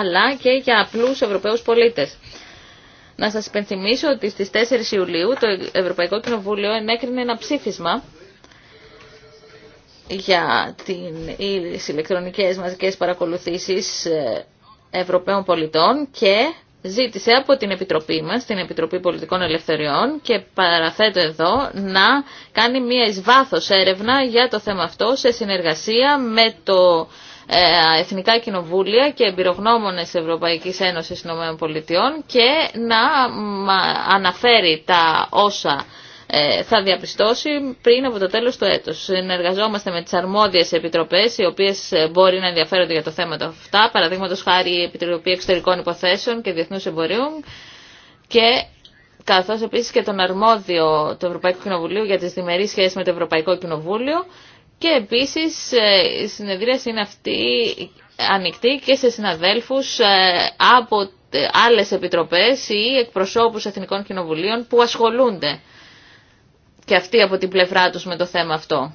αλλά και για απλούς Ευρωπαίους πολίτες. Να σας υπενθυμίσω ότι στις 4 Ιουλίου το Ευρωπαϊκό Κοινοβούλιο ενέκρινε ένα ψήφισμα για τις ηλεκτρονικές μαζικές παρακολουθήσεις ε, Ευρωπαίων πολιτών και ζήτησε από την Επιτροπή μας, την Επιτροπή Πολιτικών Ελευθεριών και παραθέτω εδώ να κάνει μία εισβάθος έρευνα για το θέμα αυτό σε συνεργασία με το ε, εθνικά κοινοβούλια και εμπειρογνώμονες Ευρωπαϊκής Ένωσης των Πολιτειών και να αναφέρει τα όσα ε, θα διαπιστώσει πριν από το τέλος του έτους. Συνεργαζόμαστε με τις αρμόδιες επιτροπές, οι οποίες ε, μπορεί να ενδιαφέρονται για το θέμα αυτά, παραδείγματος χάρη η Επιτροπή Εξωτερικών Υποθέσεων και Διεθνούς Εμπορίων και καθώς επίσης και τον αρμόδιο του Ευρωπαϊκού Κοινοβουλίου για τις διμερείς σχέσεις με το Ευρωπαϊκό Κοινοβούλιο και επίσης ε, η συνεδρία είναι αυτή ανοιχτή και σε συναδέλφους ε, από ε, άλλες επιτροπές ή εκπροσώπους εθνικών κοινοβουλίων που ασχολούνται και αυτοί από την πλευρά τους με το θέμα αυτό.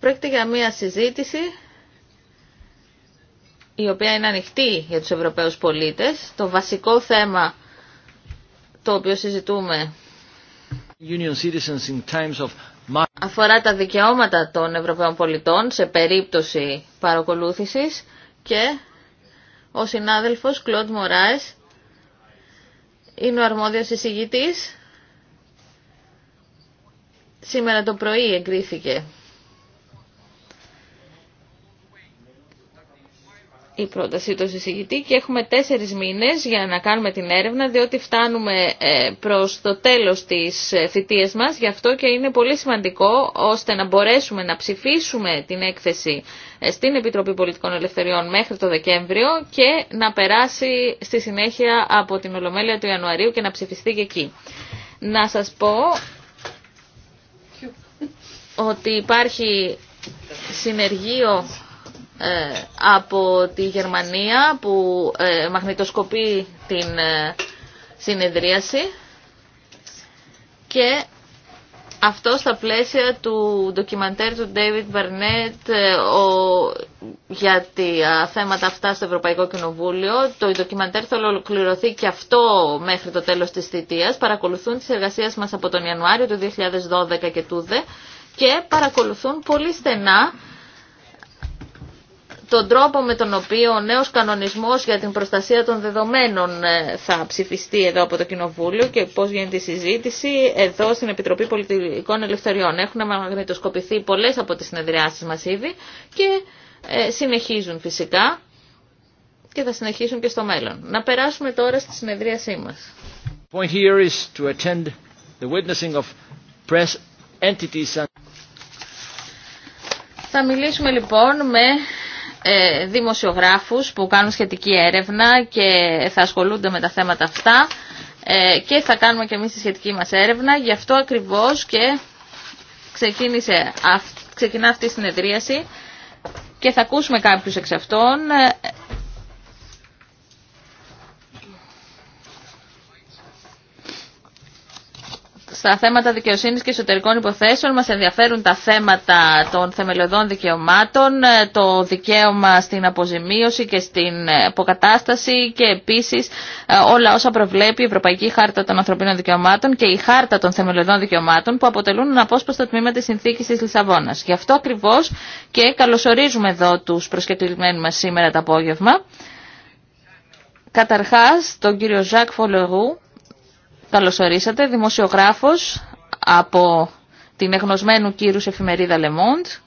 Πρόκειται για μια συζήτηση η οποία είναι ανοιχτή για τους Ευρωπαίους πολίτες. Το βασικό θέμα το οποίο συζητούμε αφορά τα δικαιώματα των Ευρωπαίων πολιτών σε περίπτωση παρακολούθησης και ο συνάδελφος Κλοντ Μωράες είναι ο αρμόδιος εισηγητής. Σήμερα το πρωί εγκρίθηκε η πρόταση του συζητητή και έχουμε τέσσερις μήνες για να κάνουμε την έρευνα διότι φτάνουμε ε, προς το τέλος της ε, θητείας μας γι' αυτό και είναι πολύ σημαντικό ώστε να μπορέσουμε να ψηφίσουμε την έκθεση ε, στην Επιτροπή Πολιτικών Ελευθεριών μέχρι το Δεκέμβριο και να περάσει στη συνέχεια από την Ολομέλεια του Ιανουαρίου και να ψηφιστεί και εκεί. Να σας πω ότι υπάρχει συνεργείο ε, από τη Γερμανία που ε, μαγνητοσκοπεί την ε, συνεδρίαση και αυτό στα πλαίσια του ντοκιμαντέρ του David Barnett ο, για τα θέματα αυτά στο Ευρωπαϊκό Κοινοβούλιο. Το ντοκιμαντέρ θα ολοκληρωθεί και αυτό μέχρι το τέλος της θητείας. Παρακολουθούν τις εργασίες μας από τον Ιανουάριο του 2012 και τούδε και παρακολουθούν πολύ στενά τον τρόπο με τον οποίο ο νέος κανονισμός για την προστασία των δεδομένων ε, θα ψηφιστεί εδώ από το Κοινοβούλιο και πώς γίνεται η συζήτηση εδώ στην Επιτροπή Πολιτικών Ελευθεριών. Έχουν μαγνητοσκοπηθεί πολλές από τις συνεδριάσεις μας ήδη και ε, συνεχίζουν φυσικά και θα συνεχίσουν και στο μέλλον. Να περάσουμε τώρα στη συνεδρίασή μας. Θα μιλήσουμε λοιπόν με ε, δημοσιογράφους που κάνουν σχετική έρευνα και θα ασχολούνται με τα θέματα αυτά ε, και θα κάνουμε και εμείς τη σχετική μας έρευνα. Γι' αυτό ακριβώς και ξεκίνησε, ξεκινά αυτή η συνεδρίαση και θα ακούσουμε κάποιους εξ αυτών. Ε, στα θέματα δικαιοσύνης και εσωτερικών υποθέσεων. Μας ενδιαφέρουν τα θέματα των θεμελιωδών δικαιωμάτων, ε, το δικαίωμα στην αποζημίωση και στην ε, αποκατάσταση και επίσης ε, όλα όσα προβλέπει η Ευρωπαϊκή Χάρτα των Ανθρωπίνων Δικαιωμάτων και η Χάρτα των Θεμελιωδών Δικαιωμάτων που αποτελούν ένα απόσπαστο τμήμα της συνθήκης της Λισαβόνας. Γι' αυτό ακριβώς και καλωσορίζουμε εδώ τους προσκεκλημένους μας σήμερα το απόγευμα. Καταρχάς, τον κύριο Ζακ Φολερού, Καλωσορίσατε, ορίσατε, δημοσιογράφος από την εγνωσμένου κύρους εφημερίδα Le Monde,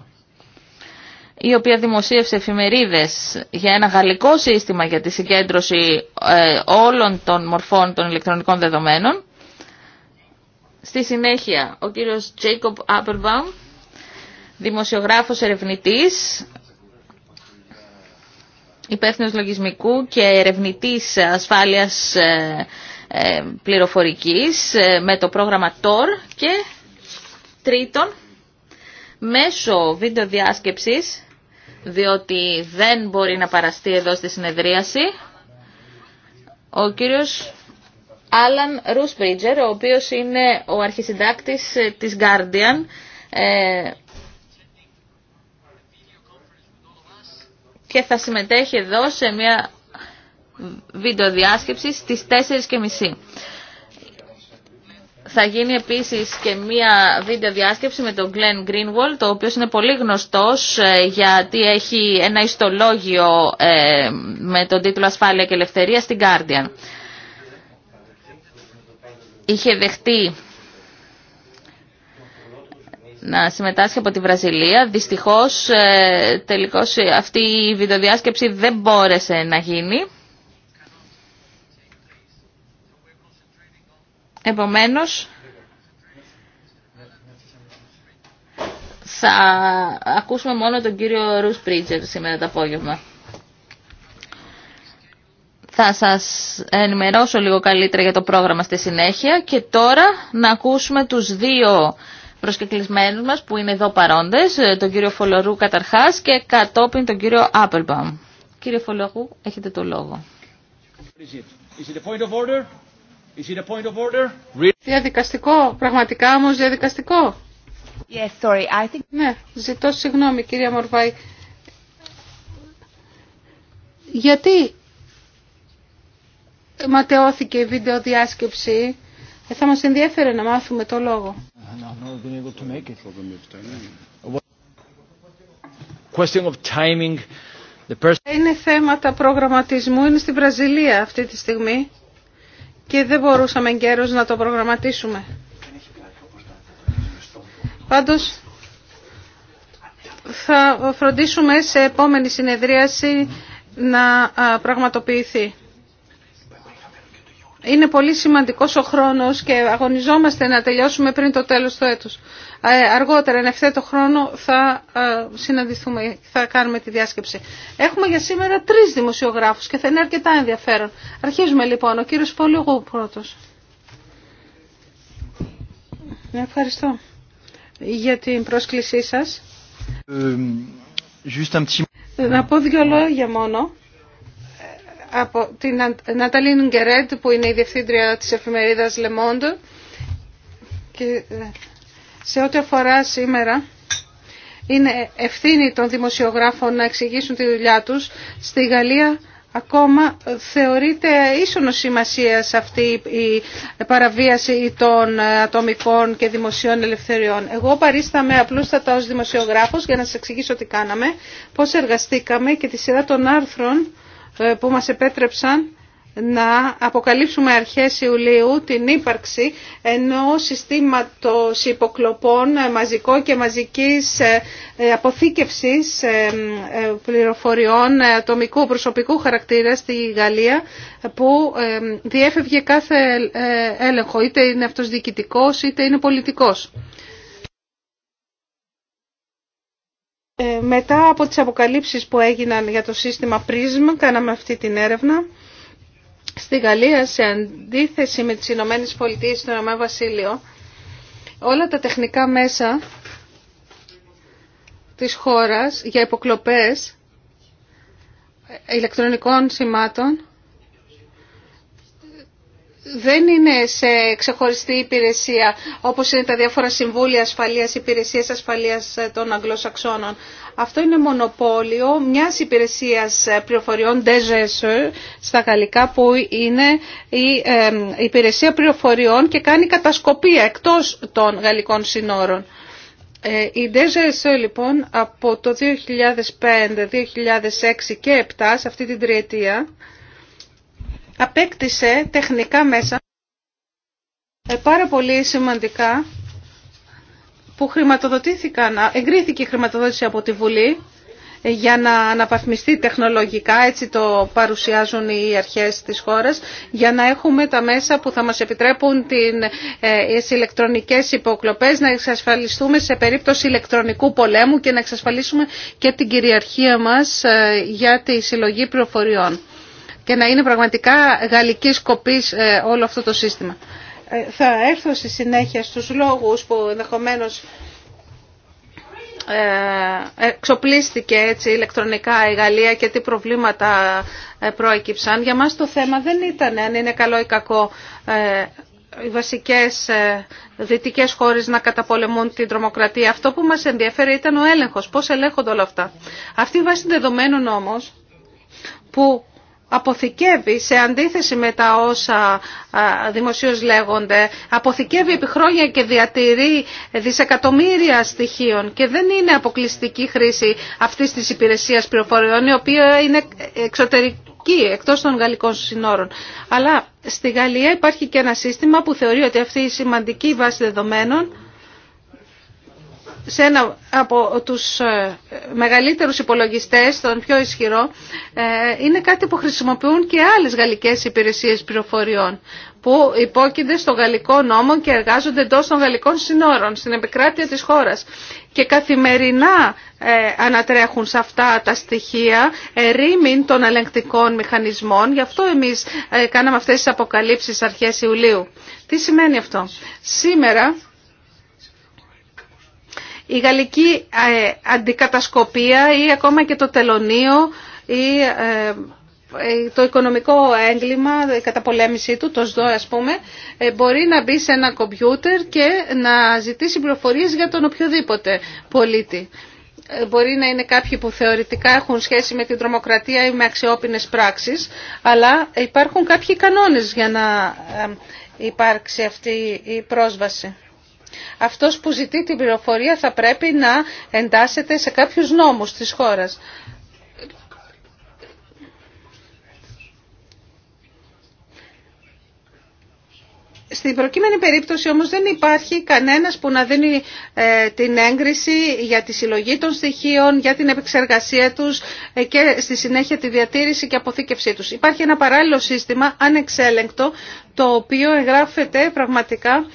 η οποία δημοσίευσε εφημερίδες για ένα γαλλικό σύστημα για τη συγκέντρωση ε, όλων των μορφών των ηλεκτρονικών δεδομένων. Στη συνέχεια, ο κύριος Jacob Applebaum, δημοσιογράφος ερευνητής, υπεύθυνος λογισμικού και ερευνητής ασφάλειας ε, ε, πληροφορικής ε, με το πρόγραμμα TOR και τρίτον μέσω βίντεο διάσκεψης διότι δεν μπορεί να παραστεί εδώ στη συνεδρίαση ο κύριος Άλαν Ρουσπρίτζερ, ο οποίος είναι ο αρχισυντάκτης ε, της Guardian και θα συμμετέχει εδώ σε μια βίντεο διάσκεψης στις 4.30. Θα γίνει επίσης και μία βίντεο διάσκεψη με τον Glenn Greenwald, το οποίος είναι πολύ γνωστός ε, γιατί έχει ένα ιστολόγιο ε, με τον τίτλο «Ασφάλεια και Ελευθερία» στην Guardian. Είχε δεχτεί να συμμετάσχει από τη Βραζιλία. Δυστυχώς ε, τελικώς αυτή η βιντεοδιάσκεψη δεν μπόρεσε να γίνει. Επομένως, θα ακούσουμε μόνο τον κύριο Ρους Πρίτζερ σήμερα το απόγευμα. Θα σας ενημερώσω λίγο καλύτερα για το πρόγραμμα στη συνέχεια και τώρα να ακούσουμε τους δύο προσκεκλισμένους μας που είναι εδώ παρόντες, τον κύριο Φολορού καταρχάς και κατόπιν τον κύριο Άπελμπαμ. Κύριε Φολορού, έχετε το λόγο. Διαδικαστικό, πραγματικά όμω διαδικαστικό. Yes, sorry, I think... Ναι, ζητώ συγγνώμη κυρία Μορβάη. Γιατί ματαιώθηκε η βίντεο διάσκεψη, ε, θα μας ενδιαφέρε να μάθουμε το λόγο. Είναι θέματα προγραμματισμού, είναι στη Βραζιλία αυτή τη στιγμή και δεν μπορούσαμε καιρός να το προγραμματίσουμε. Πάντως θα φροντίσουμε σε επόμενη συνεδρίαση να πραγματοποιηθεί είναι πολύ σημαντικός ο χρόνος και αγωνιζόμαστε να τελειώσουμε πριν το τέλος του έτους. Ε, αργότερα, εν ευθέτω χρόνο, θα ε, συναντηθούμε, θα κάνουμε τη διάσκεψη. Έχουμε για σήμερα τρεις δημοσιογράφους και θα είναι αρκετά ενδιαφέρον. Αρχίζουμε λοιπόν, ο κύριος Πολυγού πρώτος. Ευχαριστώ για την πρόσκλησή σας. Ε, να πω δύο λόγια μόνο από την Ναταλή Νουγκερέντ που είναι η διευθύντρια της εφημερίδας Le Monde και ε, σε ό,τι αφορά σήμερα είναι ευθύνη των δημοσιογράφων να εξηγήσουν τη δουλειά τους στη Γαλλία ακόμα θεωρείται ίσονο σημασία αυτή η παραβίαση των ε, ατομικών και δημοσίων ελευθεριών. Εγώ παρίσταμαι απλούστατα ως δημοσιογράφος για να σας εξηγήσω τι κάναμε, πώς εργαστήκαμε και τη σειρά των άρθρων ε, που μας επέτρεψαν να αποκαλύψουμε αρχές Ιουλίου την ύπαρξη ενός συστήματος υποκλοπών ε, μαζικό και μαζικής ε, αποθήκευσης πληροφοριών ατομικού προσωπικού χαρακτήρα στη Γαλλία που διέφευγε κάθε έλεγχο, είτε είναι αυτός διοικητικός είτε είναι πολιτικός. Ε, μετά από τις αποκαλύψεις που έγιναν για το σύστημα PRISM, κάναμε αυτή την έρευνα. Στη Γαλλία, σε αντίθεση με τις Ηνωμένες Πολιτείες του Ηνωμένου Βασίλειο, όλα τα τεχνικά μέσα της χώρας για υποκλοπές ηλεκτρονικών σημάτων δεν είναι σε ξεχωριστή υπηρεσία όπως είναι τα διάφορα συμβούλια ασφαλείας, υπηρεσίες ασφαλείας των Αγγλοσαξώνων. Αυτό είναι μονοπόλιο μιας υπηρεσίας πληροφοριών DGSE στα γαλλικά που είναι η υπηρεσία πληροφοριών και κάνει κατασκοπία εκτός των γαλλικών συνόρων. Ε, η DGSE λοιπόν από το 2005, 2006 και 2007 σε αυτή την τριετία απέκτησε τεχνικά μέσα ε, πάρα πολύ σημαντικά που χρηματοδοτήθηκαν, εγκρίθηκε η χρηματοδότηση από τη Βουλή ε, για να αναπαθμιστεί τεχνολογικά, έτσι το παρουσιάζουν οι αρχές της χώρας, για να έχουμε τα μέσα που θα μας επιτρέπουν ε, τις ηλεκτρονικές υποκλοπές, να εξασφαλιστούμε σε περίπτωση ηλεκτρονικού πολέμου και να εξασφαλίσουμε και την κυριαρχία μας για τη συλλογή πληροφοριών και να είναι πραγματικά γαλλικής κοπής ε, όλο αυτό το σύστημα. Ε, θα έρθω στη συνέχεια στους λόγους που ενδεχομένω ε, εξοπλίστηκε έτσι ηλεκτρονικά η Γαλλία και τι προβλήματα προέκυψαν. Για μας το θέμα δεν ήταν αν είναι καλό ή κακό οι βασικές δυτικές χώρες να καταπολεμούν την τρομοκρατία. Αυτό που μας ενδιαφέρει ήταν ο έλεγχος, πώς ελέγχονται όλα αυτά. Αυτή βάση δεδομένων όμως που αποθηκεύει, σε αντίθεση με τα όσα δημοσίως λέγονται, αποθηκεύει επί χρόνια και διατηρεί δισεκατομμύρια στοιχείων και δεν είναι αποκλειστική χρήση αυτής της υπηρεσίας πληροφοριών, η οποία είναι εξωτερική, εκτός των γαλλικών συνόρων. Αλλά στη Γαλλία υπάρχει και ένα σύστημα που θεωρεί ότι αυτή η σημαντική βάση δεδομένων σε ένα από τους ε, μεγαλύτερους υπολογιστές, τον πιο ισχυρό, ε, είναι κάτι που χρησιμοποιούν και άλλες γαλλικές υπηρεσίες πληροφοριών που υπόκεινται στο γαλλικό νόμο και εργάζονται εντό των γαλλικών συνόρων, στην επικράτεια της χώρας. Και καθημερινά ε, ανατρέχουν σε αυτά τα στοιχεία ερήμην των ελεγκτικών μηχανισμών. Γι' αυτό εμείς κάναμε αυτές τις αποκαλύψεις αρχές Ιουλίου. Τι σημαίνει αυτό. Σήμερα η γαλλική ε, αντικατασκοπία ή ακόμα και το τελωνίο ή ε, ε, το οικονομικό έγκλημα, η καταπολέμησή του, το ΣΔΟ ας πούμε, μπορεί να μπει σε ένα κομπιούτερ και να ζητήσει πληροφορίες για τον οποιοδήποτε πολίτη. Μπορεί να είναι κάποιοι που θεωρητικά έχουν σχέση με την τρομοκρατία ή με αξιόπινες πράξεις, αλλά υπάρχουν κάποιοι κανόνες για να υπάρξει αυτή η πρόσβαση αυτός που ζητεί την πληροφορία θα πρέπει να εντάσσεται σε κάποιους νόμους της χώρας. Στην προκείμενη περίπτωση όμως δεν υπάρχει κανένας που να δίνει ε, την έγκριση για τη συλλογή των στοιχείων, για την επεξεργασία τους ε, και στη συνέχεια τη διατήρηση και αποθήκευσή τους. Υπάρχει ένα παράλληλο σύστημα ανεξέλεγκτο το οποίο εγγράφεται πραγματικά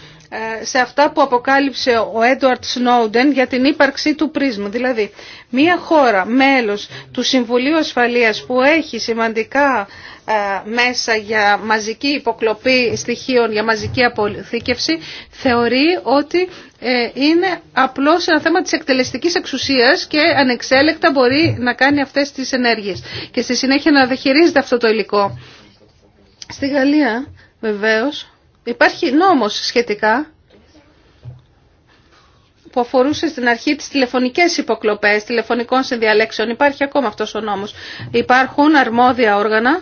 σε αυτά που αποκάλυψε ο Έντουαρτ Σνόουντεν για την ύπαρξή του πρίσμου. Δηλαδή, μια χώρα μέλος του Συμβουλίου Ασφαλείας που έχει σημαντικά ε, μέσα για μαζική υποκλοπή στοιχείων, για μαζική αποθήκευση, θεωρεί ότι ε, είναι απλώς ένα θέμα της εκτελεστικής εξουσίας και ανεξέλεκτα μπορεί να κάνει αυτές τις ενέργειες και στη συνέχεια να διαχειρίζεται αυτό το υλικό. Στη Γαλλία, βεβαίως, Υπάρχει νόμος σχετικά που αφορούσε στην αρχή τις τηλεφωνικές υποκλοπές, τηλεφωνικών συνδιαλέξεων. Υπάρχει ακόμα αυτός ο νόμος. Υπάρχουν αρμόδια όργανα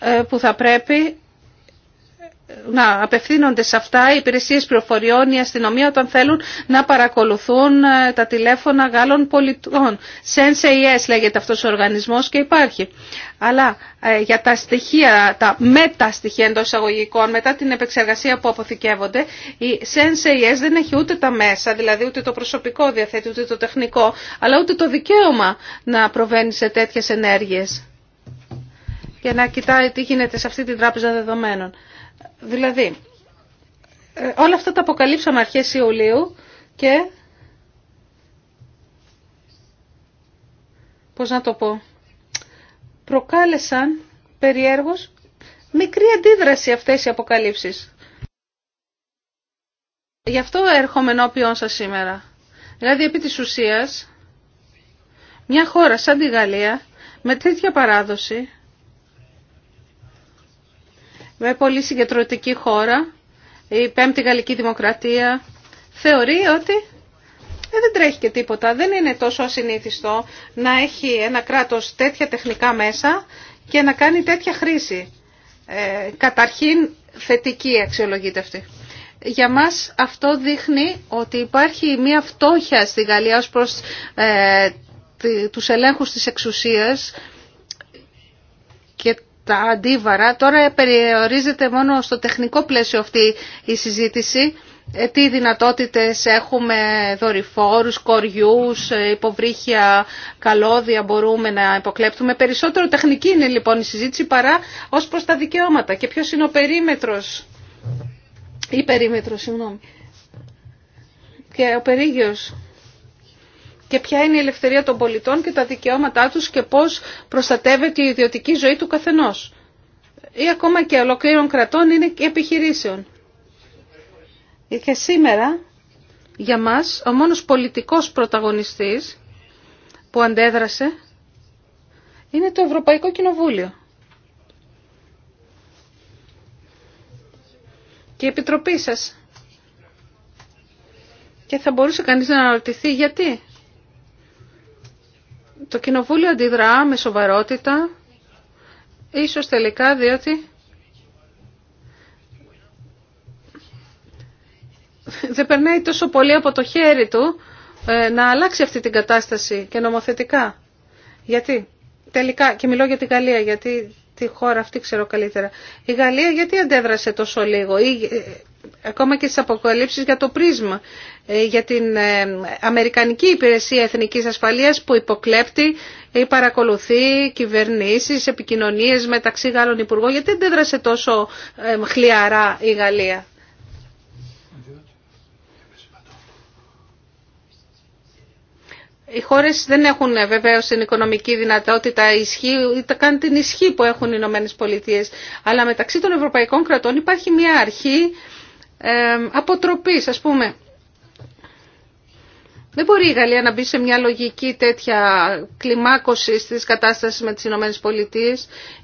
ε, που θα πρέπει να απευθύνονται σε αυτά οι υπηρεσίε πληροφοριών, η αστυνομία όταν θέλουν να παρακολουθούν ε, τα τηλέφωνα Γάλλων πολιτών. σε λέγεται αυτός ο οργανισμός και υπάρχει. Αλλά ε, για τα στοιχεία, τα μεταστοιχεία εντό εισαγωγικών, μετά την επεξεργασία που αποθηκεύονται, η Sense.es δεν έχει ούτε τα μέσα, δηλαδή ούτε το προσωπικό διαθέτει, ούτε το τεχνικό, αλλά ούτε το δικαίωμα να προβαίνει σε τέτοιες ενέργειες για να κοιτάει τι γίνεται σε αυτή την τράπεζα δεδομένων. Δηλαδή, ε, όλα αυτά τα αποκαλύψαμε αρχές Ιουλίου και... Πώς να το πω... Προκάλεσαν περιέργως μικρή αντίδραση αυτές οι αποκαλύψεις. Γι' αυτό έρχομαι ενώπιον σας σήμερα. Δηλαδή, επί της ουσίας, μια χώρα σαν τη Γαλλία, με τέτοια παράδοση, με πολύ συγκεντρωτική χώρα, η Πέμπτη Γαλλική Δημοκρατία, θεωρεί ότι ε, δεν τρέχει και τίποτα. Δεν είναι τόσο ασυνήθιστο να έχει ένα κράτος τέτοια τεχνικά μέσα και να κάνει τέτοια χρήση. Ε, καταρχήν θετική αξιολογείται αυτή. Για μας αυτό δείχνει ότι υπάρχει μια φτώχεια στη Γαλλία ως προς ε, τους ελέγχους της εξουσίας τα αντίβαρα. Τώρα περιορίζεται μόνο στο τεχνικό πλαίσιο αυτή η συζήτηση. Ε, τι δυνατότητες έχουμε δορυφόρους, κοριούς, ε, υποβρύχια, καλώδια μπορούμε να υποκλέπτουμε. Περισσότερο τεχνική είναι λοιπόν η συζήτηση παρά ως προς τα δικαιώματα. Και ποιος είναι ο περίμετρος, η περίμετρος, συγγνώμη, και ο περίγειος και ποια είναι η ελευθερία των πολιτών και τα δικαιώματά τους και πώς προστατεύεται η ιδιωτική ζωή του καθενός. Ή ακόμα και ολοκλήρων κρατών είναι επιχειρήσεων. Και σήμερα για μας ο μόνος πολιτικός πρωταγωνιστής που αντέδρασε είναι το Ευρωπαϊκό Κοινοβούλιο. Και η Επιτροπή σας. Και θα μπορούσε κανείς να αναρωτηθεί γιατί. Το Κοινοβούλιο αντιδρά με σοβαρότητα, ίσως τελικά διότι δεν περνάει τόσο πολύ από το χέρι του ε, να αλλάξει αυτή την κατάσταση και νομοθετικά. Γιατί τελικά, και μιλώ για την Γαλλία, γιατί τη χώρα αυτή ξέρω καλύτερα. Η Γαλλία γιατί αντέδρασε τόσο λίγο ή ε, ακόμα και στις αποκαλύψεις για το πρίσμα, ε, για την ε, Αμερικανική Υπηρεσία Εθνικής Ασφαλείας που υποκλέπτει ή παρακολουθεί κυβερνήσεις, επικοινωνίες μεταξύ Γάλλων Υπουργών. Γιατί δεν εδρασε τόσο ε, χλιαρά η Γαλλία. Οι χώρες δεν έχουν βεβαίως την οικονομική δυνατότητα ισχύ, ούτε καν την ισχύ που έχουν οι Ηνωμένε Πολιτείε. Αλλά μεταξύ των ευρωπαϊκών κρατών υπάρχει μια αρχή αποτροπή, ας πούμε. Δεν μπορεί η Γαλλία να μπει σε μια λογική τέτοια κλιμάκωση τη κατάσταση με τι Ηνωμένε Πολιτείε.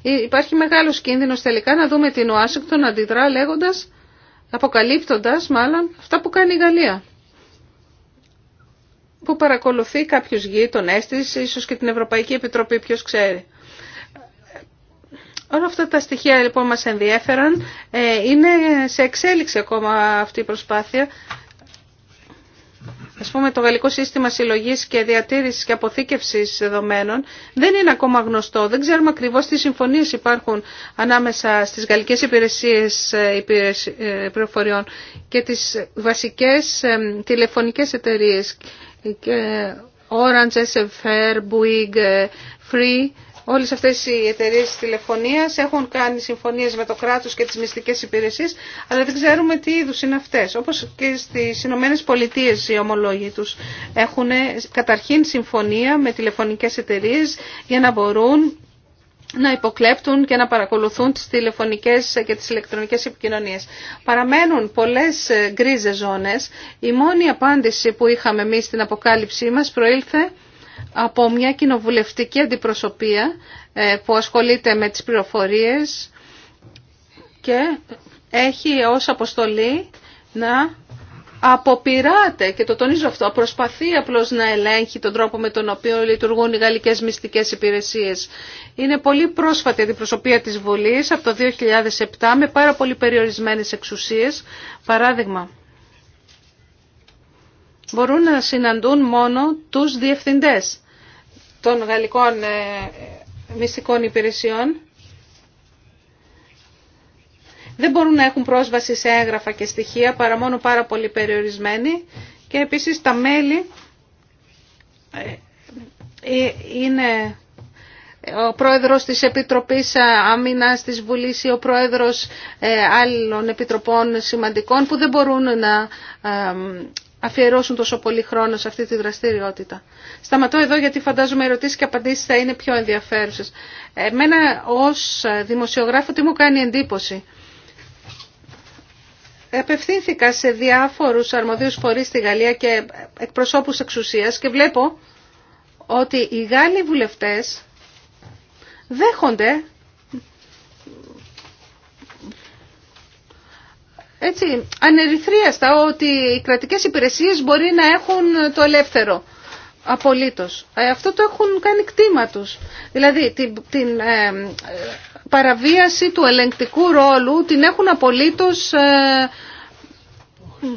Υπάρχει μεγάλο κίνδυνο τελικά να δούμε την Ουάσιγκτον αντιδρά λέγοντα, αποκαλύπτοντα μάλλον αυτά που κάνει η Γαλλία. Που παρακολουθεί κάποιου γείτονέ τη, ίσω και την Ευρωπαϊκή Επιτροπή, ποιο ξέρει. Όλα αυτά τα στοιχεία λοιπόν μας ενδιέφεραν. Ε, είναι σε εξέλιξη ακόμα αυτή η προσπάθεια. Ας πούμε το γαλλικό σύστημα συλλογής και διατήρησης και αποθήκευσης δεδομένων δεν είναι ακόμα γνωστό. Δεν ξέρουμε ακριβώς τι συμφωνίες υπάρχουν ανάμεσα στις γαλλικές υπηρεσίες ε, ε, πληροφοριών και τις βασικές τηλεφωνικές εταιρείες Orange, SFR, Bouygues, Free Όλες αυτές οι εταιρείε τηλεφωνίας έχουν κάνει συμφωνίες με το κράτος και τις μυστικές υπηρεσίες, αλλά δεν ξέρουμε τι είδους είναι αυτές. Όπως και στις Ηνωμένε Πολιτείε οι ομολόγοι τους έχουν ε, καταρχήν συμφωνία με τηλεφωνικές εταιρείε για να μπορούν να υποκλέπτουν και να παρακολουθούν τις τηλεφωνικές και τις ηλεκτρονικές επικοινωνίες. Παραμένουν πολλές ε, γκρίζες ζώνες. Η μόνη απάντηση που είχαμε εμείς στην αποκάλυψή μας προήλθε από μια κοινοβουλευτική αντιπροσωπεία ε, που ασχολείται με τις πληροφορίες και έχει ως αποστολή να αποπειράται, και το τονίζω αυτό, προσπαθεί απλώς να ελέγχει τον τρόπο με τον οποίο λειτουργούν οι γαλλικές μυστικές υπηρεσίες. Είναι πολύ πρόσφατη αντιπροσωπεία της Βουλής από το 2007 με πάρα πολύ περιορισμένες εξουσίες. Παράδειγμα, μπορούν να συναντούν μόνο τους διευθυντές των γαλλικών ε, μυστικών υπηρεσιών. Δεν μπορούν να έχουν πρόσβαση σε έγγραφα και στοιχεία παρά μόνο πάρα πολύ περιορισμένοι και επίσης τα μέλη ε, ε, είναι ο πρόεδρος της Επιτροπής Άμυνας της Βουλής ή ο πρόεδρος άλλων επιτροπών σημαντικών που δεν μπορούν να αφιερώσουν τόσο πολύ χρόνο σε αυτή τη δραστηριότητα. Σταματώ εδώ γιατί φαντάζομαι οι ερωτήσεις και απαντήσεις θα είναι πιο ενδιαφέρουσες. Εμένα ως δημοσιογράφο τι μου κάνει εντύπωση. Επευθύνθηκα σε διάφορους αρμοδίους φορείς στη Γαλλία και εκπροσώπους εξουσίας και βλέπω ότι οι Γάλλοι βουλευτές δέχονται έτσι, ανερυθρίαστα ότι οι κρατικές υπηρεσίες μπορεί να έχουν το ελεύθερο. Απολύτως. Ε, αυτό το έχουν κάνει κτήμα τους. Δηλαδή την, ε, παραβίαση του ελεγκτικού ρόλου την έχουν απολύτως ε,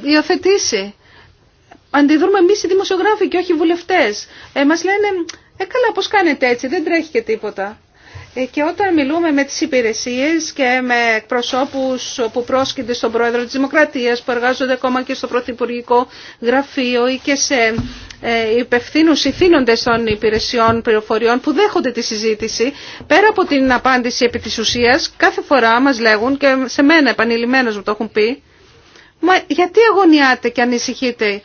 υιοθετήσει. Αντιδρούμε εμεί οι δημοσιογράφοι και όχι οι βουλευτές. Ε, μας λένε, ε καλά πώς κάνετε έτσι, δεν τρέχει και τίποτα. Ε, και όταν μιλούμε με τις υπηρεσίες και με εκπροσώπους που πρόσκυνται στον Πρόεδρο της Δημοκρατίας, που εργάζονται ακόμα και στο Πρωθυπουργικό Γραφείο ή και σε ε, υπευθύνους ηθήνοντες των υπηρεσιών πληροφοριών που δέχονται τη συζήτηση, πέρα από την απάντηση επί της ουσίας, κάθε φορά μας λέγουν και σε μένα επανειλημμένως μου το έχουν πει, «Μα γιατί αγωνιάτε και ανησυχείτε»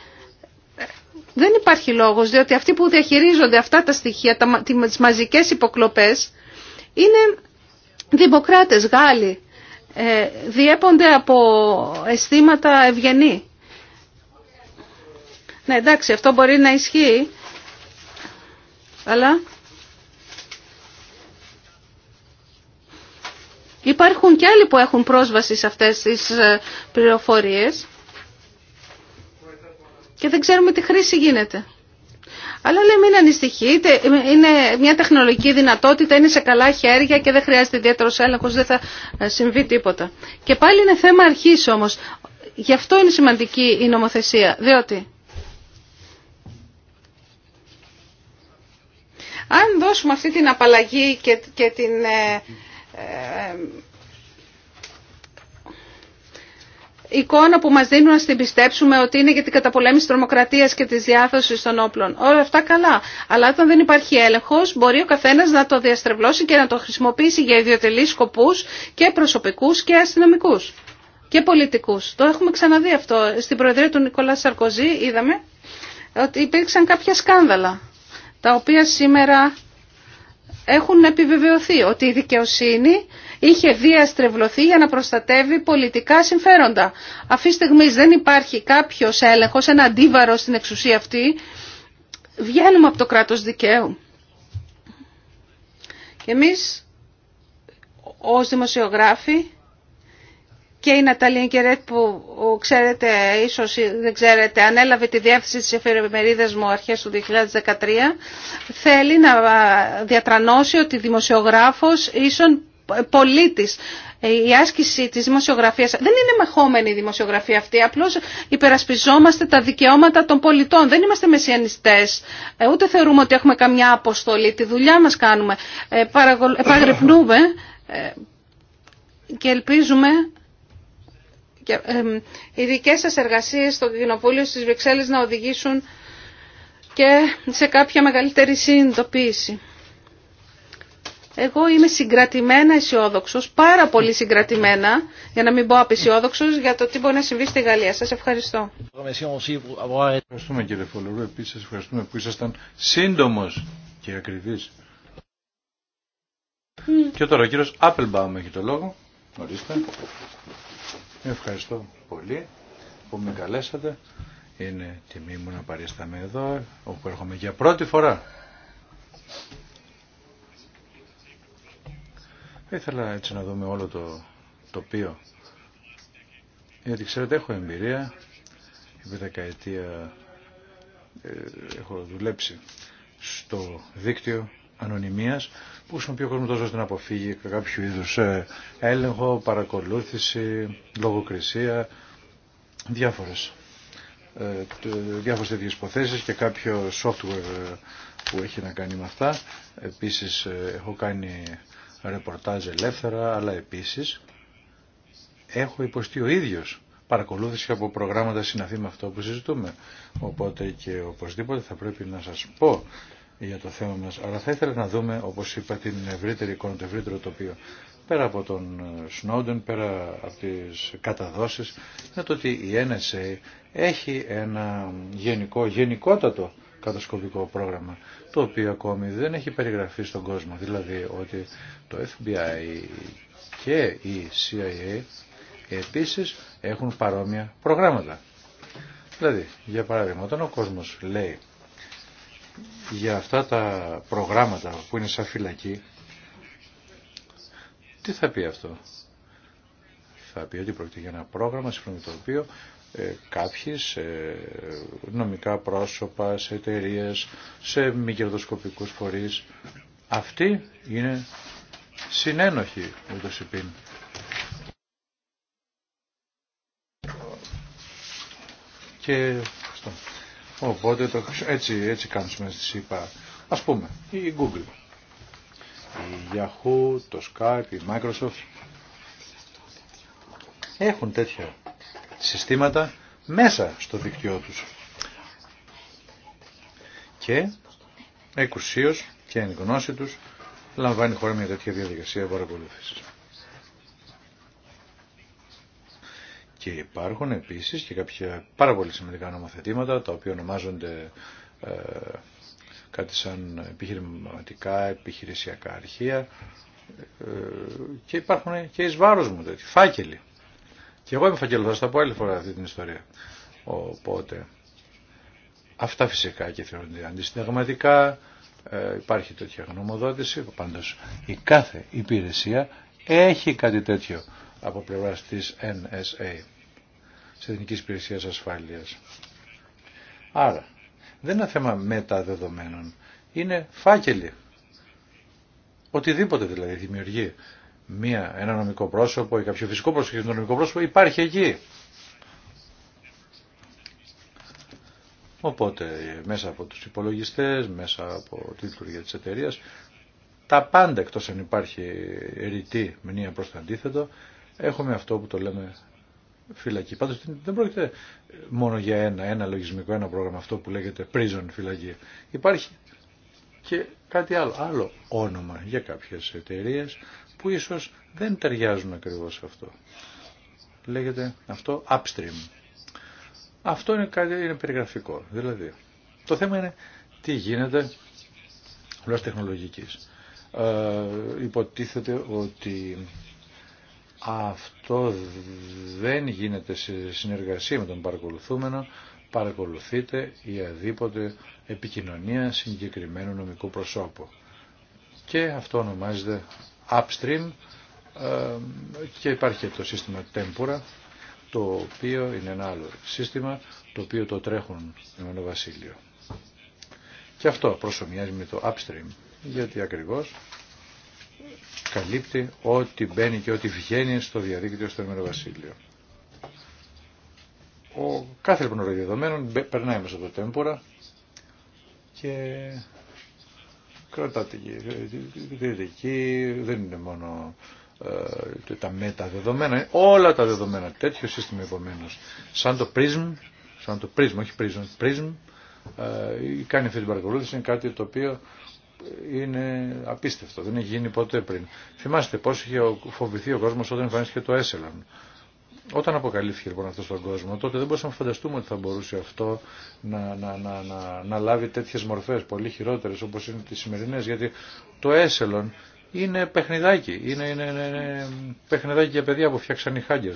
Δεν υπάρχει λόγος, διότι αυτοί που διαχειρίζονται αυτά τα στοιχεία, τις μαζικές υποκλοπές, είναι δημοκράτες Γάλλοι, ε, διέπονται από αισθήματα ευγενή. Ναι, εντάξει, αυτό μπορεί να ισχύει, αλλά υπάρχουν και άλλοι που έχουν πρόσβαση σε αυτές τις ε, πληροφορίες και δεν ξέρουμε τι χρήση γίνεται. Αλλά λέει ναι, μην ανησυχείτε, είναι μια τεχνολογική δυνατότητα, είναι σε καλά χέρια και δεν χρειάζεται ιδιαίτερο έλεγχο, δεν θα ε, συμβεί τίποτα. Και πάλι είναι θέμα αρχή όμω. Γι' αυτό είναι σημαντική η νομοθεσία, διότι αν δώσουμε αυτή την απαλλαγή και, και την ε, ε, εικόνα που μας δίνουν να την πιστέψουμε ότι είναι για την καταπολέμηση τρομοκρατίας και της διάθεσης των όπλων. Όλα αυτά καλά. Αλλά όταν δεν υπάρχει έλεγχος μπορεί ο καθένας να το διαστρεβλώσει και να το χρησιμοποιήσει για ιδιωτελείς σκοπούς και προσωπικούς και αστυνομικούς και πολιτικούς. Το έχουμε ξαναδεί αυτό. Στην Προεδρία του Νικολά Σαρκοζή είδαμε ότι υπήρξαν κάποια σκάνδαλα τα οποία σήμερα έχουν επιβεβαιωθεί ότι η δικαιοσύνη είχε διαστρεβλωθεί για να προστατεύει πολιτικά συμφέροντα. Αυτή τη στιγμή δεν υπάρχει κάποιο έλεγχος, ένα αντίβαρο στην εξουσία αυτή. Βγαίνουμε από το κράτο δικαίου. Και εμείς ως δημοσιογράφοι και η Ναταλή Κερέτ που ξέρετε, ίσως δεν ξέρετε, ανέλαβε τη διεύθυνση της εφημερίδας μου αρχές του 2013, θέλει να διατρανώσει ότι δημοσιογράφος ίσον πολίτης. Ε, η άσκηση της δημοσιογραφίας δεν είναι μεχόμενη η δημοσιογραφία αυτή, απλώς υπερασπιζόμαστε τα δικαιώματα των πολιτών. Δεν είμαστε μεσιανιστές, ε, ούτε θεωρούμε ότι έχουμε καμιά αποστολή, τη δουλειά μας κάνουμε. Ε, επαγρυπνούμε και ελπίζουμε και οι δικές σας εργασίες στο Κοινοβούλιο στις Βρυξέλλες να οδηγήσουν και σε κάποια μεγαλύτερη συνειδητοποίηση. Εγώ είμαι συγκρατημένα αισιόδοξο, πάρα πολύ συγκρατημένα, για να μην πω απεσιόδοξο, για το τι μπορεί να συμβεί στη Γαλλία. Σα ευχαριστώ. Ευχαριστούμε κύριε Φολορού, επίση ευχαριστούμε που ήσασταν σύντομο και ακριβή. Και τώρα ο κύριο Άπελμπαουμ έχει το λόγο. Ορίστε. Ευχαριστώ πολύ που με καλέσατε. Είναι τιμή μου να παρίσταμε εδώ, όπου έρχομαι για πρώτη φορά. Θα ήθελα έτσι να δούμε όλο το τοπίο. Γιατί ξέρετε έχω εμπειρία, επί δεκαετία ε, έχω δουλέψει στο δίκτυο ανωνυμίας που χρησιμοποιεί ο κόσμο τόσο ώστε να αποφύγει κάποιο είδους ε, έλεγχο, παρακολούθηση, λογοκρισία, διάφορες, ε, διάφορες τέτοιες και κάποιο software που έχει να κάνει με αυτά. Επίσης έχω κάνει ρεπορτάζ ελεύθερα, αλλά επίσης έχω υποστεί ο ίδιος παρακολούθηση από προγράμματα συναφή με αυτό που συζητούμε. Οπότε και οπωσδήποτε θα πρέπει να σας πω για το θέμα μας. Αλλά θα ήθελα να δούμε, όπως είπα, την ευρύτερη εικόνα, το ευρύτερο τοπίο. Πέρα από τον Σνόντεν, πέρα από τις καταδόσεις, είναι το ότι η NSA έχει ένα γενικό, γενικότατο κατασκοπικό πρόγραμμα, το οποίο ακόμη δεν έχει περιγραφεί στον κόσμο. Δηλαδή ότι το FBI και η CIA επίσης έχουν παρόμοια προγράμματα. Δηλαδή, για παράδειγμα, όταν ο κόσμος λέει για αυτά τα προγράμματα που είναι σαν φυλακή, τι θα πει αυτό. Θα πει ότι πρόκειται για ένα πρόγραμμα σύμφωνα με το οποίο ε, κάποιοι σε νομικά πρόσωπα, σε εταιρείε, σε μη κερδοσκοπικούς φορείς. Αυτοί είναι συνένοχοι με το ΣΥΠΗΝ. Και αυτό. Οπότε το, έτσι, έτσι κάνουμε στη ΣΥΠΑ. Ας πούμε, η Google, η Yahoo, το Skype, η Microsoft έχουν τέτοια συστήματα μέσα στο δίκτυό τους. Και εκουσίως και εν γνώση τους λαμβάνει χώρα μια τέτοια διαδικασία παρακολούθησης. Και υπάρχουν επίσης και κάποια πάρα πολύ σημαντικά νομοθετήματα τα οποία ονομάζονται ε, κάτι σαν επιχειρηματικά, επιχειρησιακά αρχεία ε, και υπάρχουν και εις βάρος μου τέτοιοι φάκελοι. Και εγώ είμαι φαγγελό, θα σα πω άλλη φορά αυτή την ιστορία. Οπότε, αυτά φυσικά και θεωρούνται αντισυνταγματικά. Ε, υπάρχει τέτοια γνωμοδότηση. Πάντω, η κάθε υπηρεσία έχει κάτι τέτοιο από πλευρά τη NSA, τη Εθνική Υπηρεσία Ασφάλεια. Άρα, δεν είναι θέμα μεταδεδομένων. Είναι φάκελοι. Οτιδήποτε δηλαδή δημιουργεί μία, ένα νομικό πρόσωπο ή κάποιο φυσικό πρόσωπο ή νομικό πρόσωπο υπάρχει εκεί. Οπότε μέσα από τους υπολογιστές, μέσα από τη λειτουργία της εταιρείας, τα πάντα εκτός αν υπάρχει ρητή μνήμα προς το αντίθετο, έχουμε αυτό που το λέμε φυλακή. Πάντως δεν πρόκειται μόνο για ένα, ένα λογισμικό, ένα πρόγραμμα αυτό που λέγεται prison φυλακή. Υπάρχει και κάτι άλλο, άλλο όνομα για κάποιες εταιρείε που ίσως δεν ταιριάζουν ακριβώς αυτό. Λέγεται αυτό upstream. Αυτό είναι, κάτι, είναι περιγραφικό. Δηλαδή, το θέμα είναι τι γίνεται λόγω τεχνολογικής. Ε, υποτίθεται ότι αυτό δεν γίνεται σε συνεργασία με τον παρακολουθούμενο. Παρακολουθείτε η αδίποτε επικοινωνία συγκεκριμένου νομικού προσώπου. Και αυτό ονομάζεται upstream ε, και υπάρχει το σύστημα Tempura το οποίο είναι ένα άλλο σύστημα το οποίο το τρέχουν με βασίλειο. Και αυτό προσωμιάζει με το upstream γιατί ακριβώς καλύπτει ό,τι μπαίνει και ό,τι βγαίνει στο διαδίκτυο στο Ηνωμένο Βασίλειο. Ο κάθε λοιπόν δεδομένων περνάει μέσα από το τέμπορα και κρατάτε εκεί δεν είναι μόνο ε, τα μεταδεδομένα, όλα τα δεδομένα, τέτοιο σύστημα επομένως. Σαν το πρίσμ σαν το πρίσμ, όχι πρίσμ, πρίσμ, ε, κάνει αυτή την παρακολούθηση, είναι κάτι το οποίο είναι απίστευτο, δεν έχει γίνει ποτέ πριν. Θυμάστε πώς είχε φοβηθεί ο κόσμος όταν εμφανίστηκε το Έσελαν. Όταν αποκαλύφθηκε λοιπόν αυτό στον κόσμο, τότε δεν μπορούσαμε να φανταστούμε ότι θα μπορούσε αυτό να, να, να, να, να λάβει τέτοιες μορφές, πολύ χειρότερες όπως είναι τις σημερινές, γιατί το Έσελον είναι παιχνιδάκι, είναι, είναι, είναι παιχνιδάκι για παιδιά που φτιάξαν οι χάγκε.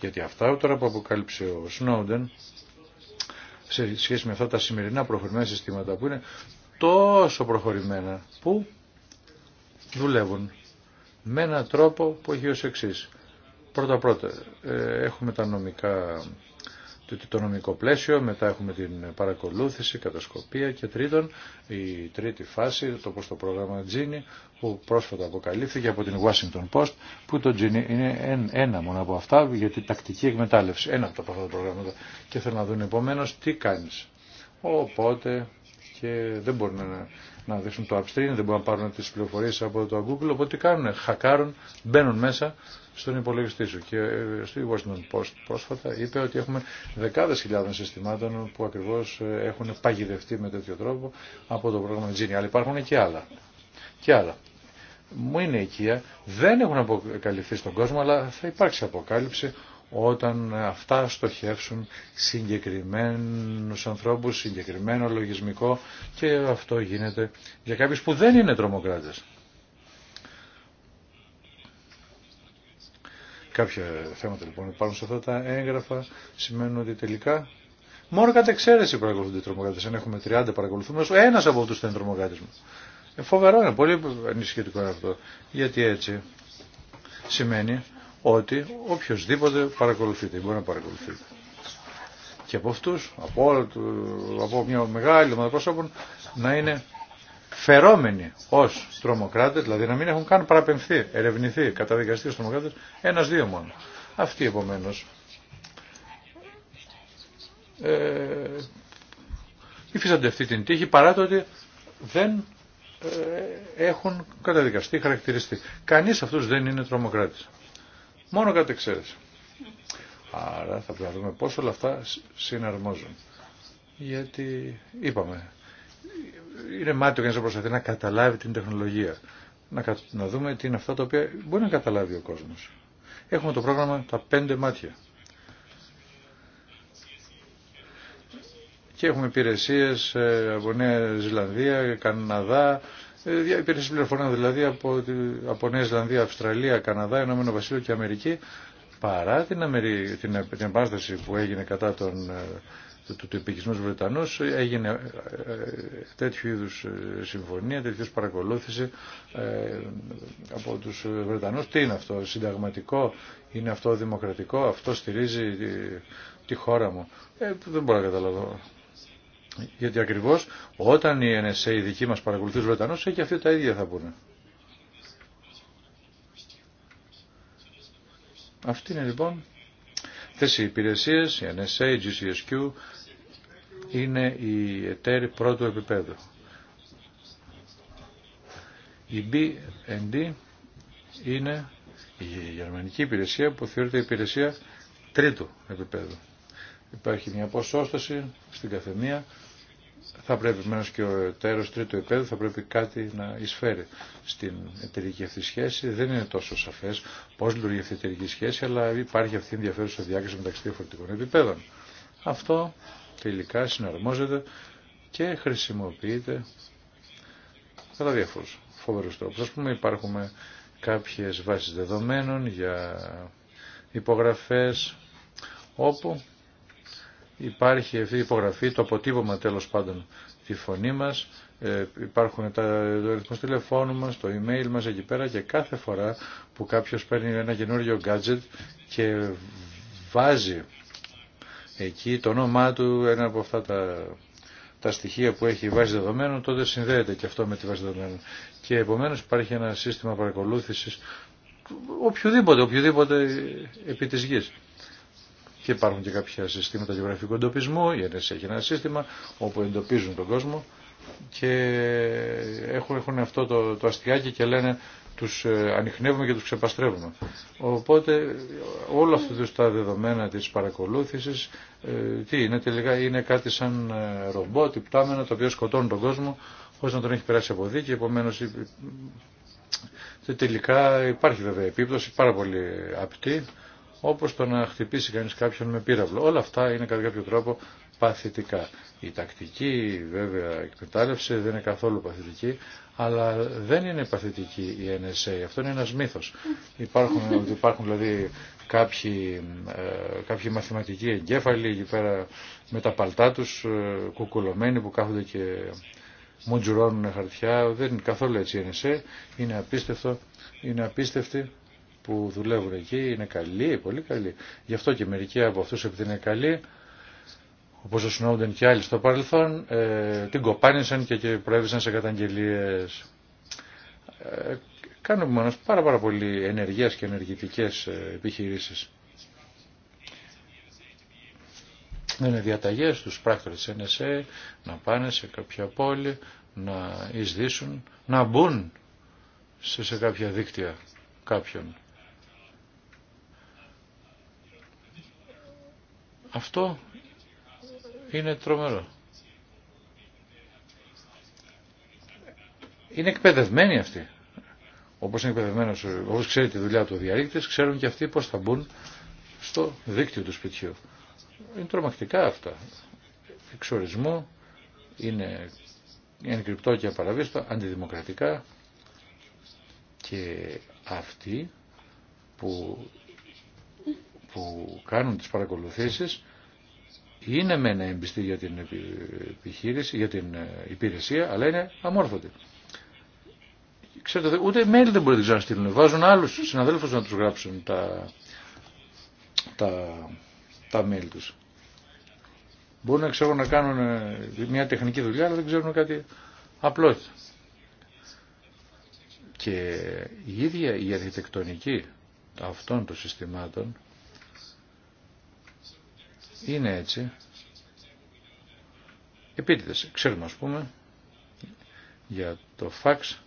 Γιατί αυτά τώρα που αποκάλυψε ο Σνόντεν, σε σχέση με αυτά τα σημερινά προχωρημένα συστήματα που είναι τόσο προχωρημένα που δουλεύουν με έναν τρόπο που έχει ως εξή. Πρώτα πρώτα ε, έχουμε τα νομικά, το, νομικό πλαίσιο, μετά έχουμε την παρακολούθηση, κατασκοπία και τρίτον η τρίτη φάση, το πως το πρόγραμμα Gini που πρόσφατα αποκαλύφθηκε από την Washington Post που το Gini είναι ένα μόνο από αυτά γιατί τακτική εκμετάλλευση, ένα από τα αυτά προγράμματα και θέλουν να δουν επομένως τι κάνεις. Οπότε και δεν μπορούν να, να το upstream, δεν μπορούν να πάρουν τις πληροφορίες από το Google, οπότε τι κάνουν, χακάρουν, μπαίνουν μέσα στον υπολογιστή σου. Και ε, στο Washington Post πρόσφατα είπε ότι έχουμε δεκάδες χιλιάδων συστημάτων που ακριβώς ε, έχουν παγιδευτεί με τέτοιο τρόπο από το πρόγραμμα Genie, αλλά υπάρχουν και άλλα. Και άλλα. Μου είναι οικεία, δεν έχουν αποκαλυφθεί στον κόσμο, αλλά θα υπάρξει αποκάλυψη όταν αυτά στοχεύσουν συγκεκριμένους ανθρώπους, συγκεκριμένο λογισμικό και αυτό γίνεται για κάποιους που δεν είναι τρομοκράτες. Κάποια θέματα λοιπόν υπάρχουν σε αυτά τα έγγραφα σημαίνουν ότι τελικά μόνο κατά εξαίρεση παρακολουθούνται οι τρομοκράτες. Αν έχουμε 30 παρακολουθούμε, ένας από αυτούς θα είναι τρομοκράτης ε, φοβερό είναι, πολύ ανησυχητικό είναι αυτό. Γιατί έτσι σημαίνει ότι οποιοδήποτε παρακολουθείται, μπορεί να παρακολουθείται. Και από αυτού, από, από μια μεγάλη ομάδα προσώπων, να είναι φερόμενοι ως τρομοκράτε, δηλαδή να μην έχουν καν παραπεμφθεί, ερευνηθεί, καταδικαστεί ω τρομοκράτες, ένας-δύο μόνο. Αυτοί επομένω. ε, υφίστανται αυτή την τύχη παρά το ότι δεν ε, έχουν καταδικαστεί, χαρακτηριστεί. Κανείς αυτούς δεν είναι τρομοκράτης. Μόνο κάτι εξαίρεση. Άρα θα πρέπει να δούμε πώς όλα αυτά συναρμόζουν. Γιατί είπαμε, είναι μάτι ο κανείς να προσπαθεί να καταλάβει την τεχνολογία. Να, να δούμε τι είναι αυτά τα οποία μπορεί να καταλάβει ο κόσμος. Έχουμε το πρόγραμμα τα πέντε μάτια. Και έχουμε υπηρεσίε ε, από Νέα Ζηλανδία, Καναδά, ε, υπήρχε συμπληροφωνία δηλαδή από, από Νέα Ισλανδία, Αυστραλία, Καναδά, Ηνωμένο Βασίλειο και Αμερική, παρά την, αμερι την, την επάσταση που έγινε κατά τον, ε, του, του, του επικισμού Βρετανού, έγινε ε, ε τέτοιου είδου συμφωνία, τέτοιου παρακολούθηση από του Βρετανού. Τι είναι αυτό, συνταγματικό, είναι αυτό δημοκρατικό, αυτό στηρίζει τη, χώρα μου. δεν μπορώ να καταλάβω γιατί ακριβώ όταν η NSA η δική μας παρακολουθεί του Βρετανού, ...έχει αυτή τα ίδια θα πούνε. Αυτή είναι λοιπόν θέση οι υπηρεσίες, η NSA, η GCSQ, είναι η εταίρη πρώτου επίπεδου. Η BND είναι η γερμανική υπηρεσία που θεωρείται υπηρεσία τρίτου επίπεδου. Υπάρχει μια ποσόστοση στην καθεμία θα πρέπει μένω και ο τέρος τρίτου επίπεδου, θα πρέπει κάτι να εισφέρει στην εταιρική αυτή σχέση. Δεν είναι τόσο σαφές πώς λειτουργεί αυτή η εταιρική σχέση, αλλά υπάρχει αυτή η ενδιαφέρουσα διάκριση μεταξύ διαφορετικών επίπεδων. Αυτό τελικά συναρμόζεται και χρησιμοποιείται κατά διάφορους φοβερούς τρόπους. Ας πούμε υπάρχουν κάποιες βάσεις δεδομένων για υπογραφές όπου υπάρχει αυτή η υπογραφή, το αποτύπωμα τέλος πάντων τη φωνή μας, ε, υπάρχουν τα, το αριθμό τηλεφώνου μας, το email μας εκεί πέρα και κάθε φορά που κάποιος παίρνει ένα καινούριο gadget και βάζει εκεί το όνομά του, ένα από αυτά τα, τα στοιχεία που έχει η βάση δεδομένων, τότε συνδέεται και αυτό με τη βάση δεδομένων. Και επομένως υπάρχει ένα σύστημα παρακολούθησης οποιοδήποτε, οποιοδήποτε επί της γης και υπάρχουν και κάποια συστήματα γεωγραφικού εντοπισμού, η ΕΝΕΣ έχει ένα σύστημα όπου εντοπίζουν τον κόσμο και έχουν, έχουν αυτό το, το αστιάκι και λένε τους ε, ανοιχνεύουμε και τους ξεπαστρεύουμε. Οπότε όλα αυτά τα δεδομένα της παρακολούθησης ε, τι είναι τελικά, είναι κάτι σαν ε, ρομπότ, υπτάμενα, το οποίο σκοτώνει τον κόσμο χωρί να τον έχει περάσει από δίκη, επομένως τελικά υπάρχει βέβαια επίπτωση πάρα πολύ απτή όπως το να χτυπήσει κανείς κάποιον με πύραυλο. Όλα αυτά είναι κατά κάποιο τρόπο παθητικά. Η τακτική βέβαια εκμετάλλευση δεν είναι καθόλου παθητική, αλλά δεν είναι παθητική η NSA. Αυτό είναι ένας μύθος. Υπάρχουν, υπάρχουν δηλαδή κάποιοι, ε, κάποιοι μαθηματικοί εγκέφαλοι εκεί πέρα με τα παλτά τους ε, κουκουλωμένοι που κάθονται και μουτζουρώνουν χαρτιά. Δεν είναι καθόλου έτσι η NSA. Είναι απίστευτο, είναι απίστευτη που δουλεύουν εκεί είναι καλοί, πολύ καλοί. Γι' αυτό και μερικοί από αυτούς επειδή είναι καλοί, όπως ο Σνόντεν και άλλοι στο παρελθόν, ε, την κοπάνισαν και, και προέβησαν σε καταγγελίες. Ε, κάνουμε πάρα πάρα πολύ ενεργές και ενεργητικές ε, επιχειρήσεις. Δεν είναι διαταγές τους πράκτορες της NSA να πάνε σε κάποια πόλη, να εισδύσουν, να μπουν σε, σε κάποια δίκτυα κάποιων. Αυτό είναι τρομερό. Είναι εκπαιδευμένοι αυτοί. Όπως είναι εκπαιδευμένος, όπως ξέρει τη δουλειά του ο διαρρήκτης, ξέρουν και αυτοί πώς θα μπουν στο δίκτυο του σπιτιού. Είναι τρομακτικά αυτά. Εξορισμό, είναι, εγκρυπτό και απαραβίστο, αντιδημοκρατικά και αυτοί που που κάνουν τις παρακολουθήσεις είναι με ένα εμπιστή για την επιχείρηση, για την ε, υπηρεσία, αλλά είναι αμόρφωτη. Ξέρετε, ούτε mail δεν μπορεί να στείλουν. Βάζουν άλλους συναδέλφους να τους γράψουν τα, τα, τα mail τους. Μπορούν να ξέρουν να κάνουν ε, μια τεχνική δουλειά, αλλά δεν ξέρουν κάτι απλό. Και η ίδια η αρχιτεκτονική αυτών των συστημάτων είναι έτσι επίτηδες. Ξέρουμε ας πούμε για το φαξ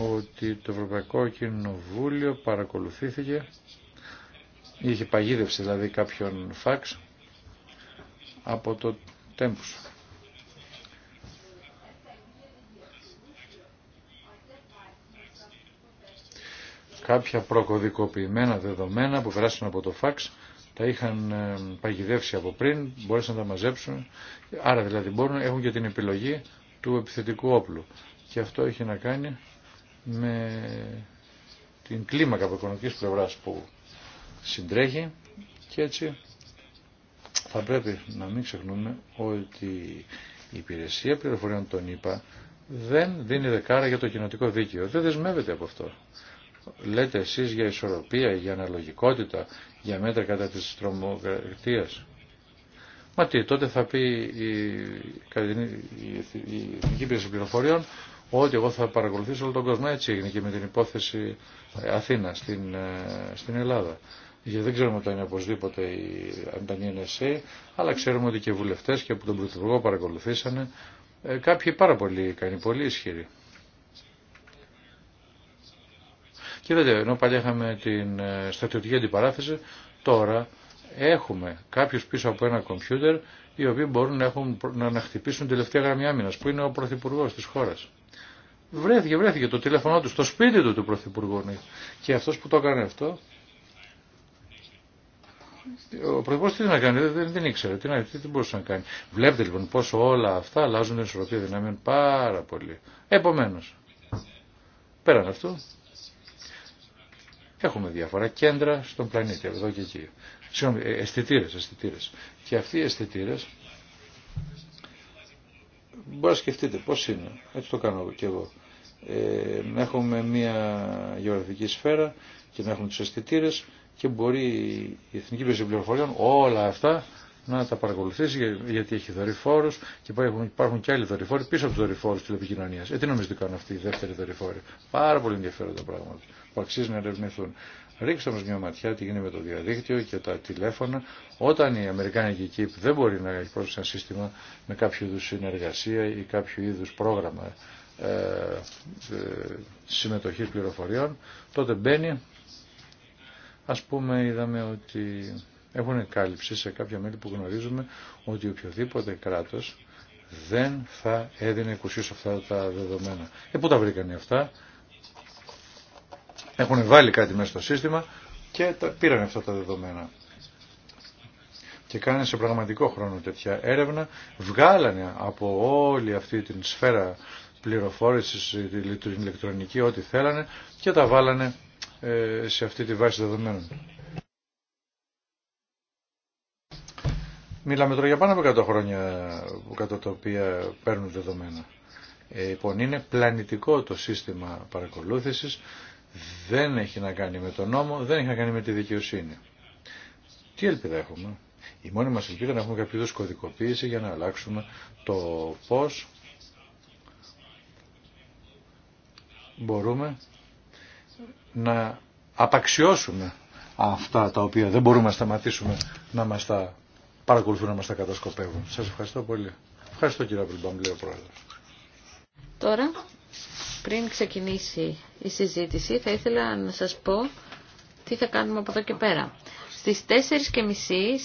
ότι το Ευρωπαϊκό Κοινοβούλιο παρακολουθήθηκε είχε παγίδευση δηλαδή κάποιον φαξ από το τέμπους. Κάποια προκωδικοποιημένα δεδομένα που περάσουν από το φαξ τα είχαν ε, παγιδεύσει από πριν, μπορέσαν να τα μαζέψουν, άρα δηλαδή μπορούν, έχουν και την επιλογή του επιθετικού όπλου. Και αυτό έχει να κάνει με την κλίμακα από οικονομικής πλευράς που συντρέχει και έτσι θα πρέπει να μην ξεχνούμε ότι η υπηρεσία πληροφοριών των ΗΠΑ δεν δίνει δεκάρα για το κοινοτικό δίκαιο. Δεν δεσμεύεται από αυτό. Λέτε εσείς για ισορροπία, για αναλογικότητα, για μέτρα κατά της τρομοκρατίας. Μα τι, τότε θα πει η Εθνική Πίεση Πληροφοριών ότι εγώ θα παρακολουθήσω όλο τον κόσμο. Έτσι έγινε και με την υπόθεση Αθήνα στην, ε, στην Ελλάδα. Γιατί δεν ξέρουμε αν ήταν οπωσδήποτε η, αν ήταν αλλά ξέρουμε ότι και βουλευτές και από τον Πρωθυπουργό παρακολουθήσανε. Ε, κάποιοι πάρα πολύ ικανοί, πολύ ισχυροί. Και δείτε, ενώ παλιά είχαμε την ε, στρατιωτική αντιπαράθεση, τώρα έχουμε κάποιου πίσω από ένα κομπιούτερ οι οποίοι μπορούν να, έχουν, να, να χτυπήσουν τελευταία γραμμή άμυνα, που είναι ο Πρωθυπουργό τη χώρα. Βρέθηκε, βρέθηκε το τηλέφωνό του στο σπίτι του του Πρωθυπουργού. Ναι. Και αυτό που το έκανε αυτό. Ο Πρωθυπουργό τι να κάνει, δεν, δεν ήξερε, τι, να, τι, τι μπορούσε να κάνει. Βλέπετε λοιπόν πόσο όλα αυτά αλλάζουν την ισορροπία δυνάμεων πάρα πολύ. Επομένω, πέραν αυτού, Έχουμε διάφορα κέντρα στον πλανήτη, εδώ και εκεί. Συγγνώμη, αισθητήρε, αισθητήρε. Και αυτοί οι αισθητήρε, μπορείτε να σκεφτείτε πώ είναι, έτσι το κάνω και εγώ. Ε, να έχουμε μια γεωγραφική σφαίρα και να έχουμε του αισθητήρε και μπορεί η Εθνική Πληροφορία όλα αυτά να τα παρακολουθήσει γιατί έχει δορυφόρου και υπάρχουν και άλλοι δορυφόροι πίσω από του δορυφόρου τηλεπικοινωνία. Ε, τι νομίζετε κάνουν αυτοί οι δεύτεροι δορυφόροι. Πάρα πολύ ενδιαφέροντα πράγματα που αξίζει να ερευνηθούν. Ρίξτε όμω μια ματιά τι γίνεται με το διαδίκτυο και τα τηλέφωνα. Όταν η Αμερικάνικη ΚΙΠ δεν μπορεί να έχει πρόσβαση σε ένα σύστημα με κάποιο είδου συνεργασία ή κάποιο είδου πρόγραμμα ε, ε, συμμετοχής πληροφοριών, τότε μπαίνει, α πούμε είδαμε ότι έχουν κάλυψη σε κάποια μέλη που γνωρίζουμε ότι οποιοδήποτε κράτο δεν θα έδινε εκουσίως αυτά τα δεδομένα. Ε, πού τα βρήκανε αυτά, έχουν βάλει κάτι μέσα στο σύστημα και τα πήραν αυτά τα δεδομένα. Και κάνανε σε πραγματικό χρόνο τέτοια έρευνα, βγάλανε από όλη αυτή την σφαίρα πληροφόρησης, την ηλεκτρονική, ό,τι θέλανε και τα βάλανε ε, σε αυτή τη βάση δεδομένων. Μιλάμε τώρα για πάνω από 100 χρόνια κατά τα οποία παίρνουν δεδομένα. Ε, λοιπόν, είναι πλανητικό το σύστημα παρακολούθησης δεν έχει να κάνει με τον νόμο, δεν έχει να κάνει με τη δικαιοσύνη. Τι ελπίδα έχουμε. Η μόνη μας ελπίδα είναι να έχουμε κάποιο είδους κωδικοποίηση για να αλλάξουμε το πώς μπορούμε να απαξιώσουμε αυτά τα οποία δεν μπορούμε να σταματήσουμε να μας τα παρακολουθούν, να μας τα κατασκοπεύουν. Σας ευχαριστώ πολύ. Ευχαριστώ κύριε Αμπλουμπαμ, πριν ξεκινήσει η συζήτηση, θα ήθελα να σας πω τι θα κάνουμε από εδώ και πέρα. Στις 4.30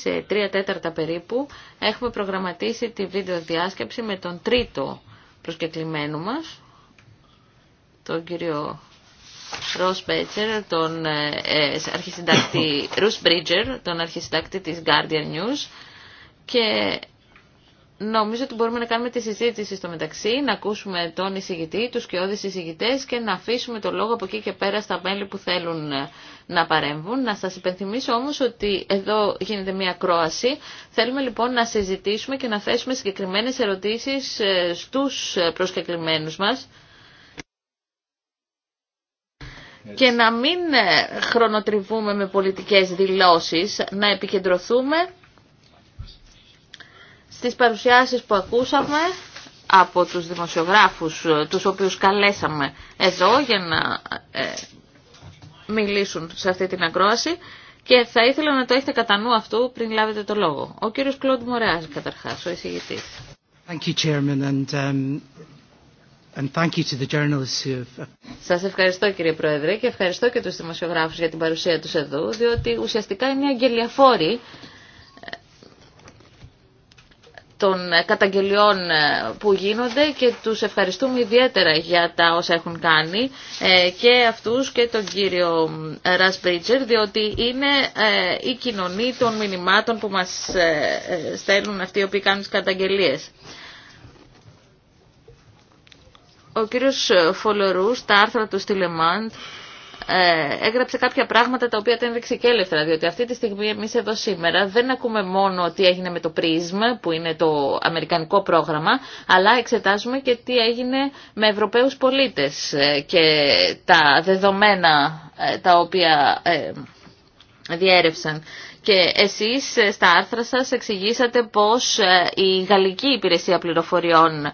σε 3 τέταρτα περίπου έχουμε προγραμματίσει τη βίντεο διάσκεψη με τον τρίτο προσκεκλημένο μας, τον κύριο Ρος Μπέτσερ, τον ε, ε, αρχισυντάκτη Ρους τον αρχισυντάκτη της Guardian News και Νομίζω ότι μπορούμε να κάνουμε τη συζήτηση στο μεταξύ, να ακούσουμε τον εισηγητή, τους και όδες εισηγητές και να αφήσουμε το λόγο από εκεί και πέρα στα μέλη που θέλουν ε, να παρέμβουν. Να σας υπενθυμίσω όμως ότι εδώ γίνεται μια κρόαση. Θέλουμε λοιπόν να συζητήσουμε και να θέσουμε συγκεκριμένες ερωτήσεις ε, στους ε, προσκεκλημένους μας. Και να μην χρονοτριβούμε με πολιτικές δηλώσεις, να επικεντρωθούμε στις παρουσιάσεις που ακούσαμε από τους δημοσιογράφους, ε, τους οποίους καλέσαμε εδώ για να ε, μιλήσουν σε αυτή την ακρόαση και θα ήθελα να το έχετε κατά νου αυτού πριν λάβετε το λόγο. Ο κύριος Κλόντ Μωρέας καταρχάς, ο εισηγητής. Thank Σας ευχαριστώ κύριε Πρόεδρε και ευχαριστώ και τους δημοσιογράφους για την παρουσία τους εδώ, διότι ουσιαστικά είναι αγγελιαφόροι των ε, καταγγελιών ε, που γίνονται και τους ευχαριστούμε ιδιαίτερα για τα όσα έχουν κάνει ε, και αυτούς και τον κύριο Ρας διότι είναι η κοινωνή των μηνυμάτων που μας στέλνουν αυτοί οι οποίοι κάνουν τις καταγγελίες. Ο κύριος Φολορούς, τα άρθρα του στη ε, έγραψε κάποια πράγματα τα οποία και έλευθερα, διότι αυτή τη στιγμή εμείς εδώ σήμερα δεν ακούμε μόνο τι έγινε με το PRISM, που είναι το αμερικανικό πρόγραμμα, αλλά εξετάζουμε και τι έγινε με Ευρωπαίους πολίτες ε, και τα δεδομένα ε, τα οποία διέρευσαν. Και εσείς στα άρθρα σας εξηγήσατε πως η Γαλλική Υπηρεσία Πληροφοριών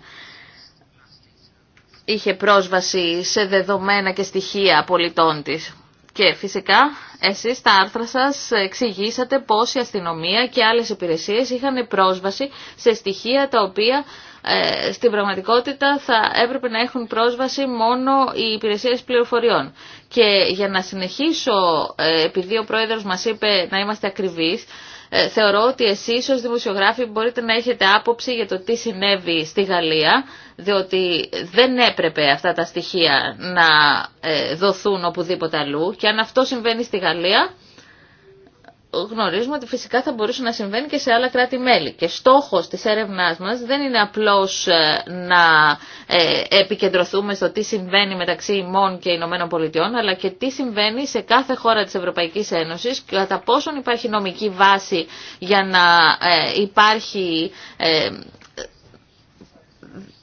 είχε πρόσβαση σε δεδομένα και στοιχεία πολιτών της. Και φυσικά εσείς τα άρθρα σας εξηγήσατε πώς η αστυνομία και άλλες υπηρεσίες είχαν πρόσβαση σε στοιχεία τα οποία ε, στην πραγματικότητα θα έπρεπε να έχουν πρόσβαση μόνο οι υπηρεσίες πληροφοριών. Και για να συνεχίσω, ε, επειδή ο πρόεδρος μας είπε να είμαστε ακριβείς, ε, θεωρώ ότι εσείς ως δημοσιογράφοι μπορείτε να έχετε άποψη για το τι συνέβη στη Γαλλία διότι δεν έπρεπε αυτά τα στοιχεία να ε, δοθούν οπουδήποτε αλλού και αν αυτό συμβαίνει στη Γαλλία γνωρίζουμε ότι φυσικά θα μπορούσε να συμβαίνει και σε άλλα κράτη-μέλη. Και στόχος της έρευνάς μας δεν είναι απλώς ε, να ε, επικεντρωθούμε στο τι συμβαίνει μεταξύ ημών και Ηνωμένων Πολιτειών, αλλά και τι συμβαίνει σε κάθε χώρα της Ευρωπαϊκής Ένωσης, κατά πόσον υπάρχει νομική βάση για να υπάρχει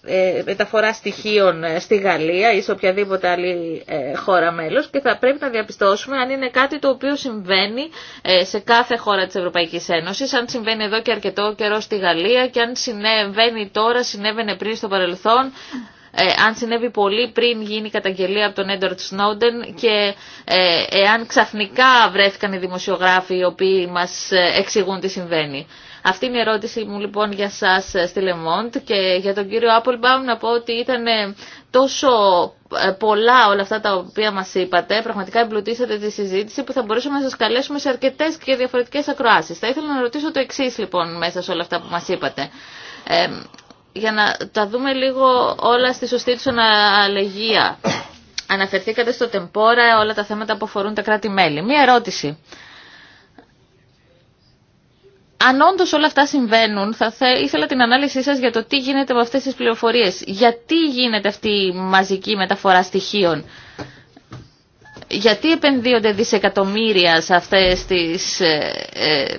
ε, μεταφορά στοιχείων ε, στη Γαλλία ή σε οποιαδήποτε άλλη ε, χώρα μέλος και θα πρέπει να διαπιστώσουμε αν είναι κάτι το οποίο συμβαίνει σε κάθε χώρα της Ευρωπαϊκής Ένωσης, αν συμβαίνει εδώ και αρκετό καιρό στη Γαλλία και αν συνέβαινε τώρα, συνέβαινε πριν στο παρελθόν, αν συνέβη πολύ πριν γίνει η καταγγελία από τον Έντορτ Σνόντεν και εάν ξαφνικά βρέθηκαν οι δημοσιογράφοι οι οποίοι μας εξηγούν τι συμβαίνει. Αυτή είναι η ερώτηση μου λοιπόν για σας ε, στη Λεμόντ και για τον κύριο Applebaum να πω ότι ήταν ε, τόσο ε, πολλά όλα αυτά τα οποία μας είπατε, πραγματικά εμπλουτίσατε τη συζήτηση που θα μπορούσαμε να σας καλέσουμε σε αρκετές και διαφορετικές ακροάσεις. Θα ήθελα να ρωτήσω το εξή, λοιπόν μέσα σε όλα αυτά που μας είπατε. Ε, για να τα δούμε λίγο όλα στη σωστή τους αναλεγία. Αναφερθήκατε στο τεμπόρα όλα τα θέματα που αφορούν τα κράτη-μέλη. Μία ερώτηση αν όντω όλα αυτά συμβαίνουν, θα θε, ήθελα την ανάλυση σας για το τι γίνεται με αυτές τις πληροφορίες. Γιατί γίνεται αυτή η μαζική μεταφορά στοιχείων. Γιατί επενδύονται δισεκατομμύρια σε αυτές τις ε, ε,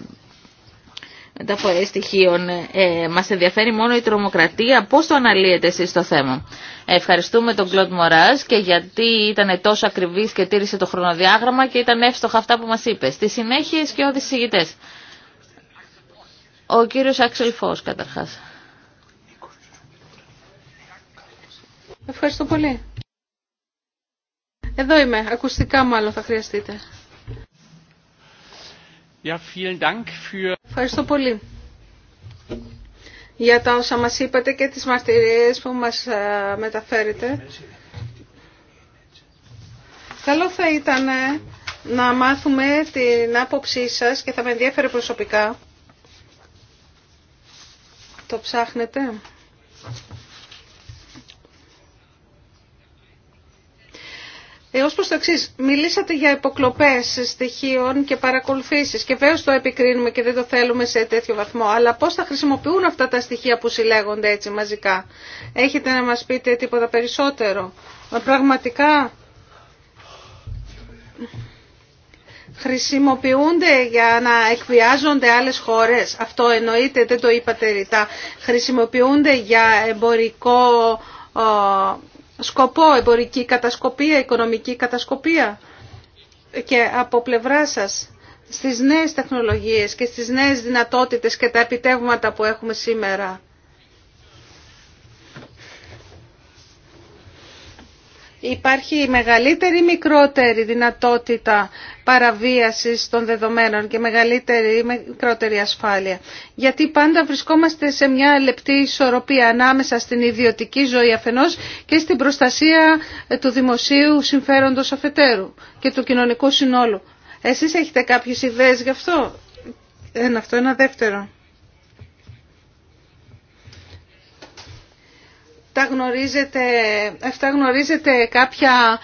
μεταφορές στοιχείων. Ε, μας ενδιαφέρει μόνο η τρομοκρατία. Πώς το αναλύετε εσείς το θέμα. Ευχαριστούμε τον Κλοντ Μοράς και γιατί ήταν τόσο ακριβής και τήρησε το χρονοδιάγραμμα και ήταν εύστοχα αυτά που μας είπε. Στη συνέχεια και σκιώδεις ο κύριος Άξελ Φως, καταρχάς. Ευχαριστώ πολύ. Εδώ είμαι. Ακουστικά μάλλον θα χρειαστείτε. Dank für... Ευχαριστώ πολύ για τα όσα μας είπατε και τις μαρτυρίες που μας ε, μεταφέρετε. Καλό θα ήταν ε, να μάθουμε την άποψή σας και θα με ενδιαφέρει προσωπικά το ψάχνετε. Έω ε, προ το εξή, μιλήσατε για υποκλοπέ στοιχείων και παρακολουθήσει και βέβαια το επικρίνουμε και δεν το θέλουμε σε τέτοιο βαθμό. Αλλά πώ θα χρησιμοποιούν αυτά τα στοιχεία που συλλέγονται έτσι μαζικά. Έχετε να μα πείτε τίποτα περισσότερο. Μα πραγματικά χρησιμοποιούνται για να εκβιάζονται άλλες χώρες. Αυτό εννοείται, δεν το είπατε ρητά. Χρησιμοποιούνται για εμπορικό σκοπό, εμπορική κατασκοπία, οικονομική κατασκοπία. Και από πλευρά σας, στις νέες τεχνολογίες και στις νέες δυνατότητες και τα επιτεύγματα που έχουμε σήμερα. υπάρχει μεγαλύτερη ή μικρότερη δυνατότητα παραβίασης των δεδομένων και μεγαλύτερη ή μικρότερη ασφάλεια. Γιατί πάντα βρισκόμαστε σε μια λεπτή ισορροπία ανάμεσα στην ιδιωτική ζωή αφενός και στην προστασία του δημοσίου συμφέροντος αφετέρου και του κοινωνικού συνόλου. Εσείς έχετε κάποιες ιδέες γι' αυτό. Ένα αυτό, ένα δεύτερο. τα γνωρίζετε, αυτά γνωρίζετε κάποια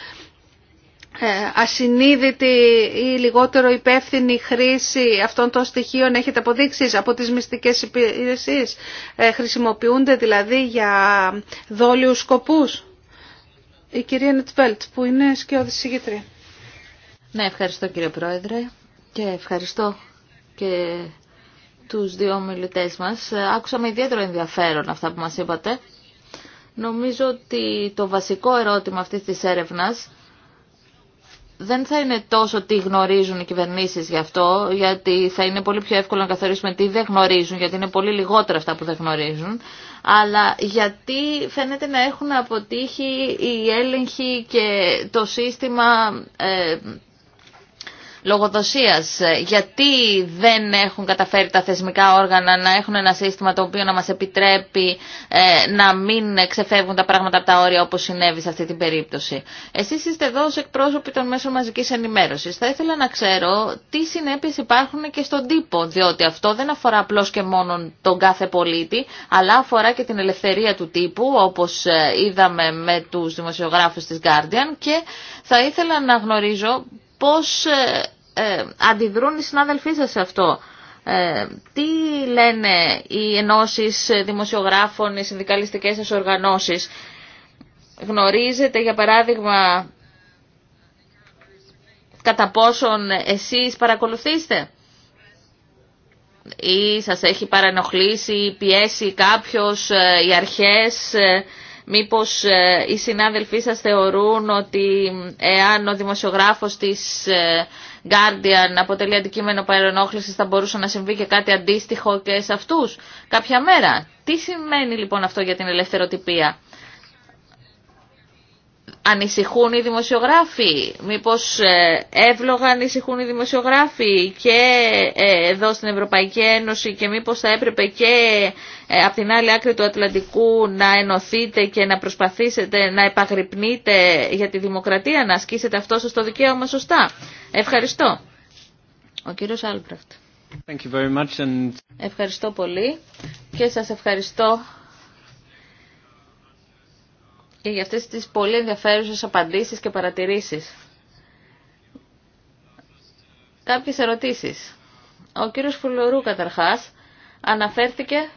ε, ασυνείδητη ή λιγότερο υπεύθυνη χρήση αυτών των στοιχείων έχετε αποδείξει από τις μυστικές υπηρεσίες. Ε, χρησιμοποιούνται δηλαδή για δόλιους σκοπούς. Η κυρία Νετβέλτ που είναι σκιώδη συγκήτρια. Ναι, ευχαριστώ κύριε Πρόεδρε και ευχαριστώ και τους δύο μιλητές μας. Ε, άκουσα με ιδιαίτερο ενδιαφέρον αυτά που μας είπατε. Νομίζω ότι το βασικό ερώτημα αυτής της έρευνας δεν θα είναι τόσο τι γνωρίζουν οι κυβερνήσεις γι' αυτό, γιατί θα είναι πολύ πιο εύκολο να καθορίσουμε τι δεν γνωρίζουν, γιατί είναι πολύ λιγότερα αυτά που δεν γνωρίζουν, αλλά γιατί φαίνεται να έχουν αποτύχει οι έλεγχοι και το σύστημα ε, λογοδοσίας. Ε, γιατί δεν έχουν καταφέρει τα θεσμικά όργανα να έχουν ένα σύστημα το οποίο να μας επιτρέπει ε, να μην ξεφεύγουν τα πράγματα από τα όρια όπως συνέβη σε αυτή την περίπτωση. Εσείς είστε εδώ ως εκπρόσωποι των μέσων μαζικής ενημέρωσης. Θα ήθελα να ξέρω τι συνέπειες υπάρχουν και στον τύπο, διότι αυτό δεν αφορά απλώς και μόνο τον κάθε πολίτη, αλλά αφορά και την ελευθερία του τύπου, όπως ε, είδαμε με τους δημοσιογράφους της Guardian και θα ήθελα να γνωρίζω πώς ε, ε, αντιδρούν οι συνάδελφοί σας σε αυτό. Ε, τι λένε οι ενώσεις δημοσιογράφων, οι συνδικαλιστικές σας οργανώσεις. Γνωρίζετε για παράδειγμα κατά πόσον εσείς παρακολουθείστε ή σας έχει παρανοχλήσει, πιέσει κάποιος, οι αρχές, Μήπως ε, οι συνάδελφοί σας θεωρούν ότι εάν ο δημοσιογράφος της ε, Guardian αποτελεί αντικείμενο παρενόχλησης θα μπορούσε να συμβεί και κάτι αντίστοιχο και σε αυτούς κάποια μέρα. Τι σημαίνει λοιπόν αυτό για την ελευθεροτυπία ανησυχούν οι δημοσιογράφοι, μήπως ε, εύλογα ανησυχούν οι δημοσιογράφοι και ε, εδώ στην Ευρωπαϊκή Ένωση και μήπως θα έπρεπε και ε, από την άλλη άκρη του Ατλαντικού να ενωθείτε και να προσπαθήσετε να επαγρυπνείτε για τη δημοκρατία, να ασκήσετε αυτό σας το δικαίωμα σωστά. Ευχαριστώ. Ο κύριος Άλμπραχτ. Ευχαριστώ πολύ και σας ευχαριστώ και για αυτές τις πολύ ενδιαφέρουσες απαντήσεις και παρατηρήσεις. Κάποιες ερωτήσεις. Ο κύριος Φουλωρού καταρχάς αναφέρθηκε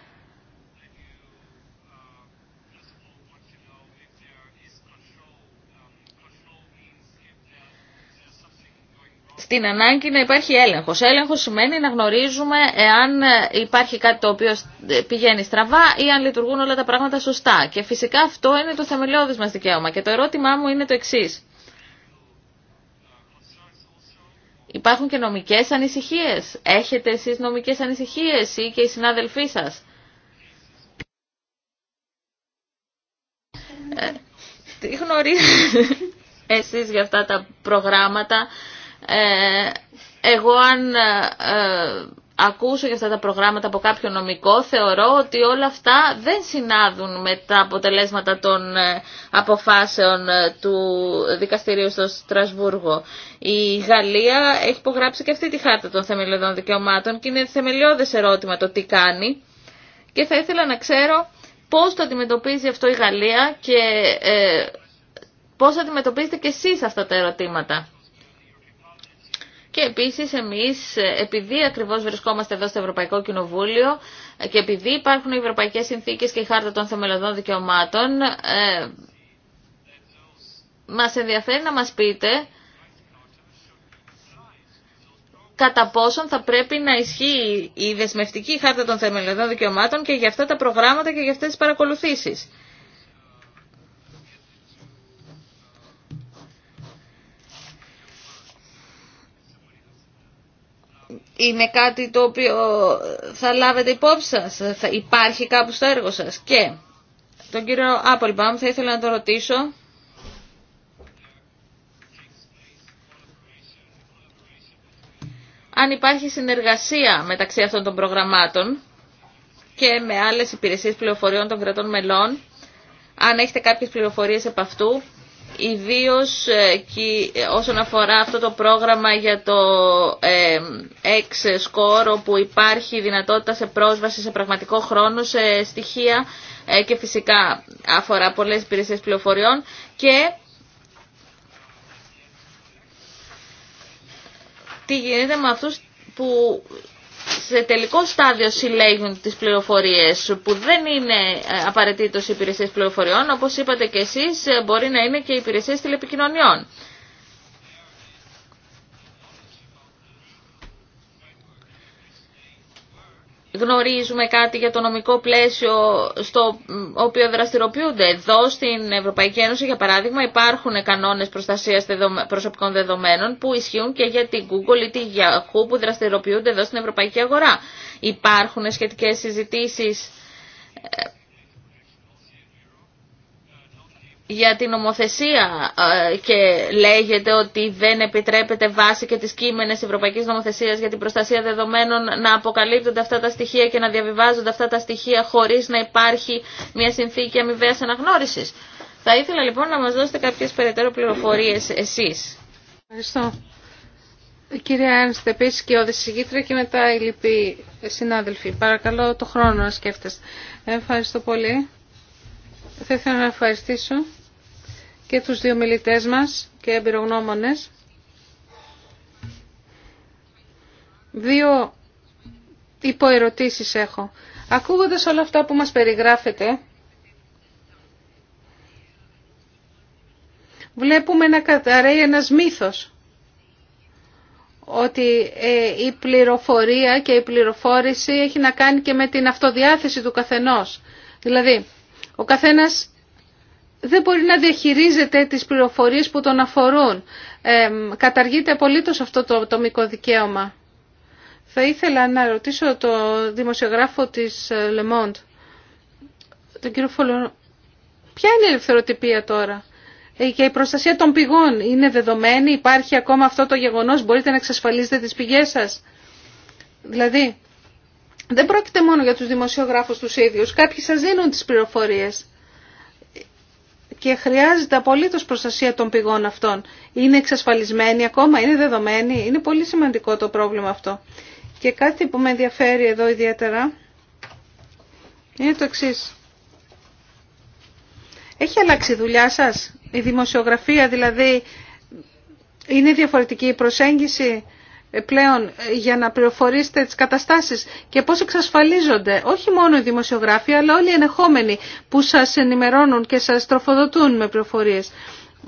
την ανάγκη να υπάρχει έλεγχος. Έλεγχος σημαίνει να γνωρίζουμε εάν υπάρχει κάτι το οποίο πηγαίνει στραβά ή αν λειτουργούν όλα τα πράγματα σωστά. Και φυσικά αυτό είναι το θεμελιώδης μας δικαίωμα. Και το ερώτημά μου είναι το εξή. Υπάρχουν και νομικές ανησυχίες. Έχετε εσείς νομικές ανησυχίες ή και οι συνάδελφοί σας. Ε, τι γνωρίζετε εσείς για αυτά τα προγράμματα ε, εγώ αν ε, ε, ακούσω για αυτά τα προγράμματα από κάποιο νομικό, θεωρώ ότι όλα αυτά δεν συνάδουν με τα αποτελέσματα των αποφάσεων του δικαστηρίου στο Στρασβούργο. Η Γαλλία έχει υπογράψει και αυτή τη χάρτα των θεμελιωδών δικαιωμάτων και είναι θεμελιώδες ερώτημα το τι κάνει και θα ήθελα να ξέρω πώς το αντιμετωπίζει αυτό η Γαλλία και ε, πώς αντιμετωπίζετε και εσείς αυτά τα ερωτήματα. Και επίση εμείς, επειδή ακριβώ βρισκόμαστε εδώ στο Ευρωπαϊκό Κοινοβούλιο και επειδή υπάρχουν οι Ευρωπαϊκές Συνθήκες και η Χάρτα των Θεμελιωδών Δικαιωμάτων, ε, μας ενδιαφέρει να μας πείτε κατά πόσον θα πρέπει να ισχύει η δεσμευτική χάρτα των θεμελιωδών δικαιωμάτων και για αυτά τα προγράμματα και για αυτές τις παρακολουθήσεις. είναι κάτι το οποίο θα λάβετε υπόψη σας, θα υπάρχει κάπου στο έργο σας. Και τον κύριο Άπολμπαμ θα ήθελα να το ρωτήσω. Αν υπάρχει συνεργασία μεταξύ αυτών των προγραμμάτων και με άλλες υπηρεσίες πληροφοριών των κρατών μελών, αν έχετε κάποιες πληροφορίες επ' αυτού, ιδίως ε, ε, όσον αφορά αυτό το πρόγραμμα για το ε, X-Score που υπάρχει δυνατότητα σε πρόσβαση σε πραγματικό χρόνο σε στοιχεία και φυσικά αφορά πολλές υπηρεσίες πληροφοριών και τι γίνεται με αυτούς που σε τελικό στάδιο συλλέγουν τις πληροφορίες που δεν είναι ε, απαραίτητος οι υπηρεσίες πληροφοριών, όπως είπατε και εσείς ε, μπορεί να είναι και οι υπηρεσίες τηλεπικοινωνιών. γνωρίζουμε κάτι για το νομικό πλαίσιο στο οποίο δραστηριοποιούνται. Εδώ στην Ευρωπαϊκή Ένωση, για παράδειγμα, υπάρχουν κανόνες προστασίας προσωπικών δεδομένων που ισχύουν και για την Google ή τη Yahoo που δραστηριοποιούνται εδώ στην Ευρωπαϊκή Αγορά. Υπάρχουν σχετικές συζητήσεις ε, για την νομοθεσία ε, και λέγεται ότι δεν επιτρέπεται βάση και τις κείμενες Ευρωπαϊκής Νομοθεσίας για την προστασία δεδομένων να αποκαλύπτονται αυτά τα στοιχεία και να διαβιβάζονται αυτά τα στοιχεία χωρίς να υπάρχει μια συνθήκη αμοιβαίας αναγνώρισης. Θα ήθελα λοιπόν να μας δώσετε κάποιες περαιτέρω πληροφορίες εσείς. Ευχαριστώ. Κυρία Ένστε, επίση και ο και μετά οι λοιποί συνάδελφοι. Παρακαλώ το χρόνο να σκέφτεστε. Ευχαριστώ πολύ. Θα ήθελα να ευχαριστήσω και τους δύο μιλητές μας και εμπειρογνώμονες. Δύο υποερωτήσεις έχω. Ακούγοντας όλα αυτά που μας περιγράφετε, βλέπουμε να καταραίει ένας μύθος ότι ε, η πληροφορία και η πληροφόρηση έχει να κάνει και με την αυτοδιάθεση του καθενός. Δηλαδή, ο καθένας δεν μπορεί να διαχειρίζεται τις πληροφορίες που τον αφορούν. Ε, καταργείται απολύτως αυτό το ατομικό δικαίωμα. Θα ήθελα να ρωτήσω το δημοσιογράφο της ε, Le Monde, τον κύριο Φολονό, ποια είναι η ελευθεροτυπία τώρα ε, και η προστασία των πηγών είναι δεδομένη, υπάρχει ακόμα αυτό το γεγονός, μπορείτε να εξασφαλίσετε τις πηγές σας. Δηλαδή, δεν πρόκειται μόνο για τους δημοσιογράφους τους ίδιους, κάποιοι σας δίνουν τις πληροφορίες και χρειάζεται απολύτω προστασία των πηγών αυτών. Είναι εξασφαλισμένη ακόμα, είναι δεδομένη, είναι πολύ σημαντικό το πρόβλημα αυτό. Και κάτι που με ενδιαφέρει εδώ ιδιαίτερα είναι το εξή. Έχει αλλάξει η δουλειά σας, η δημοσιογραφία δηλαδή, είναι διαφορετική η προσέγγιση ε, πλέον ε, για να πληροφορήσετε τις καταστάσεις και πώς εξασφαλίζονται όχι μόνο οι δημοσιογράφοι αλλά όλοι οι ενεχόμενοι που σας ενημερώνουν και σας τροφοδοτούν με πληροφορίες.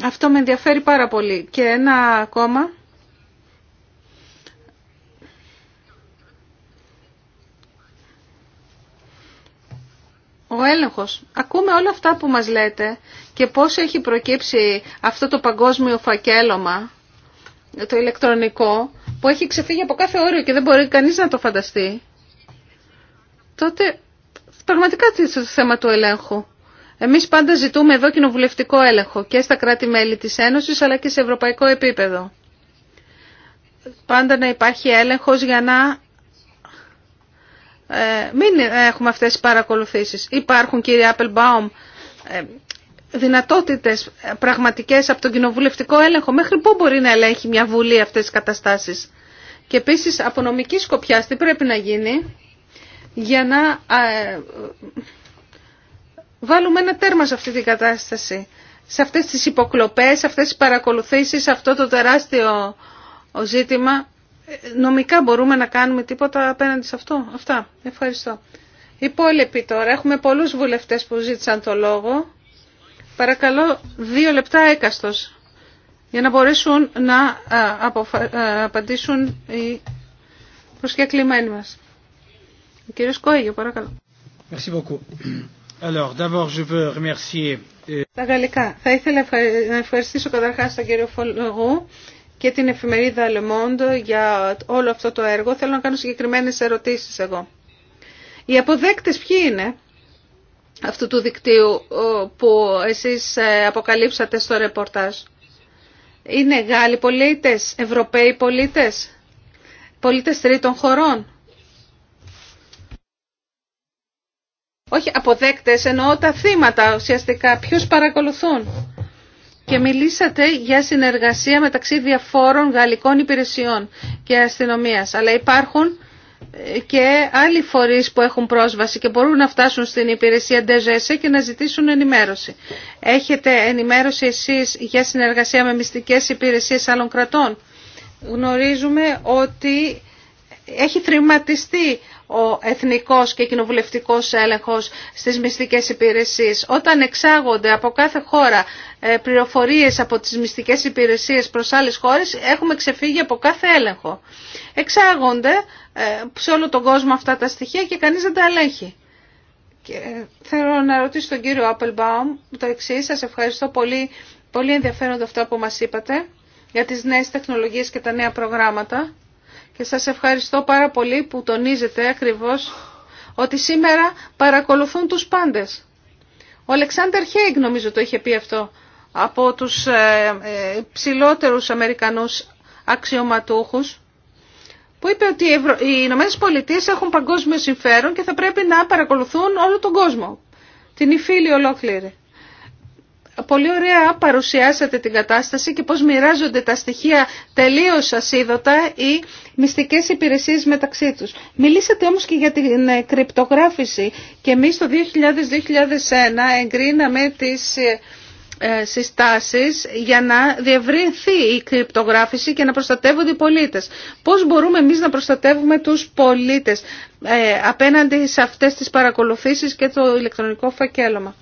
Αυτό με ενδιαφέρει πάρα πολύ. Και ένα ακόμα. Ο έλεγχος. Ακούμε όλα αυτά που μας λέτε και πώς έχει προκύψει αυτό το παγκόσμιο φακέλωμα, το ηλεκτρονικό, που έχει ξεφύγει από κάθε όριο και δεν μπορεί κανείς να το φανταστεί, τότε πραγματικά τι είναι το θέμα του ελέγχου. Εμείς πάντα ζητούμε εδώ κοινοβουλευτικό έλεγχο και στα κράτη-μέλη της Ένωσης αλλά και σε ευρωπαϊκό επίπεδο. Πάντα να υπάρχει έλεγχος για να ε, μην έχουμε αυτές τις παρακολουθήσεις. Υπάρχουν κύριε Applebaum ε, δυνατότητες πραγματικές από τον κοινοβουλευτικό έλεγχο. Μέχρι πού μπορεί να ελέγχει μια βουλή αυτές τις καταστάσεις. Και επίσης από νομική σκοπιά τι πρέπει να γίνει για να ε, βάλουμε ένα τέρμα σε αυτή την κατάσταση. Σε αυτές τις υποκλοπές, σε αυτές τις παρακολουθήσεις, σε αυτό το τεράστιο ζήτημα. Νομικά μπορούμε να κάνουμε τίποτα απέναντι σε αυτό. Αυτά. Ευχαριστώ. Υπόλοιποι τώρα. Έχουμε πολλούς βουλευτές που ζήτησαν το λόγο. Παρακαλώ δύο λεπτά έκαστος για να μπορέσουν να ε, ε, απαντήσουν οι προσκεκλημένοι μας. Ο κύριος Κόγιο, παρακαλώ. Euh, Τα γαλλικά, θα ήθελα να ευχαριστήσω καταρχάς τον κύριο Φολογού και την εφημερίδα Le Monde για όλο αυτό το έργο. Θέλω να κάνω συγκεκριμένες ερωτήσεις εγώ. Οι αποδέκτες ποιοι είναι αυτού του δικτύου που εσείς ε, αποκαλύψατε στο ρεπορτάζ. Είναι Γάλλοι πολίτες, Ευρωπαίοι πολίτες, πολίτες τρίτων χωρών. Όχι αποδέκτες, εννοώ τα θύματα ουσιαστικά, ποιους παρακολουθούν. Και μιλήσατε για συνεργασία μεταξύ διαφόρων γαλλικών υπηρεσιών και αστυνομίας. Αλλά υπάρχουν και άλλοι φορείς που έχουν πρόσβαση και μπορούν να φτάσουν στην υπηρεσία DGSE και να ζητήσουν ενημέρωση. Έχετε ενημέρωση εσείς για συνεργασία με μυστικές υπηρεσίες άλλων κρατών. Γνωρίζουμε ότι έχει θρηματιστεί ο εθνικός και κοινοβουλευτικός έλεγχος στις μυστικές υπηρεσίες. Όταν εξάγονται από κάθε χώρα ε, πληροφορίες από τις μυστικές υπηρεσίες προς άλλες χώρες, έχουμε ξεφύγει από κάθε έλεγχο. Εξάγονται ε, σε όλο τον κόσμο αυτά τα στοιχεία και κανείς δεν τα ελέγχει. Και ε, θέλω να ρωτήσω τον κύριο Applebaum το εξή. Σας ευχαριστώ πολύ, πολύ ενδιαφέροντα αυτά που μας είπατε για τις νέες τεχνολογίες και τα νέα προγράμματα. Και σας ευχαριστώ πάρα πολύ που τονίζετε ακριβώς ότι σήμερα παρακολουθούν τους πάντες. Ο Αλεξάνδερ Χέιγ νομίζω το είχε πει αυτό από τους ε, ε ψηλότερους Αμερικανούς αξιωματούχους που είπε ότι οι Ηνωμένε Πολιτείε έχουν παγκόσμιο συμφέρον και θα πρέπει να παρακολουθούν όλο τον κόσμο. Την υφήλη ολόκληρη. Πολύ ωραία παρουσιάσατε την κατάσταση και πώς μοιράζονται τα στοιχεία τελείως ασίδωτα ή μυστικές υπηρεσίες μεταξύ τους. Μιλήσατε όμως και για την ε, κρυπτογράφηση και εμείς το 2000-2001 εγκρίναμε τις ε, ε, συστάσεις για να διευρυνθεί η κρυπτογράφηση και να προστατεύονται οι πολίτες. Πώς μπορούμε εμείς να προστατεύουμε τους πολίτες ε, απέναντι σε αυτές τις παρακολουθήσεις και το ηλεκτρονικό φακέλωμα.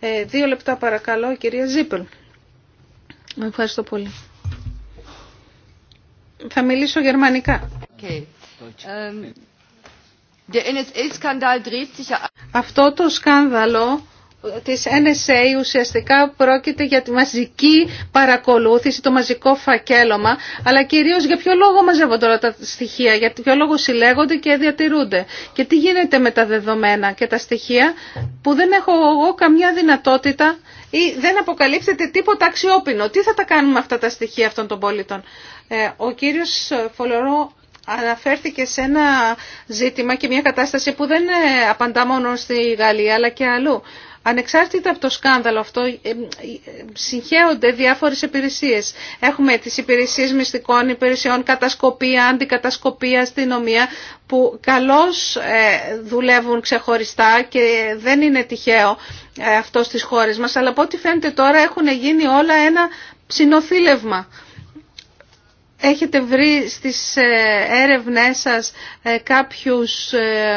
Ε, δύο λεπτά παρακαλώ, η κυρία Ζίπελ. Ευχαριστώ πολύ. Θα μιλήσω γερμανικά. Okay. Um, Αυτό το σκάνδαλο της NSA ουσιαστικά πρόκειται για τη μαζική παρακολούθηση, το μαζικό φακέλωμα, αλλά κυρίως για ποιο λόγο μαζεύονται όλα τα στοιχεία, για ποιο λόγο συλλέγονται και διατηρούνται και τι γίνεται με τα δεδομένα και τα στοιχεία που δεν έχω εγώ καμιά δυνατότητα ή δεν αποκαλύπτεται τίποτα αξιόπινο. Τι θα τα κάνουμε αυτά τα στοιχεία αυτών των πολίτων. Ε, ο κύριος Φολερό αναφέρθηκε σε ένα ζήτημα και μια κατάσταση που δεν ε, απαντά μόνο στη Γαλλία αλλά και αλλού. Ανεξάρτητα από το σκάνδαλο αυτό, ε, ε, συγχέονται διάφορες υπηρεσίες. Έχουμε τις υπηρεσίες μυστικών υπηρεσιών, κατασκοπία, αντικατασκοπία, αστυνομία, που καλώς ε, δουλεύουν ξεχωριστά και δεν είναι τυχαίο αυτό στις χώρες μας, αλλά από ό,τι φαίνεται τώρα έχουν γίνει όλα ένα συνοθήλευμα. Έχετε βρει στις ε, έρευνές σας ε, κάποιους ε,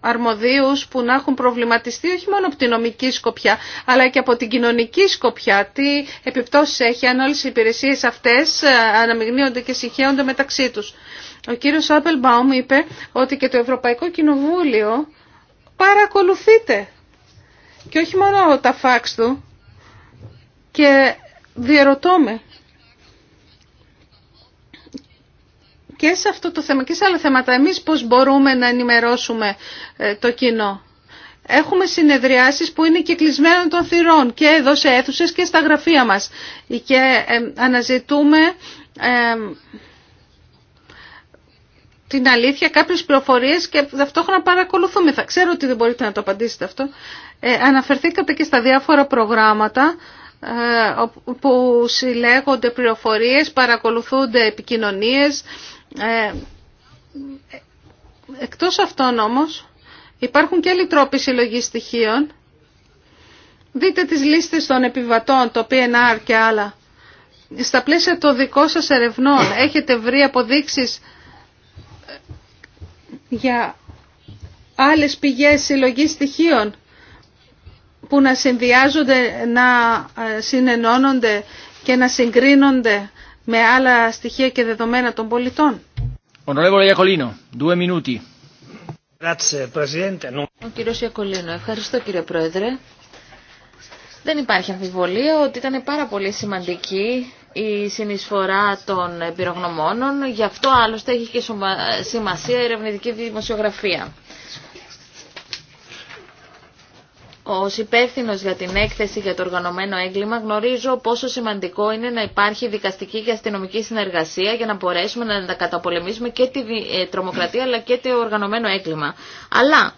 αρμοδίους που να έχουν προβληματιστεί όχι μόνο από την νομική σκοπιά αλλά και από την κοινωνική σκοπιά. Τι επιπτώσεις έχει αν όλες οι υπηρεσίες αυτές αναμειγνύονται και συγχέονται μεταξύ τους. Ο κύριος Άπελμπαουμ είπε ότι και το Ευρωπαϊκό Κοινοβούλιο παρακολουθείται και όχι μόνο τα φάξ του και διερωτώμε. και σε αυτό το θέμα και σε άλλα θέματα. Εμείς πώς μπορούμε να ενημερώσουμε ε, το κοινό. Έχουμε συνεδριάσεις που είναι κυκλισμένων των θυρών και εδώ σε αίθουσες και στα γραφεία μας και ε, αναζητούμε ε, την αλήθεια, κάποιες πληροφορίες και ταυτόχρονα παρακολουθούμε. Θα ξέρω ότι δεν μπορείτε να το απαντήσετε αυτό. Ε, αναφερθήκατε και στα διάφορα προγράμματα που συλλέγονται πληροφορίες, παρακολουθούνται επικοινωνίες, ε, εκτός αυτών όμως υπάρχουν και άλλοι τρόποι συλλογή στοιχείων. Δείτε τις λίστες των επιβατών, το PNR και άλλα. Στα πλαίσια των δικών σας ερευνών έχετε βρει αποδείξεις ε, για άλλες πηγές συλλογή στοιχείων που να συνδυάζονται, να ε, συνενώνονται και να συγκρίνονται με άλλα στοιχεία και δεδομένα των πολιτών. Ο κύριος Ιακολίνο, ευχαριστώ κύριε Πρόεδρε. Δεν υπάρχει αμφιβολία ότι ήταν πάρα πολύ σημαντική η συνεισφορά των πυρογνωμόνων. Γι' αυτό άλλωστε έχει και σημασία η ερευνητική δημοσιογραφία. Ω υπεύθυνο για την έκθεση για το οργανωμένο έγκλημα γνωρίζω πόσο σημαντικό είναι να υπάρχει δικαστική και αστυνομική συνεργασία για να μπορέσουμε να καταπολεμήσουμε και τη ε, τρομοκρατία αλλά και το οργανωμένο έγκλημα. Αλλά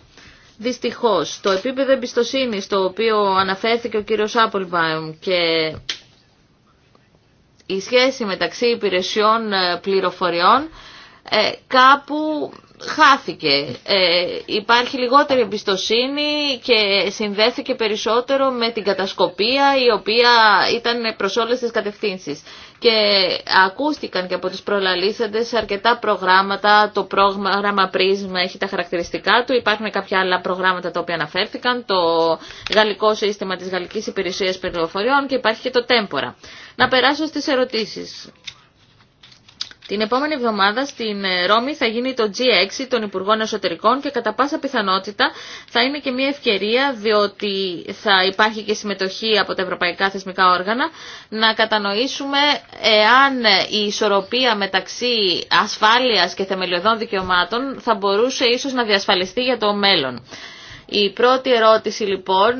δυστυχώ το επίπεδο εμπιστοσύνη στο οποίο αναφέρθηκε ο κύριο Άπολμπαουμ και η σχέση μεταξύ υπηρεσιών ε, πληροφοριών ε, κάπου χάθηκε. Ε, υπάρχει λιγότερη εμπιστοσύνη και συνδέθηκε περισσότερο με την κατασκοπία η οποία ήταν προς όλες τις κατευθύνσεις. Και ακούστηκαν και από τις προλαλήσαντες αρκετά προγράμματα, το πρόγραμμα πρίσμα έχει τα χαρακτηριστικά του, υπάρχουν κάποια άλλα προγράμματα τα οποία αναφέρθηκαν, το γαλλικό σύστημα της Γαλλικής Υπηρεσίας Περιοφοριών και υπάρχει και το Τέμπορα. Να περάσω στις ερωτήσεις. Την επόμενη εβδομάδα στην ε, Ρώμη θα γίνει το G6 των Υπουργών Εσωτερικών και κατά πάσα πιθανότητα θα είναι και μια ευκαιρία διότι θα υπάρχει και συμμετοχή από τα ευρωπαϊκά θεσμικά όργανα να κατανοήσουμε εάν η ισορροπία μεταξύ ασφάλειας και θεμελιωδών δικαιωμάτων θα μπορούσε ίσως να διασφαλιστεί για το μέλλον. Η πρώτη ερώτηση λοιπόν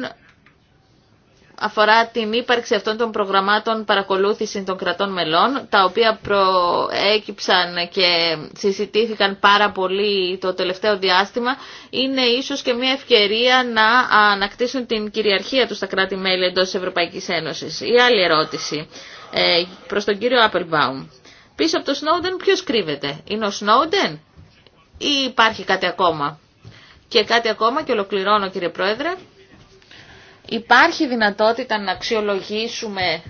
αφορά την ύπαρξη αυτών των προγραμμάτων παρακολούθηση των κρατών μελών, τα οποία προέκυψαν και συζητήθηκαν πάρα πολύ το τελευταίο διάστημα, είναι ίσως και μια ευκαιρία να ανακτήσουν την κυριαρχία τους στα κράτη-μέλη εντός της Ευρωπαϊκής Ένωσης. Η άλλη ερώτηση ε, προς τον κύριο Applebaum. Πίσω από το Snowden ποιος κρύβεται, είναι ο Snowden ή υπάρχει κάτι ακόμα. Και κάτι ακόμα και ολοκληρώνω κύριε Πρόεδρε. Υπάρχει δυνατότητα να αξιολογήσουμε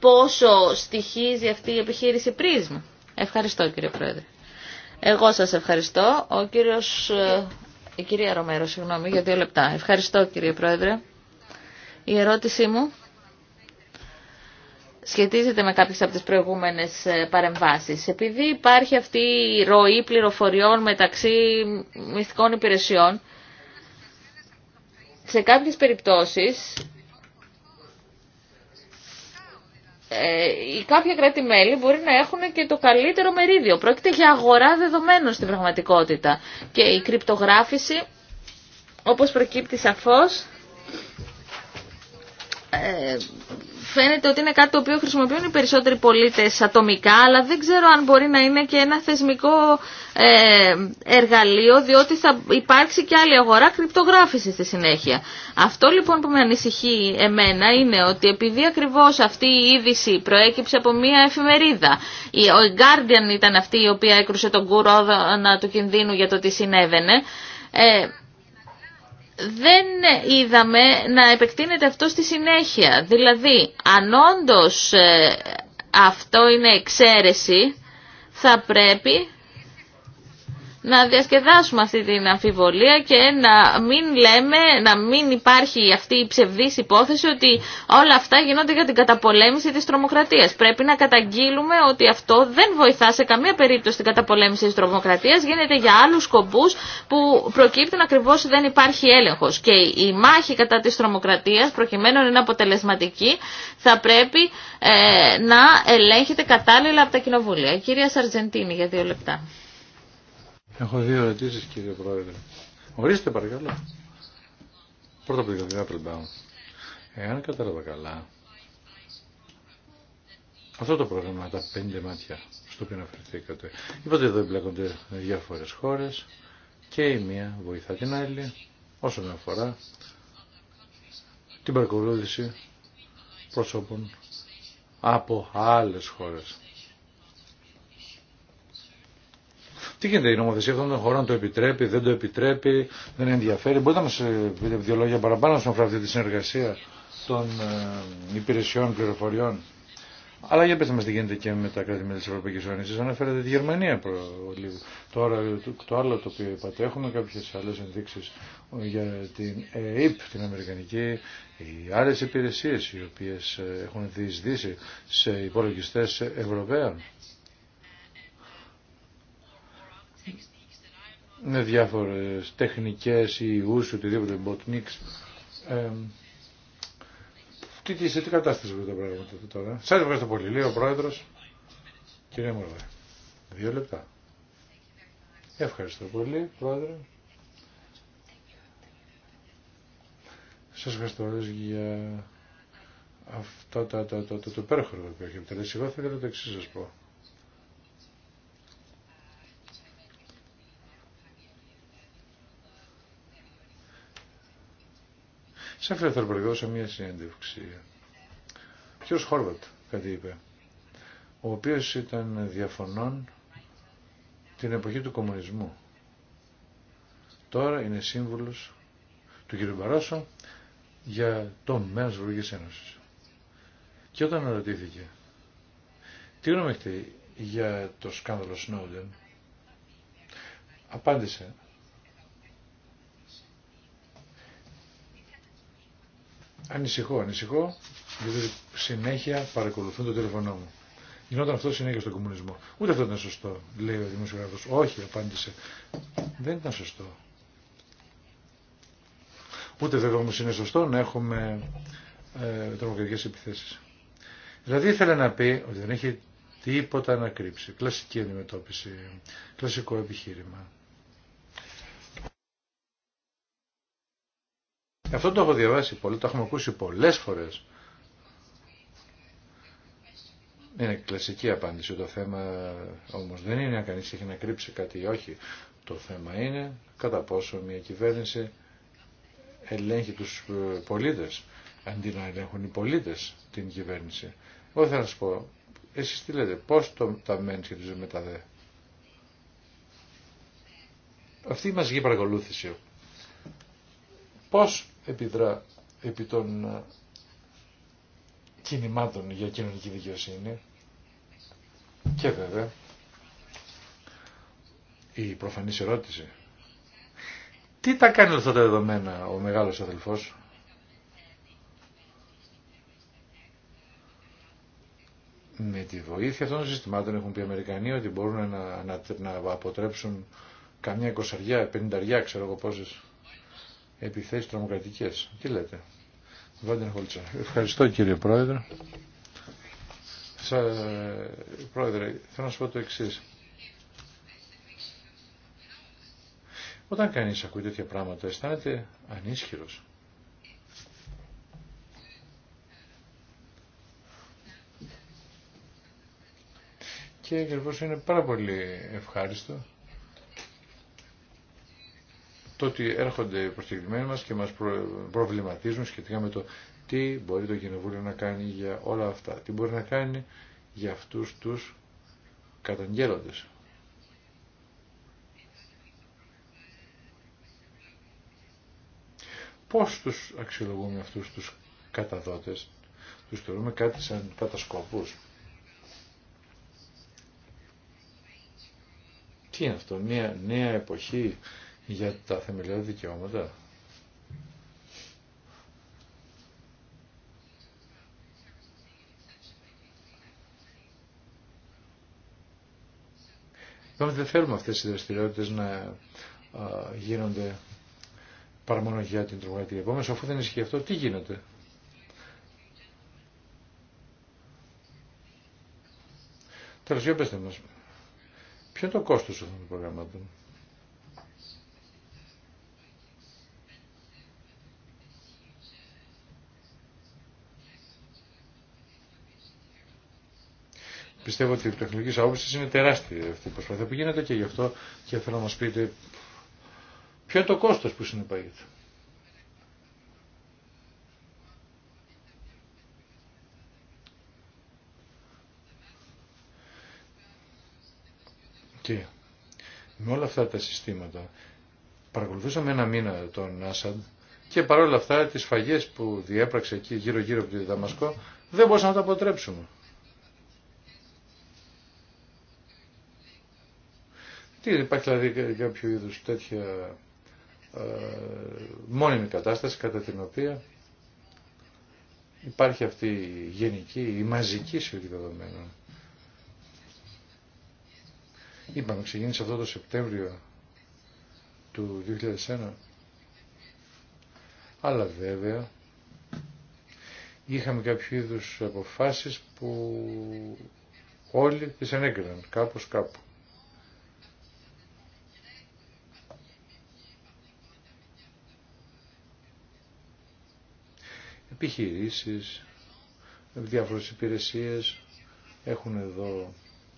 πόσο στοιχίζει αυτή η επιχείρηση πρίσμα; Ευχαριστώ κύριε Πρόεδρε. Εγώ σας ευχαριστώ. Ο κύριος, ε, η κυρία Ρομέρο, συγγνώμη, για δύο λεπτά. Ευχαριστώ κύριε Πρόεδρε. Η ερώτησή μου σχετίζεται με κάποιες από τις προηγούμενες ε, παρεμβάσεις. Επειδή υπάρχει αυτή η ροή πληροφοριών μεταξύ μυστικών υπηρεσιών, σε κάποιες περιπτώσεις ε, κάποια κράτη-μέλη μπορεί να έχουν και το καλύτερο μερίδιο. Πρόκειται για αγορά δεδομένων στην πραγματικότητα. Και η κρυπτογράφηση, όπως προκύπτει σαφώς, ε, φαίνεται ότι είναι κάτι το οποίο χρησιμοποιούν οι περισσότεροι πολίτες ατομικά, αλλά δεν ξέρω αν μπορεί να είναι και ένα θεσμικό εργαλείο, διότι θα υπάρξει και άλλη αγορά κρυπτογράφηση στη συνέχεια. Αυτό λοιπόν που με ανησυχεί εμένα είναι ότι επειδή ακριβώς αυτή η είδηση προέκυψε από μία εφημερίδα, ο Guardian ήταν αυτή η οποία έκρουσε τον να του κινδύνου για το τι συνέβαινε, ε, δεν είδαμε να επεκτείνεται αυτό στη συνέχεια. Δηλαδή, αν όντω ε, αυτό είναι εξαίρεση, θα πρέπει να διασκεδάσουμε αυτή την αμφιβολία και να μην λέμε, να μην υπάρχει αυτή η ψευδής υπόθεση ότι όλα αυτά γίνονται για την καταπολέμηση της τρομοκρατίας. Πρέπει να καταγγείλουμε ότι αυτό δεν βοηθά σε καμία περίπτωση την καταπολέμηση της τρομοκρατίας, γίνεται για άλλους σκοπούς που προκύπτουν ακριβώς δεν υπάρχει έλεγχος. Και η μάχη κατά της τρομοκρατίας, προκειμένου να είναι αποτελεσματική, θα πρέπει ε, να ελέγχεται κατάλληλα από τα κοινοβούλια. Κυρία Σαρτζεντίνη για δύο λεπτά. Έχω δύο ερωτήσει κύριε Πρόεδρε. Ορίστε παρακαλώ. Πρώτα απ' την Applebaum. Εάν κατάλαβα καλά, αυτό το πρόγραμμα, τα πέντε μάτια στο οποίο αναφερθήκατε, είπατε εδώ εμπλέκονται διάφορε χώρες και η μία βοηθά την άλλη όσον αφορά την παρακολούθηση προσώπων από άλλες χώρες. Τι γίνεται, η νομοθεσία αυτών των χωρών το επιτρέπει, δεν το επιτρέπει, δεν ενδιαφέρει. Μπορείτε να μα ε, πείτε δύο λόγια παραπάνω στον με αυτή τη συνεργασία των ε, υπηρεσιών πληροφοριών. Αλλά για πετε μα τι γίνεται και με τα κράτη-μέλη της Ευρωπαϊκής Ένωσης. Αναφέρατε τη Γερμανία Τώρα το, άλλο το οποίο είπατε έχουμε κάποιες άλλε ενδείξεις για την ΕΕΠ, την Αμερικανική, οι άλλε υπηρεσίε οι οποίε ε, έχουν διεισδύσει σε υπολογιστέ Ευρωπαίων. με ναι, διάφορες τεχνικές ή ιούς, οτιδήποτε, μποτνίξ. Ε, τι, τι, σε τι κατάσταση είναι τα πράγματα τώρα. Σας ευχαριστώ πολύ. Λέει ο Πρόεδρος. Κύριε Μορβέ. Δύο λεπτά. Ευχαριστώ πολύ, Πρόεδρε. Σας ευχαριστώ όλες για αυτά τα, τα, το υπέροχο που έχει επιτελέσει. Εγώ να το εξή σας πω. Σε φιλελευθεροπολικό σε μια συνέντευξη. Ποιο Χόρβατ κάτι είπε, ο οποίος ήταν διαφωνών την εποχή του κομμουνισμού. Τώρα είναι σύμβουλος του κ. Μπαρόσο για το μέρο τη Βουλγική Ένωση. Και όταν ρωτήθηκε, τι γνώμη έχετε για το σκάνδαλο Σνόντεν, απάντησε, Ανησυχώ, ανησυχώ, γιατί συνέχεια παρακολουθούν το τηλεφωνό μου. Γινόταν αυτό συνέχεια στον κομμουνισμό. Ούτε αυτό ήταν σωστό, λέει ο δημοσιογράφος. Όχι, απάντησε. Δεν ήταν σωστό. Ούτε βέβαια όμω είναι σωστό να έχουμε ε, τρομοκρατικές επιθέσεις. Δηλαδή ήθελε να πει ότι δεν έχει τίποτα να κρύψει. Κλασική αντιμετώπιση, κλασικό επιχείρημα. Αυτό το έχω διαβάσει πολύ, το έχουμε ακούσει πολλές φορές. Είναι κλασική απάντηση το θέμα, όμως δεν είναι αν κανείς έχει να κρύψει κάτι ή όχι. Το θέμα είναι κατά πόσο μια κυβέρνηση ελέγχει τους ε, πολίτες, αντί να ελέγχουν οι πολίτες την κυβέρνηση. Εγώ να σας πω, εσείς τι λέτε, πώς το, τα μεν σχετίζονται με τα δε. Αυτή η μαζική παρακολούθηση, πώς επιδρά επί των ε, κινημάτων για κοινωνική δικαιοσύνη και βέβαια η προφανής ερώτηση τι τα κάνει αυτά τα δεδομένα ο μεγάλος αδελφός με τη βοήθεια αυτών των συστημάτων έχουν πει οι Αμερικανοί ότι μπορούν να, να, να αποτρέψουν καμιά εικοσαριά, πενταριά ξέρω εγώ πόσες επιθέσεις τρομοκρατικές. Τι λέτε. Ευχαριστώ κύριε Πρόεδρε. Σα, πρόεδρε, θέλω να σου πω το εξή. Όταν κανείς ακούει τέτοια πράγματα αισθάνεται ανίσχυρος. Και ακριβώ είναι πάρα πολύ ευχάριστο το ότι έρχονται προσκεκλημένοι μας και μας προβληματίζουν σχετικά με το τι μπορεί το Κοινοβούλιο να κάνει για όλα αυτά, τι μπορεί να κάνει για αυτούς τους καταγγέλλοντες. Πώς τους αξιολογούμε αυτούς τους καταδότες, τους θεωρούμε κάτι σαν κατασκοπούς. Τι είναι αυτό, μια νέα εποχή για τα θεμελιώδη δικαιώματα. δεν θέλουμε αυτές οι δραστηριότητες να γίνονται παρά μόνο για την τρομοκρατία. Επομένως, αφού δεν ισχύει αυτό, τι γίνεται. Τέλος, για πέστε μας. Ποιο είναι το κόστος αυτών των προγραμμάτων. πιστεύω ότι η τεχνική άποψη είναι τεράστια αυτή η προσπάθεια που γίνεται και γι' αυτό και θέλω να μας πείτε ποιο είναι το κόστος που συνεπάγεται. Και με όλα αυτά τα συστήματα παρακολουθούσαμε ένα μήνα τον Άσαντ και παρόλα αυτά τις φαγές που διέπραξε εκεί γύρω γύρω από τη Δαμασκό δεν μπορούσαμε να τα αποτρέψουμε. Τι υπάρχει δηλαδή κάποιο είδους τέτοια ε, μόνιμη κατάσταση κατά την οποία υπάρχει αυτή η γενική, η μαζική συλλογή δεδομένων. Είπαμε, ξεκίνησε αυτό το Σεπτέμβριο του 2001. Αλλά βέβαια είχαμε κάποιο είδους αποφάσεις που όλοι τις ενέκριναν κάπως κάπου. επιχειρήσεις, διάφορες υπηρεσίες έχουν εδώ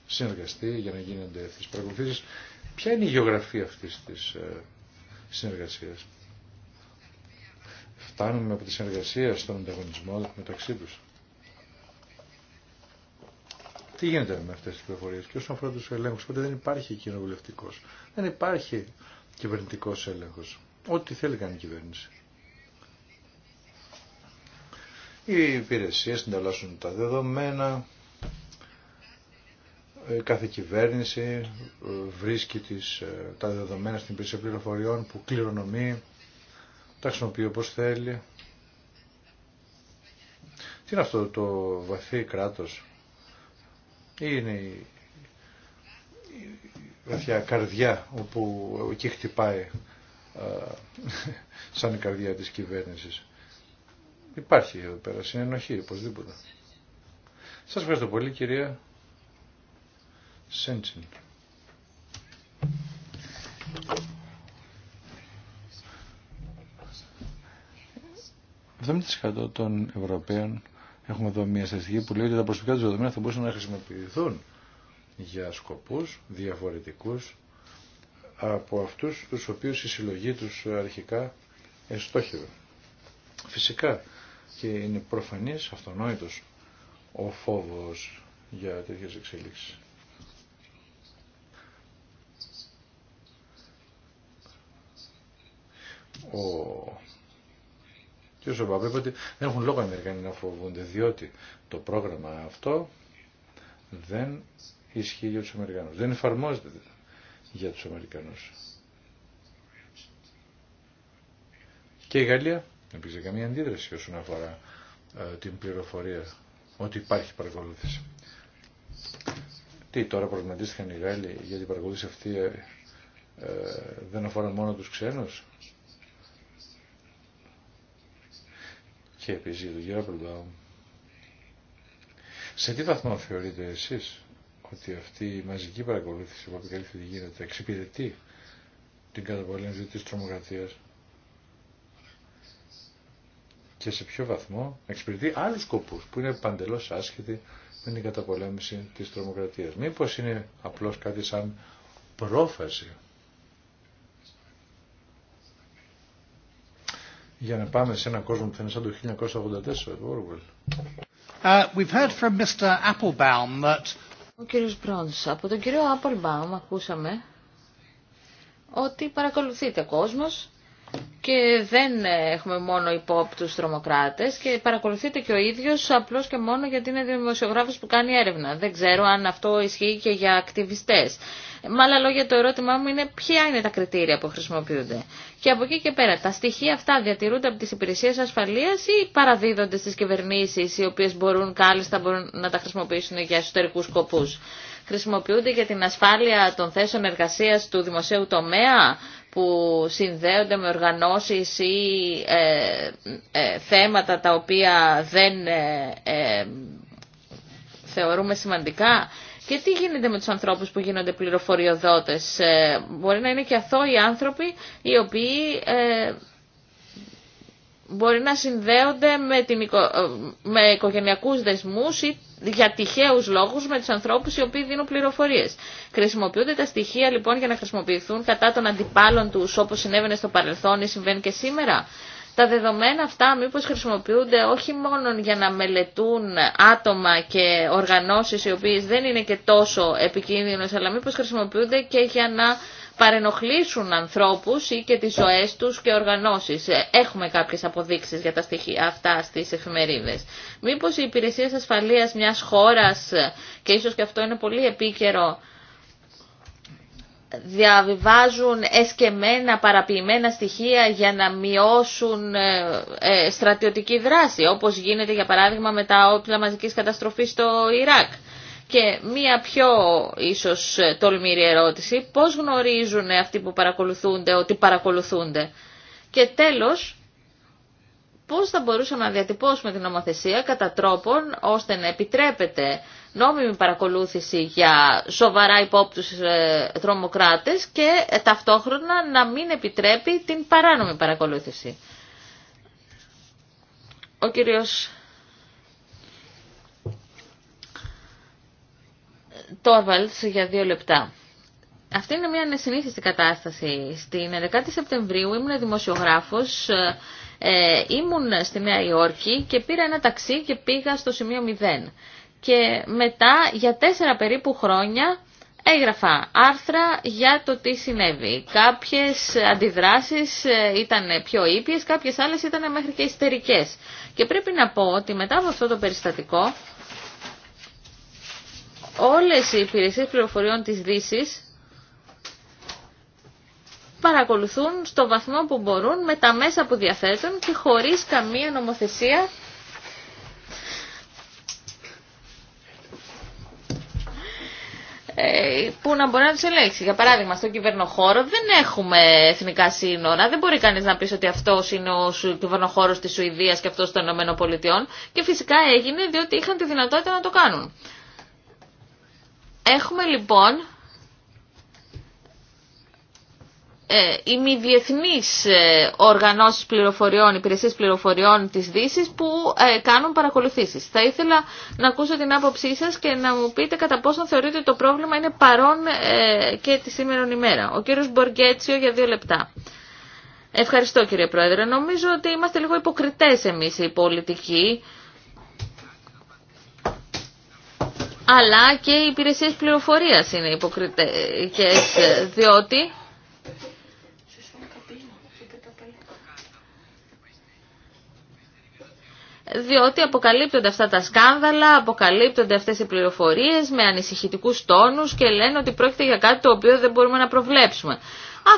συνεργαστεί για να γίνονται αυτές τις παρακολουθήσεις. Ποια είναι η γεωγραφία αυτής της ε, συνεργασίας. Φτάνουμε από τη συνεργασία στον ανταγωνισμό μεταξύ του. Τι γίνεται με αυτές τις πληροφορίες και όσον αφορά του ελέγχου πότε δεν υπάρχει κοινοβουλευτικό. δεν υπάρχει κυβερνητικό έλεγχο. Ό,τι θέλει κάνει η κυβέρνηση. Οι υπηρεσίες συνταλλάσσουν τα δεδομένα, ε, κάθε κυβέρνηση ε, βρίσκει τις, ε, τα δεδομένα στην υπηρεσία πληροφοριών που κληρονομεί, τα χρησιμοποιεί όπως θέλει. Τι είναι αυτό το βαθύ κράτος. Είναι η, βαθιά καρδιά όπου εκεί χτυπάει σαν η καρδιά της κυβέρνησης. Υπάρχει εδώ πέρα συνενοχή, οπωσδήποτε. Σας ευχαριστώ πολύ κυρία Σέντσιν. Το 70% των Ευρωπαίων έχουμε εδώ μια στατιστική που λέει ότι τα προσωπικά του δεδομένα θα μπορούσαν να χρησιμοποιηθούν για σκοπούς διαφορετικού από αυτούς του οποίους η συλλογή του αρχικά εστόχευε. Φυσικά και είναι προφανής αυτονόητος ο φόβος για τέτοιες εξελίξεις. Ο κ. δεν έχουν λόγο οι Αμερικανοί να φοβούνται, διότι το πρόγραμμα αυτό δεν ισχύει για τους Αμερικανούς. Δεν εφαρμόζεται για τους Αμερικανούς. Και η Γαλλία δεν υπήρξε καμία αντίδραση όσον αφορά ε, την πληροφορία ότι υπάρχει παρακολούθηση. Τι τώρα προβληματίστηκαν οι Γάλλοι για την παρακολούθηση αυτή ε, ε, δεν αφορά μόνο τους ξένους. Και επίσης για τον κύριο Απλουδάου. Σε τι βαθμό θεωρείτε εσείς ότι αυτή η μαζική παρακολούθηση που επικαλείται γίνεται εξυπηρετεί την καταπολέμηση της τρομοκρατίας και σε ποιο βαθμό εξυπηρετεί άλλους σκοπούς που είναι παντελώς άσχετοι με την καταπολέμηση της τρομοκρατίας. Μήπως είναι απλώς κάτι σαν πρόφαση για να πάμε σε έναν κόσμο που θα είναι σαν το 1984 Orwell. Uh, we've heard from Mr. Applebaum that... Ο κύριος Μπρόντ, από τον κύριο Applebaum ακούσαμε ότι παρακολουθείται κόσμος και δεν έχουμε μόνο υπόπτους τρομοκράτες και παρακολουθείται και ο ίδιος απλώς και μόνο γιατί είναι δημοσιογράφος που κάνει έρευνα. Δεν ξέρω αν αυτό ισχύει και για ακτιβιστές. Με άλλα λόγια το ερώτημά μου είναι ποια είναι τα κριτήρια που χρησιμοποιούνται. Και από εκεί και πέρα, τα στοιχεία αυτά διατηρούνται από τις υπηρεσίες ασφαλείας ή παραδίδονται στις κυβερνήσεις οι οποίες μπορούν κάλλιστα μπορούν να τα χρησιμοποιήσουν για εσωτερικούς σκοπούς. Χρησιμοποιούνται για την ασφάλεια των θέσεων εργασίας του δημοσίου τομέα, που συνδέονται με οργανώσεις ή ε, ε, θέματα τα οποία δεν ε, θεωρούμε σημαντικά. Και τι γίνεται με τους ανθρώπους που γίνονται πληροφοριοδότες. Μπορεί να είναι και οι άνθρωποι οι οποίοι μπορεί να συνδέονται με, την, με οικογενειακούς δεσμούς ή για τυχαίου λόγου με του ανθρώπους οι οποίοι δίνουν πληροφορίες. Χρησιμοποιούνται τα στοιχεία λοιπόν για να χρησιμοποιηθούν κατά των αντιπάλων του όπως συνέβαινε στο παρελθόν ή συμβαίνει και σήμερα. Τα δεδομένα αυτά μήπως χρησιμοποιούνται όχι μόνο για να μελετούν άτομα και οργανώσεις οι οποίες δεν είναι και τόσο επικίνδυνες, αλλά μήπως χρησιμοποιούνται και για να παρενοχλήσουν ανθρώπους ή και τις ζωές τους και οργανώσεις. Ε, έχουμε κάποιες αποδείξεις για τα στοιχεία αυτά στις εφημερίδες. Μήπως οι υπηρεσίες ασφαλείας μιας χώρας, ε, και ίσως και αυτό είναι πολύ επίκαιρο, διαβιβάζουν εσκεμμένα, παραποιημένα στοιχεία για να μειώσουν ε, στρατιωτική δράση, όπως γίνεται για παράδειγμα με τα όπλα μαζικής καταστροφής στο Ιράκ. Και μία πιο ίσως ε, τολμήρη ερώτηση, πώς γνωρίζουν αυτοί που παρακολουθούνται ότι παρακολουθούνται. Και τέλος, πώς θα μπορούσαμε να διατυπώσουμε την νομοθεσία κατά τρόπον ώστε να επιτρέπεται νόμιμη παρακολούθηση για σοβαρά υπόπτους ε, τρομοκράτες και ε, ταυτόχρονα να μην επιτρέπει την παράνομη παρακολούθηση. Ο κύριος Τόρβαλτς για δύο λεπτά. Αυτή είναι μια ανεσυνήθιστη κατάσταση. Στην 11η Σεπτεμβρίου ήμουν δημοσιογράφος, ε, ήμουν στη Νέα Υόρκη και πήρα ένα ταξί και πήγα στο σημείο 0. Και μετά για τέσσερα περίπου χρόνια έγραφα άρθρα για το τι συνέβη. Κάποιες αντιδράσεις ε, ήταν πιο ήπιες, κάποιες άλλες ήταν μέχρι και ιστερικές. Και πρέπει να πω ότι μετά από αυτό το περιστατικό όλες οι υπηρεσίες πληροφοριών της δύση παρακολουθούν στο βαθμό που μπορούν με τα μέσα που διαθέτουν και χωρίς καμία νομοθεσία ε, που να μπορεί να του ελέγξει. Για παράδειγμα, στον κυβερνοχώρο δεν έχουμε εθνικά σύνορα. Δεν μπορεί κανεί να πει ότι αυτό είναι ο κυβερνοχώρο τη Σουηδία και αυτό των ΗΠΑ. Και φυσικά έγινε διότι είχαν τη δυνατότητα να το κάνουν. Έχουμε λοιπόν οι ε, μη ε, οργανώσεις πληροφοριών, υπηρεσίες πληροφοριών της Δύση, που ε, κάνουν παρακολουθήσεις. Θα ήθελα να ακούσω την άποψή σας και να μου πείτε κατά πόσο θεωρείτε ότι το πρόβλημα είναι παρόν και τη σήμερα ημέρα. Ο κύριος Μποργέτσιο για δύο λεπτά. Ευχαριστώ κύριε Πρόεδρε. Νομίζω ότι είμαστε λίγο υποκριτές εμείς οι πολιτικοί αλλά και οι υπηρεσίες πληροφορίας είναι υποκριτικές, διότι διότι αποκαλύπτονται αυτά τα σκάνδαλα, αποκαλύπτονται αυτές οι πληροφορίες με ανησυχητικούς τόνους και λένε ότι πρόκειται για κάτι το οποίο δεν μπορούμε να προβλέψουμε.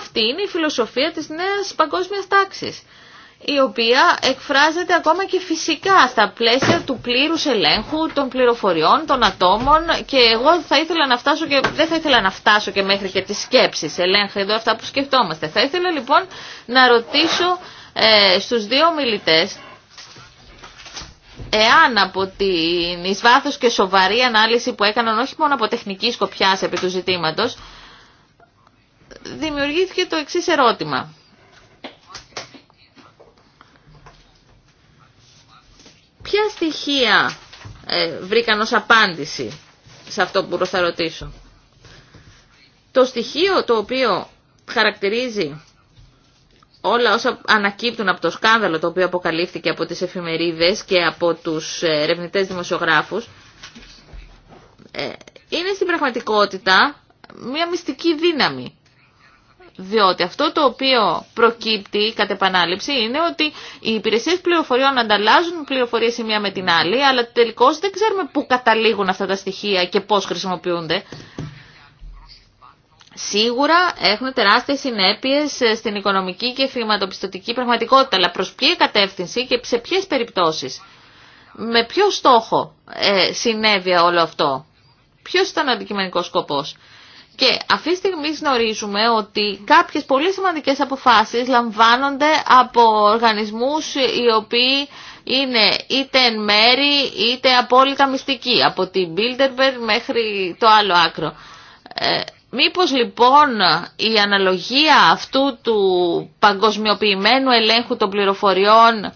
Αυτή είναι η φιλοσοφία της νέας παγκόσμιας τάξης η οποία εκφράζεται ακόμα και φυσικά στα πλαίσια του πλήρους ελέγχου των πληροφοριών, των ατόμων και εγώ θα ήθελα να φτάσω και, δεν θα ήθελα να φτάσω και μέχρι και τις σκέψεις, ελέγχα εδώ αυτά που σκεφτόμαστε. Θα ήθελα λοιπόν να ρωτήσω ε, στους δύο μιλητές εάν από την εις και σοβαρή ανάλυση που έκαναν όχι μόνο από τεχνική σκοπιάς επί του ζητήματος, δημιουργήθηκε το εξής ερώτημα. Ποια στοιχεία ε, βρήκαν ως απάντηση σε αυτό που θα ρωτήσω. Το στοιχείο το οποίο χαρακτηρίζει όλα όσα ανακύπτουν από το σκάνδαλο το οποίο αποκαλύφθηκε από τις εφημερίδες και από τους ε, ερευνητέ δημοσιογράφους ε, είναι στην πραγματικότητα μια μυστική δύναμη διότι αυτό το οποίο προκύπτει κατ' επανάληψη είναι ότι οι υπηρεσίες πληροφοριών ανταλλάζουν πληροφορίες η μία με την άλλη, αλλά τελικώς δεν ξέρουμε πού καταλήγουν αυτά τα στοιχεία και πώς χρησιμοποιούνται. Σίγουρα έχουν τεράστιες συνέπειες στην οικονομική και χρηματοπιστωτική πραγματικότητα, αλλά προς ποια κατεύθυνση και σε ποιες περιπτώσεις. Με ποιο στόχο ε, συνέβη όλο αυτό. Ποιος ήταν ο αντικειμενικός σκοπός. Και αυτή τη στιγμή γνωρίζουμε ότι κάποιες πολύ σημαντικές αποφάσεις λαμβάνονται από οργανισμούς οι οποίοι είναι είτε εν μέρη είτε απόλυτα μυστικοί, από την Bilderberg μέχρι το άλλο άκρο. Ε, μήπως λοιπόν η αναλογία αυτού του παγκοσμιοποιημένου ελέγχου των πληροφοριών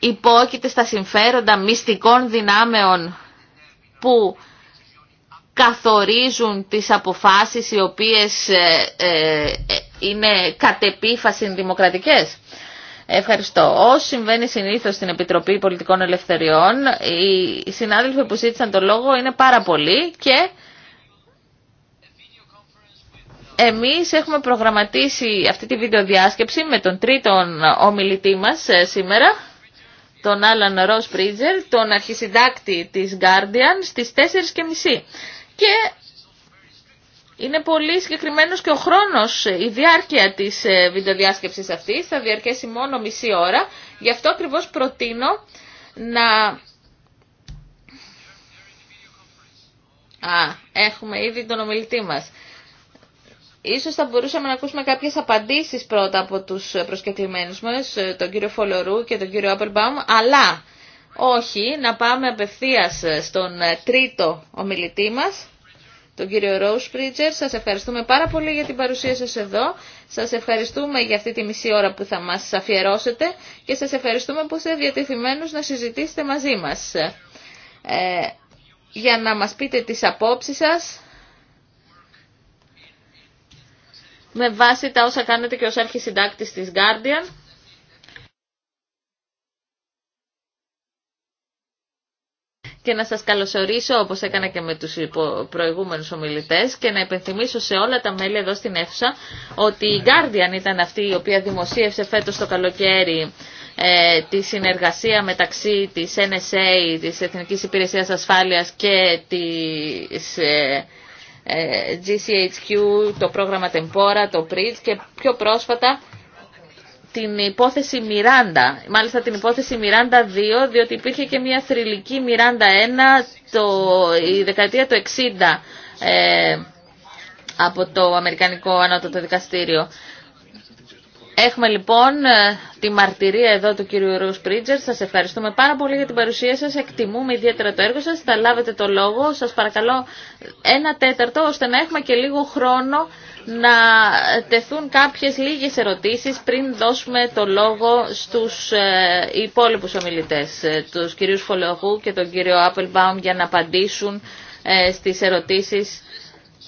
υπόκειται στα συμφέροντα μυστικών δυνάμεων που καθορίζουν τις αποφάσεις οι οποίες ε, ε, είναι κατεπίφαση δημοκρατικές. Ευχαριστώ. Όσο συμβαίνει συνήθως στην Επιτροπή Πολιτικών Ελευθεριών, οι συνάδελφοι που ζήτησαν το λόγο είναι πάρα πολλοί και εμείς έχουμε προγραμματίσει αυτή τη βιντεοδιάσκεψη με τον τρίτον ομιλητή μας ε, σήμερα, τον Άλαν Ρος Πρίτζερ, τον αρχισυντάκτη της Guardian, στις 4.30 και είναι πολύ συγκεκριμένος και ο χρόνος, η διάρκεια της ε, βιντεοδιάσκεψης αυτής θα διαρκέσει μόνο μισή ώρα. Γι' αυτό ακριβώς προτείνω να... Α, έχουμε ήδη τον ομιλητή μας. Ίσως θα μπορούσαμε να ακούσουμε κάποιες απαντήσεις πρώτα από τους προσκεκλημένους μας, ε, τον κύριο Φολορού και τον κύριο Άπελμπαουμ, αλλά όχι, να πάμε απευθείας στον ε, τρίτο ομιλητή μας, τον κύριο Ρόους Πρίτζερ. Σας ευχαριστούμε πάρα πολύ για την παρουσία σας εδώ. Σας ευχαριστούμε για αυτή τη μισή ώρα που θα μας αφιερώσετε και σας ευχαριστούμε που είστε διατεθειμένους να συζητήσετε μαζί μας. Ε, για να μας πείτε τις απόψεις σας με βάση τα όσα κάνετε και ως αρχισυντάκτης της Guardian. και να σας καλωσορίσω όπως έκανα και με τους προηγούμενους ομιλητές και να υπενθυμίσω σε όλα τα μέλη εδώ στην αίθουσα ότι η Guardian ήταν αυτή η οποία δημοσίευσε φέτος το καλοκαίρι ε, τη συνεργασία μεταξύ της NSA, της Εθνικής Υπηρεσίας Ασφάλειας και της ε, ε, GCHQ, το πρόγραμμα Tempora, το PRIS και πιο πρόσφατα την υπόθεση Μιράντα, μάλιστα την υπόθεση Μιράντα 2, διότι υπήρχε και μια θρηλυκή Μιράντα 1 το, η δεκαετία του 60 ε, από το Αμερικανικό Ανώτατο Δικαστήριο. Έχουμε λοιπόν ε, τη μαρτυρία εδώ του κύριου Ρούς Πρίτζερ. Σας ευχαριστούμε πάρα πολύ για την παρουσία σας. Εκτιμούμε ιδιαίτερα το έργο σας. Θα λάβετε το λόγο. Σας παρακαλώ ένα τέταρτο ώστε να έχουμε και λίγο χρόνο να τεθούν κάποιες λίγες ερωτήσεις πριν δώσουμε το λόγο στους ε, υπόλοιπους ομιλητές, ε, τους κυρίους Φολεοχού και τον κύριο Άπελμπαουμ για να απαντήσουν ε, στις ερωτήσεις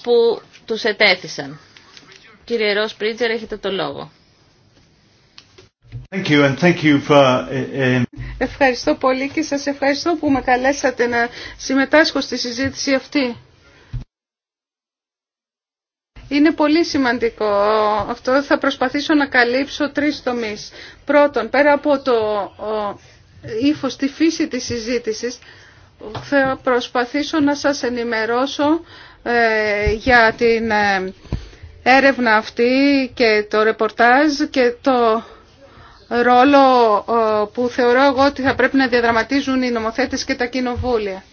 που τους ετέθησαν. Κύριε Ρος Πρίτζερ, έχετε το λόγο. Thank you and thank Ευχαριστώ πολύ και σας ευχαριστώ που με καλέσατε να συμμετάσχω στη συζήτηση αυτή. Είναι πολύ σημαντικό αυτό. Θα προσπαθήσω να καλύψω τρεις τομείς. Πρώτον, πέρα από το ύφο τη φύση της συζήτησης, θα προσπαθήσω να σας ενημερώσω ε, για την ε, έρευνα αυτή και το ρεπορτάζ και το ρόλο που θεωρώ εγώ ότι θα πρέπει να διαδραματίζουν οι νομοθέτες και τα κοινοβούλια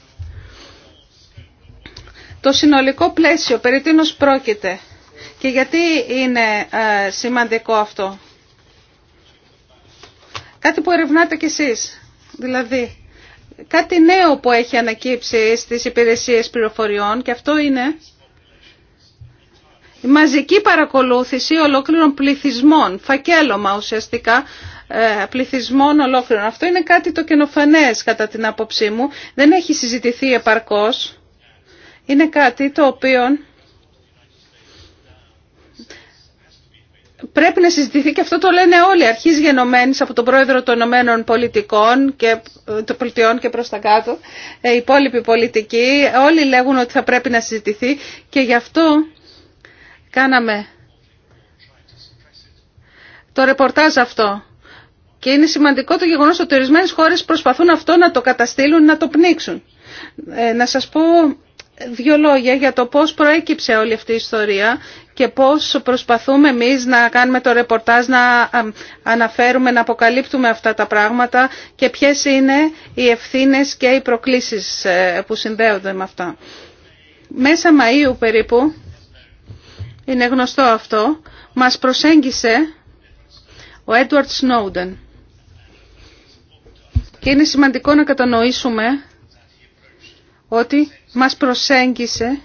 το συνολικό πλαίσιο, περί τίνος πρόκειται και γιατί είναι ε, σημαντικό αυτό. Κάτι που ερευνάτε κι εσείς, δηλαδή κάτι νέο που έχει ανακύψει στις υπηρεσίες πληροφοριών και αυτό είναι η μαζική παρακολούθηση ολόκληρων πληθυσμών, φακέλωμα ουσιαστικά, ε, πληθυσμών ολόκληρων. Αυτό είναι κάτι το καινοφανές κατά την άποψή μου. Δεν έχει συζητηθεί επαρκώς είναι κάτι το οποίο πρέπει να συζητηθεί και αυτό το λένε όλοι αρχής γενομένης από τον πρόεδρο των Ηνωμένων Πολιτικών και των Πολιτιών και προς τα κάτω ε, οι υπόλοιποι πολιτικοί όλοι λέγουν ότι θα πρέπει να συζητηθεί και γι' αυτό κάναμε το ρεπορτάζ αυτό και είναι σημαντικό το γεγονός ότι ορισμένες χώρες προσπαθούν αυτό να το καταστήλουν, να το πνίξουν. Ε, να σας πω δύο λόγια για το πώς προέκυψε όλη αυτή η ιστορία και πώς προσπαθούμε εμείς να κάνουμε το ρεπορτάζ, να αναφέρουμε, να αποκαλύπτουμε αυτά τα πράγματα και ποιες είναι οι ευθύνες και οι προκλήσεις ε, που συνδέονται με αυτά. Μέσα Μαΐου περίπου, είναι γνωστό αυτό, μας προσέγγισε ο Έντουαρτ Σνόουντεν. Και είναι σημαντικό να κατανοήσουμε ότι μας προσέγγισε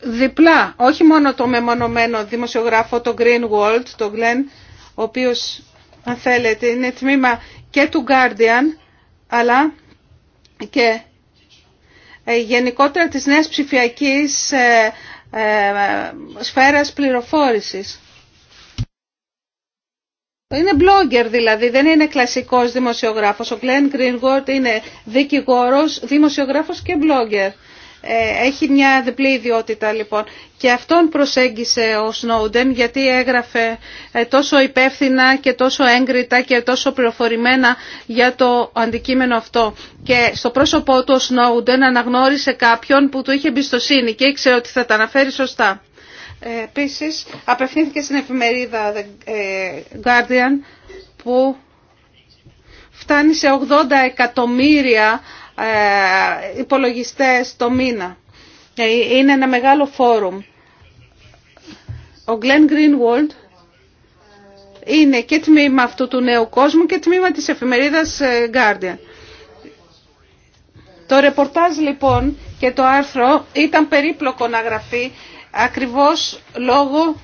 διπλά, όχι μόνο το μεμονωμένο δημοσιογράφο, το Greenwald, το Glenn, ο οποίος, αν θέλετε, είναι τμήμα και του Guardian, αλλά και ε, γενικότερα της νέας ψηφιακής ε, ε, σφαίρας πληροφόρησης. Είναι blogger δηλαδή, δεν είναι κλασικός δημοσιογράφος. Ο Glenn Greenwald είναι δικηγόρος, δημοσιογράφος και blogger. Ε, έχει μια διπλή ιδιότητα λοιπόν και αυτόν προσέγγισε ο Σνόουντεν γιατί έγραφε ε, τόσο υπεύθυνα και τόσο έγκριτα και τόσο πληροφορημένα για το αντικείμενο αυτό. Και στο πρόσωπό του ο Σνόουντεν αναγνώρισε κάποιον που του είχε εμπιστοσύνη και ήξερε ότι θα τα αναφέρει σωστά. Ε, επίσης, απευθύνθηκε στην εφημερίδα The ε, Guardian που φτάνει σε 80 εκατομμύρια ε, υπολογιστές το μήνα. Ε, είναι ένα μεγάλο φόρουμ. Ο Glenn Greenwald είναι και τμήμα αυτού του νέου κόσμου και τμήμα της εφημερίδας Guardian. Το ρεπορτάζ λοιπόν και το άρθρο ήταν περίπλοκο να γραφεί ακριβώς λόγω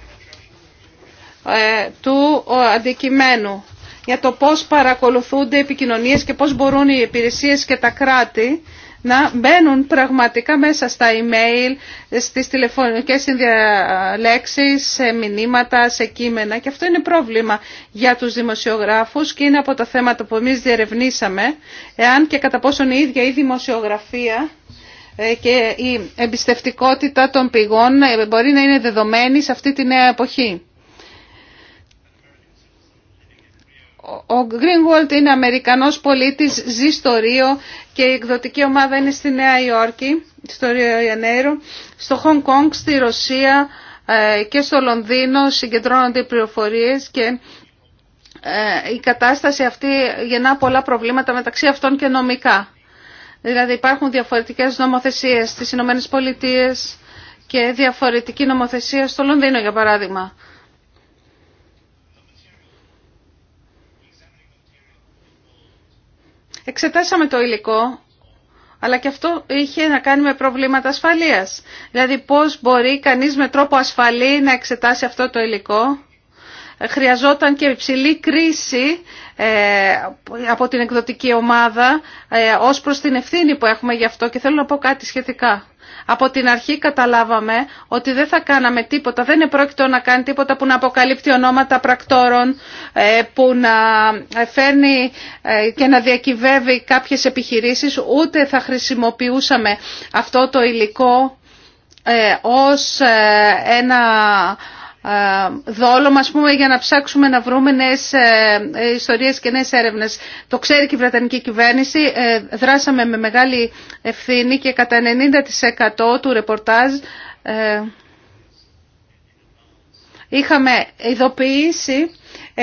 ε, του αντικειμένου για το πώς παρακολουθούνται οι επικοινωνίες και πώς μπορούν οι υπηρεσίες και τα κράτη να μπαίνουν πραγματικά μέσα στα email, στις τηλεφωνικές συνδιαλέξεις, σε μηνύματα, σε κείμενα. Και αυτό είναι πρόβλημα για τους δημοσιογράφους και είναι από τα θέματα που εμείς διερευνήσαμε, εάν και κατά πόσον η ίδια η δημοσιογραφία ε, και η εμπιστευτικότητα των πηγών ε, μπορεί να είναι δεδομένη σε αυτή τη νέα εποχή. Ο Greenwald είναι Αμερικανός πολίτης, ζει στο Ρίο και η εκδοτική ομάδα είναι στη Νέα Υόρκη, στο Ρίο Ιανέρο, στο Χονγκ στη Ρωσία ε, και στο Λονδίνο συγκεντρώνονται πληροφορίες και η κατάσταση αυτή γεννά πολλά προβλήματα μεταξύ αυτών και νομικά. Δηλαδή υπάρχουν διαφορετικές νομοθεσίες στις Ηνωμένες Πολιτείες και διαφορετική νομοθεσία στο Λονδίνο για παράδειγμα. Εξετάσαμε το υλικό, αλλά και αυτό είχε να κάνει με προβλήματα ασφαλείας. Δηλαδή πώς μπορεί κανείς με τρόπο ασφαλή να εξετάσει αυτό το υλικό χρειαζόταν και υψηλή κρίση ε, από την εκδοτική ομάδα ε, ως προς την ευθύνη που έχουμε γι' αυτό και θέλω να πω κάτι σχετικά. Από την αρχή καταλάβαμε ότι δεν θα κάναμε τίποτα, δεν είναι πρόκειτο να κάνει τίποτα που να αποκαλύπτει ονόματα πρακτόρων, ε, που να φέρνει και να διακυβεύει κάποιες επιχειρήσεις, ούτε θα χρησιμοποιούσαμε αυτό το υλικό ως ένα ε, δόλο μας πούμε, για να ψάξουμε να βρούμε νέες ε, ιστορίες και νέες έρευνες. Το ξέρει και η Βρετανική κυβέρνηση. Ε, δράσαμε με μεγάλη ευθύνη και κατά 90% του ρεπορτάζ είχαμε ειδοποιήσει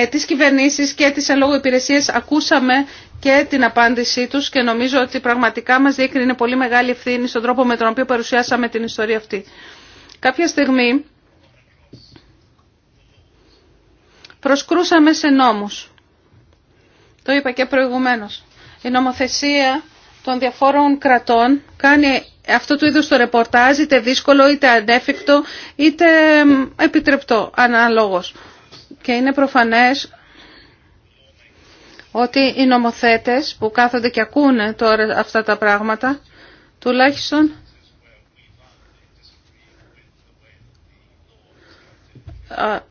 τις κυβερνήσεις και τις αλόγου υπηρεσίες. Ακούσαμε και την απάντησή τους και νομίζω ότι πραγματικά μας διέκρινε πολύ μεγάλη ευθύνη στον τρόπο με τον οποίο παρουσιάσαμε την ιστορία αυτή. Κάποια στιγμή προσκρούσαμε σε νόμους. Το είπα και προηγουμένως. Η νομοθεσία των διαφόρων κρατών κάνει αυτό του είδους το ρεπορτάζ είτε δύσκολο είτε ανέφικτο είτε επιτρεπτό ανάλογος. Και είναι προφανές ότι οι νομοθέτες που κάθονται και ακούνε τώρα αυτά τα πράγματα τουλάχιστον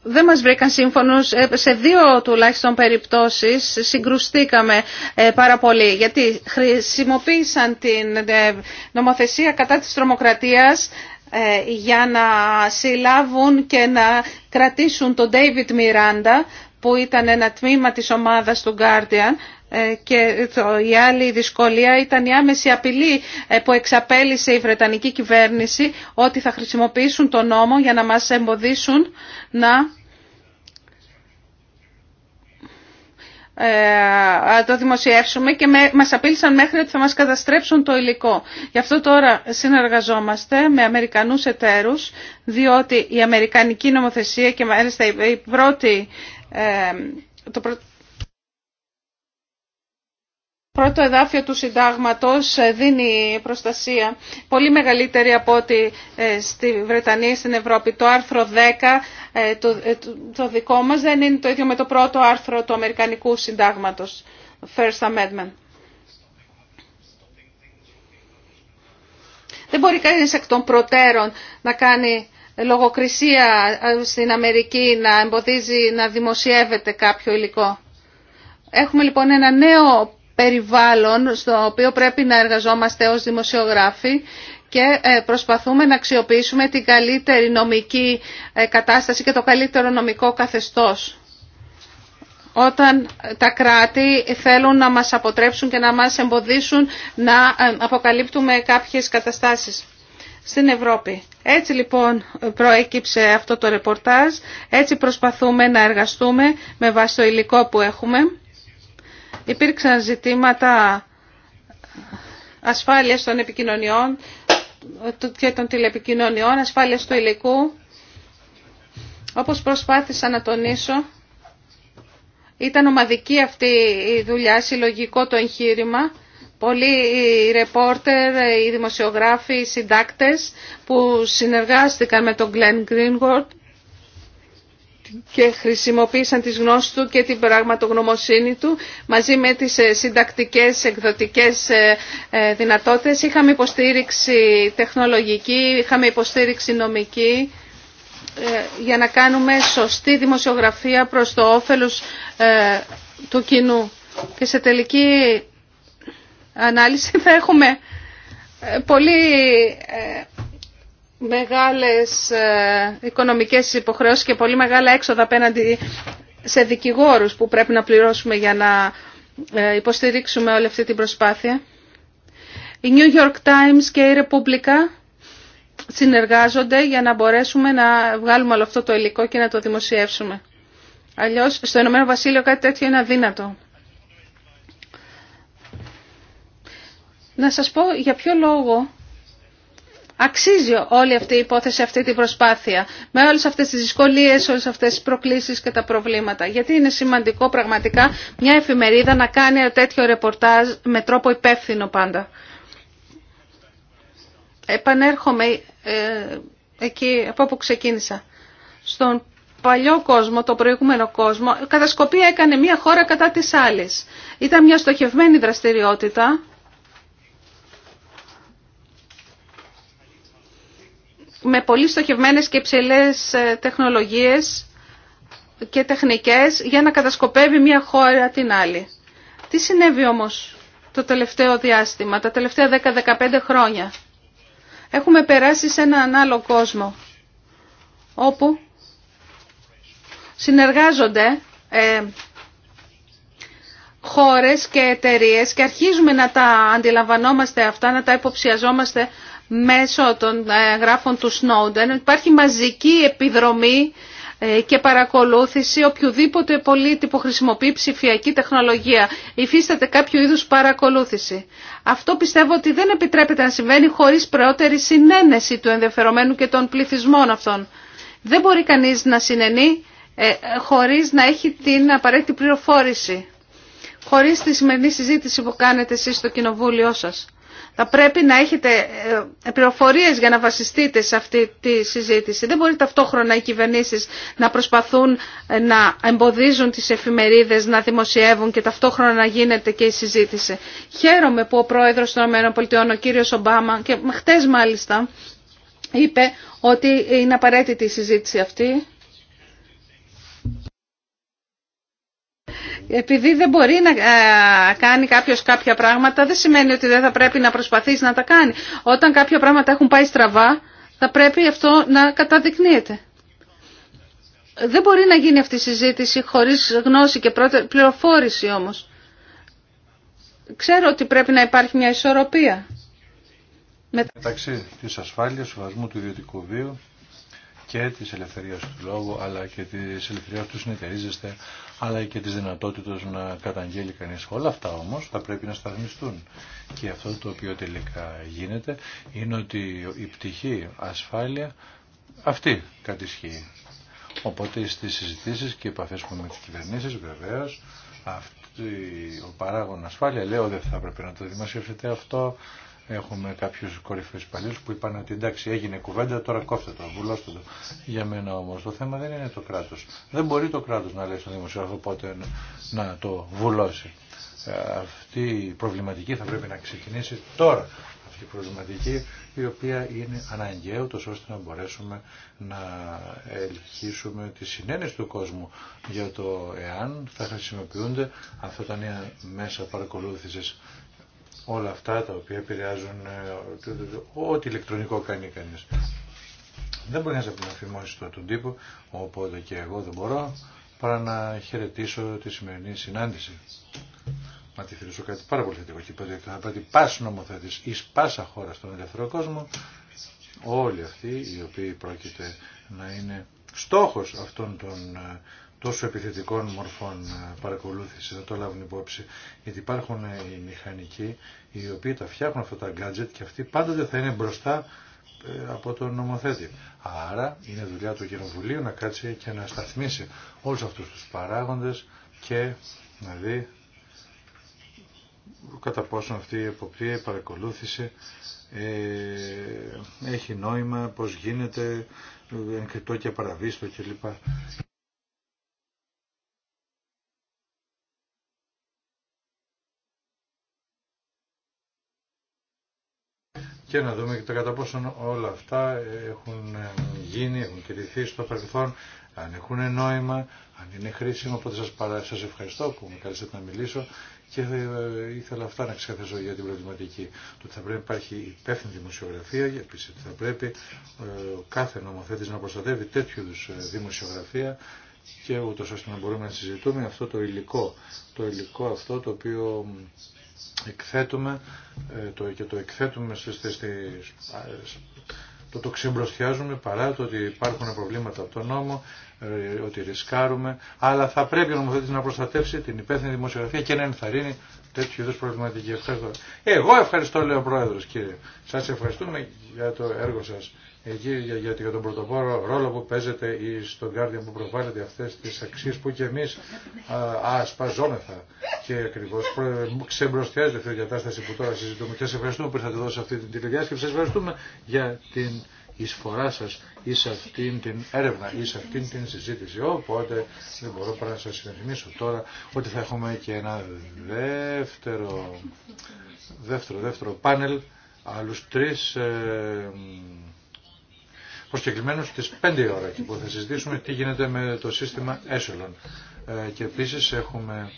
δεν μας βρήκαν σύμφωνους. Ε, σε δύο τουλάχιστον περιπτώσεις συγκρουστήκαμε ε, πάρα πολύ γιατί χρησιμοποίησαν την ε, νομοθεσία κατά της τρομοκρατίας για να συλλάβουν και να κρατήσουν τον David Miranda που ήταν ένα τμήμα της ομάδας του Guardian ε, και η άλλη δυσκολία ήταν η άμεση απειλή ε, που εξαπέλυσε η Βρετανική κυβέρνηση ότι θα χρησιμοποιήσουν τον νόμο για να μας εμποδίσουν να ε, το δημοσιεύσουμε και μας απείλησαν μέχρι ότι θα μας καταστρέψουν το υλικό. Γι' αυτό τώρα συνεργαζόμαστε με Αμερικανούς εταίρους διότι η Αμερικανική νομοθεσία και μάλιστα η πρώτη το πρώτο εδάφιο του συντάγματος ε, δίνει προστασία πολύ μεγαλύτερη από ό,τι ε, στη Βρετανία ή στην Ευρώπη. Το άρθρο 10 ε, το, το δικό μας δεν είναι το ίδιο με το πρώτο άρθρο του Αμερικανικού συντάγματος, First Amendment. Δεν μπορεί κανείς εκ των προτέρων να κάνει λογοκρισία στην Αμερική, να εμποδίζει να δημοσιεύεται κάποιο υλικό. Έχουμε λοιπόν ένα νέο περιβάλλον στο οποίο πρέπει να εργαζόμαστε ως δημοσιογράφοι και ε, προσπαθούμε να αξιοποιήσουμε την καλύτερη νομική ε, κατάσταση και το καλύτερο νομικό καθεστώς. Όταν ε, τα κράτη θέλουν να μας αποτρέψουν και να μας εμποδίσουν να αποκαλύπτουμε κάποιες καταστάσεις στην Ευρώπη. Έτσι λοιπόν προέκυψε αυτό το ρεπορτάζ, έτσι προσπαθούμε να εργαστούμε με βάση το υλικό που έχουμε Υπήρξαν ζητήματα ασφάλειας των επικοινωνιών και των τηλεπικοινωνιών, ασφάλειας του υλικού. Όπως προσπάθησα να τονίσω, ήταν ομαδική αυτή η δουλειά, συλλογικό το εγχείρημα. Πολλοί οι ρεπόρτερ, οι δημοσιογράφοι, οι συντάκτες που συνεργάστηκαν με τον Glenn Greenwald και χρησιμοποίησαν τις γνώσεις του και την πραγματογνωμοσύνη του μαζί με τις ε, συντακτικές εκδοτικές ε, ε, δυνατότητες. Είχαμε υποστήριξη τεχνολογική, είχαμε υποστήριξη νομική για να κάνουμε σωστή δημοσιογραφία προς το όφελος του κοινού. Και σε τελική ανάλυση θα έχουμε πολύ μεγάλες ε, οικονομικές υποχρεώσεις και πολύ μεγάλα έξοδα απέναντι σε δικηγόρους που πρέπει να πληρώσουμε για να ε, υποστηρίξουμε όλη αυτή την προσπάθεια. Η New York Times και η Republica συνεργάζονται για να μπορέσουμε να βγάλουμε όλο αυτό το υλικό και να το δημοσιεύσουμε. Αλλιώς στο Ηνωμένο Βασίλειο κάτι τέτοιο είναι αδύνατο. Να σας πω για ποιο λόγο Αξίζει όλη αυτή η υπόθεση, αυτή την προσπάθεια, με όλες αυτές τις δυσκολίες, όλες αυτές τις προκλήσεις και τα προβλήματα. Γιατί είναι σημαντικό πραγματικά μια εφημερίδα να κάνει ένα τέτοιο ρεπορτάζ με τρόπο υπεύθυνο πάντα. Επανέρχομαι ε, εκεί από όπου ξεκίνησα. Στον παλιό κόσμο, το προηγούμενο κόσμο, κατασκοπία έκανε μια χώρα κατά της άλλη. Ήταν μια στοχευμένη δραστηριότητα με πολύ στοχευμένες και υψηλές ε, τεχνολογίες και τεχνικές για να κατασκοπεύει μία χώρα την άλλη. Τι συνέβη όμως το τελευταίο διάστημα, τα τελευταία 10-15 χρόνια. Έχουμε περάσει σε έναν άλλο κόσμο όπου συνεργάζονται ε, χώρες και εταιρείες... και αρχίζουμε να τα αντιλαμβανόμαστε αυτά, να τα υποψιαζόμαστε μέσω των ε, γράφων του Σνόντεν. Υπάρχει μαζική επιδρομή ε, και παρακολούθηση οποιοδήποτε πολίτη που χρησιμοποιεί ψηφιακή τεχνολογία. Υφίσταται κάποιο είδους παρακολούθηση. Αυτό πιστεύω ότι δεν επιτρέπεται να συμβαίνει χωρίς προότερη συνένεση του ενδιαφερομένου και των πληθυσμών αυτών. Δεν μπορεί κανείς να συνενεί ε, χωρίς να έχει την απαραίτητη πληροφόρηση. Χωρίς τη σημερινή συζήτηση που κάνετε εσείς στο κοινοβούλιο σας. Θα πρέπει να έχετε ε, πληροφορίες για να βασιστείτε σε αυτή τη συζήτηση. Δεν μπορεί ταυτόχρονα οι κυβερνήσεις να προσπαθούν ε, να εμποδίζουν τις εφημερίδες να δημοσιεύουν και ταυτόχρονα να γίνεται και η συζήτηση. Χαίρομαι που ο πρόεδρος των ΗΠΑ, ο κύριος Ομπάμα, και χτες μάλιστα, είπε ότι είναι απαραίτητη η συζήτηση αυτή επειδή δεν μπορεί να ε, κάνει κάποιο κάποια πράγματα, δεν σημαίνει ότι δεν θα πρέπει να προσπαθήσει να τα κάνει. Όταν κάποια πράγματα έχουν πάει στραβά, θα πρέπει αυτό να καταδεικνύεται. Δεν μπορεί να γίνει αυτή η συζήτηση χωρίς γνώση και πληροφόρηση όμως. Ξέρω ότι πρέπει να υπάρχει μια ισορροπία. Μεταξύ της ασφάλειας, του του ιδιωτικού βίου και τη ελευθερίας του λόγου, αλλά και τη ελευθερίας του συνεταιρίζεστε, αλλά και της δυνατότητας να καταγγέλει κανεί. Όλα αυτά όμως θα πρέπει να σταθμιστούν. Και αυτό το οποίο τελικά γίνεται είναι ότι η πτυχή ασφάλεια αυτή κατησχύει. Οπότε στι συζητήσει και επαφές που με τις κυβερνήσεις βεβαίως ο παράγων ασφάλεια λέω δεν θα έπρεπε να το δημοσιεύσετε αυτό Έχουμε κάποιους κορυφαίους παλιού που είπαν ότι εντάξει έγινε κουβέντα, τώρα κόφτε το, βουλώστε το. Για μένα όμως το θέμα δεν είναι το κράτος. Δεν μπορεί το κράτος να λέει στον δημοσιογράφο πότε να το βουλώσει. Ε, αυτή η προβληματική θα πρέπει να ξεκινήσει τώρα. Αυτή η προβληματική η οποία είναι αναγκαία ούτως ώστε να μπορέσουμε να ελκύσουμε τη συνένεση του κόσμου για το εάν θα χρησιμοποιούνται αυτά τα νέα μέσα παρακολούθησης όλα αυτά τα οποία επηρεάζουν ε, ό,τι ηλεκτρονικό κάνει κανείς. Δεν μπορεί να σε να το, τον τύπο, οπότε και εγώ δεν μπορώ παρά να χαιρετήσω τη σημερινή συνάντηση. Να τη θεωρήσω κάτι πάρα πολύ θετικό. Και πέρα θα πρέπει πας νομοθέτης εις πάσα χώρα στον ελεύθερο κόσμο, όλοι αυτοί οι οποίοι πρόκειται να είναι στόχος αυτών των ε, τόσο επιθετικών μορφών ε, παρακολούθηση να το λάβουν υπόψη. Γιατί υπάρχουν ε, οι μηχανικοί οι οποίοι τα φτιάχνουν αυτά τα gadget και αυτοί πάντοτε θα είναι μπροστά ε, από τον νομοθέτη. Άρα είναι δουλειά του Κοινοβουλίου να κάτσει και να σταθμίσει όλους αυτούς τους παράγοντες και να δει κατά πόσο αυτή η εποπτεία, η παρακολούθηση ε, έχει νόημα, πώς γίνεται, εγκριτό και παραβίστο κλπ. και να δούμε και το κατά πόσο όλα αυτά έχουν γίνει, έχουν κηρυθεί στο παρελθόν, αν έχουν νόημα, αν είναι χρήσιμο. Οπότε σας, παρα... ευχαριστώ που με καλέσατε να μιλήσω και ε, ήθελα αυτά να ξεκαθαρίσω για την προβληματική. Το ότι θα πρέπει να υπάρχει υπεύθυνη δημοσιογραφία και επίσης ότι θα πρέπει ε, ο κάθε νομοθέτης να προστατεύει τέτοιου είδους ε, δημοσιογραφία και ούτως ώστε να μπορούμε να συζητούμε αυτό το υλικό, το υλικό αυτό το οποίο εκθέτουμε ε, το, και το εκθέτουμε σε το, το ξυμπροστιάζουμε παρά το ότι υπάρχουν προβλήματα από τον νόμο, ε, ότι ρισκάρουμε, αλλά θα πρέπει ο νομοθέτης να προστατεύσει την υπεύθυνη δημοσιογραφία και να ενθαρρύνει τέτοιου είδους προβληματική. Ευχαριστώ. Εγώ ευχαριστώ, λέει ο Πρόεδρος, κύριε. Σας ευχαριστούμε για το έργο σας εκεί για, για, για τον πρωτοπόρο ρόλο που παίζεται ή στον Guardian που προβάλλεται αυτές τις αξίες που και εμείς α, ασπαζόμεθα και ακριβώ ξεμπροστιάζεται αυτή η κατάσταση που τώρα συζητούμε και σας ευχαριστούμε που ήρθατε εδώ σε αυτή την τηλεδιάσκεψη σας ευχαριστούμε για την εισφορά σας ή σε αυτήν την έρευνα ή σε αυτήν την συζήτηση οπότε δεν μπορώ παρά να σας συνεχίσω τώρα ότι θα έχουμε και ένα δεύτερο δεύτερο, δεύτερο πάνελ άλλους τρεις ε, προσκεκλημένου στι 5 ώρα που θα συζητήσουμε τι γίνεται με το σύστημα Ε, Και επίση έχουμε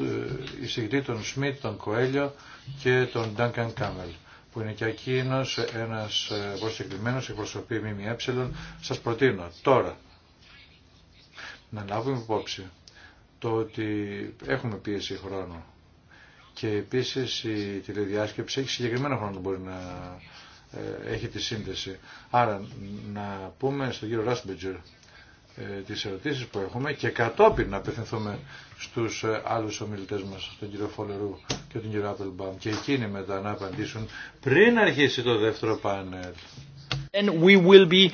ε, εισηγητή τον Σμιτ, τον Κοέλιο και τον Ντάνκαν Κάμελ που είναι και εκείνο ένα ε, προσκεκλημένος εκπροσωπή ΜΜΕ. Σα προτείνω τώρα να λάβουμε υπόψη το ότι έχουμε πίεση χρόνου και επίσης η τηλεδιάσκεψη έχει συγκεκριμένο χρόνο που μπορεί να ε, έχει τη σύνδεση. Άρα να πούμε στον κύριο Ράσμπετζερ ε, τις ερωτήσεις που έχουμε και κατόπιν να απευθυνθούμε στους ε, άλλους ομιλητές μας, τον κύριο Φολερού και τον κύριο Απελμπαμ και εκείνοι μετά να απαντήσουν πριν αρχίσει το δεύτερο πάνελ. And we will be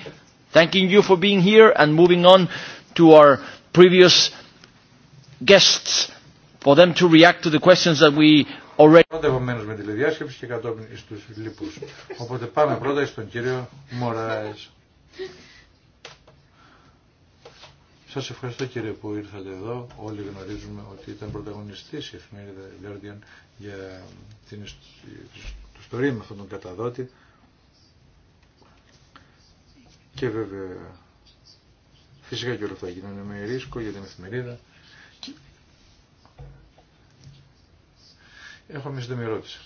thanking you for being here and moving on to our previous guests for them to react to the questions that we already... Πρώτα επομένως με τηλεδιάσκεψη και κατόπιν στους λοιπούς. Οπότε πάμε πρώτα στον κύριο Μωράες. Σας ευχαριστώ κύριε που ήρθατε εδώ. Όλοι γνωρίζουμε ότι ήταν πρωταγωνιστής η εφημερίδα Guardian για την ιστορία με αυτόν τον καταδότη. Και βέβαια φυσικά και όλα αυτά γίνανε με ρίσκο για την εφημερίδα. Έχω μια σύντομη ερώτηση.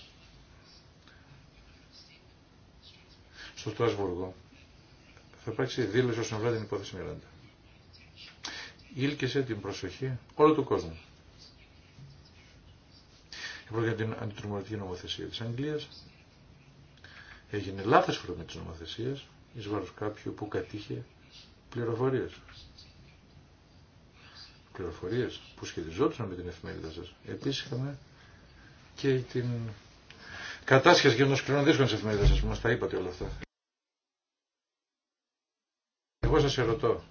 Στο Στρασβούργο θα υπάρξει δήλωση όσον αφορά την υπόθεση Μιράντα. Ήλκησε την προσοχή όλου του κόσμου. Πρόκειται για την αντιτρομοκρατική νομοθεσία της Αγγλίας. Έγινε λάθος χρονή της νομοθεσίας εις βάρος κάποιου που κατήχε πληροφορίες. Πληροφορίες που σχετιζόντουσαν με την εφημερίδα σας. Επίσης είχαμε και την κατάσχεση και των σκληρών τη της εφημερίδας που τα είπατε όλα αυτά. Εγώ σα ερωτώ,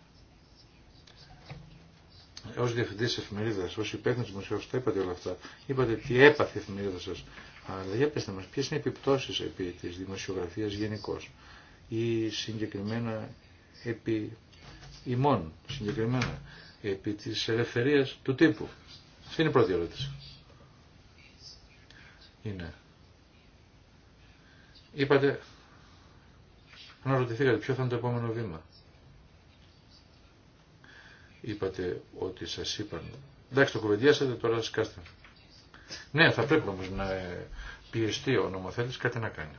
ω διευθυντή τη εφημερίδα, ω υπεύθυνο του τα είπατε όλα αυτά. Είπατε τι έπαθε η εφημερίδα σα. Αλλά για πετε μα, ποιε είναι οι επιπτώσει επί τη δημοσιογραφία γενικώ ή συγκεκριμένα επί ημών, συγκεκριμένα επί τη ελευθερία του τύπου. Αυτή είναι η πρώτη ερώτηση είναι. Είπατε, αναρωτηθήκατε ποιο θα είναι το επόμενο βήμα. Είπατε ότι σας είπαν. Εντάξει, το κουβεντιάσατε, τώρα σκάστε. Ναι, θα πρέπει όμως να πιεστεί ο νομοθέτης κάτι να κάνει.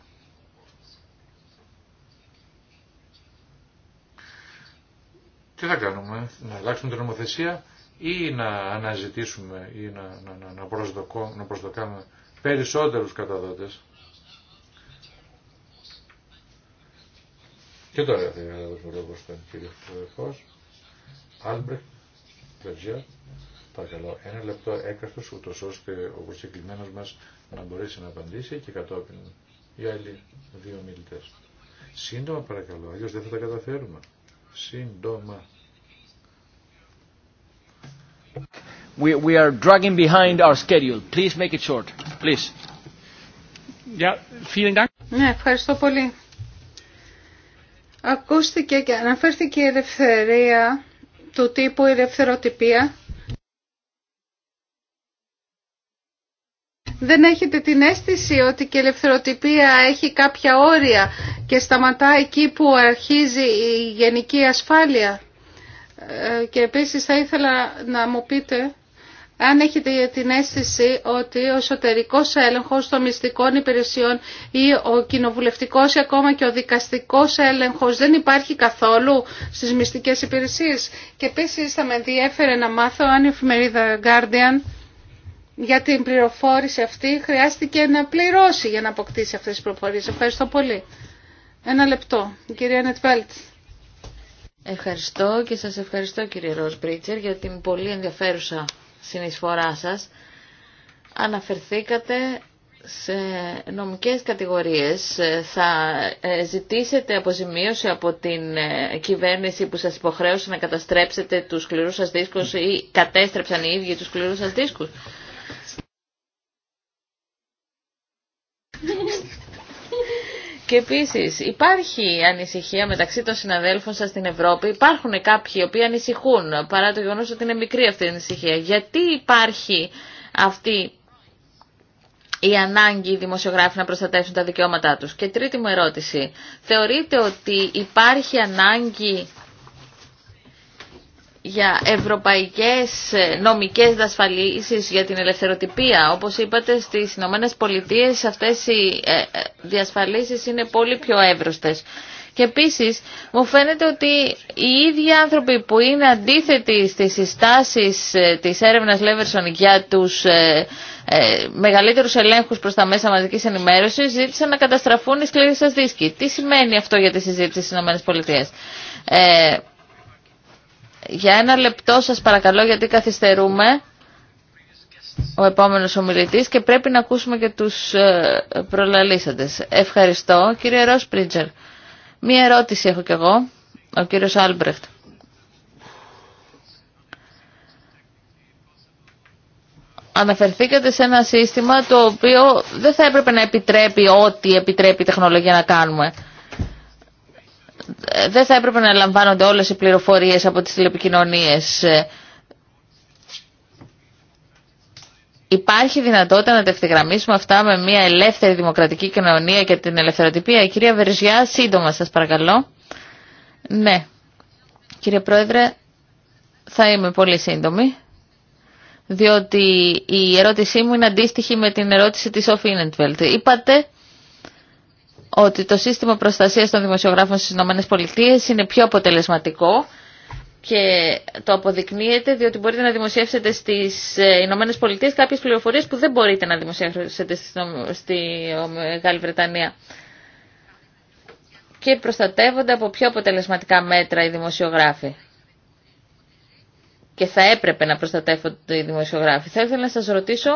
Τι θα κάνουμε, να αλλάξουμε την νομοθεσία ή να αναζητήσουμε ή να, να, να, να, προσδοκώ, να προσδοκάμε περισσότερους καταδότες. Και τώρα θα είναι να δώσω λόγο στον κύριο Φως, Άλμπρεχτ, παρακαλώ, ένα λεπτό έκαστος, ούτως ώστε ο προσεκλημένος μας να μπορέσει να απαντήσει και κατόπιν οι άλλοι δύο μιλητές. Σύντομα παρακαλώ, αλλιώς δεν θα τα καταφέρουμε. Σύντομα. we, are our schedule. make it short. Ναι, ευχαριστώ πολύ. Ακούστηκε και αναφέρθηκε η ελευθερία του τύπου, η ελευθεροτυπία. Δεν έχετε την αίσθηση ότι και η ελευθεροτυπία έχει κάποια όρια και σταματά εκεί που αρχίζει η γενική ασφάλεια. Ε, και επίσης θα ήθελα να μου πείτε αν έχετε την αίσθηση ότι ο εσωτερικό έλεγχος των μυστικών υπηρεσιών ή ο κοινοβουλευτικός ή ακόμα και ο δικαστικός έλεγχος δεν υπάρχει καθόλου στις μυστικές υπηρεσίες. Και επίση θα με ενδιέφερε να μάθω αν η εφημερίδα Guardian για την πληροφόρηση αυτή χρειάστηκε να πληρώσει για να αποκτήσει αυτές τις πληροφορίες. Ευχαριστώ πολύ. Ένα λεπτό. Η κυρία Νετβέλτ. Ευχαριστώ και σας ευχαριστώ κύριε Ροζ για την πολύ ενδιαφέρουσα συνεισφορά σας αναφερθήκατε σε νομικές κατηγορίες ε, θα ε, ζητήσετε αποζημίωση από την ε, κυβέρνηση που σας υποχρέωσε να καταστρέψετε τους σκληρούς σας δίσκους ή κατέστρεψαν οι ίδιοι τους σκληρούς σας δίσκους. Και επίση υπάρχει ανησυχία μεταξύ των συναδέλφων σας στην Ευρώπη. Υπάρχουν κάποιοι οι οποίοι ανησυχούν παρά το γεγονός ότι είναι μικρή αυτή η ανησυχία. Γιατί υπάρχει αυτή η ανάγκη οι δημοσιογράφοι να προστατεύσουν τα δικαιώματά τους. Και τρίτη μου ερώτηση. Θεωρείτε ότι υπάρχει ανάγκη για ευρωπαϊκές ε, νομικές διασφαλίσεις για την ελευθεροτυπία. Όπως είπατε, στις Ηνωμένε Πολιτείε αυτές οι ε, ε, διασφαλίσεις είναι πολύ πιο εύρωστες. Και επίσης μου φαίνεται ότι οι ίδιοι άνθρωποι που είναι αντίθετοι στις συστάσεις της έρευνας Λέβερσον για τους ε, μεγαλύτερους ελέγχους προς τα μέσα μαζικής ενημέρωσης ζήτησαν να καταστραφούν οι σκληροί σας δίσκοι. Τι σημαίνει αυτό για τη συζήτηση στις ΗΠΑ. Ε, για ένα λεπτό σας παρακαλώ γιατί καθυστερούμε ο επόμενος ομιλητής και πρέπει να ακούσουμε και τους ε, προλαλήσαντες. Ευχαριστώ. Κύριε Ροσπρίτζερ, μία ερώτηση έχω κι εγώ, ο κύριος Άλμπρεχτ. Αναφερθήκατε σε ένα σύστημα το οποίο δεν θα έπρεπε να επιτρέπει ό,τι επιτρέπει η τεχνολογία να κάνουμε δεν θα έπρεπε να λαμβάνονται όλες οι πληροφορίες από τις τηλεπικοινωνίες. Υπάρχει δυνατότητα να τευθυγραμμίσουμε αυτά με μια ελεύθερη δημοκρατική κοινωνία και την ελευθεροτυπία. Η κυρία Βερζιά, σύντομα σας παρακαλώ. Ναι, κύριε Πρόεδρε, θα είμαι πολύ σύντομη, διότι η ερώτησή μου είναι αντίστοιχη με την ερώτηση της Σοφίνεντβελτ. Είπατε ότι το σύστημα προστασίας των δημοσιογράφων στις ΗΠΑ είναι πιο αποτελεσματικό και το αποδεικνύεται διότι μπορείτε να δημοσιεύσετε στις ε, ΗΠΑ Πολιτείες κάποιες πληροφορίες που δεν μπορείτε να δημοσιεύσετε στη Μεγάλη Βρετανία και προστατεύονται από πιο αποτελεσματικά μέτρα οι δημοσιογράφοι. Και θα έπρεπε να προστατεύονται οι δημοσιογράφοι. Θα ήθελα να σας ρωτήσω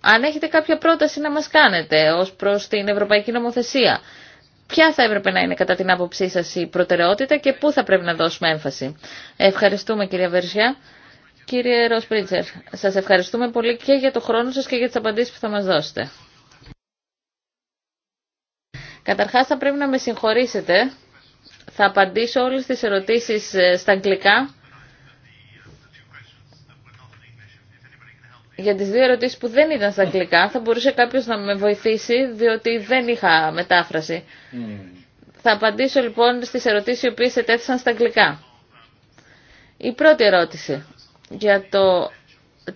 αν έχετε κάποια πρόταση να μας κάνετε ως προς την Ευρωπαϊκή Νομοθεσία, ποια θα έπρεπε να είναι κατά την άποψή σας η προτεραιότητα και πού θα πρέπει να δώσουμε έμφαση. Ευχαριστούμε κυρία Βερσιά. Κύριε Ροσπρίτσερ, σας ευχαριστούμε πολύ και για το χρόνο σας και για τις απαντήσεις που θα μας δώσετε. Καταρχάς θα πρέπει να με συγχωρήσετε. Θα απαντήσω όλες τις ερωτήσεις ε, στα αγγλικά για τις δύο ερωτήσεις που δεν ήταν στα αγγλικά θα μπορούσε κάποιος να με βοηθήσει διότι δεν είχα μετάφραση. Mm. Θα απαντήσω λοιπόν στις ερωτήσεις οι οποίες ετέθησαν στα αγγλικά. Η πρώτη ερώτηση για το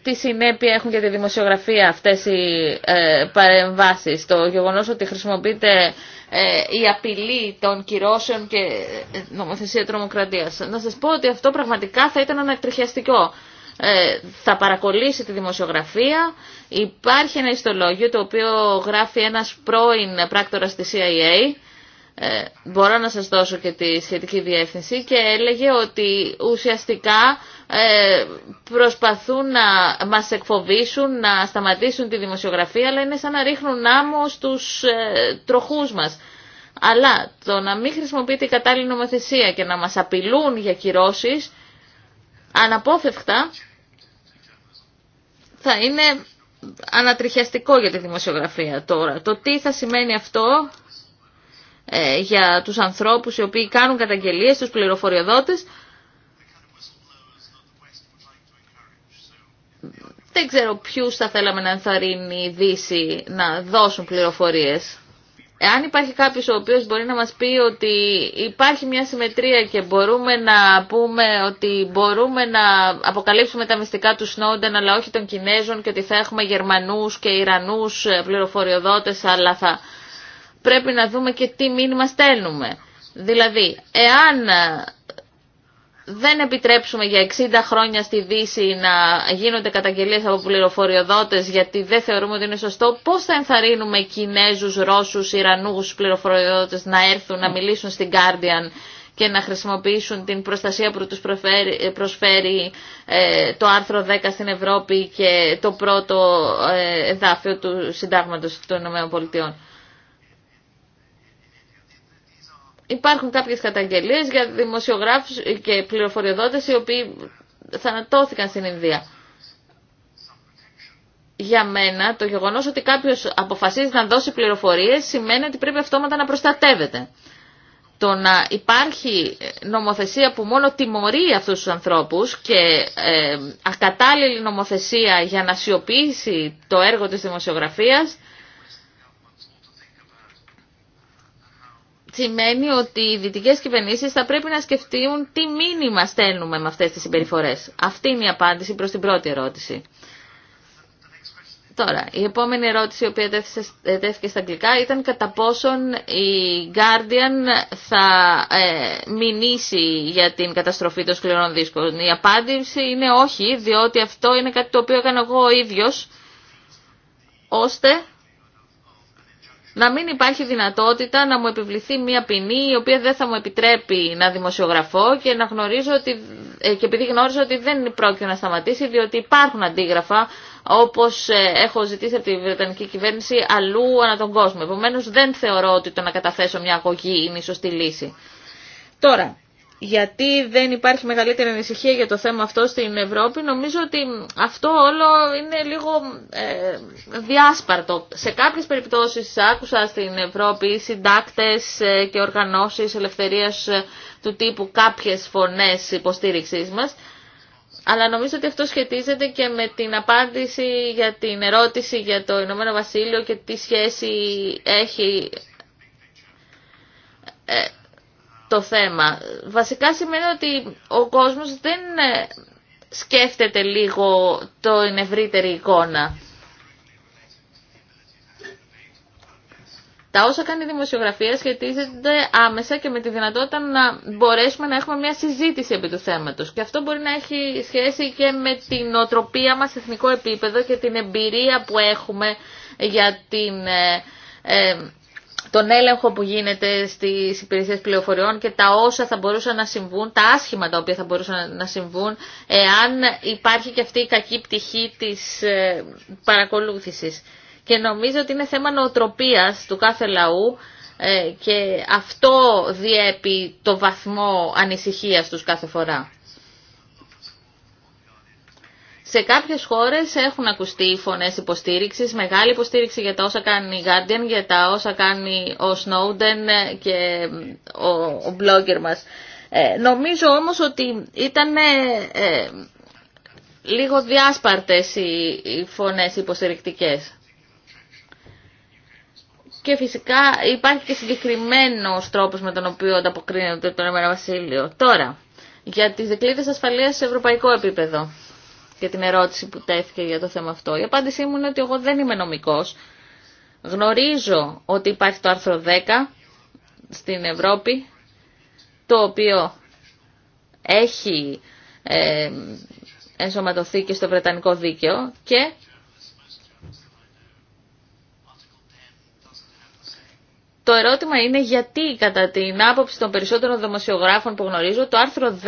τι συνέπεια έχουν για τη δημοσιογραφία αυτές οι ε, παρεμβάσεις. Το γεγονός ότι χρησιμοποιείται ε, η απειλή των κυρώσεων και ε, νομοθεσία τρομοκρατίας. Να σας πω ότι αυτό πραγματικά θα ήταν ανατριχιαστικό. Ε, θα παρακολύσει τη δημοσιογραφία. Υπάρχει ένα ιστολόγιο το οποίο γράφει ένας πρώην πράκτορας της CIA, ε, μπορώ να σας δώσω και τη σχετική διεύθυνση και έλεγε ότι ουσιαστικά ε, προσπαθούν να μας εκφοβήσουν, να σταματήσουν τη δημοσιογραφία αλλά είναι σαν να ρίχνουν άμμο στους τροχούς μας. Αλλά το να μην χρησιμοποιείται η κατάλληλη νομοθεσία και να μας απειλούν για κυρώσεις αναπόφευκτα θα είναι ανατριχιαστικό για τη δημοσιογραφία τώρα. Το τι θα σημαίνει αυτό ε, για τους ανθρώπους οι οποίοι κάνουν καταγγελίες, τους πληροφοριοδότες, δεν ξέρω ποιους θα θέλαμε να ενθαρρύνει η Δύση να δώσουν πληροφορίες αν υπάρχει κάποιος ο οποίος μπορεί να μας πει ότι υπάρχει μια συμμετρία και μπορούμε να πούμε ότι μπορούμε να αποκαλύψουμε τα μυστικά του Σνόντεν αλλά όχι των Κινέζων και ότι θα έχουμε Γερμανούς και Ιρανούς πληροφοριοδότες αλλά θα πρέπει να δούμε και τι μήνυμα στέλνουμε. Δηλαδή, εάν δεν επιτρέψουμε για 60 χρόνια στη Δύση να γίνονται καταγγελίες από πληροφοριοδότες γιατί δεν θεωρούμε ότι είναι σωστό, πώς θα ενθαρρύνουμε Κινέζους, Ρώσους, Ιρανούς πληροφοριοδότες να έρθουν να μιλήσουν στην Guardian και να χρησιμοποιήσουν την προστασία που τους προσφέρει, ε, το άρθρο 10 στην Ευρώπη και το πρώτο ε, εδάφιο του Συντάγματος των ΗΠΑ. υπάρχουν κάποιες καταγγελίες για δημοσιογράφους και πληροφοριοδότες οι οποίοι θανατώθηκαν στην Ινδία. Για μένα το γεγονός ότι κάποιος αποφασίζει να δώσει πληροφορίες σημαίνει ότι πρέπει αυτόματα να προστατεύεται. Το να υπάρχει νομοθεσία που μόνο τιμωρεί αυτούς τους ανθρώπους και ε, ακατάλληλη νομοθεσία για να σιωπήσει το έργο της δημοσιογραφίας σημαίνει ότι οι δυτικέ κυβερνήσει θα πρέπει να σκεφτούν τι μήνυμα στέλνουμε με αυτέ τι συμπεριφορέ. Αυτή είναι η απάντηση προ την πρώτη ερώτηση. Τώρα, η επόμενη ερώτηση η οποία τέθηκε στα αγγλικά ήταν κατά πόσον η Guardian θα ε, μηνύσει για την καταστροφή των σκληρών δίσκων. Η απάντηση είναι όχι, διότι αυτό είναι κάτι το οποίο έκανα εγώ ο ίδιος, ώστε να μην υπάρχει δυνατότητα να μου επιβληθεί μια ποινή η οποία δεν θα μου επιτρέπει να δημοσιογραφώ και, να γνωρίζω ότι, ε, και επειδή γνώριζα ότι δεν πρόκειται να σταματήσει διότι υπάρχουν αντίγραφα όπως ε, έχω ζητήσει από τη Βρετανική κυβέρνηση αλλού ανά τον κόσμο. Επομένως δεν θεωρώ ότι το να καταθέσω μια αγωγή είναι η σωστή λύση. Τώρα, γιατί δεν υπάρχει μεγαλύτερη ανησυχία για το θέμα αυτό στην Ευρώπη, νομίζω ότι αυτό όλο είναι λίγο ε, διάσπαρτο. Σε κάποιες περιπτώσεις άκουσα στην Ευρώπη συντάκτες ε, και οργανώσεις ελευθερίας ε, του τύπου κάποιες φωνές υποστήριξής μας, αλλά νομίζω ότι αυτό σχετίζεται και με την απάντηση για την ερώτηση για το Ηνωμένο Βασίλειο και τι σχέση έχει το θέμα. Βασικά σημαίνει ότι ο κόσμος δεν ε, σκέφτεται λίγο το ευρύτερη εικόνα. Τα όσα κάνει η δημοσιογραφία σχετίζονται άμεσα και με τη δυνατότητα να μπορέσουμε να έχουμε μια συζήτηση επί του θέματος. Και αυτό μπορεί να έχει σχέση και με την οτροπία μας σε εθνικό επίπεδο και την εμπειρία που έχουμε για την ε, ε, τον έλεγχο που γίνεται στις υπηρεσίες πληροφοριών και τα όσα θα μπορούσαν να συμβούν, τα άσχημα τα οποία θα μπορούσαν να συμβούν, εάν υπάρχει και αυτή η κακή πτυχή της ε, παρακολούθησης. Και νομίζω ότι είναι θέμα νοοτροπίας του κάθε λαού ε, και αυτό διέπει το βαθμό ανησυχίας τους κάθε φορά. Σε κάποιες χώρες έχουν ακουστεί φωνές υποστήριξης, μεγάλη υποστήριξη για τα όσα κάνει η Guardian, για τα όσα κάνει ο Snowden ε, και ο, ο blogger μας. Ε, νομίζω όμως ότι ήταν ε, λίγο διάσπαρτες οι, οι φωνές υποστηρικτικές. Και φυσικά υπάρχει και συγκεκριμένος τρόπος με τον οποίο ανταποκρίνεται το Ηνωμένο Βασίλειο. Τώρα, για τις δικλείδες ασφαλείας σε ευρωπαϊκό επίπεδο για την ερώτηση που τέθηκε για το θέμα αυτό. Η απάντησή μου είναι ότι εγώ δεν είμαι νομικός. Γνωρίζω ότι υπάρχει το άρθρο 10 στην Ευρώπη, το οποίο έχει ε, ενσωματωθεί και στο Βρετανικό δίκαιο και Το ερώτημα είναι γιατί κατά την άποψη των περισσότερων δημοσιογράφων που γνωρίζω το άρθρο 10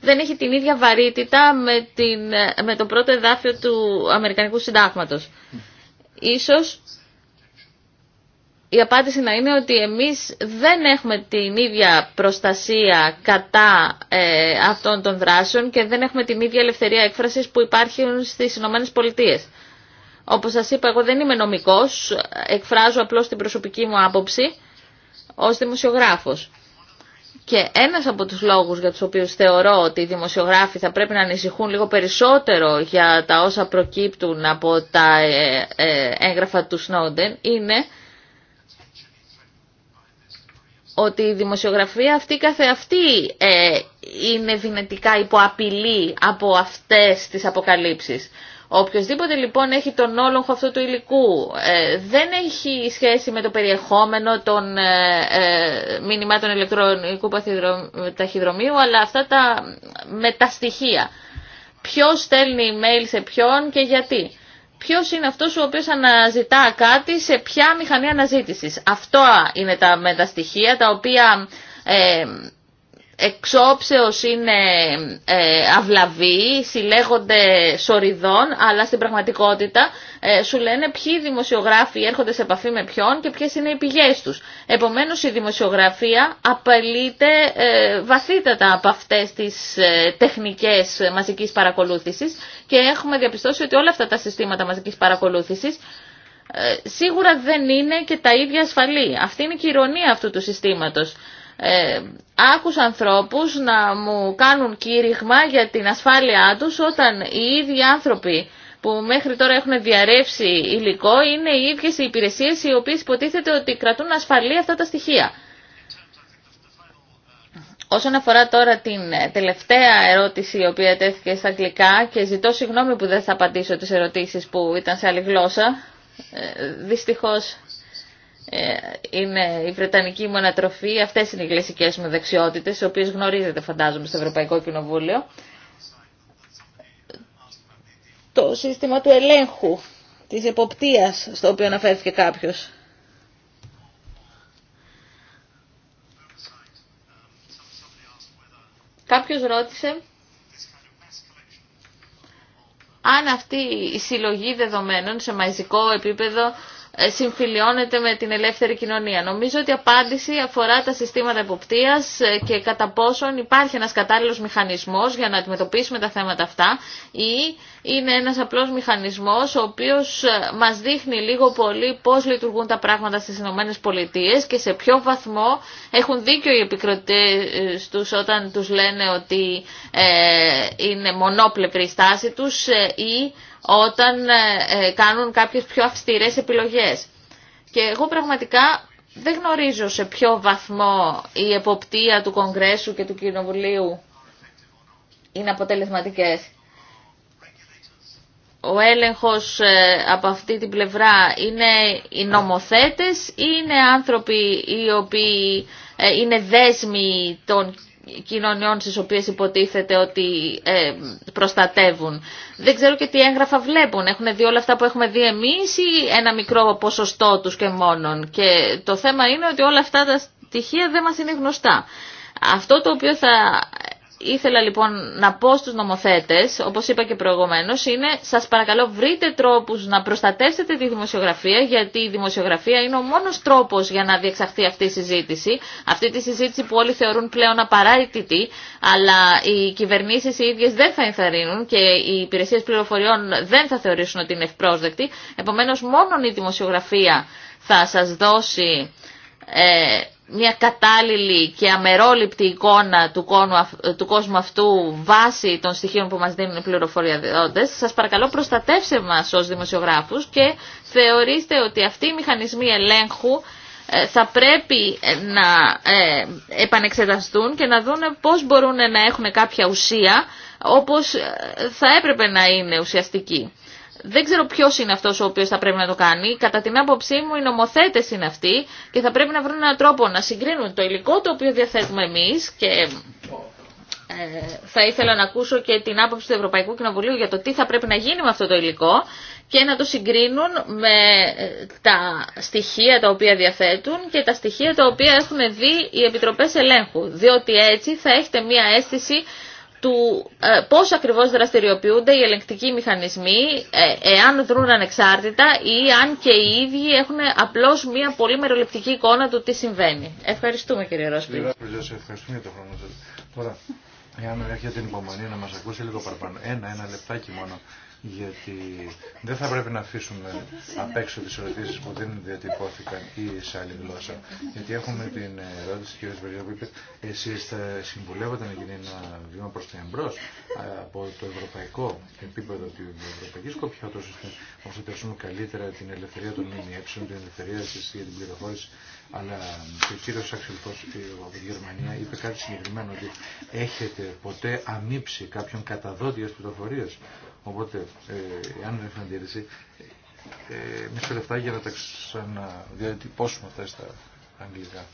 δεν έχει την ίδια βαρύτητα με, την, με το πρώτο εδάφιο του Αμερικανικού Συντάγματος. Ίσως η απάντηση να είναι ότι εμείς δεν έχουμε την ίδια προστασία κατά ε, αυτών των δράσεων και δεν έχουμε την ίδια ελευθερία έκφρασης που υπάρχουν στις Ηνωμένες Πολιτείες. Όπως σας είπα, εγώ δεν είμαι νομικός, εκφράζω απλώς την προσωπική μου άποψη ως δημοσιογράφος. Και ένας από τους λόγους για τους οποίους θεωρώ ότι οι δημοσιογράφοι θα πρέπει να ανησυχούν λίγο περισσότερο για τα όσα προκύπτουν από τα ε, ε, έγγραφα του Σνόντεν είναι ότι η δημοσιογραφία αυτή καθεαυτή ε, είναι δυνατικά υπό από αυτές τις αποκαλύψεις. Οποιοςδήποτε λοιπόν έχει τον όλοχο αυτού του υλικού ε, δεν έχει σχέση με το περιεχόμενο των ε, ε, μηνυμάτων ηλεκτρονικού ταχυδρομείου αλλά αυτά τα μεταστοιχεία. Ποιος στέλνει email σε ποιον και γιατί. Ποιος είναι αυτός ο οποίος αναζητά κάτι σε ποια μηχανή αναζήτησης. Αυτό είναι τα μεταστοιχεία τα οποία εξόψεως είναι ε, αυλαβή, συλλέγονται σοριδών, αλλά στην πραγματικότητα ε, σου λένε ποιοι δημοσιογράφοι έρχονται σε επαφή με ποιον και ποιες είναι οι πηγές τους. Επομένως η δημοσιογραφία απελείται ε, βαθύτατα από αυτές τις ε, τεχνικές μαζικής παρακολούθησης και έχουμε διαπιστώσει ότι όλα αυτά τα συστήματα μαζικής παρακολούθησης ε, σίγουρα δεν είναι και τα ίδια ασφαλή. Αυτή είναι η ηρωνία αυτού του συστήματος ε, άκουσα ανθρώπους να μου κάνουν κήρυγμα για την ασφάλειά τους όταν οι ίδιοι άνθρωποι που μέχρι τώρα έχουν διαρρεύσει υλικό είναι οι ίδιες οι υπηρεσίες οι οποίες υποτίθεται ότι κρατούν ασφαλή αυτά τα στοιχεία. Όσον αφορά τώρα την ε, τελευταία ερώτηση η οποία τέθηκε στα αγγλικά και ζητώ συγγνώμη που δεν θα απαντήσω τις ερωτήσεις που ήταν σε άλλη γλώσσα, ε, δυστυχώς ε, είναι η Βρετανική μονατροφή, αυτές είναι οι γλυσικές μου δεξιότητες, οι οποίες γνωρίζετε φαντάζομαι στο Ευρωπαϊκό Κοινοβούλιο. Το σύστημα του ελέγχου, της εποπτείας στο οποίο αναφέρθηκε κάποιος. Κάποιος ρώτησε αν αυτή η συλλογή δεδομένων σε μαζικό επίπεδο ε, συμφιλιώνεται με την ελεύθερη κοινωνία. Νομίζω ότι η απάντηση αφορά τα συστήματα εποπτείας ε, και κατά πόσον υπάρχει ένας κατάλληλος μηχανισμός για να αντιμετωπίσουμε τα θέματα αυτά ή είναι ένας απλός μηχανισμός ο οποίος ε, μας δείχνει λίγο πολύ πώς λειτουργούν τα πράγματα στις ΗΠΑ και σε ποιο βαθμό έχουν δίκιο οι επικροτές τους όταν τους λένε ότι είναι μονόπλευρη η στάση τους ή όταν ε, ε, κάνουν κάποιες πιο αυστηρές επιλογές. Και εγώ πραγματικά δεν γνωρίζω σε ποιο βαθμό η εποπτεία του Κογκρέσου και του Κοινοβουλίου είναι αποτελεσματικές. Ο έλεγχος ε, από αυτή την πλευρά είναι οι νομοθέτες ή είναι άνθρωποι οι οποίοι είναι δέσμοι των κοινωνιών στις οποίες υποτίθεται ότι ε, προστατεύουν. Δεν ξέρω και τι έγγραφα βλέπουν. Έχουν δει όλα αυτά που έχουμε δει εμείς ή ένα μικρό ποσοστό τους και μόνον. Και το θέμα είναι ότι όλα αυτά τα στοιχεία δεν μας είναι γνωστά. Αυτό το οποίο θα ήθελα λοιπόν να πω στους νομοθέτες, όπως είπα και προηγουμένως, είναι σας παρακαλώ βρείτε τρόπους να προστατεύσετε τη δημοσιογραφία, γιατί η δημοσιογραφία είναι ο μόνος τρόπος για να διεξαχθεί αυτή η συζήτηση, αυτή τη συζήτηση που όλοι θεωρούν πλέον απαραίτητη, αλλά οι κυβερνήσεις οι ίδιες δεν θα ενθαρρύνουν και οι υπηρεσίες πληροφοριών δεν θα θεωρήσουν ότι είναι ευπρόσδεκτη, επομένως μόνο η δημοσιογραφία θα σας δώσει... Ε, μια κατάλληλη και αμερόληπτη εικόνα του, κόνου, του κόσμου αυτού βάσει των στοιχείων που μας δίνουν οι πληροφοριαδόντες. Σας παρακαλώ προστατεύσε μας ως δημοσιογράφους και θεωρήστε ότι αυτοί οι μηχανισμοί ελέγχου ε, θα πρέπει ε, να ε, επανεξεταστούν και να δούνε πώς μπορούν να έχουν κάποια ουσία όπως θα έπρεπε να είναι ουσιαστικοί. Δεν ξέρω ποιο είναι αυτό ο οποίο θα πρέπει να το κάνει. Κατά την άποψή μου, οι νομοθέτε είναι αυτοί και θα πρέπει να βρουν έναν τρόπο να συγκρίνουν το υλικό το οποίο διαθέτουμε εμεί και ε, θα ήθελα να ακούσω και την άποψη του Ευρωπαϊκού Κοινοβουλίου για το τι θα πρέπει να γίνει με αυτό το υλικό και να το συγκρίνουν με ε, τα στοιχεία τα οποία διαθέτουν και τα στοιχεία τα οποία έχουν δει οι επιτροπές ελέγχου. Διότι έτσι θα έχετε μία αίσθηση του ε, πώς ακριβώς δραστηριοποιούνται οι ελεγκτικοί μηχανισμοί ε, εάν δρούν ανεξάρτητα ή αν και οι ίδιοι έχουν απλώς μια πολύ μεροληπτική εικόνα του τι συμβαίνει. Ευχαριστούμε κύριε Ρώσπιν, Ευχαριστούμε για το χρόνο σας. Τώρα, εάν έχετε την υπομονή να μας ακούσει λίγο παραπάνω, ένα, ένα λεπτάκι μόνο, γιατί δεν θα πρέπει να αφήσουμε απ' έξω τις ερωτήσεις που δεν διατυπώθηκαν ή σε άλλη γλώσσα. Γιατί έχουμε την ερώτηση κύριε κ. που είπε εσείς θα συμβουλεύατε να γίνει ένα βήμα προς το εμπρός από το ευρωπαϊκό επίπεδο του ευρωπαϊκή σκοπιά ώστε να προστατεύσουμε καλύτερα την ελευθερία των ΜΜΕ, την ελευθερία της για την πληροφόρηση αλλά και ο κύριο Αξελφός από τη Γερμανία είπε κάτι συγκεκριμένο ότι έχετε ποτέ αμύψει κάποιον καταδότη πληροφορίε Οπότε, ε, αν δεν έχουμε αντίρρηση, ε, λεφτά για να τα ξαναδιατυπώσουμε αυτά στα αγγλικά.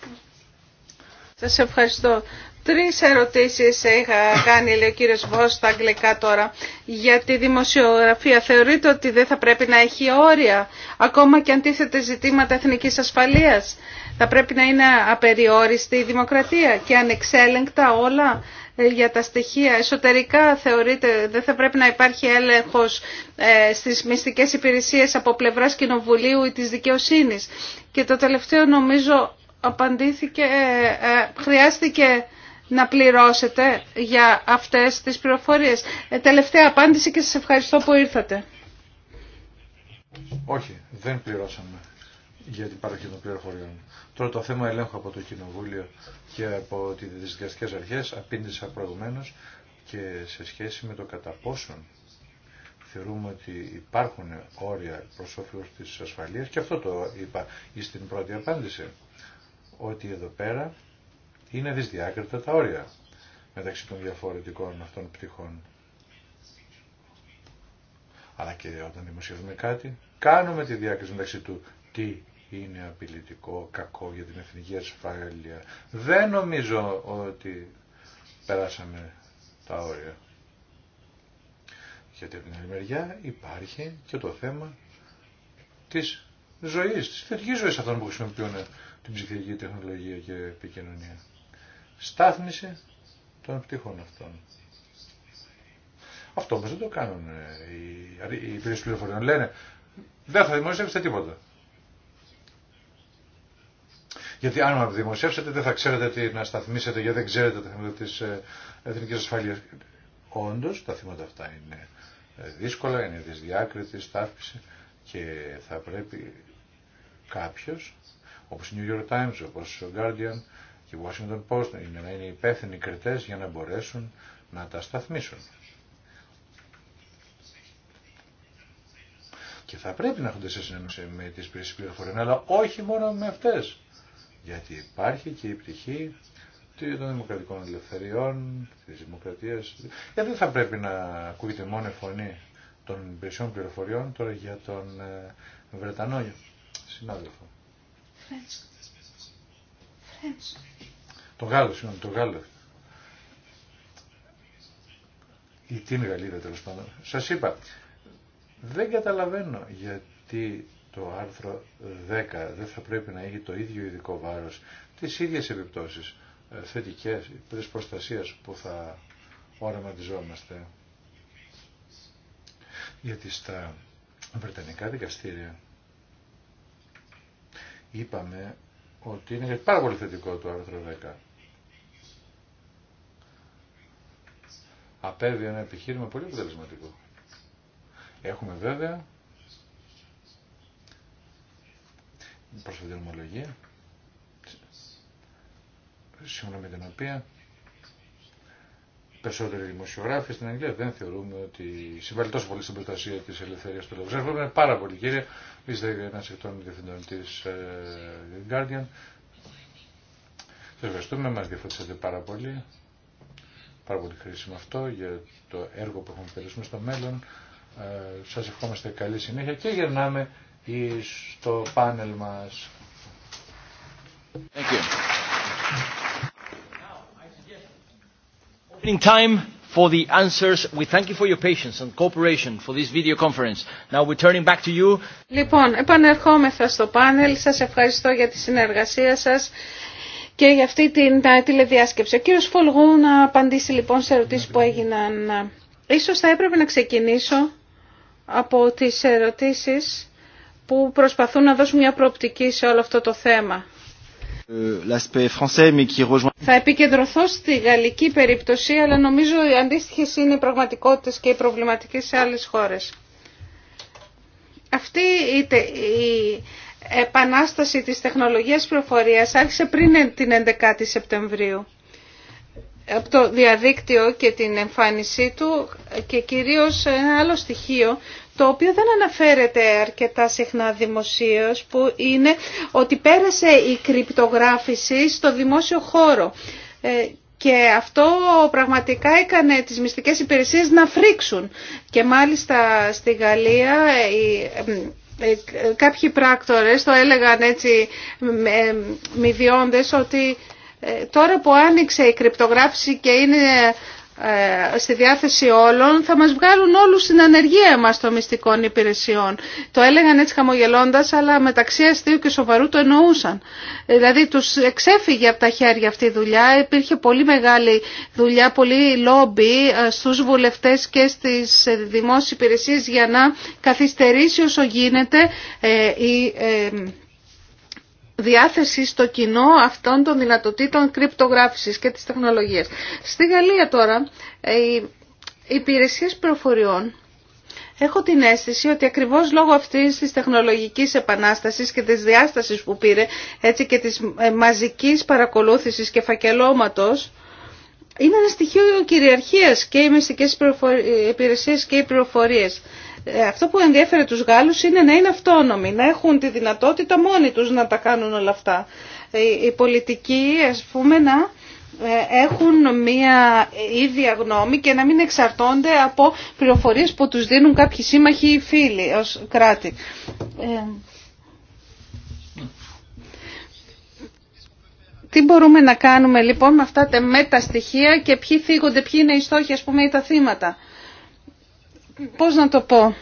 Σα ευχαριστώ. Τρει ερωτήσει είχα κάνει, λέει ο κύριο Βό, στα αγγλικά τώρα. Για τη δημοσιογραφία θεωρείτε ότι δεν θα πρέπει να έχει όρια, ακόμα και αν ζητήματα εθνική ασφαλείας. Θα πρέπει να είναι απεριόριστη η δημοκρατία και ανεξέλεγκτα όλα για τα στοιχεία. Εσωτερικά θεωρείτε δεν θα πρέπει να υπάρχει έλεγχος ε, στις μυστικές υπηρεσίες από πλευράς κοινοβουλίου ή της δικαιοσύνης. Και το τελευταίο νομίζω απαντήθηκε, ε, ε, χρειάστηκε να πληρώσετε για αυτές τις πληροφορίες. τελευταία απάντηση και σας ευχαριστώ που ήρθατε. Όχι, δεν πληρώσαμε για την παροχή των πληροφοριών. Τώρα το θέμα ελέγχου από το Κοινοβούλιο και από τις δικαστικές αρχές απήντησα προηγουμένως και σε σχέση με το κατά πόσον θεωρούμε ότι υπάρχουν όρια προς όφελος της ασφαλείας και αυτό το είπα στην πρώτη απάντηση ότι εδώ πέρα είναι δυσδιάκριτα τα όρια μεταξύ των διαφορετικών αυτών πτυχών. Αλλά και όταν δημοσιεύουμε κάτι, κάνουμε τη διάκριση μεταξύ του τι είναι απειλητικό, κακό για την εθνική ασφάλεια. Δεν νομίζω ότι περάσαμε τα όρια. Γιατί από την άλλη μεριά υπάρχει και το θέμα της ζωής, της θετικής ζωής αυτών που χρησιμοποιούν την ψηφιακή τεχνολογία και επικοινωνία. Στάθμιση των πτυχών αυτών. Αυτό όμως δεν το κάνουν οι, οι υπηρεσίες πληροφοριών. Λένε δεν θα δημοσιεύσετε τίποτα. Γιατί αν δημοσιεύσετε δεν θα ξέρετε τι να σταθμίσετε γιατί δεν ξέρετε τα θέματα της ε, εθνικής ασφαλείας. Όντως τα θέματα αυτά είναι ε, δύσκολα, είναι δυσδιάκριτη, στάφηση και θα πρέπει κάποιος, όπως η New York Times, όπως ο Guardian και η Washington Post, είναι να είναι υπεύθυνοι κριτές για να μπορέσουν να τα σταθμίσουν. Και θα πρέπει να έχουν σε συνέντευξη με τις υπηρεσίες πληροφοριών, αλλά όχι μόνο με αυτές. Γιατί υπάρχει και η πτυχή των δημοκρατικών ελευθεριών, της δημοκρατίας. Γιατί ε, δεν θα πρέπει να ακούγεται μόνο φωνή των υπηρεσιών πληροφοριών τώρα για τον ε, Βρετανό συνάδελφο. Τον Γάλλο, συγγνώμη, τον Γάλλο. Ή την Γαλλίδα τέλο πάντων. Σας είπα, δεν καταλαβαίνω γιατί το άρθρο 10 δεν θα πρέπει να έχει το ίδιο ειδικό βάρος, τις ίδιες επιπτώσεις ε, θετικές, της προστασίας που θα οραματιζόμαστε. Γιατί στα Βρετανικά δικαστήρια είπαμε ότι είναι πάρα πολύ θετικό το άρθρο 10. Απέβει ένα επιχείρημα πολύ αποτελεσματικό. Έχουμε βέβαια προς σύμφωνα με την οποία περισσότεροι δημοσιογράφοι στην Αγγλία δεν θεωρούμε ότι συμβαίνει τόσο πολύ στην προστασία τη ελευθερία του λόγου. Σα πάρα πολύ, κύριε. Είστε ένα εκ των διευθυντών τη ε, Guardian. Σα ευχαριστούμε, μα διαφωτίσατε πάρα πολύ. Πάρα πολύ χρήσιμο αυτό για το έργο που έχουμε περίσουμε στο μέλλον. Ε, Σα ευχόμαστε καλή συνέχεια και γυρνάμε ή στο πάνελ μας. Thank you. Opening time for the answers, we thank you for your patience and cooperation for this video conference. Now we're turning back to you. Λοιπόν, επανερχόμεθα στο πάνελ. Σας ευχαριστώ για τη συνεργασία σας και για αυτή την τηλεδιάσκεψη. Ο κύριος Φολγού να απαντήσει λοιπόν σε ερωτήσεις που έγιναν. Ίσως θα έπρεπε να ξεκινήσω από τις ερωτήσεις που προσπαθούν να δώσουν μια προοπτική σε όλο αυτό το θέμα. Ε, Θα επικεντρωθώ στη γαλλική περίπτωση, αλλά νομίζω οι αντίστοιχε είναι οι πραγματικότητε και οι προβληματικέ σε άλλε χώρε. Αυτή η επανάσταση τη τεχνολογία προφορίας άρχισε πριν την 11η Σεπτεμβρίου από το διαδίκτυο και την εμφάνισή του και κυρίως ένα άλλο στοιχείο το οποίο δεν αναφέρεται αρκετά συχνά δημοσίως, που είναι ότι πέρασε η κρυπτογράφηση στο δημόσιο χώρο. Ε, και αυτό πραγματικά έκανε τις μυστικές υπηρεσίες να φρίξουν. Και μάλιστα στη Γαλλία ε, ε, κάποιοι πράκτορες το έλεγαν έτσι μηδιώντες ότι τώρα που άνοιξε η κρυπτογράφηση και είναι ε, στη διάθεση όλων θα μας βγάλουν όλους στην ανεργία μας των μυστικών υπηρεσιών. Το έλεγαν έτσι χαμογελώντας αλλά μεταξύ αστείου και σοβαρού το εννοούσαν. Δηλαδή τους εξέφυγε από τα χέρια αυτή η δουλειά. Υπήρχε πολύ μεγάλη δουλειά, πολύ λόμπι ε, στους βουλευτές και στις δημόσιες υπηρεσίες για να καθυστερήσει όσο γίνεται ε, η διάθεση στο κοινό αυτών των δυνατοτήτων κρυπτογράφησης και της τεχνολογίας. Στη Γαλλία τώρα, ε, οι υπηρεσίες πληροφοριών Έχω την αίσθηση ότι ακριβώς λόγω αυτής της τεχνολογικής επανάστασης και της διάστασης που πήρε, έτσι και της ε, μαζικής παρακολούθησης και φακελώματος, είναι ένα στοιχείο κυριαρχίας και οι μυστικές ε, υπηρεσίες και οι πληροφορίε. Ε, αυτό που ενδιέφερε τους Γάλλους είναι να είναι αυτόνομοι, να έχουν τη δυνατότητα μόνοι τους να τα κάνουν όλα αυτά. Ε, οι πολιτικοί, ας πούμε, να ε, έχουν μία ίδια γνώμη και να μην εξαρτώνται από πληροφορίες που τους δίνουν κάποιοι σύμμαχοι ή φίλοι ως κράτη. Τι μπορούμε να κάνουμε λοιπόν με αυτά τα μεταστοιχεία και ποιοι φύγονται, ποιοι είναι οι στόχοι ας πούμε ή τα θύματα πώς να το πω,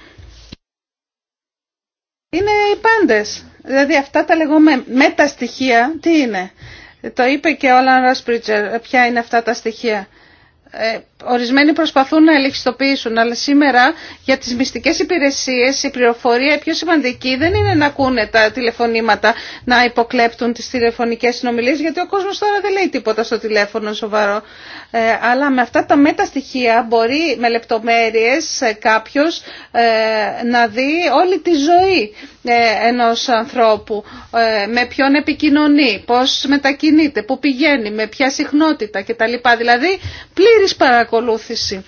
είναι οι πάντες. Δηλαδή αυτά τα λεγόμενα στοιχεία, τι είναι. Το είπε και ο Λαν Ρασπρίτσερ, ποια είναι αυτά τα στοιχεία. Ε, Ορισμένοι προσπαθούν να ελεγχιστοποιήσουν, αλλά σήμερα για τις μυστικές υπηρεσίες η πληροφορία η πιο σημαντική δεν είναι να ακούνε τα τηλεφωνήματα, να υποκλέπτουν τις τηλεφωνικές συνομιλίες, γιατί ο κόσμος τώρα δεν λέει τίποτα στο τηλέφωνο σοβαρό. Ε, αλλά με αυτά τα μεταστοιχεία μπορεί με λεπτομέρειες ε, κάποιος ε, να δει όλη τη ζωή ε, ενός ανθρώπου, ε, με ποιον επικοινωνεί, πώς μετακινείται, πού πηγαίνει, με ποια συχνότητα κτλ. Δηλαδή πλήρης παρακολουθία παρακολούθηση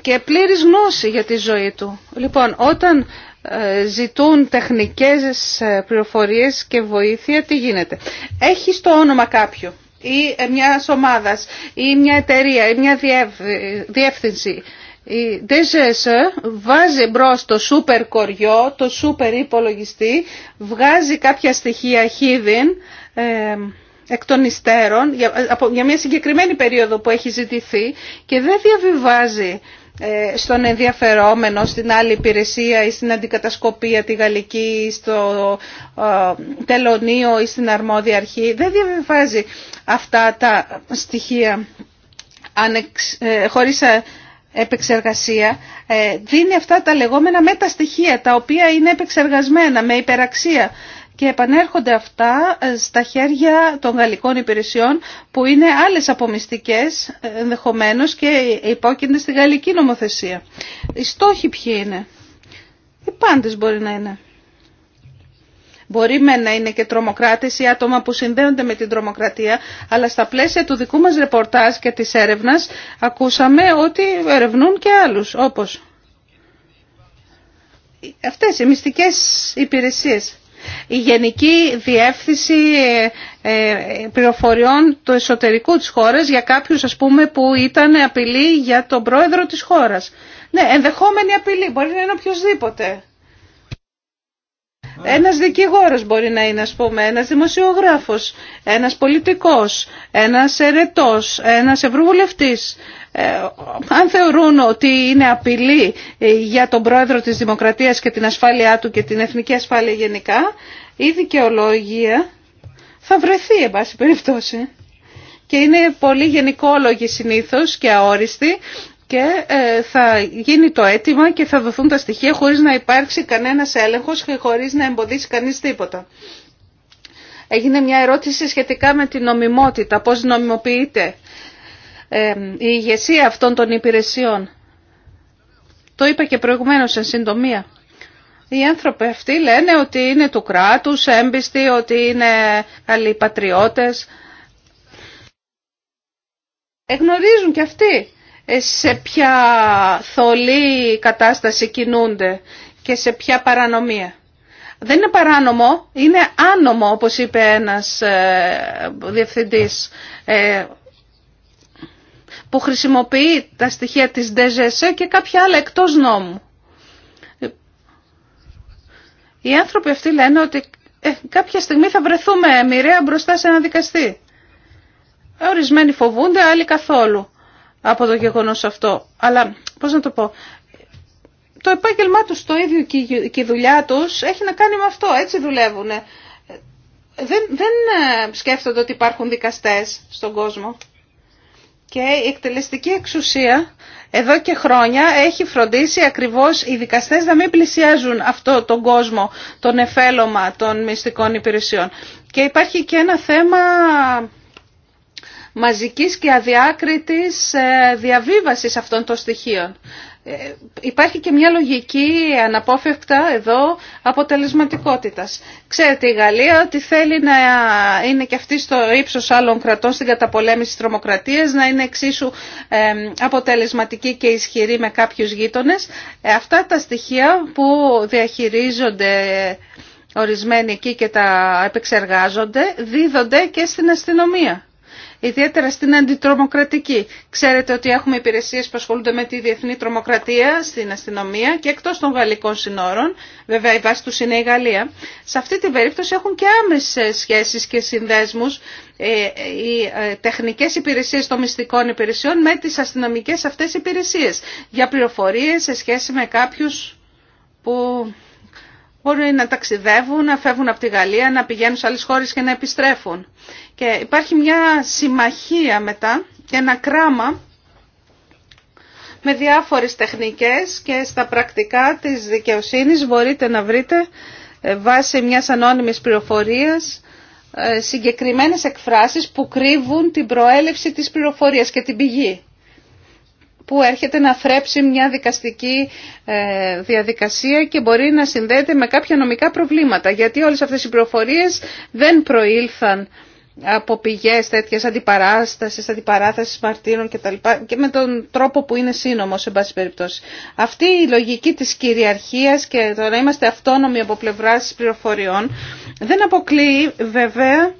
και πλήρης γνώση για τη ζωή του. Λοιπόν, όταν ε, ζητούν τεχνικές ε, πληροφορίες και βοήθεια, τι γίνεται. Έχει το όνομα κάποιου ή ε, μια ομάδα ή μια εταιρεία ή μια διεύθυνση. Η DGS βάζει μπρο το σούπερ κοριό, το σούπερ υπολογιστή, βγάζει κάποια στοιχεία χίδιν, εκ των υστέρων για μια συγκεκριμένη περίοδο που έχει ζητηθεί και δεν διαβιβάζει ε, στον ενδιαφερόμενο, στην άλλη υπηρεσία ή στην αντικατασκοπία, τη γαλλική στο ε, τελωνίο ή στην αρμόδια αρχή. Δεν διαβιβάζει αυτά τα στοιχεία ε, χωρίς επεξεργασία. Δίνει αυτά τα λεγόμενα μεταστοιχεία, τα οποία είναι επεξεργασμένα με υπεραξία και επανέρχονται αυτά ε, στα χέρια των γαλλικών υπηρεσιών που είναι άλλες απομυστικές ε, ενδεχομένω και υπόκεινται στη γαλλική νομοθεσία. Οι στόχοι ποιοι είναι. Οι πάντες μπορεί να είναι. Μπορεί με να είναι και τρομοκράτες ή άτομα που συνδέονται με την τρομοκρατία, αλλά στα πλαίσια του δικού μας ρεπορτάζ και της έρευνας ακούσαμε ότι ερευνούν και άλλους, όπως αυτές οι μυστικές υπηρεσίες η Γενική Διεύθυνση ε, ε, Πληροφοριών του εσωτερικού της χώρας για κάποιους ας πούμε που ήταν απειλή για τον πρόεδρο της χώρας. Ναι, ενδεχόμενη απειλή, μπορεί να είναι οποιοδήποτε. Ε. Ένας δικηγόρος μπορεί να είναι, ας πούμε, ένας δημοσιογράφος, ένας πολιτικός, ένας ερετός, ένας ευρωβουλευτής. Ε, αν θεωρούν ότι είναι απειλή ε, για τον πρόεδρο της Δημοκρατίας και την ασφάλειά του και την εθνική ασφάλεια γενικά, η δικαιολόγια θα βρεθεί, εν πάση περιπτώσει. Και είναι πολύ γενικόλογοι συνήθως και αόριστη, και ε, θα γίνει το αίτημα και θα δοθούν τα στοιχεία χωρίς να υπάρξει κανένας έλεγχος και χωρίς να εμποδίσει κανείς τίποτα. Έγινε μια ερώτηση σχετικά με την νομιμότητα, πώς νομιμοποιείται ε, η ηγεσία αυτών των υπηρεσιών. Το είπα και προηγουμένως σε συντομία. Οι άνθρωποι αυτοί λένε ότι είναι του κράτους, έμπιστοι, ότι είναι καλοί πατριώτες. Εγνωρίζουν και αυτοί ε, σε ποια θολή κατάσταση κινούνται και σε ποια παρανομία. Δεν είναι παράνομο, είναι άνομο όπως είπε ένας ε, διευθυντής ε, που χρησιμοποιεί τα στοιχεία της ΔΕΖΕΣΕ και κάποια άλλα εκτός νόμου. Οι άνθρωποι αυτοί λένε ότι κάποια στιγμή θα βρεθούμε μοιραία μπροστά σε ένα δικαστή. Ορισμένοι φοβούνται, άλλοι καθόλου από το γεγονός αυτό. Αλλά πώς να το πω, το επάγγελμά τους το ίδιο και η δουλειά τους έχει να κάνει με αυτό, έτσι δουλεύουν. Δεν, δεν ε, σκέφτονται ότι υπάρχουν δικαστές στον κόσμο. Και η εκτελεστική εξουσία εδώ και χρόνια έχει φροντίσει ακριβώς οι δικαστές να μην πλησιάζουν αυτό τον κόσμο, τον εφέλωμα των μυστικών υπηρεσιών. Και υπάρχει και ένα θέμα μαζικής και αδιάκριτης ε, διαβίβασης αυτών των στοιχείων. Ε, υπάρχει και μια λογική αναπόφευκτα εδώ αποτελεσματικότητας. Ξέρετε η Γαλλία ότι θέλει να είναι και αυτή στο ύψος άλλων κρατών στην καταπολέμηση της τρομοκρατίας, να είναι εξίσου ε, αποτελεσματική και ισχυρή με κάποιους γείτονες. Αυτά τα στοιχεία που διαχειρίζονται ορισμένοι εκεί και τα επεξεργάζονται δίδονται και στην αστυνομία ιδιαίτερα στην αντιτρομοκρατική. Ξέρετε ότι έχουμε υπηρεσίες που ασχολούνται με τη διεθνή τρομοκρατία στην αστυνομία και εκτός των γαλλικών συνόρων, βέβαια η βάση του είναι η Γαλλία. Σε αυτή την περίπτωση έχουν και άμεσες σχέσεις και συνδέσμους ε, οι ε, τεχνικές υπηρεσίες των μυστικών υπηρεσιών με τις αστυνομικέ αυτέ υπηρεσίε, για πληροφορίε σε σχέση με κάποιου που μπορούν να ταξιδεύουν, να φεύγουν από τη Γαλλία, να πηγαίνουν σε άλλες χώρες και να επιστρέφουν. Και υπάρχει μια συμμαχία μετά και ένα κράμα με διάφορες τεχνικές και στα πρακτικά της δικαιοσύνης μπορείτε να βρείτε ε, βάσει μια ανώνυμης πληροφορίας ε, συγκεκριμένες εκφράσεις που κρύβουν την προέλευση της πληροφορίας και την πηγή που έρχεται να θρέψει μια δικαστική ε, διαδικασία και μπορεί να συνδέεται με κάποια νομικά προβλήματα. Γιατί όλες αυτές οι πληροφορίες δεν προήλθαν από πηγές τέτοιες αντιπαράστασης, αντιπαράθεσης μαρτύρων κτλ. και με τον τρόπο που είναι σύνομος σε πάση περιπτώσει. Αυτή η λογική της κυριαρχίας και το να είμαστε αυτόνομοι από πλευράς πληροφοριών δεν αποκλείει βέβαια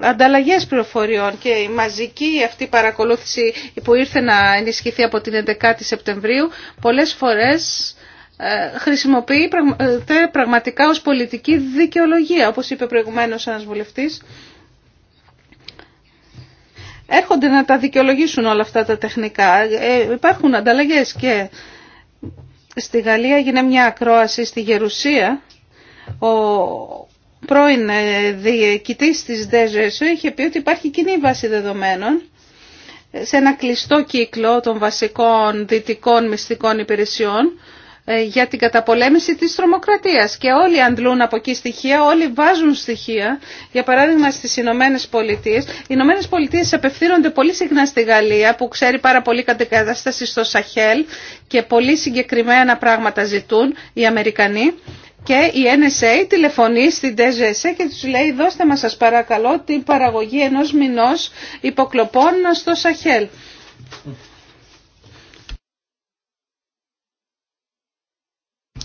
Ανταλλαγέ πληροφοριών και η μαζική αυτή παρακολούθηση που ήρθε να ενισχυθεί από την 11η Σεπτεμβρίου πολλές φορές ε, χρησιμοποιείται ε, πραγματικά ως πολιτική δικαιολογία, όπως είπε προηγουμένως ένας βουλευτής. Έρχονται να τα δικαιολογήσουν όλα αυτά τα τεχνικά. Ε, υπάρχουν ανταλλαγές και στη Γαλλία έγινε μια ακρόαση στη Γερουσία. Ο πρώην ε, διοικητή της ΔΕΖΕΣΟ είχε πει ότι υπάρχει κοινή βάση δεδομένων σε ένα κλειστό κύκλο των βασικών δυτικών μυστικών υπηρεσιών ε, για την καταπολέμηση της τρομοκρατίας και όλοι αντλούν από εκεί στοιχεία, όλοι βάζουν στοιχεία. Για παράδειγμα στις Ηνωμένε Πολιτείε. Οι Ηνωμένε Πολιτείε απευθύνονται πολύ συχνά στη Γαλλία που ξέρει πάρα πολύ κατεκάτασταση στο Σαχέλ και πολύ συγκεκριμένα πράγματα ζητούν οι Αμερικανοί. Και η NSA τηλεφωνεί στην DGSE και τους λέει δώστε μας σας παρακαλώ την παραγωγή ενός μηνός υποκλοπών στο Σαχέλ.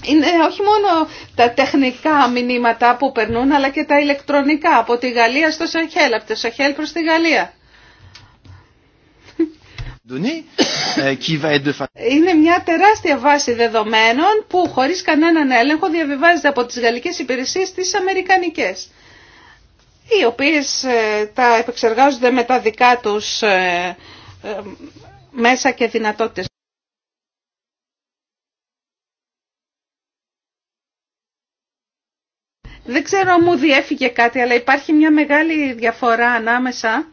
είναι όχι μόνο τα τεχνικά μηνύματα που περνούν, αλλά και τα ηλεκτρονικά από τη Γαλλία στο Σαχέλ, από το Σαχέλ προς τη Γαλλία. Euh, είναι μια τεράστια βάση δεδομένων που χωρίς κανέναν έλεγχο διαβιβάζεται από τις γαλλικές υπηρεσίες τις αμερικανικές οι οποίες ε, τα επεξεργάζονται με τα δικά τους ε, ε, μέσα και δυνατότητες. Δεν ξέρω αν μου διέφυγε κάτι, αλλά υπάρχει μια μεγάλη διαφορά ανάμεσα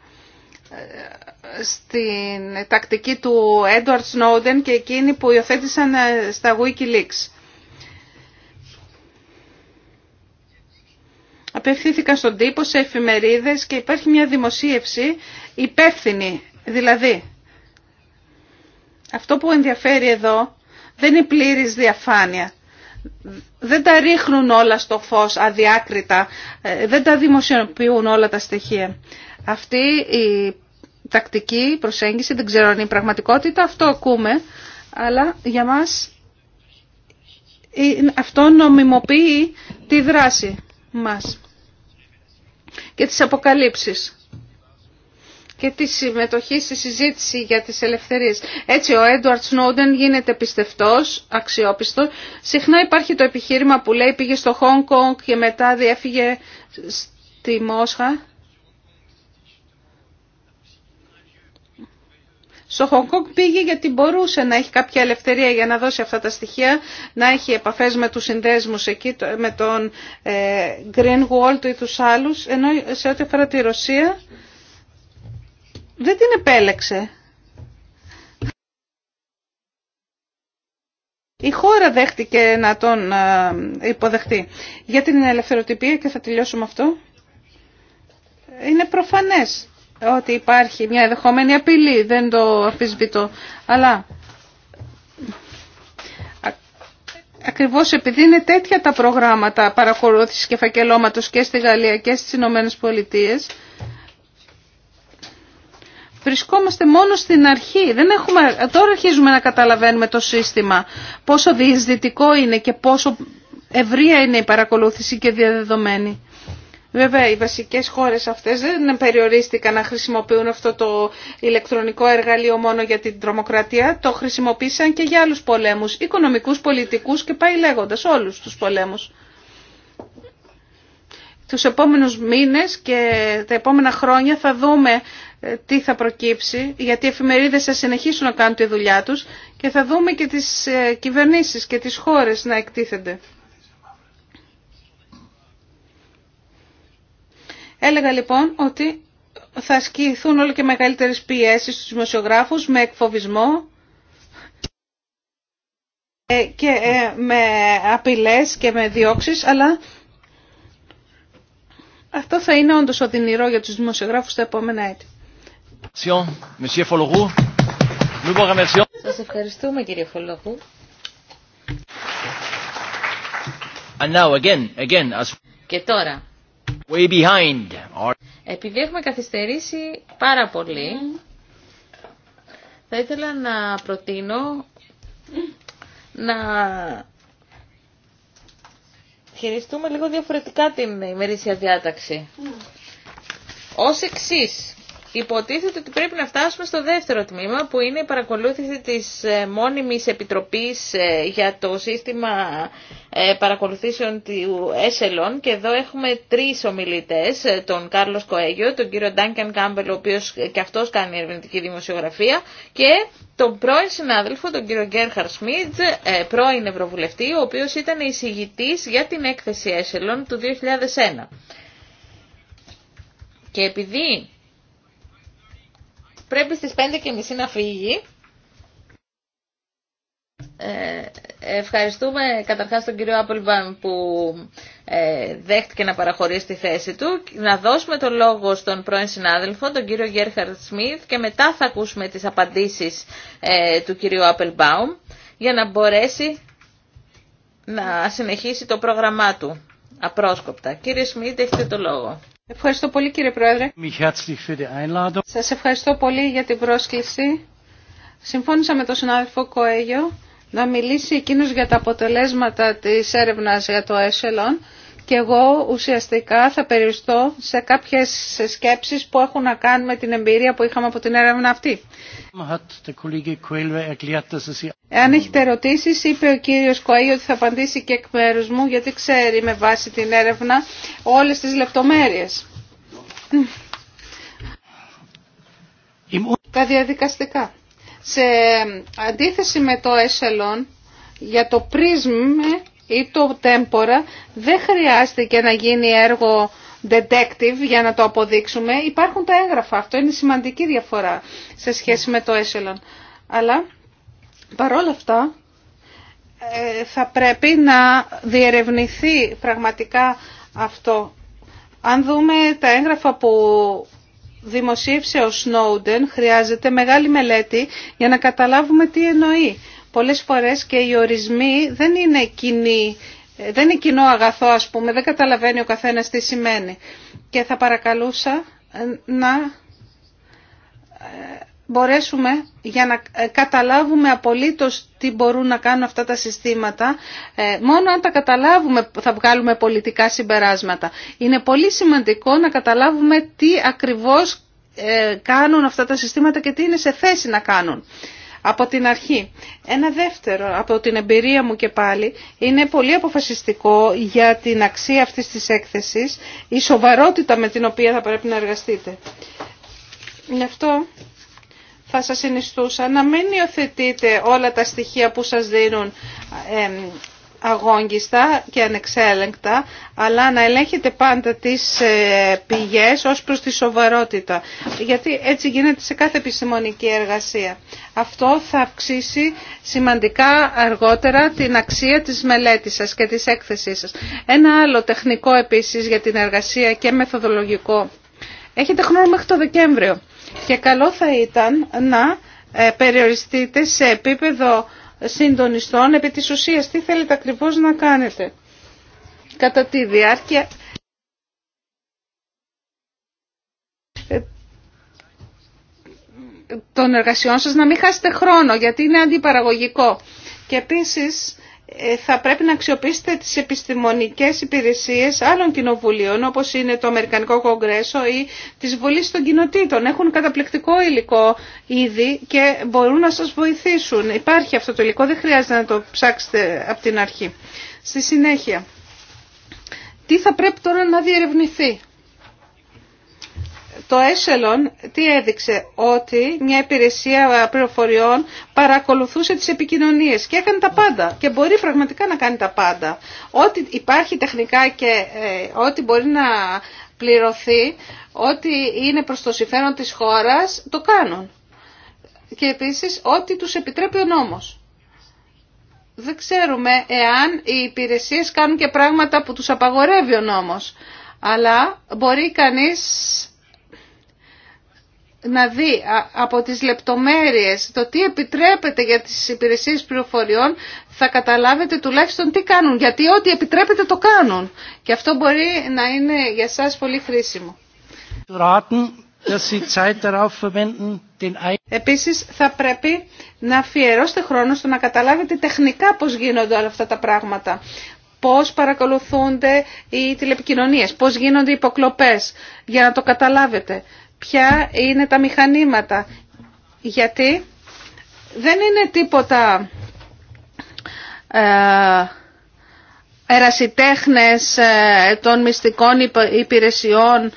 ε, στην τακτική του Edward Snowden και εκείνη που υιοθέτησαν ε, στα Wikileaks. Απευθύθηκα στον τύπο, σε εφημερίδες και υπάρχει μια δημοσίευση υπεύθυνη. Δηλαδή, αυτό που ενδιαφέρει εδώ δεν είναι πλήρης διαφάνεια δεν τα ρίχνουν όλα στο φως αδιάκριτα, ε, δεν τα δημοσιοποιούν όλα τα στοιχεία. Αυτή η τακτική προσέγγιση, δεν ξέρω αν είναι πραγματικότητα, αυτό ακούμε, αλλά για μας αυτό νομιμοποιεί τη δράση μας και τις αποκαλύψεις και τη συμμετοχή στη συζήτηση για τις ελευθερίες. Έτσι ο Έντουαρτ Σνόντεν γίνεται πιστευτός, αξιόπιστο. Συχνά υπάρχει το επιχείρημα που λέει πήγε στο Χονγκ Κονγκ και μετά διέφυγε στη Μόσχα. Στο Χονγκ Κονγκ πήγε γιατί μπορούσε να έχει κάποια ελευθερία για να δώσει αυτά τα στοιχεία, να έχει επαφές με τους συνδέσμους εκεί, με τον ε, Green Wall ή τους άλλους, ενώ σε ό,τι αφορά τη Ρωσία δεν την επέλεξε. Η χώρα δέχτηκε να τον ε, υποδεχτεί. Για την ελευθεροτυπία και θα τελειώσουμε αυτό. Είναι προφανές ότι υπάρχει μια ενδεχόμενη απειλή, δεν το αφισβητώ. Αλλά ακριβώς επειδή είναι τέτοια τα προγράμματα παρακολούθησης και φακελώματος και στη Γαλλία και στις Ηνωμένε Πολιτείες, βρισκόμαστε μόνο στην αρχή. Δεν έχουμε, τώρα αρχίζουμε να καταλαβαίνουμε το σύστημα, πόσο διεισδυτικό είναι και πόσο ευρεία είναι η παρακολούθηση και διαδεδομένη. Βέβαια, οι βασικές χώρες αυτές δεν περιορίστηκαν να χρησιμοποιούν αυτό το ηλεκτρονικό εργαλείο μόνο για την τρομοκρατία. Το χρησιμοποίησαν και για άλλους πολέμους, οικονομικούς, πολιτικούς και πάει λέγοντας όλους τους πολέμους. Τους επόμενους μήνες και τα επόμενα χρόνια θα δούμε ε, τι θα προκύψει, γιατί οι εφημερίδες θα συνεχίσουν να κάνουν τη δουλειά τους και θα δούμε και τις ε, κυβερνήσεις και τις χώρες να εκτίθενται. Έλεγα λοιπόν ότι θα ασκηθούν όλο και μεγαλύτερες πιέσεις στους δημοσιογράφους με εκφοβισμό ε, και με απειλές και με διώξεις, αλλά αυτό θα είναι όντως οδυνηρό για τους δημοσιογράφους τα επόμενα έτη. Σας ευχαριστούμε κύριε Φολογού. And now again, again, as... Και τώρα, way behind επειδή έχουμε καθυστερήσει πάρα πολύ, θα ήθελα να προτείνω να χειριστούμε λίγο διαφορετικά την ημερήσια διάταξη. Mm. Ως εξής, Υποτίθεται ότι πρέπει να φτάσουμε στο δεύτερο τμήμα που είναι η παρακολούθηση της ε, μόνιμης επιτροπής ε, για το σύστημα ε, παρακολουθήσεων του ΕΣΕΛΟΝ και εδώ έχουμε τρεις ομιλητές, τον Κάρλος Κοέγιο, τον κύριο Ντάνκιαν Κάμπελ ο οποίος και αυτός κάνει ερευνητική δημοσιογραφία και τον πρώην συνάδελφο, τον κύριο Γκέρχαρ Σμίτζ, πρώην Ευρωβουλευτή, ο οποίος ήταν εισηγητής για την έκθεση ΕΣΕΛΟΝ του 2001. Και επειδή πρέπει στις 5.30 να φύγει. Ε, ευχαριστούμε καταρχάς τον κύριο Applebaum που ε, δέχτηκε να παραχωρήσει τη θέση του. Να δώσουμε το λόγο στον πρώην συνάδελφο, τον κύριο Γέρχαρτ Σμιθ και μετά θα ακούσουμε τις απαντήσεις ε, του κυρίου Applebaum για να μπορέσει να συνεχίσει το πρόγραμμά του απρόσκοπτα. Κύριε Σμιθ, έχετε το λόγο. Ευχαριστώ πολύ κύριε Πρόεδρε. Σας ευχαριστώ πολύ για την πρόσκληση. Συμφώνησα με τον συνάδελφο Κοέγιο να μιλήσει εκείνος για τα αποτελέσματα της έρευνας για το ΕΣΕΛΟΝ και εγώ ουσιαστικά θα περιοριστώ σε κάποιες σκέψεις που έχουν να κάνουν με την εμπειρία που είχαμε από την έρευνα αυτή. Εάν έχετε ερωτήσει, είπε ο κύριος Κοαΐ ότι θα απαντήσει και εκ μέρου μου, γιατί ξέρει με βάση την έρευνα όλες τις λεπτομέρειες. Τα διαδικαστικά. Σε αντίθεση με το έσελον, για το πρίσμ ή το τέμπορα δεν χρειάστηκε να γίνει έργο detective για να το αποδείξουμε. Υπάρχουν τα έγγραφα. Αυτό είναι σημαντική διαφορά σε σχέση με το έσελον. Αλλά παρόλα αυτά ε, θα πρέπει να διερευνηθεί πραγματικά αυτό. Αν δούμε τα έγγραφα που δημοσίευσε ο Σνόουντεν, χρειάζεται μεγάλη μελέτη για να καταλάβουμε τι εννοεί πολλές φορές και οι ορισμοί δεν είναι κοινοί, δεν είναι κοινό αγαθό ας πούμε, δεν καταλαβαίνει ο καθένας τι σημαίνει. Και θα παρακαλούσα ε, να ε, μπορέσουμε για να ε, καταλάβουμε απολύτως τι μπορούν να κάνουν αυτά τα συστήματα, μόνο αν τα καταλάβουμε θα βγάλουμε πολιτικά συμπεράσματα. Είναι πολύ σημαντικό να καταλάβουμε τι ακριβώς κάνουν αυτά τα συστήματα και τι είναι σε θέση να κάνουν από την αρχή. Ένα δεύτερο, από την εμπειρία μου και πάλι, είναι πολύ αποφασιστικό για την αξία αυτής της έκθεσης, η σοβαρότητα με την οποία θα πρέπει να εργαστείτε. Γι' αυτό θα σας συνιστούσα να μην υιοθετείτε όλα τα στοιχεία που σας δίνουν αγόγγιστα και ανεξέλεγκτα, αλλά να ελέγχετε πάντα τις ε, πηγές ως προς τη σοβαρότητα. Γιατί έτσι γίνεται σε κάθε επιστημονική εργασία. Αυτό θα αυξήσει σημαντικά αργότερα την αξία της μελέτης σας και της έκθεσής σας. Ένα άλλο τεχνικό επίσης για την εργασία και μεθοδολογικό. Έχετε χρόνο μέχρι το Δεκέμβριο και καλό θα ήταν να ε, περιοριστείτε σε επίπεδο συντονιστών επί της ουσίας τι θέλετε ακριβώς να κάνετε κατά τη διάρκεια των εργασιών σας να μην χάσετε χρόνο γιατί είναι αντιπαραγωγικό. Και επίσης ε, θα πρέπει να αξιοποιήσετε τις επιστημονικές υπηρεσίες άλλων κοινοβουλίων όπως είναι το Αμερικανικό Κογκρέσο ή της Βουλής των Κοινοτήτων. Έχουν καταπληκτικό υλικό ήδη και μπορούν να σας βοηθήσουν. Υπάρχει αυτό το υλικό, δεν χρειάζεται να το ψάξετε από την αρχή. Στη συνέχεια, τι θα πρέπει τώρα να διερευνηθεί. Το ΕΣΕΛΟΝ, τι έδειξε, ότι μια υπηρεσία πληροφοριών παρακολουθούσε τις επικοινωνίες και έκανε τα πάντα και μπορεί πραγματικά να κάνει τα πάντα. Ό,τι υπάρχει τεχνικά και ε, ό,τι μπορεί να πληρωθεί, ό,τι είναι προς το συμφέρον της χώρας, το κάνουν. Και επίσης ό,τι τους επιτρέπει ο νόμος. Δεν ξέρουμε εάν οι υπηρεσίες κάνουν και πράγματα που τους απαγορεύει ο νόμος. Αλλά μπορεί κανείς να δει από τις λεπτομέρειες το τι επιτρέπεται για τις υπηρεσίες πληροφοριών θα καταλάβετε τουλάχιστον τι κάνουν, γιατί ό,τι επιτρέπεται το κάνουν. Και αυτό μπορεί να είναι για σας πολύ χρήσιμο. Επίσης θα πρέπει να αφιερώσετε χρόνο στο να καταλάβετε τεχνικά πώς γίνονται όλα αυτά τα πράγματα. Πώς παρακολουθούνται οι τηλεπικοινωνίες, πώς γίνονται οι υποκλοπές, για να το καταλάβετε ποια είναι τα μηχανήματα. Γιατί δεν είναι τίποτα ε, ερασιτέχνες ε, των μυστικών υπηρεσιών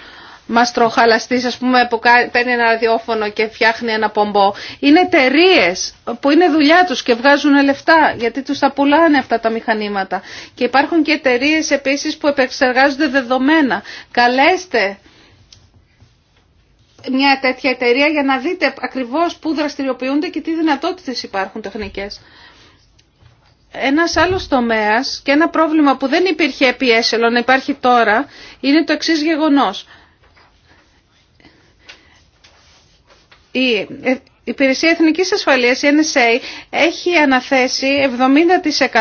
μαστροχαλαστής ας πούμε που παίρνει ένα ραδιόφωνο και φτιάχνει ένα πομπό. Είναι εταιρείε που είναι δουλειά τους και βγάζουν λεφτά γιατί τους τα πουλάνε αυτά τα μηχανήματα. Και υπάρχουν και εταιρείε επίσης που επεξεργάζονται δεδομένα. Καλέστε μια τέτοια εταιρεία για να δείτε ακριβώς πού δραστηριοποιούνται και τι δυνατότητες υπάρχουν τεχνικές. Ένας άλλος τομέας και ένα πρόβλημα που δεν υπήρχε επί έσελον, υπάρχει τώρα, είναι το εξής γεγονός. Η Υπηρεσία Εθνικής Ασφαλείας, η NSA, έχει αναθέσει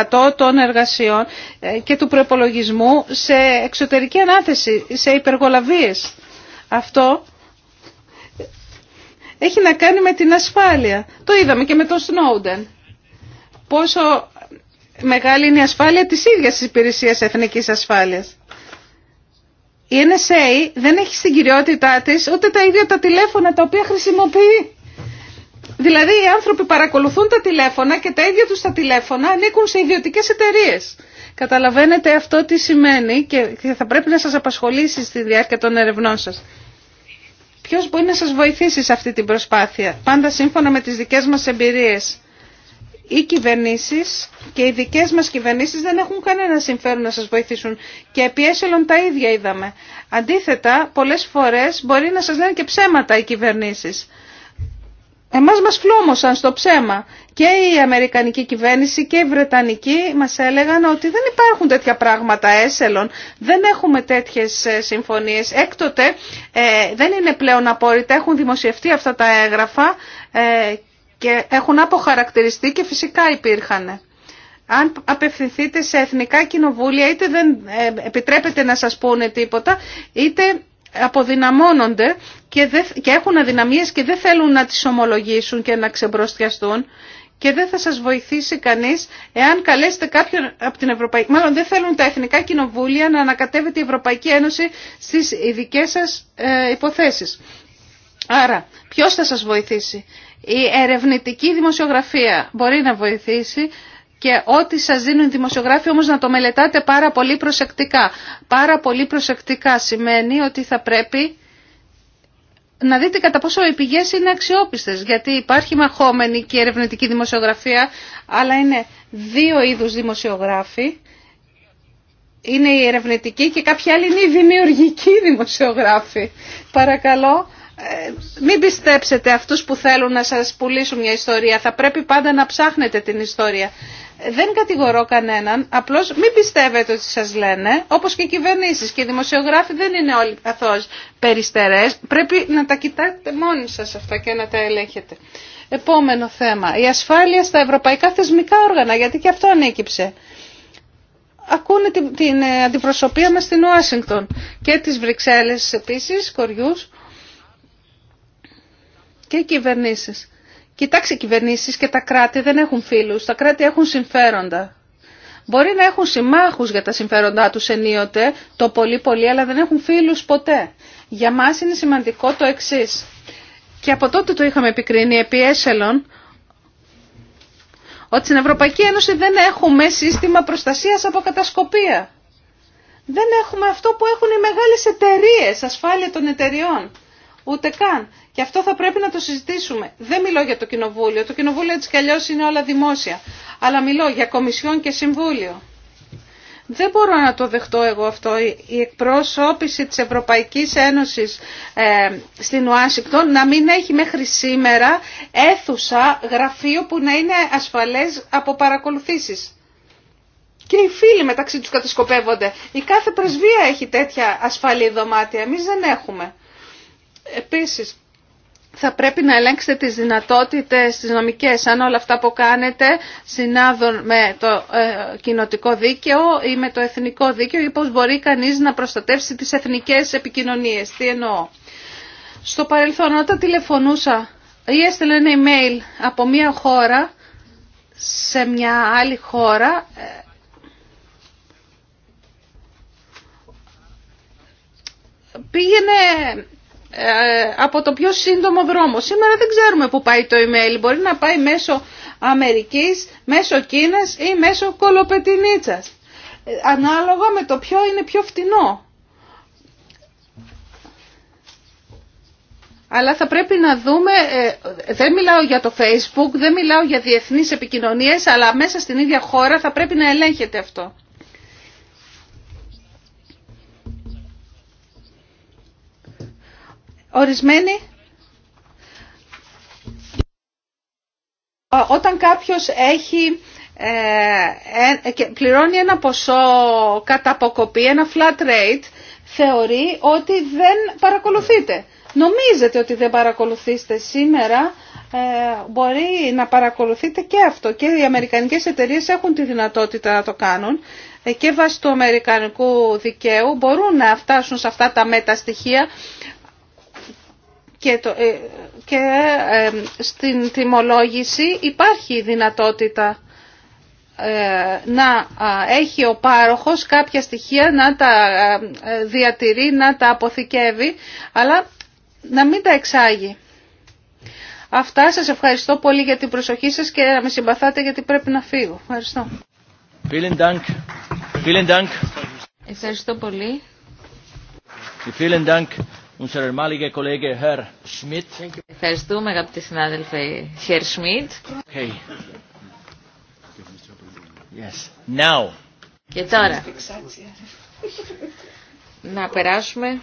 70% των εργασιών ε, και του προπολογισμού σε εξωτερική ανάθεση, σε υπεργολαβίες. Αυτό έχει να κάνει με την ασφάλεια. Το είδαμε και με τον Σνόουντεν. Πόσο μεγάλη είναι η ασφάλεια της ίδιας της υπηρεσίας εθνικής ασφάλειας. Η NSA δεν έχει στην κυριότητά της ούτε τα ίδια τα τηλέφωνα τα οποία χρησιμοποιεί. Δηλαδή οι άνθρωποι παρακολουθούν τα τηλέφωνα και τα ίδια τους τα τηλέφωνα ανήκουν σε ιδιωτικές εταιρείε. Καταλαβαίνετε αυτό τι σημαίνει και θα πρέπει να σας απασχολήσει στη διάρκεια των ερευνών σας. Ποιος μπορεί να σας βοηθήσει σε αυτή την προσπάθεια, πάντα σύμφωνα με τις δικές μας εμπειρίες. Οι κυβερνήσεις και οι δικές μας κυβερνήσεις δεν έχουν κανένα συμφέρον να σας βοηθήσουν και επί τα ίδια είδαμε. Αντίθετα, πολλές φορές μπορεί να σας λένε και ψέματα οι κυβερνήσεις. Εμάς μας φλόμωσαν στο ψέμα. Και η Αμερικανική κυβέρνηση και η Βρετανική μας έλεγαν ότι δεν υπάρχουν τέτοια πράγματα έσελων, δεν έχουμε τέτοιες ε, συμφωνίες. Έκτοτε ε, δεν είναι πλέον απόρριτα, έχουν δημοσιευτεί αυτά τα έγγραφα ε, και έχουν αποχαρακτηριστεί και φυσικά υπήρχαν. Αν απευθυνθείτε σε εθνικά κοινοβούλια είτε δεν επιτρέπετε να σας πούνε τίποτα, είτε αποδυναμώνονται και, και έχουν αδυναμίες και δεν θέλουν να τις ομολογήσουν και να ξεμπροστιαστούν και δεν θα σας βοηθήσει κανείς εάν καλέσετε κάποιον από την Ευρωπαϊκή... Μάλλον δεν θέλουν τα Εθνικά Κοινοβούλια να ανακατεύεται η Ευρωπαϊκή Ένωση στις ειδικέ σας ε, υποθέσεις. Άρα, ποιος θα σας βοηθήσει. Η ερευνητική δημοσιογραφία μπορεί να βοηθήσει και ό,τι σας δίνουν οι δημοσιογράφοι όμως να το μελετάτε πάρα πολύ προσεκτικά. Πάρα πολύ προσεκτικά σημαίνει ότι θα πρέπει να δείτε κατά πόσο οι πηγές είναι αξιόπιστες, γιατί υπάρχει μαχόμενη και ερευνητική δημοσιογραφία, αλλά είναι δύο είδους δημοσιογράφοι. Είναι η ερευνητική και κάποιοι άλλοι είναι οι δημιουργικοί δημοσιογράφοι. Παρακαλώ, ε, μην πιστέψετε αυτούς που θέλουν να σας πουλήσουν μια ιστορία. Θα πρέπει πάντα να ψάχνετε την ιστορία. Δεν κατηγορώ κανέναν, απλώς μην πιστεύετε ότι σας λένε, όπως και οι κυβερνήσεις και οι δημοσιογράφοι δεν είναι όλοι καθώ περιστερές. Πρέπει να τα κοιτάτε μόνοι σας αυτά και να τα ελέγχετε. Επόμενο θέμα, η ασφάλεια στα ευρωπαϊκά θεσμικά όργανα, γιατί και αυτό ανέκυψε. Ακούνε την, αντιπροσωπεία μας στην Ουάσιγκτον και τις Βρυξέλλες επίσης, κοριούς και κυβερνήσεις. Κοιτάξτε, κυβερνήσεις και τα κράτη δεν έχουν φίλους, τα κράτη έχουν συμφέροντα. Μπορεί να έχουν συμμάχους για τα συμφέροντά τους ενίοτε, το πολύ πολύ, αλλά δεν έχουν φίλους ποτέ. Για μας είναι σημαντικό το εξή. Και από τότε το είχαμε επικρίνει επί έσελον, ότι στην Ευρωπαϊκή Ένωση δεν έχουμε σύστημα προστασίας από κατασκοπία. Δεν έχουμε αυτό που έχουν οι μεγάλες εταιρείες, ασφάλεια των εταιριών. Ούτε καν. Και αυτό θα πρέπει να το συζητήσουμε. Δεν μιλώ για το Κοινοβούλιο. Το Κοινοβούλιο έτσι κι αλλιώς είναι όλα δημόσια. Αλλά μιλώ για Κομισιόν και Συμβούλιο. Δεν μπορώ να το δεχτώ εγώ αυτό. Η εκπρόσωπηση της Ευρωπαϊκής Ένωσης ε, στην Ουάσιγκτον να μην έχει μέχρι σήμερα αίθουσα, γραφείο που να είναι ασφαλές από παρακολουθήσεις. Και οι φίλοι μεταξύ τους κατασκοπεύονται. Η κάθε πρεσβεία έχει τέτοια ασφαλή δωμάτια. Εμείς δεν έχουμε. Επίσης, θα πρέπει να ελέγξετε τις δυνατότητες, τις νομικές, αν όλα αυτά που κάνετε συνάδουν με το ε, κοινοτικό δίκαιο ή με το εθνικό δίκαιο ή πώς μπορεί κανείς να προστατεύσει τις εθνικές επικοινωνίες. Τι εννοώ. Στο παρελθόν όταν τηλεφωνούσα ή έστειλε ένα email από μία χώρα σε μια άλλη χώρα, ε, πήγαινε ε, από το πιο σύντομο δρόμο. Σήμερα δεν ξέρουμε που πάει το email. Μπορεί να πάει μέσω Αμερικής, μέσω Κίνας ή μέσω Κολοπετινίτσας. Ε, ανάλογα με το ποιο είναι πιο φτηνό. Αλλά θα πρέπει να δούμε, ε, δεν μιλάω για το Facebook, δεν μιλάω για διεθνείς επικοινωνίες, αλλά μέσα στην ίδια χώρα θα πρέπει να ελέγχεται αυτό. Ορισμένοι όταν κάποιος έχει ε, ε, και πληρώνει ένα ποσό κατά αποκοπή, ένα flat rate, θεωρεί ότι δεν παρακολουθείτε. Νομίζετε ότι δεν παρακολουθείστε σήμερα, ε, μπορεί να παρακολουθείτε και αυτό και οι αμερικανικές εταιρείες έχουν τη δυνατότητα να το κάνουν και βάσει του αμερικανικού δικαίου μπορούν να φτάσουν σε αυτά τα μεταστοιχεία και, ε, ε, στην τιμολόγηση υπάρχει η δυνατότητα ε, να έχει ο πάροχος κάποια στοιχεία να τα διατηρεί, να τα αποθηκεύει, αλλά να μην τα εξάγει. Αυτά σας ευχαριστώ πολύ για την προσοχή σας και να με συμπαθάτε γιατί πρέπει να φύγω. Ευχαριστώ. Ευχαριστώ πολύ. Ευχαριστούμε αγαπητοί συνάδελφοι Χερ Σμιτ. Okay. Yes. Now. Και τώρα. να περάσουμε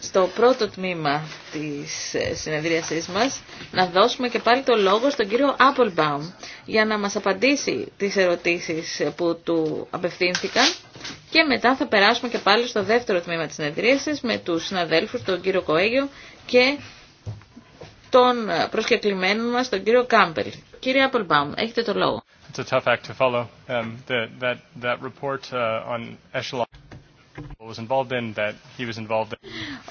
στο πρώτο τμήμα της ε, συνεδρίασής μας να δώσουμε και πάλι το λόγο στον κύριο Applebaum για να μας απαντήσει τις ερωτήσεις ε, που του απευθύνθηκαν και μετά θα περάσουμε και πάλι στο δεύτερο τμήμα της συνεδρίασης με τους συναδέλφους, τον κύριο Κοέγιο και τον ε, προσκεκλημένο μας, τον κύριο Κάμπελ. Κύριε Applebaum, έχετε το λόγο.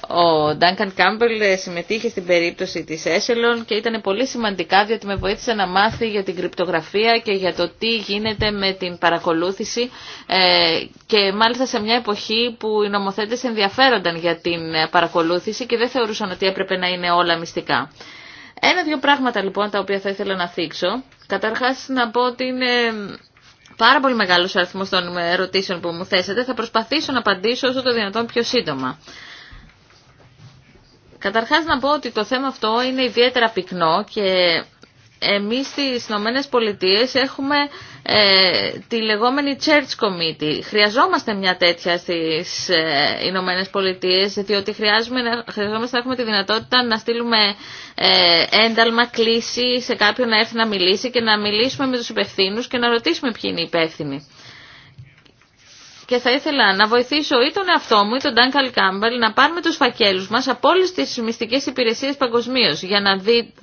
Ο Ντάνκαν Κάμπελ συμμετείχε στην περίπτωση της Έσελον και ήταν πολύ σημαντικά διότι με βοήθησε να μάθει για την κρυπτογραφία και για το τι γίνεται με την παρακολούθηση ε, και μάλιστα σε μια εποχή που οι νομοθέτες ενδιαφέρονταν για την παρακολούθηση και δεν θεωρούσαν ότι έπρεπε να είναι όλα μυστικά. Ένα-δύο πράγματα λοιπόν τα οποία θα ήθελα να θίξω. Καταρχάς να πω ότι είναι πάρα πολύ μεγάλος αριθμός των ερωτήσεων που μου θέσατε. Θα προσπαθήσω να απαντήσω όσο το δυνατόν πιο σύντομα. Καταρχάς να πω ότι το θέμα αυτό είναι ιδιαίτερα πυκνό και εμείς στις Ηνωμένε Πολιτείε έχουμε ε, τη λεγόμενη Church Committee. Χρειαζόμαστε μια τέτοια στις ε, Ηνωμένε Πολιτείε, διότι χρειαζόμαστε να έχουμε τη δυνατότητα να στείλουμε ε, ένταλμα, κλίση σε κάποιον να έρθει να μιλήσει και να μιλήσουμε με τους υπευθύνου και να ρωτήσουμε ποιοι είναι οι υπεύθυνοι και θα ήθελα να βοηθήσω ή τον εαυτό μου ή τον Ντάνκαλ Κάμπελ να πάρουμε τους φακέλους μας από όλες τις μυστικές υπηρεσίες παγκοσμίω για να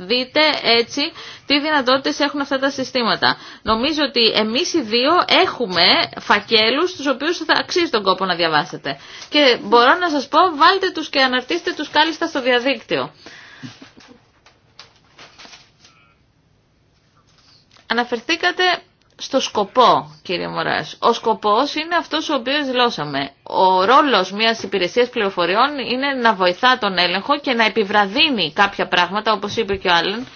δείτε έτσι τι δυνατότητες έχουν αυτά τα συστήματα. Νομίζω ότι εμείς οι δύο έχουμε φακέλους τους οποίους θα αξίζει τον κόπο να διαβάσετε. Και μπορώ να σας πω βάλτε τους και αναρτήστε τους κάλλιστα στο διαδίκτυο. Αναφερθήκατε στο σκοπό, κύριε Μωράς. Ο σκοπός είναι αυτός ο οποίος δηλώσαμε. Ο ρόλος μιας υπηρεσίας πληροφοριών είναι να βοηθά τον έλεγχο και να επιβραδύνει κάποια πράγματα, όπως είπε και ο Άλλεν,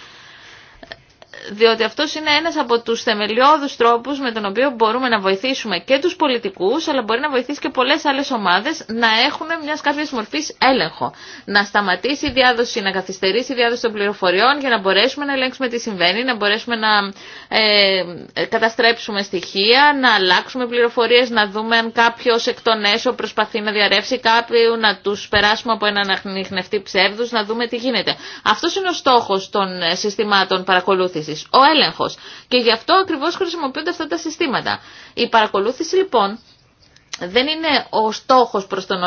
διότι αυτό είναι ένας από τους θεμελιώδους τρόπους με τον οποίο μπορούμε να βοηθήσουμε και τους πολιτικούς, αλλά μπορεί να βοηθήσει και πολλές άλλες ομάδες να έχουν μια κάποια μορφή έλεγχο. Να σταματήσει η διάδοση, να καθυστερήσει η διάδοση των πληροφοριών για να μπορέσουμε να ελέγξουμε τι συμβαίνει, να μπορέσουμε να ε, καταστρέψουμε στοιχεία, να αλλάξουμε πληροφορίες, να δούμε αν κάποιος εκ των έσω προσπαθεί να διαρρεύσει κάποιου, να τους περάσουμε από έναν ανοιχνευτή ψεύδους, να δούμε τι γίνεται. Αυτός είναι ο στόχος των ε, συστημάτων παρακολούθησης ο έλεγχος. Και γι' αυτό ακριβώς χρησιμοποιούνται αυτά τα συστήματα. Η παρακολούθηση λοιπόν δεν είναι ο στόχος προς τον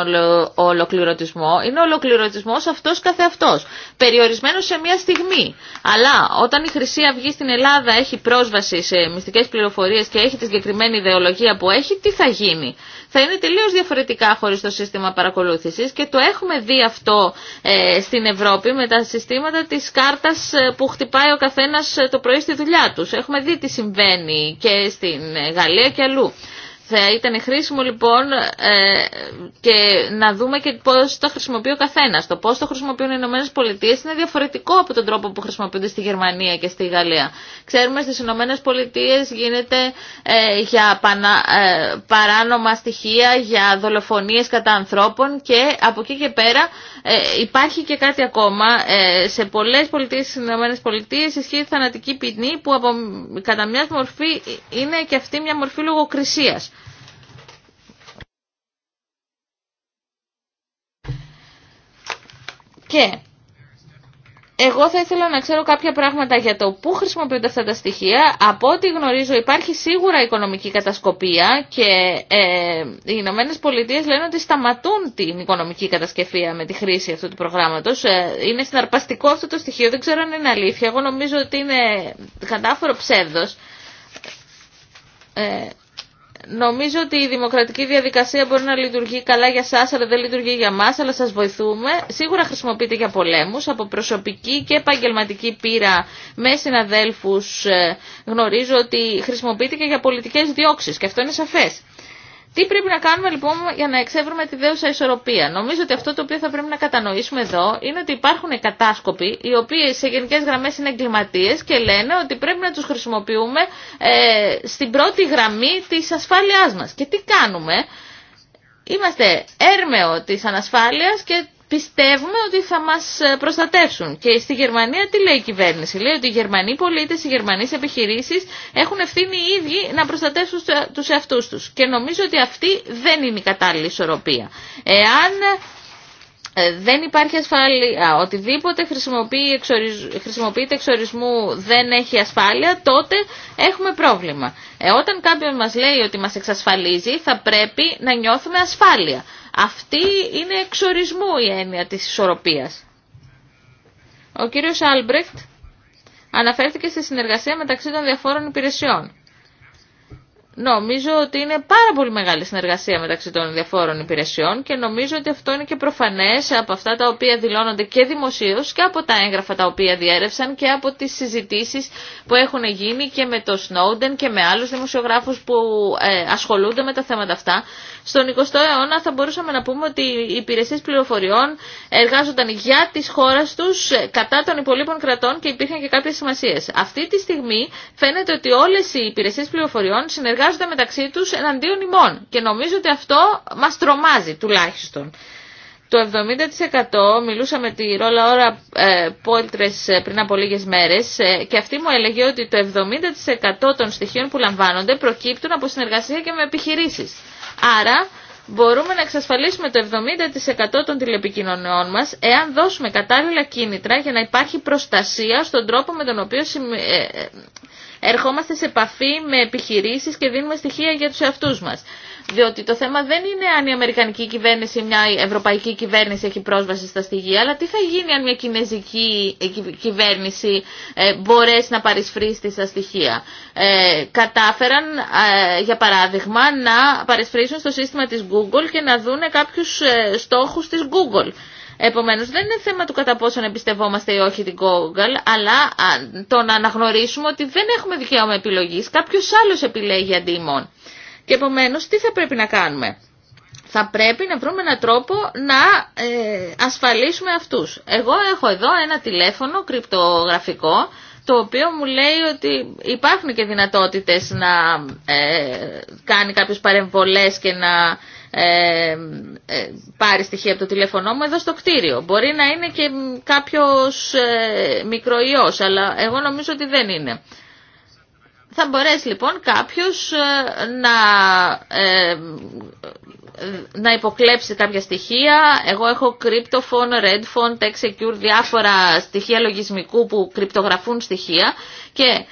ολοκληρωτισμό, είναι ο ολοκληρωτισμός αυτός καθεαυτός, περιορισμένος σε μια στιγμή. Αλλά όταν η Χρυσή Αυγή στην Ελλάδα έχει πρόσβαση σε μυστικές πληροφορίες και έχει τη συγκεκριμένη ιδεολογία που έχει, τι θα γίνει. Θα είναι τελείως διαφορετικά χωρίς το σύστημα παρακολούθησης και το έχουμε δει αυτό ε, στην Ευρώπη με τα συστήματα της κάρτας ε, που χτυπάει ο καθένας ε, το πρωί στη δουλειά τους. Έχουμε δει τι συμβαίνει και στην Γαλλία και αλλού. Θα ήταν χρήσιμο λοιπόν ε, και να δούμε και πώς το χρησιμοποιεί ο καθένας. Το πώς το χρησιμοποιούν οι Ηνωμένε Πολιτείες είναι διαφορετικό από τον τρόπο που χρησιμοποιούνται στη Γερμανία και στη Γαλλία. Ξέρουμε στις Ηνωμένε Πολιτείες γίνεται ε, για ε, παράνομα στοιχεία, για δολοφονίες κατά ανθρώπων και από εκεί και πέρα υπάρχει και κάτι ακόμα. σε πολλές πολιτείες στι Ηνωμένε Πολιτείες ισχύει θανατική ποινή που από, κατά μια μορφή είναι και αυτή μια μορφή λογοκρισίας. Και εγώ θα ήθελα να ξέρω κάποια πράγματα για το πού χρησιμοποιούνται αυτά τα στοιχεία. Από ό,τι γνωρίζω υπάρχει σίγουρα οικονομική κατασκοπία και ε, οι Ηνωμένε Πολιτείε λένε ότι σταματούν την οικονομική κατασκευή με τη χρήση αυτού του προγράμματο. Ε, είναι συναρπαστικό αυτό το στοιχείο, δεν ξέρω αν είναι αλήθεια. Εγώ νομίζω ότι είναι κατάφορο ψεύδος. Ε, νομίζω ότι η δημοκρατική διαδικασία μπορεί να λειτουργεί καλά για εσά, αλλά δεν λειτουργεί για εμά, αλλά σας βοηθούμε. Σίγουρα χρησιμοποιείται για πολέμους, από προσωπική και επαγγελματική πείρα με συναδέλφου, ε, γνωρίζω ότι χρησιμοποιείται και για πολιτικές διώξει, και αυτό είναι σαφές. Τι πρέπει να κάνουμε λοιπόν για να εξεύρουμε τη δέουσα ισορροπία. Νομίζω ότι αυτό το οποίο θα πρέπει να κατανοήσουμε εδώ είναι ότι υπάρχουν κατάσκοποι οι οποίοι σε γενικέ γραμμέ είναι εγκληματίε και λένε ότι πρέπει να του χρησιμοποιούμε ε, στην πρώτη γραμμή τη ασφάλειά μα. Και τι κάνουμε. Είμαστε έρμεο τη ανασφάλεια. και πιστεύουμε ότι θα μας ε, προστατεύσουν. Και στη Γερμανία τι λέει η κυβέρνηση. Λέει ότι οι Γερμανοί πολίτες, οι Γερμανείς επιχειρήσεις έχουν ευθύνη οι ίδιοι να προστατεύσουν τους εαυτούς τους. Και νομίζω ότι αυτή δεν είναι η κατάλληλη ισορροπία. Εάν ε, δεν υπάρχει ασφάλεια, οτιδήποτε χρησιμοποιεί, χρησιμοποιείται εξορισμού δεν έχει ασφάλεια, τότε έχουμε πρόβλημα. Ε, όταν κάποιον μας λέει ότι μας εξασφαλίζει, θα πρέπει να νιώθουμε ασφάλεια. Αυτή είναι εξορισμού η έννοια της ισορροπίας. Ο κύριος Άλμπρεχτ αναφέρθηκε στη συνεργασία μεταξύ των διαφόρων υπηρεσιών. Νομίζω ότι είναι πάρα πολύ μεγάλη συνεργασία μεταξύ των διαφόρων υπηρεσιών και νομίζω ότι αυτό είναι και προφανέ από αυτά τα οποία δηλώνονται και δημοσίω και από τα έγγραφα τα οποία διέρευσαν και από τι συζητήσει που έχουν γίνει και με το Σνόντεν και με άλλου δημοσιογράφου που ε, ασχολούνται με τα θέματα αυτά. Στον 20ο αιώνα θα μπορούσαμε να πούμε ότι οι υπηρεσίε πληροφοριών εργάζονταν για τη χώρα του ε, κατά των υπολείπων κρατών και υπήρχαν και κάποιε σημασίε. Αυτή τη στιγμή φαίνεται ότι όλε οι υπηρεσίε πληροφοριών συνεργάζονται συνεργάζονται μεταξύ τους εναντίον ημών. Και νομίζω ότι αυτό μας τρομάζει τουλάχιστον. Το 70% μιλούσα με τη Ρόλα Ωρα ε, Πόλτρες ε, πριν από λίγες μέρες ε, και αυτή μου έλεγε ότι το 70% των στοιχείων που λαμβάνονται προκύπτουν από συνεργασία και με επιχειρήσεις. Άρα μπορούμε να εξασφαλίσουμε το 70% των τηλεπικοινωνιών μας εάν δώσουμε κατάλληλα κίνητρα για να υπάρχει προστασία στον τρόπο με τον οποίο ερχόμαστε σε επαφή με επιχειρήσεις και δίνουμε στοιχεία για τους εαυτούς μας. Διότι το θέμα δεν είναι αν η Αμερικανική κυβέρνηση ή μια Ευρωπαϊκή κυβέρνηση έχει πρόσβαση στα στοιχεία, αλλά τι θα γίνει αν μια Κινέζικη ε, κυβέρνηση ε, μπορέσει να παρισφρήσει στα στοιχεία. Ε, κατάφεραν, για παράδειγμα, να παρισφρήσουν στο σύστημα της Google και να δούνε κάποιους στόχους της Google. Επομένως δεν είναι θέμα του κατά πόσο εμπιστευόμαστε ή όχι την Google, αλλά το να αναγνωρίσουμε ότι δεν έχουμε δικαίωμα επιλογής, κάποιος άλλος επιλέγει αντί ημών. Και επομένως τι θα πρέπει να κάνουμε. Θα πρέπει να βρούμε έναν τρόπο να ε, ασφαλίσουμε αυτούς. Εγώ έχω εδώ ένα τηλέφωνο κρυπτογραφικό, το οποίο μου λέει ότι υπάρχουν και δυνατότητες να ε, κάνει κάποιες παρεμβολές και να ε, ε, πάρει στοιχεία από το τηλέφωνό μου εδώ στο κτίριο. Μπορεί να είναι και κάποιος ε, μικροϊός, αλλά εγώ νομίζω ότι δεν είναι. Θα μπορέσει λοιπόν κάποιος ε, να, να υποκλέψει κάποια στοιχεία. Εγώ έχω cryptophone, redphone, tech διάφορα στοιχεία λογισμικού που κρυπτογραφούν στοιχεία και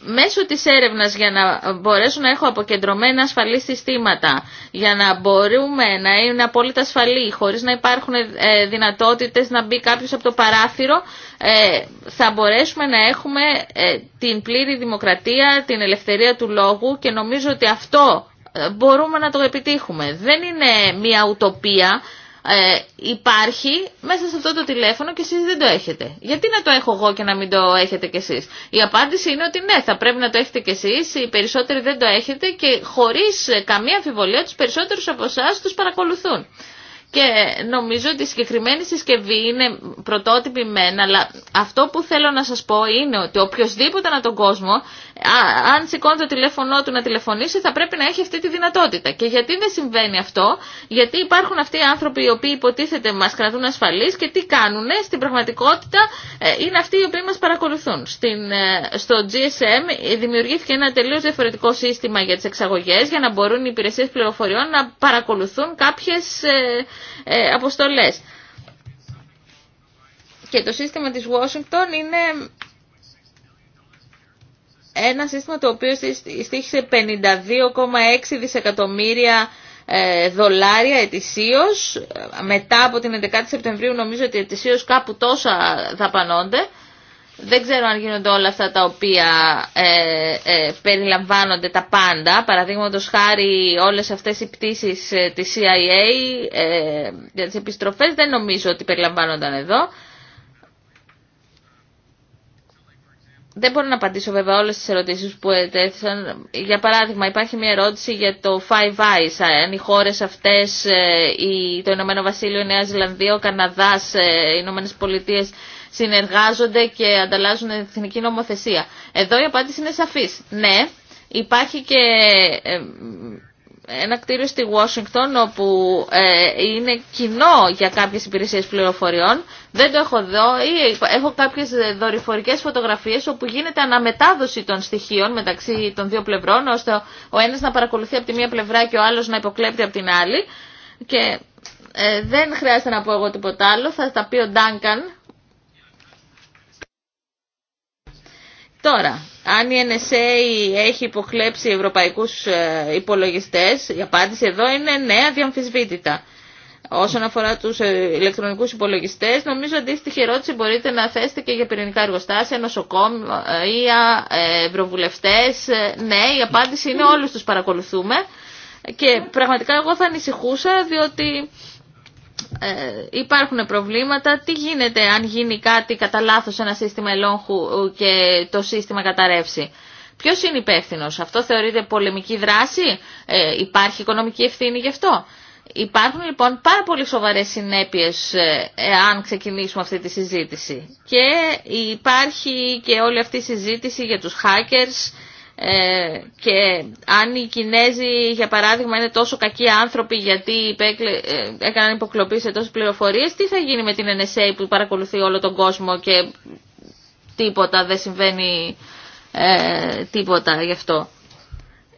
μέσω της έρευνας για να μπορέσω να έχω αποκεντρωμένα ασφαλή συστήματα, για να μπορούμε να είναι απόλυτα ασφαλή, χωρίς να υπάρχουν ε, δυνατότητες να μπει κάποιος από το παράθυρο, ε, θα μπορέσουμε να έχουμε ε, την πλήρη δημοκρατία, την ελευθερία του λόγου και νομίζω ότι αυτό μπορούμε να το επιτύχουμε. Δεν είναι μια ουτοπία, ε, υπάρχει μέσα σε αυτό το τηλέφωνο και εσείς δεν το έχετε. Γιατί να το έχω εγώ και να μην το έχετε κι εσείς. Η απάντηση είναι ότι ναι, θα πρέπει να το έχετε κι εσείς, οι περισσότεροι δεν το έχετε και χωρίς καμία αμφιβολία τους περισσότερους από εσά τους παρακολουθούν και νομίζω ότι η συγκεκριμένη συσκευή είναι πρωτότυπη μεν, αλλά αυτό που θέλω να σας πω είναι ότι οποιοδήποτε ανά τον κόσμο, αν σηκώνει το τηλέφωνό του να τηλεφωνήσει, θα πρέπει να έχει αυτή τη δυνατότητα. Και γιατί δεν συμβαίνει αυτό, γιατί υπάρχουν αυτοί οι άνθρωποι οι οποίοι υποτίθεται μας κρατούν ασφαλείς και τι κάνουν, στην πραγματικότητα ε, είναι αυτοί οι οποίοι μας παρακολουθούν. Στην, ε, στο GSM δημιουργήθηκε ένα τελείως διαφορετικό σύστημα για τις εξαγωγές, για να μπορούν οι υπηρεσίες πληροφοριών να παρακολουθούν κάποιες ε, ε, αποστολές. Και το σύστημα της Washington είναι ένα σύστημα το οποίο στήχησε 52,6 δισεκατομμύρια ε, δολάρια ετησίως. Ε, μετά από την 11η Σεπτεμβρίου νομίζω ότι ετησίως κάπου τόσα δαπανώνται. Δεν ξέρω αν γίνονται όλα αυτά τα οποία ε, ε, περιλαμβάνονται τα πάντα. Παραδείγματος χάρη όλες αυτές οι πτήσεις ε, της CIA ε, για τις επιστροφές δεν νομίζω ότι περιλαμβάνονταν εδώ. Δεν μπορώ να απαντήσω βέβαια όλες τις ερωτήσεις που ετέθησαν. Για παράδειγμα υπάρχει μια ερώτηση για το Five Eyes, αν οι χώρες αυτές, το Ηνωμένο Βασίλειο, η Νέα Ζηλανδία, ο Καναδάς, οι Ηνωμένες Πολιτείες συνεργάζονται και ανταλλάζουν εθνική νομοθεσία. Εδώ η απάντηση είναι σαφής. Ναι, υπάρχει και ε, ένα κτίριο στη Washington όπου ε, είναι κοινό για κάποιες υπηρεσίες πληροφοριών. Δεν το έχω δω ή έχω κάποιες δορυφορικές φωτογραφίες όπου γίνεται αναμετάδοση των στοιχείων μεταξύ των δύο πλευρών ώστε ο ένας να παρακολουθεί από τη μία πλευρά και ο άλλος να υποκλέπτει από την άλλη. Και ε, δεν χρειάζεται να πω εγώ τίποτα άλλο, θα τα πει ο Ντάνκαν Τώρα, αν η NSA έχει υποκλέψει ευρωπαϊκούς ε, υπολογιστές, η απάντηση εδώ είναι ναι, αδιαμφισβήτητα. Όσον αφορά τους ε, ηλεκτρονικούς υπολογιστές, νομίζω αντίστοιχη ερώτηση μπορείτε να θέσετε και για πυρηνικά εργοστάσια, νοσοκόμια, ε, ευρωβουλευτέ. Ναι, η απάντηση είναι όλους τους παρακολουθούμε. Και πραγματικά εγώ θα ανησυχούσα διότι ε, υπάρχουν προβλήματα. Τι γίνεται αν γίνει κάτι κατά λάθο ένα σύστημα ελόγχου και το σύστημα καταρρεύσει. Ποιο είναι υπεύθυνο, αυτό θεωρείται πολεμική δράση, ε, υπάρχει οικονομική ευθύνη γι' αυτό. Υπάρχουν λοιπόν πάρα πολύ σοβαρέ συνέπειες αν ε, ξεκινήσουμε αυτή τη συζήτηση. Και υπάρχει και όλη αυτή η συζήτηση για του hackers, ε, και αν οι Κινέζοι για παράδειγμα είναι τόσο κακοί άνθρωποι γιατί ε, έκαναν υποκλοπή σε τόσες πληροφορίες τι θα γίνει με την NSA που παρακολουθεί όλο τον κόσμο και τίποτα δεν συμβαίνει ε, τίποτα γι' αυτό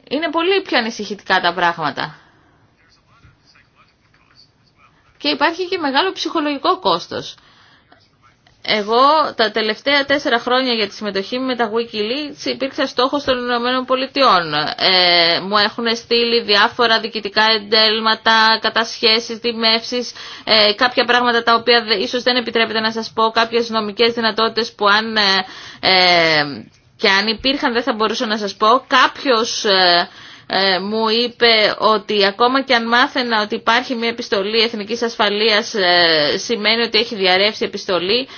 είναι πολύ πιο ανησυχητικά τα πράγματα και υπάρχει και μεγάλο ψυχολογικό κόστος εγώ τα τελευταία τέσσερα χρόνια για τη συμμετοχή μου με τα Wikileaks υπήρξα στόχος των Ηνωμένων Πολιτειών. Ε, μου έχουν στείλει διάφορα διοικητικά εντέλματα, κατασχέσεις, δημεύσεις, ε, κάποια πράγματα τα οποία ίσως δεν επιτρέπεται να σας πω, κάποιες νομικές δυνατότητες που αν ε, ε και αν υπήρχαν δεν θα μπορούσα να σας πω. Κάποιος ε, ε, μου είπε ότι ακόμα και αν μάθαινα ότι υπάρχει μια επιστολή εθνικής ασφαλείας σημαίνει ότι έχει διαρρεύσει επιστολή.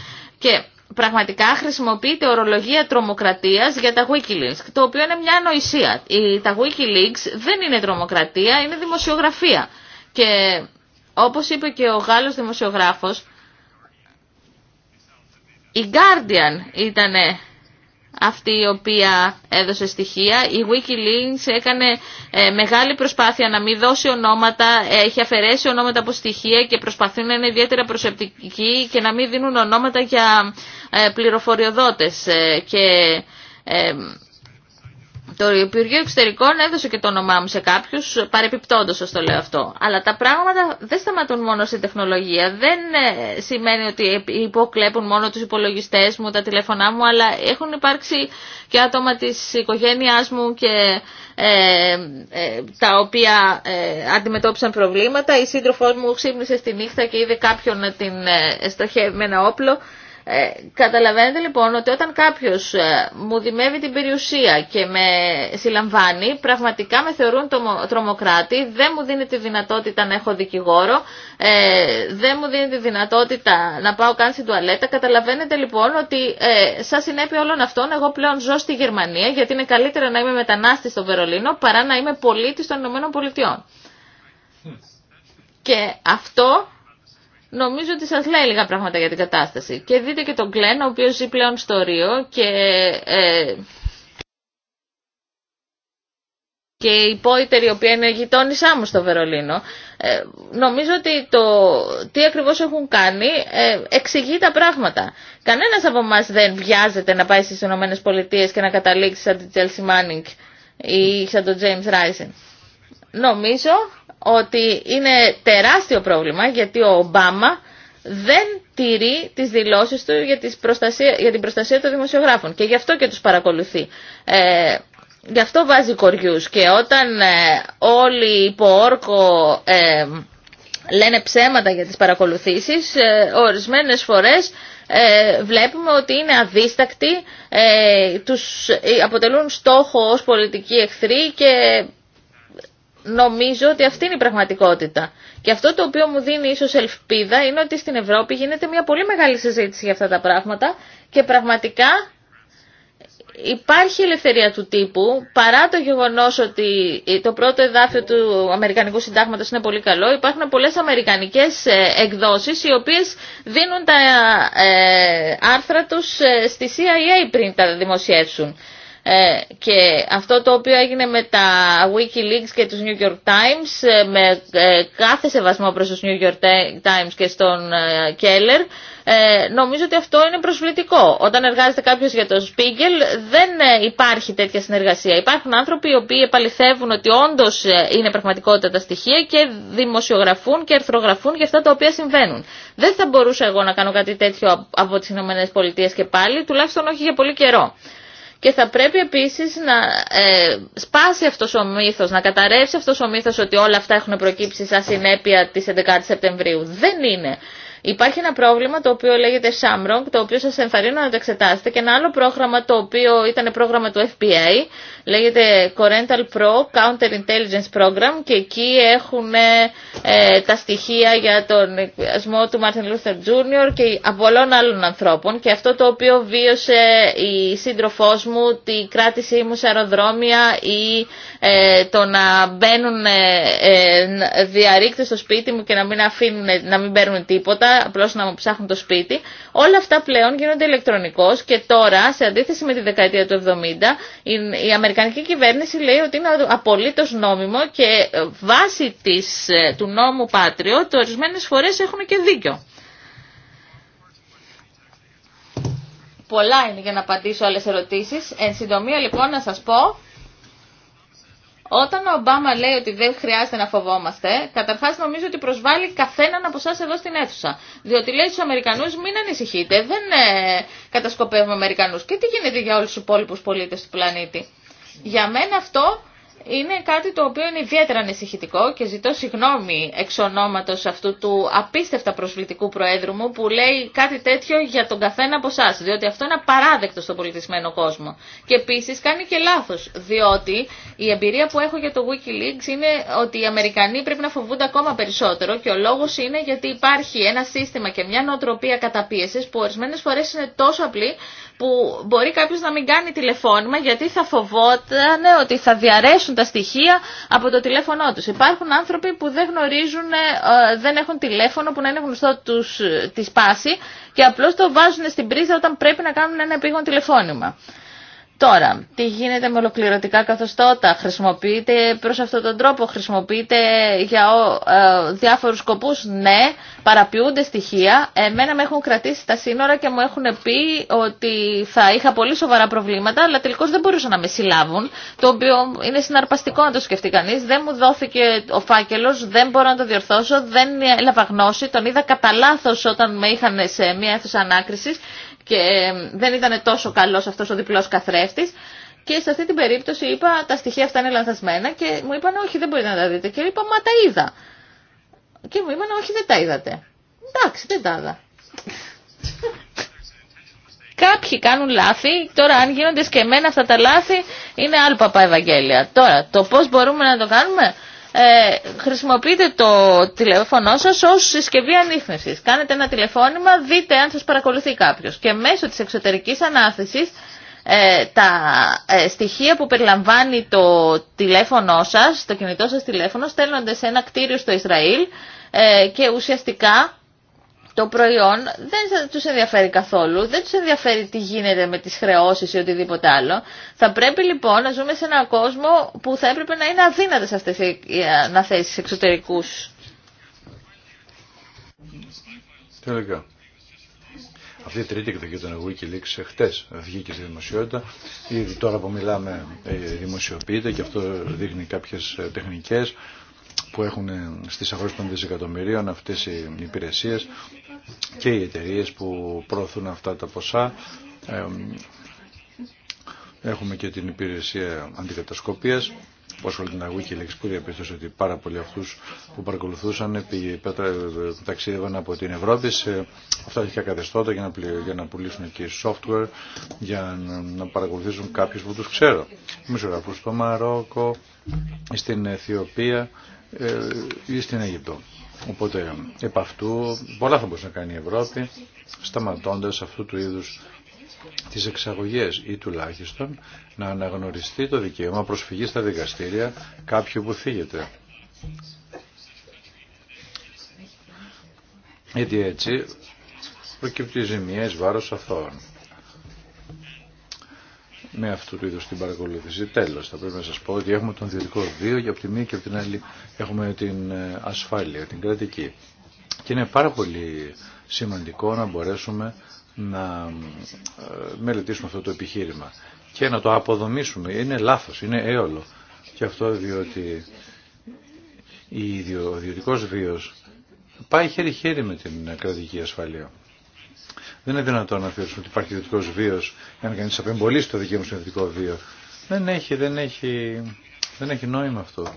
Και πραγματικά χρησιμοποιείται ορολογία τρομοκρατίας για τα Wikileaks, το οποίο είναι μια ανοησία. Τα Wikileaks δεν είναι τρομοκρατία, είναι δημοσιογραφία. Και όπως είπε και ο Γάλλος δημοσιογράφος, η Guardian ήταν αυτή η οποία έδωσε στοιχεία. Η Wikileaks έκανε ε, μεγάλη προσπάθεια να μην δώσει ονόματα, ε, έχει αφαιρέσει ονόματα από στοιχεία και προσπαθούν να είναι ιδιαίτερα προσεπτικοί και να μην δίνουν ονόματα για ε, πληροφοριοδότες. Και το Υπουργείο Εξωτερικών έδωσε και το όνομά μου σε κάποιους, παρεπιπτόντως σας το λέω αυτό. Αλλά τα πράγματα δεν σταματούν μόνο στην τεχνολογία. Δεν ε, σημαίνει ότι υποκλέπουν μόνο τους υπολογιστές μου, τα τηλέφωνά μου, αλλά έχουν υπάρξει και άτομα της οικογένειάς μου και ε, ε τα οποία ε, αντιμετώπισαν προβλήματα. Η σύντροφός μου ξύπνησε στη νύχτα και είδε κάποιον να την στοχεύει με ένα όπλο. Ε, καταλαβαίνετε λοιπόν ότι όταν κάποιος ε, μου δημεύει την περιουσία και με συλλαμβάνει, πραγματικά με θεωρούν τρομοκράτη, δεν μου δίνει τη δυνατότητα να έχω δικηγόρο, ε, δεν μου δίνει τη δυνατότητα να πάω καν στην τουαλέτα. Καταλαβαίνετε λοιπόν ότι ε, σαν συνέπεια όλων αυτών εγώ πλέον ζω στη Γερμανία γιατί είναι καλύτερα να είμαι μετανάστη στο Βερολίνο παρά να είμαι πολίτης των Ηνωμένων Πολιτειών. Και αυτό νομίζω ότι σας λέει λίγα πράγματα για την κατάσταση. Και δείτε και τον Γκλέν, ο οποίος ζει πλέον στο Ρίο και... Ε, και η Πόιτερη, η οποία είναι γειτόνισά μου στο Βερολίνο. Ε, νομίζω ότι το τι ακριβώς έχουν κάνει ε, εξηγεί τα πράγματα. Κανένας από εμά δεν βιάζεται να πάει στις ΗΠΑ και να καταλήξει σαν την Τζέλσι Μάνινγκ ή σαν τον James Rising. Νομίζω ότι είναι τεράστιο πρόβλημα γιατί ο Ομπάμα δεν τηρεί τις δηλώσεις του για, τις προστασία, την προστασία των δημοσιογράφων και γι' αυτό και τους παρακολουθεί. Ε, γι' αυτό βάζει κοριούς και όταν ε, όλοι υπό όρκο ε, λένε ψέματα για τις παρακολουθήσεις, ε, ορισμένες φορές ε, βλέπουμε ότι είναι αδίστακτοι, τους αποτελούν στόχο ως πολιτικοί εχθροί και νομίζω ότι αυτή είναι η πραγματικότητα. Και αυτό το οποίο μου δίνει ίσως ελπίδα είναι ότι στην Ευρώπη γίνεται μια πολύ μεγάλη συζήτηση για αυτά τα πράγματα και πραγματικά υπάρχει ελευθερία του τύπου, παρά το γεγονός ότι το πρώτο εδάφιο του Αμερικανικού Συντάγματο είναι πολύ καλό, υπάρχουν πολλές αμερικανικέ ε, εκδόσει οι οποίε δίνουν τα ε, άρθρα του ε, στη CIA πριν τα δημοσιεύσουν. Ε, και αυτό το οποίο έγινε με τα Wikileaks και τους New York Times ε, με ε, κάθε σεβασμό προς τους New York Times και στον Κέλλερ νομίζω ότι αυτό είναι προσβλητικό. Όταν εργάζεται κάποιος για το Spiegel δεν υπάρχει τέτοια συνεργασία. Υπάρχουν άνθρωποι οι οποίοι επαληθεύουν ότι όντως είναι πραγματικότητα τα στοιχεία και δημοσιογραφούν και αρθρογραφούν για αυτά τα οποία συμβαίνουν. Δεν θα μπορούσα εγώ να κάνω κάτι τέτοιο από τις ΗΠΑ και πάλι, τουλάχιστον όχι για πολύ καιρό και θα πρέπει επίσης να ε, σπάσει αυτός ο μύθος, να καταρρεύσει αυτός ο μύθος ότι όλα αυτά έχουν προκύψει σαν συνέπεια της 11 Σεπτεμβρίου. Δεν είναι. Υπάρχει ένα πρόβλημα το οποίο λέγεται Shamrock, το οποίο σας ενθαρρύνω να το εξετάσετε και ένα άλλο πρόγραμμα το οποίο ήταν πρόγραμμα του FBA, λέγεται Corental Pro Counter Intelligence Program και εκεί έχουν ε, ε, τα στοιχεία για τον ασμό του Μάρτιν Λούθερ Τζούνιορ και από πολλών άλλων ανθρώπων και αυτό το οποίο βίωσε η σύντροφός μου, τη κράτησή μου σε αεροδρόμια ή ε, το να μπαίνουν ε, στο σπίτι μου και να μην, αφήνουν, να μην παίρνουν τίποτα απλώ να μου ψάχνουν το σπίτι. Όλα αυτά πλέον γίνονται ηλεκτρονικώ και τώρα, σε αντίθεση με τη δεκαετία του 70, η Αμερικανική κυβέρνηση λέει ότι είναι απολύτω νόμιμο και ε, βάσει της, ε, του νόμου Πάτριο, το ορισμένε φορέ έχουν και δίκιο. Πολλά είναι για να απαντήσω άλλε ερωτήσει. Εν συντομία λοιπόν να σας πω όταν ο Ομπάμα λέει ότι δεν χρειάζεται να φοβόμαστε, καταρχά νομίζω ότι προσβάλλει καθέναν από εσά εδώ στην αίθουσα. Διότι λέει στου Αμερικανού μην ανησυχείτε, δεν ε, κατασκοπεύουμε Αμερικανού. Και τι γίνεται για όλου του υπόλοιπου πολίτε του πλανήτη. Για μένα αυτό είναι κάτι το οποίο είναι ιδιαίτερα ανησυχητικό και ζητώ συγγνώμη εξ ονόματος αυτού του απίστευτα προσβλητικού Προέδρου μου που λέει κάτι τέτοιο για τον καθένα από εσά, διότι αυτό είναι απαράδεκτο στον πολιτισμένο κόσμο. Και επίσης κάνει και λάθος, διότι η εμπειρία που έχω για το Wikileaks είναι ότι οι Αμερικανοί πρέπει να φοβούνται ακόμα περισσότερο και ο λόγος είναι γιατί υπάρχει ένα σύστημα και μια νοοτροπία καταπίεσης που ορισμένες φορές είναι τόσο απλή που μπορεί κάποιος να μην κάνει τηλεφώνημα γιατί θα φοβόταν ότι θα διαρέσουν τα στοιχεία από το τηλέφωνό τους. Υπάρχουν άνθρωποι που δεν γνωρίζουν, ε, δεν έχουν τηλέφωνο που να είναι γνωστό τους, ε, της πάση και απλώς το βάζουν στην πρίζα όταν πρέπει να κάνουν ένα επίγον τηλεφώνημα. Τώρα, τι γίνεται με ολοκληρωτικά καθεστώτα, χρησιμοποιείται προς αυτόν τον τρόπο, χρησιμοποιείται για ε, διάφορους σκοπούς, ναι, παραποιούνται στοιχεία. Εμένα με έχουν κρατήσει στα σύνορα και μου έχουν πει ότι θα είχα πολύ σοβαρά προβλήματα, αλλά τελικώς δεν μπορούσαν να με συλλάβουν, το οποίο είναι συναρπαστικό να το σκεφτεί κανεί. Δεν μου δόθηκε ο φάκελος, δεν μπορώ να το διορθώσω, δεν έλαβα γνώση, τον είδα κατά λάθο όταν με είχαν σε μια αίθουσα ανάκρισης και δεν ήταν τόσο καλός αυτός ο διπλός καθρέφτης. Και σε αυτή την περίπτωση είπα τα στοιχεία αυτά είναι λανθασμένα και μου είπαν όχι δεν μπορείτε να τα δείτε. Και είπα μα τα είδα. Και μου είπαν όχι δεν τα είδατε. Εντάξει δεν τα είδα. Κάποιοι κάνουν λάθη, τώρα αν γίνονται και αυτά τα λάθη είναι παπά Ευαγγέλια. Τώρα το πώς μπορούμε να το κάνουμε ε, χρησιμοποιείτε το τηλέφωνό σας ως συσκευή ανείχνευσης. Κάνετε ένα τηλεφώνημα, δείτε αν σας παρακολουθεί κάποιος. Και μέσω της εξωτερικής ανάθεσης ε, τα ε, στοιχεία που περιλαμβάνει το τηλέφωνό σας, το κινητό σας τηλέφωνο, στέλνονται σε ένα κτίριο στο Ισραήλ ε, και ουσιαστικά το προϊόν δεν τους ενδιαφέρει καθόλου, δεν τους ενδιαφέρει τι γίνεται με τις χρεώσεις ή οτιδήποτε άλλο. Θα πρέπει λοιπόν να ζούμε σε έναν κόσμο που θα έπρεπε να είναι αδύνατες αυτές οι αναθέσεις εξωτερικούς. Τελικά. Αυτή η τρίτη εκδοχή των Wikileaks χτες βγήκε στη δημοσιότητα. Ήδη τώρα που μιλάμε ε, δημοσιοποιείται και αυτό δείχνει κάποιες ε, τεχνικές που έχουν στις αγορές των δισεκατομμυρίων αυτές οι υπηρεσίες και οι εταιρείε που προωθούν αυτά τα ποσά. Έχουμε και την υπηρεσία αντικατασκοπίας που ασχολείται την αγούκη λέξη που διαπίστωσε ότι πάρα πολλοί αυτούς που παρακολουθούσαν ταξίδευαν από την Ευρώπη σε αυταρχικά καθεστώτα για να, για να πουλήσουν και software για να παρακολουθήσουν κάποιους που τους ξέρω. Μισογραφούς στο Μαρόκο, στην Αιθιοπία ή ε, στην Αίγυπτο. Οπότε επ' αυτού πολλά θα μπορούσε να κάνει η Ευρώπη σταματώντας αυτού του είδους τις εξαγωγές ή τουλάχιστον να αναγνωριστεί το δικαίωμα προσφυγής στα δικαστήρια κάποιου που φύγεται. Γιατί έτσι προκύπτει ζημία εις βάρος αθώων με αυτού του είδους την παρακολούθηση. Τέλος, θα πρέπει να σας πω ότι έχουμε τον ιδιωτικό βίο και από τη μία και από την άλλη έχουμε την ε, ασφάλεια, την κρατική. Και είναι πάρα πολύ σημαντικό να μπορέσουμε να ε, μελετήσουμε αυτό το επιχείρημα και να το αποδομήσουμε. Είναι λάθος, είναι έολο. Και αυτό διότι ο ιδιωτικός βίος πάει χέρι-χέρι με την κρατική ασφάλεια. Δεν είναι δυνατόν να θεωρήσουμε ότι υπάρχει ιδιωτικό βίο, να κανεί απεμπολίσει το δικαίωμα στο ιδιωτικό βίο. Δεν έχει, δεν έχει, δεν έχει νόημα αυτό.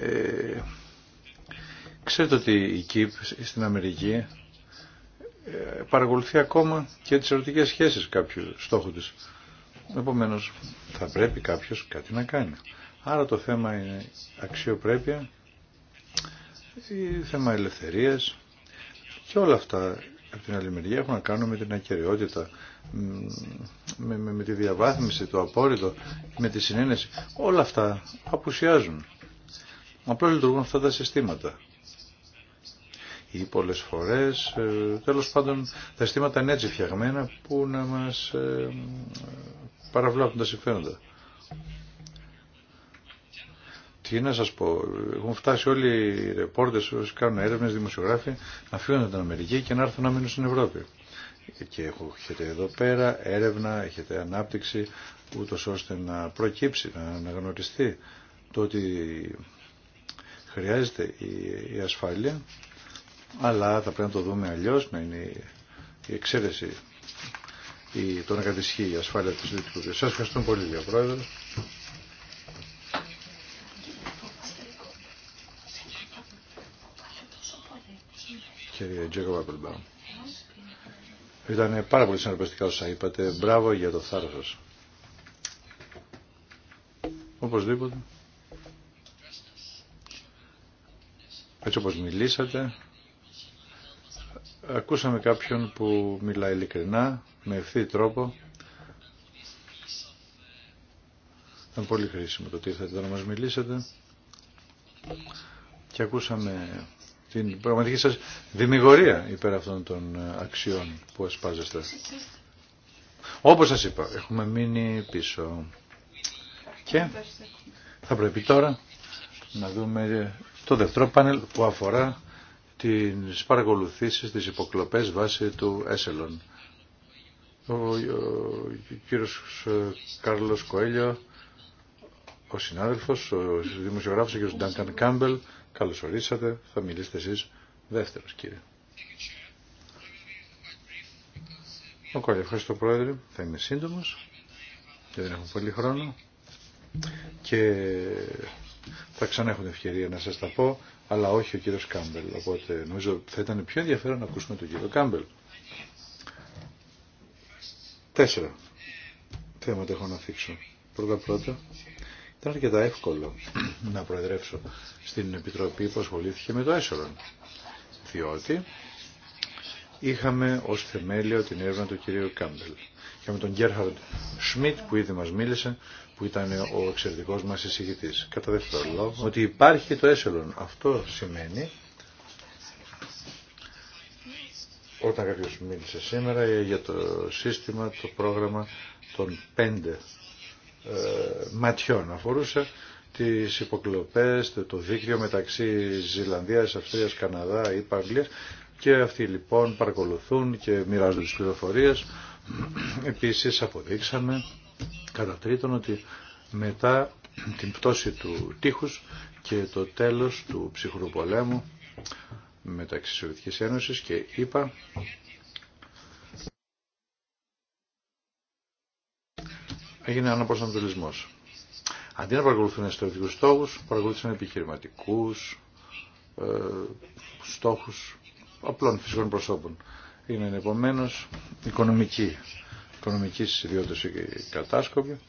Ε, ξέρετε ότι η ΚΙΠ στην Αμερική ε, παρακολουθεί ακόμα και τις ερωτικές σχέσεις κάποιου στόχου της. Επομένως, θα πρέπει κάποιος κάτι να κάνει. Άρα το θέμα είναι αξιοπρέπεια η θέμα ελευθερίας και όλα αυτά από την άλλη μεριά έχουν να κάνουν με την ακαιριότητα, με, με, τη διαβάθμιση, το απόρριτο, με τη συνένεση. Όλα αυτά απουσιάζουν. Απλώς λειτουργούν αυτά τα συστήματα. Ή πολλές φορές, ε, τέλος πάντων, τα συστήματα είναι έτσι φτιαγμένα που να μας ε, παραβλάπτουν τα συμφέροντα. Τι να σας πω, έχουν φτάσει όλοι οι ρεπόρτες όσοι κάνουν έρευνες, δημοσιογράφοι, να φύγουν από την Αμερική και να έρθουν να μείνουν στην Ευρώπη. Και έχετε εδώ πέρα έρευνα, έχετε ανάπτυξη, ούτω ώστε να προκύψει, να αναγνωριστεί το ότι χρειάζεται η ασφάλεια, αλλά θα πρέπει να το δούμε αλλιώς, να είναι η εξαίρεση το να κατησχύει η ασφάλεια της Δυτικού Σας ευχαριστούμε πολύ, κύριε Πρόεδρε. κύριε Τζέκοβα Ήταν πάρα πολύ συναρπαστικά όσα είπατε. Μπράβο για το θάρρος σας. Οπωσδήποτε. Έτσι όπως μιλήσατε, ακούσαμε κάποιον που μιλάει ειλικρινά, με ευθύ τρόπο. Ήταν πολύ χρήσιμο το τι ήθελατε να μας μιλήσετε. Και ακούσαμε την πραγματική σας δημιουργία υπέρ αυτών των ε, αξιών που ασπάζεστε. Όπως σας είπα, έχουμε μείνει πίσω. Και θα πρέπει τώρα να δούμε το δεύτερο πάνελ που αφορά τις παρακολουθήσεις, τις υποκλοπές βάσει του Έσελον. Ο, ο, ο κύριος ε, Κάρλος Κοέλιο, ο συνάδελφος, ο δημοσιογράφος, ο κύριος Ντάνκαν Κάμπελ, Καλώς ορίσατε. Θα μιλήσετε εσείς δεύτερος, κύριε. Ο Κόλλη, ευχαριστώ πρόεδρε. Θα είμαι σύντομος και δεν έχω πολύ χρόνο. Και θα ξανά έχω την ευκαιρία να σας τα πω, αλλά όχι ο κύριο Κάμπελ. Οπότε νομίζω θα ήταν πιο ενδιαφέρον να ακούσουμε τον κύριο Κάμπελ. Τέσσερα θέματα έχω να θίξω. Πρώτα πρώτα ήταν αρκετά εύκολο να προεδρεύσω στην Επιτροπή που ασχολήθηκε με το έσωρον. Διότι είχαμε ως θεμέλιο την έρευνα του κυρίου Κάμπελ. με τον Γκέρχαρντ Σμιτ που ήδη μας μίλησε, που ήταν ο εξαιρετικός μας εισηγητής. Κατά δεύτερο λόγο, ότι υπάρχει το έσωρον. Αυτό σημαίνει όταν κάποιος μίλησε σήμερα για το σύστημα, το πρόγραμμα των πέντε ε, ματιών. Αφορούσε τις υποκλοπέ το δίκτυο μεταξύ Ζηλανδία, Αυστρίας, Καναδά ή Αγγλία. και αυτοί λοιπόν παρακολουθούν και μοιράζονται τις πληροφορίες. Επίσης αποδείξαμε κατά τρίτον ότι μετά την πτώση του τείχους και το τέλος του ψυχρού πολέμου μεταξύ Σοβιετικής Ένωσης και είπα έγινε προσανατολισμό. Αντί να παρακολουθούν ιστορικού στόχου, παρακολούθησαν επιχειρηματικού ε, στόχου απλών φυσικών προσώπων. Είναι επομένω οικονομική, οικονομική και κατάσκοπη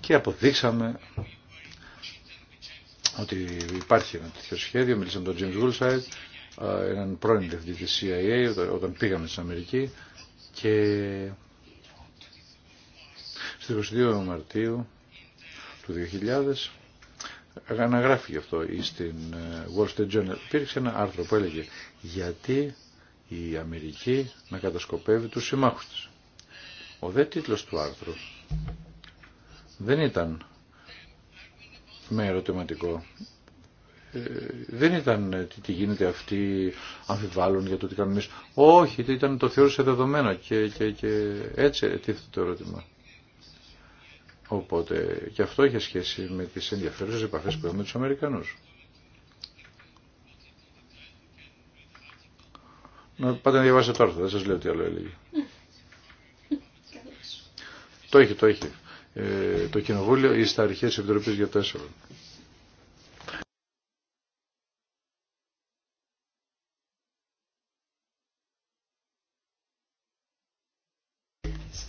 και αποδείξαμε ότι υπάρχει ένα τέτοιο σχέδιο. Μιλήσαμε με τον James Γουλσάιτ, ε, έναν πρώην διευθυντή τη CIA όταν πήγαμε στην Αμερική και στις 22 Μαρτίου του 2000 αναγράφηκε αυτό στην ε, Wall Street Journal. Υπήρξε ένα άρθρο που έλεγε «Γιατί η Αμερική να κατασκοπεύει τους συμμάχους της». Ο δε τίτλος του άρθρου δεν ήταν με ερωτηματικό. Ε, δεν ήταν ε, τι, γίνεται αυτοί αμφιβάλλουν για το τι κάνουμε εμείς. Όχι, ήταν το θεώρησε δεδομένα και, και, και έτσι ετίθεται το ερώτημα. Οπότε και αυτό είχε σχέση με τις ενδιαφέρουσες επαφές που έχουμε με τους Αμερικανούς. Να πάτε να διαβάσετε το άρθρο, δεν σας λέω τι άλλο έλεγε. το έχει, το έχει. Ε, το Κοινοβούλιο ή στα αρχές της Επιτροπής για τέσσερα.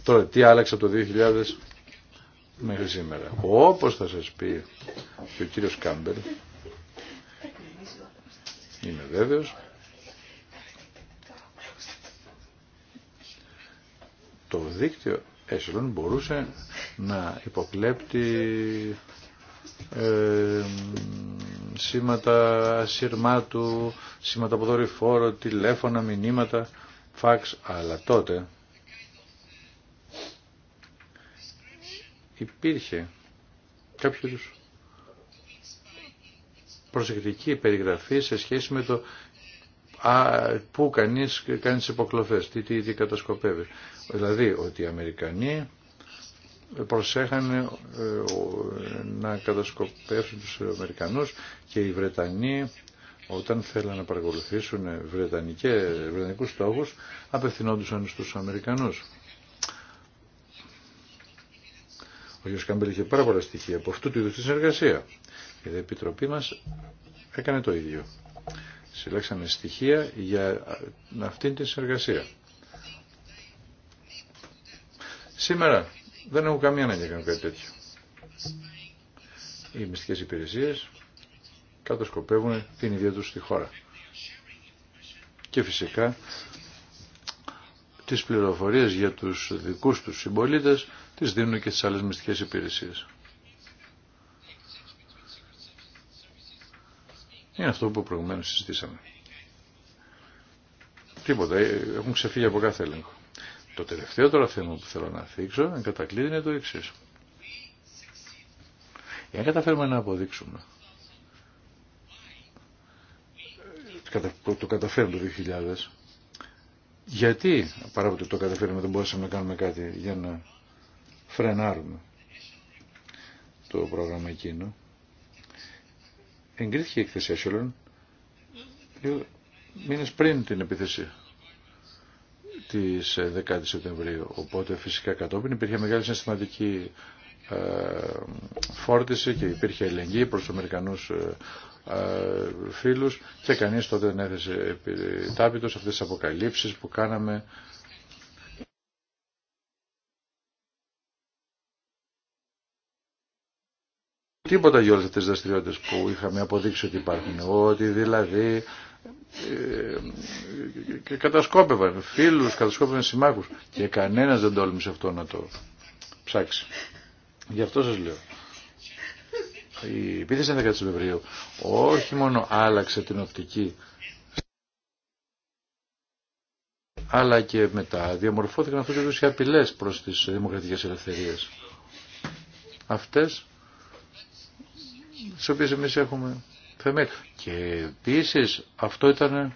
Τώρα, τι άλλαξε από το 2000 μέχρι σήμερα. Όπως θα σας πει και ο κύριος Κάμπερ, είμαι βέβαιος, το δίκτυο έσυλων μπορούσε να υποκλέπτει σήματα ασύρματου, σήματα από δορυφόρο, τηλέφωνα, μηνύματα, φαξ, αλλά τότε υπήρχε κάποιο προσεκτική περιγραφή σε σχέση με το α, που κανείς κάνει τις τι, τι, τι κατασκοπεύει. Δηλαδή ότι οι Αμερικανοί προσέχανε ε, να κατασκοπεύσουν τους Αμερικανούς και οι Βρετανοί όταν θέλανε να παρακολουθήσουν βρετανικές, βρετανικούς στόχους απευθυνόντουσαν στους Αμερικανούς. Ο κ. Κάμπελ είχε πάρα πολλά στοιχεία από αυτού του είδου τη συνεργασία. η Επιτροπή μα έκανε το ίδιο. Συλλέξαμε στοιχεία για αυτήν την συνεργασία. Σήμερα δεν έχω καμία ανάγκη να κάνω κάτι τέτοιο. Οι μυστικές υπηρεσίες κατασκοπεύουν την ιδέα τους στη χώρα. Και φυσικά τις πληροφορίες για τους δικούς τους συμπολίτες τις δίνουν και στις άλλες μυστικές υπηρεσίες. Είναι αυτό που προηγουμένως συζητήσαμε. Τίποτα, έχουν ξεφύγει από κάθε έλεγχο. Το τελευταίο τώρα θέμα που θέλω να θίξω, αν κατακλείδη, είναι το εξή. Εάν καταφέρουμε να αποδείξουμε, το καταφέρουμε το 2000, γιατί, παρά το καταφέρουμε, δεν μπορούσαμε να κάνουμε κάτι για να φρενάρουμε το πρόγραμμα εκείνο. Εγκρίθηκε η εκθεσία Σιόλων δύο μήνες πριν την επίθεση της 10 ε, Σεπτεμβρίου. Οπότε φυσικά κατόπιν υπήρχε μεγάλη συναισθηματική ε, φόρτιση και υπήρχε ελεγγύη προς τους Αμερικανούς ε, φίλους και κανείς τότε δεν έθεσε τάπητος αυτές τις αποκαλύψεις που κάναμε τίποτα για όλε αυτέ τι δραστηριότητε που είχαμε αποδείξει ότι υπάρχουν. Ότι δηλαδή και ε, ε, κατασκόπευαν φίλους, κατασκόπευαν συμμάχους και κανένας δεν τόλμησε αυτό να το ψάξει. Γι' αυτό σας λέω. Η επίθεση 11 Φεβρουαρίου όχι μόνο άλλαξε την οπτική αλλά και μετά διαμορφώθηκαν αυτές οι απειλές προς τις δημοκρατικές ελευθερίες. Αυτές τις οποίες εμείς έχουμε θεμέλει. Και επίση αυτό ήταν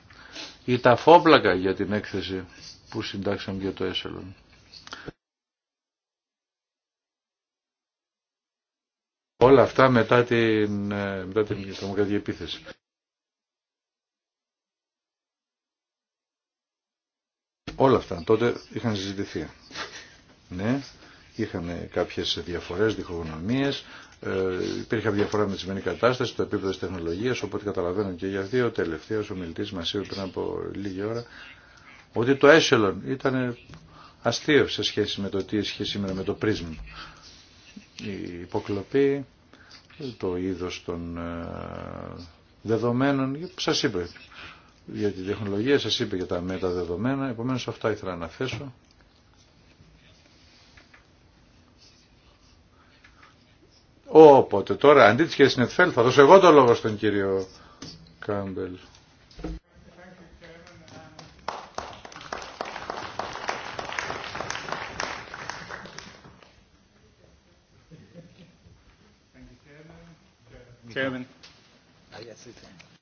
η ταφόπλακα για την έκθεση που συντάξαμε για το ΕΣΕΛΟΝ. Όλα αυτά μετά την, μετά την τρομοκρατική επίθεση. Όλα αυτά τότε είχαν συζητηθεί. Ναι, Είχαμε κάποιες διαφορές, διχογνωμίες, ε, υπήρχε διαφορά με τη σημερινή κατάσταση, το επίπεδο της τεχνολογίας, οπότε καταλαβαίνω και για δύο, ο τελευταίος ομιλητής μας είπε πριν από λίγη ώρα, ότι το Echelon ήταν αστείο σε σχέση με το τι ισχύει σήμερα με το πρίσμα. Η υποκλοπή, το είδος των ε, δεδομένων, σας είπε για τη τεχνολογία, σας είπε για τα μεταδεδομένα, επομένως αυτά ήθελα να θέσω. Οπότε τώρα αντί της κυρίας Νετφέλ θα δώσω εγώ το λόγο στον κύριο Κάμπελ.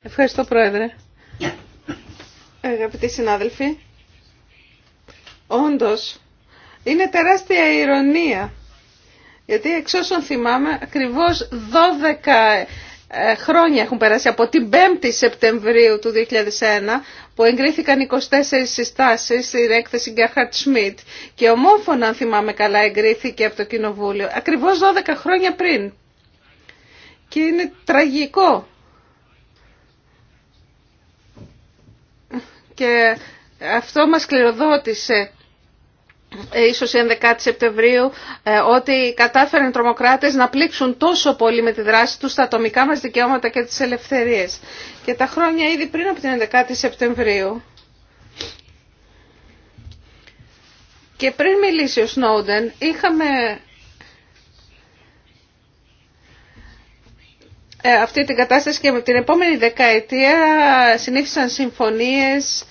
Ευχαριστώ Πρόεδρε. Αγαπητοί συνάδελφοι, όντως είναι τεράστια ηρωνία γιατί εξ όσων θυμάμαι ακριβώς 12 ε, χρόνια έχουν περάσει από την 5η Σεπτεμβρίου του 2001 που εγκρίθηκαν 24 συστάσεις στη έκθεση Γκέρχαρτ Σμιτ και ομόφωνα αν θυμάμαι καλά εγκρίθηκε από το Κοινοβούλιο ακριβώς 12 χρόνια πριν και είναι τραγικό και αυτό μας κληροδότησε ε, ίσως η 11η Σεπτεμβρίου, ε, ότι κατάφεραν οι τρομοκράτες να πλήξουν τόσο πολύ με τη δράση τους τα ατομικά μας δικαιώματα και τις ελευθερίες. Και τα χρόνια ήδη πριν από την 11η Σεπτεμβρίου. Και πριν μιλήσει ο Σνόντεν, είχαμε ε, αυτή την κατάσταση και με την επόμενη δεκαετία συνήθισαν συμφωνίες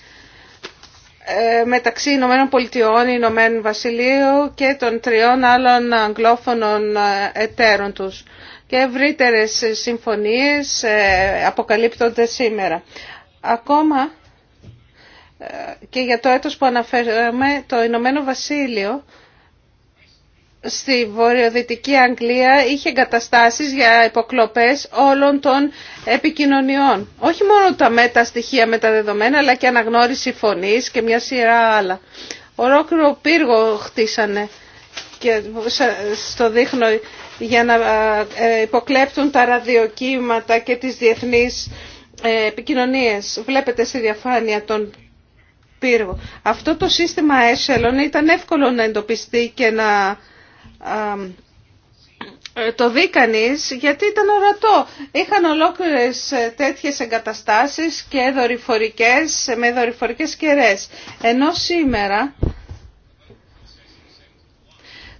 ε, μεταξύ Ηνωμένων Πολιτειών, Ηνωμένου Βασιλείου και των τριών άλλων αγγλόφωνων ε, εταίρων τους. Και ευρύτερε συμφωνίες ε, αποκαλύπτονται σήμερα. Ακόμα και για το έτος που αναφέραμε, το Ηνωμένο Βασίλειο στη βορειοδυτική Αγγλία είχε εγκαταστάσεις για υποκλοπές όλων των επικοινωνιών. Όχι μόνο τα μέτα στοιχεία με τα δεδομένα, αλλά και αναγνώριση φωνής και μια σειρά άλλα. Ολόκληρο πύργο χτίσανε και στο δείχνω για να ε, υποκλέπτουν τα ραδιοκύματα και τις διεθνείς ε, επικοινωνίες. Βλέπετε στη διαφάνεια τον πύργο. Αυτό το σύστημα έσελων ήταν εύκολο να εντοπιστεί και να ε, το δει κανεί γιατί ήταν ορατό. Είχαν ολόκληρες ε, τέτοιε εγκαταστάσεις και δορυφορικές, με δορυφορικέ κερές. Ενώ σήμερα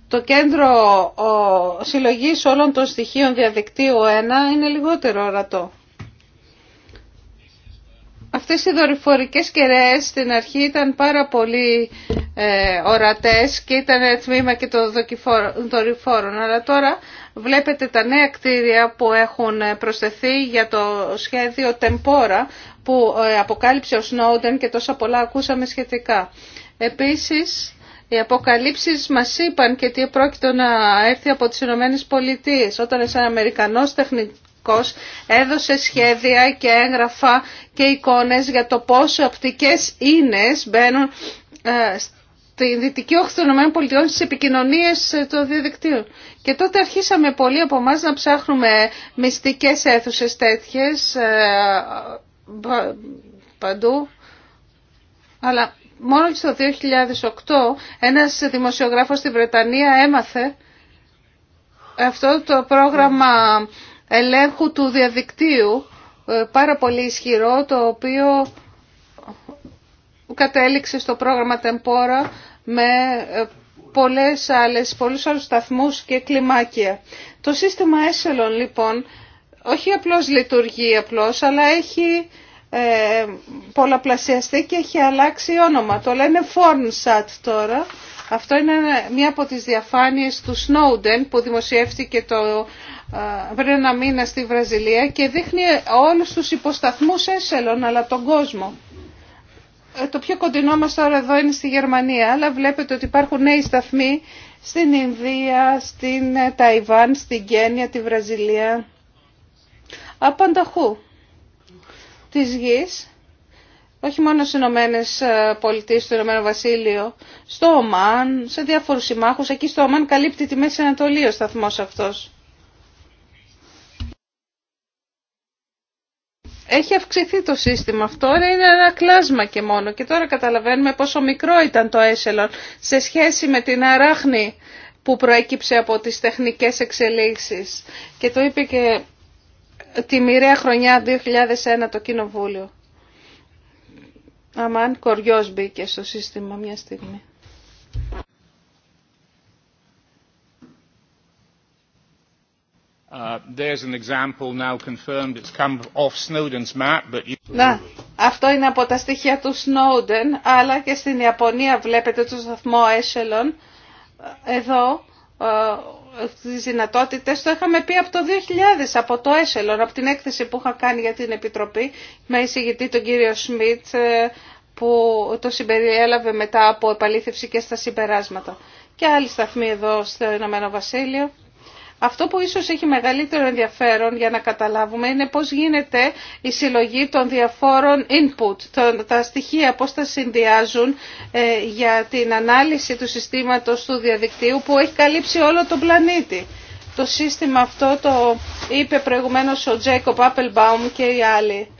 το κέντρο συλλογή συλλογής όλων των στοιχείων διαδικτύου 1 είναι λιγότερο ορατό αυτές οι δορυφορικές κεραίες στην αρχή ήταν πάρα πολύ ε, ορατές και ήταν τμήμα και των δορυφόρων. Αλλά τώρα βλέπετε τα νέα κτίρια που έχουν προσθεθεί για το σχέδιο Tempora που ε, αποκάλυψε ο Σνόντεν και τόσα πολλά ακούσαμε σχετικά. Επίσης, οι αποκαλύψεις μας είπαν και τι πρόκειται να έρθει από τις Ηνωμένες Πολιτείες. Όταν ένα Αμερικανός έδωσε σχέδια και έγγραφα και εικόνες για το πόσο οπτικές ίνες μπαίνουν ε, στη δυτική όχθη των ΗΠΑ στις επικοινωνίες ε, των διαδικτύων. Και τότε αρχίσαμε πολλοί από εμά να ψάχνουμε μυστικές αίθουσες τέτοιες ε, παντού. Αλλά μόνο και 2008 ένας δημοσιογράφος στη Βρετανία έμαθε αυτό το πρόγραμμα ελέγχου του διαδικτύου ε, πάρα πολύ ισχυρό το οποίο κατέληξε στο πρόγραμμα Tempora με ε, πολλές άλλες, πολλούς άλλους σταθμούς και κλιμάκια. Το σύστημα Echelon λοιπόν όχι απλώς λειτουργεί απλώς αλλά έχει ε, πολλαπλασιαστεί και έχει αλλάξει όνομα. Το λένε Fornsat τώρα. Αυτό είναι μία από τις διαφάνειες του Snowden που δημοσιεύτηκε το πριν ένα μήνα στη Βραζιλία και δείχνει όλους τους υποσταθμούς έσελων αλλά τον κόσμο. Ε, το πιο κοντινό μας τώρα εδώ είναι στη Γερμανία, αλλά βλέπετε ότι υπάρχουν νέοι σταθμοί στην Ινδία, στην ε, Ταϊβάν, στην Κένια, τη Βραζιλία. Απανταχού της γης, όχι μόνο στις Ηνωμένε ε, Πολιτείες, στο Ηνωμένο Βασίλειο, στο Ομάν, σε διάφορους συμμάχους. Εκεί στο Ομάν καλύπτει τη Μέση Ανατολή ο σταθμός αυτός. Έχει αυξηθεί το σύστημα αυτό, είναι ένα κλάσμα και μόνο και τώρα καταλαβαίνουμε πόσο μικρό ήταν το έσελον σε σχέση με την αράχνη που προέκυψε από τις τεχνικές εξελίξεις. Και το είπε και τη μοιραία χρονιά 2001 το Κοινοβούλιο. Αμάν Κοριός μπήκε στο σύστημα μια στιγμή. Να, αυτό είναι από τα στοιχεία του Snowden, αλλά και στην Ιαπωνία βλέπετε το σταθμό Έσελον. Εδώ ε, τις δυνατότητες το είχαμε πει από το 2000 από το Έσελον, από την έκθεση που είχα κάνει για την Επιτροπή με εισηγητή τον κύριο Σμιτ ε, που το συμπεριέλαβε μετά από επαλήθευση και στα συμπεράσματα. Και άλλοι σταθμοί εδώ στο Ηνωμένο Βασίλειο. Αυτό που ίσως έχει μεγαλύτερο ενδιαφέρον για να καταλάβουμε είναι πώς γίνεται η συλλογή των διαφόρων input, τα στοιχεία πώς τα συνδυάζουν ε, για την ανάλυση του συστήματος του διαδικτύου που έχει καλύψει όλο τον πλανήτη. Το σύστημα αυτό το είπε προηγουμένως ο Jacob Applebaum και οι άλλοι.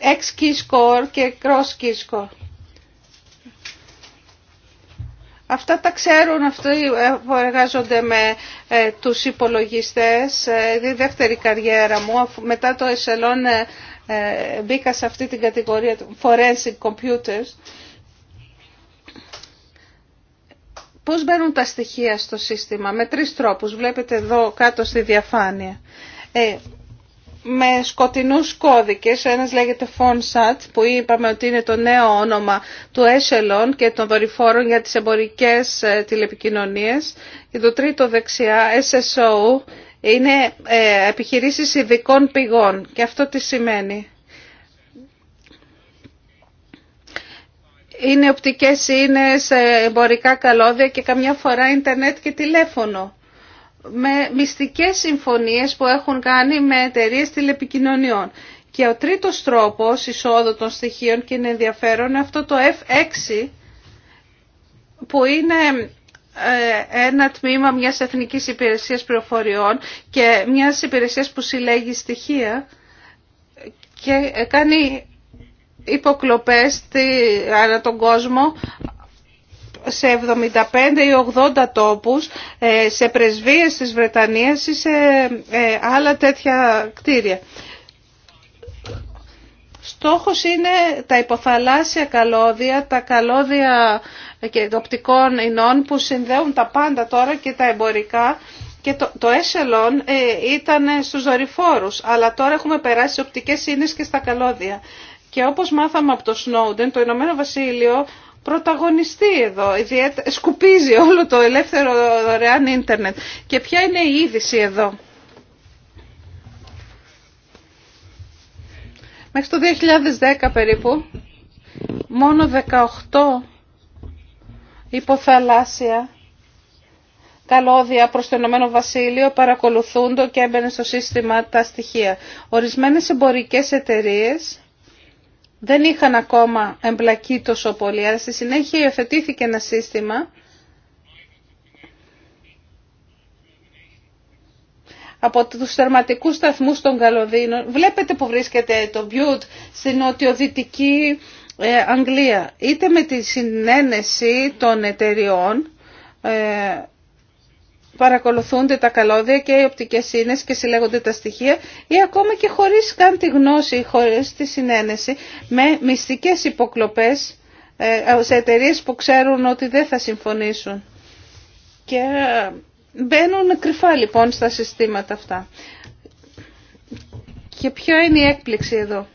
Ex-key score και cross-key score. Αυτά τα ξέρουν αυτοί ε, που εργάζονται με ε, τους υπολογιστές. Ε, δι' δεύτερη καριέρα μου, μετά το εσελόν μπήκα σε αυτή την κατηγορία forensic computers. Πώς μπαίνουν τα στοιχεία στο σύστημα. Με τρεις τρόπους. Βλέπετε εδώ κάτω στη διαφάνεια με σκοτεινούς κώδικες. Ένας λέγεται Fonsat που είπαμε ότι είναι το νέο όνομα του Echelon και των δορυφόρων για τις εμπορικές ε, τηλεπικοινωνίες. Και το τρίτο δεξιά, SSO, είναι ε, επιχειρήσεις ειδικών πηγών. Και αυτό τι σημαίνει. Είναι οπτικές, είναι εμπορικά καλώδια και καμιά φορά ίντερνετ και τηλέφωνο με μυστικές συμφωνίες που έχουν κάνει με εταιρείε τηλεπικοινωνιών. Και ο τρίτος τρόπος εισόδου των στοιχείων και είναι ενδιαφέρον αυτό το F6 που είναι ε, ένα τμήμα μιας εθνικής υπηρεσίας πληροφοριών και μιας υπηρεσίας που συλλέγει στοιχεία και κάνει υποκλοπές ανά τον κόσμο σε 75 ή 80 τόπους, ε, σε πρεσβείες της Βρετανίας ή σε ε, άλλα τέτοια κτίρια. Στόχος είναι τα υποθαλάσσια καλώδια, τα καλώδια και οπτικών ινών που συνδέουν τα πάντα τώρα και τα εμπορικά και το, το ε, ήταν στους δορυφόρους, αλλά τώρα έχουμε περάσει οπτικές ίνες και στα καλώδια. Και όπως μάθαμε από το Snowden, το Ηνωμένο Βασίλειο πρωταγωνιστεί εδώ, σκουπίζει όλο το ελεύθερο δωρεάν ίντερνετ. Και ποια είναι η είδηση εδώ. Μέχρι το 2010 περίπου, μόνο 18 υποθαλάσσια καλώδια προς το Ηνωμένο Βασίλειο παρακολουθούντο και έμπαινε στο σύστημα τα στοιχεία. Ορισμένες εμπορικές εταιρείες δεν είχαν ακόμα εμπλακεί τόσο πολύ, αλλά στη συνέχεια υιοθετήθηκε ένα σύστημα από τους θερματικούς σταθμούς των Καλωδίνων. Βλέπετε που βρίσκεται το Μπιούτ στην νοτιοδυτική ε, Αγγλία. Είτε με τη συνένεση των εταιριών ε, παρακολουθούνται τα καλώδια και οι οπτικές ίνες και συλλέγονται τα στοιχεία ή ακόμα και χωρίς καν τη γνώση χωρίς τη συνένεση με μυστικές υποκλοπές ε, σε εταιρείε που ξέρουν ότι δεν θα συμφωνήσουν. Και ε, μπαίνουν κρυφά λοιπόν στα συστήματα αυτά. Και ποια είναι η έκπληξη εδώ.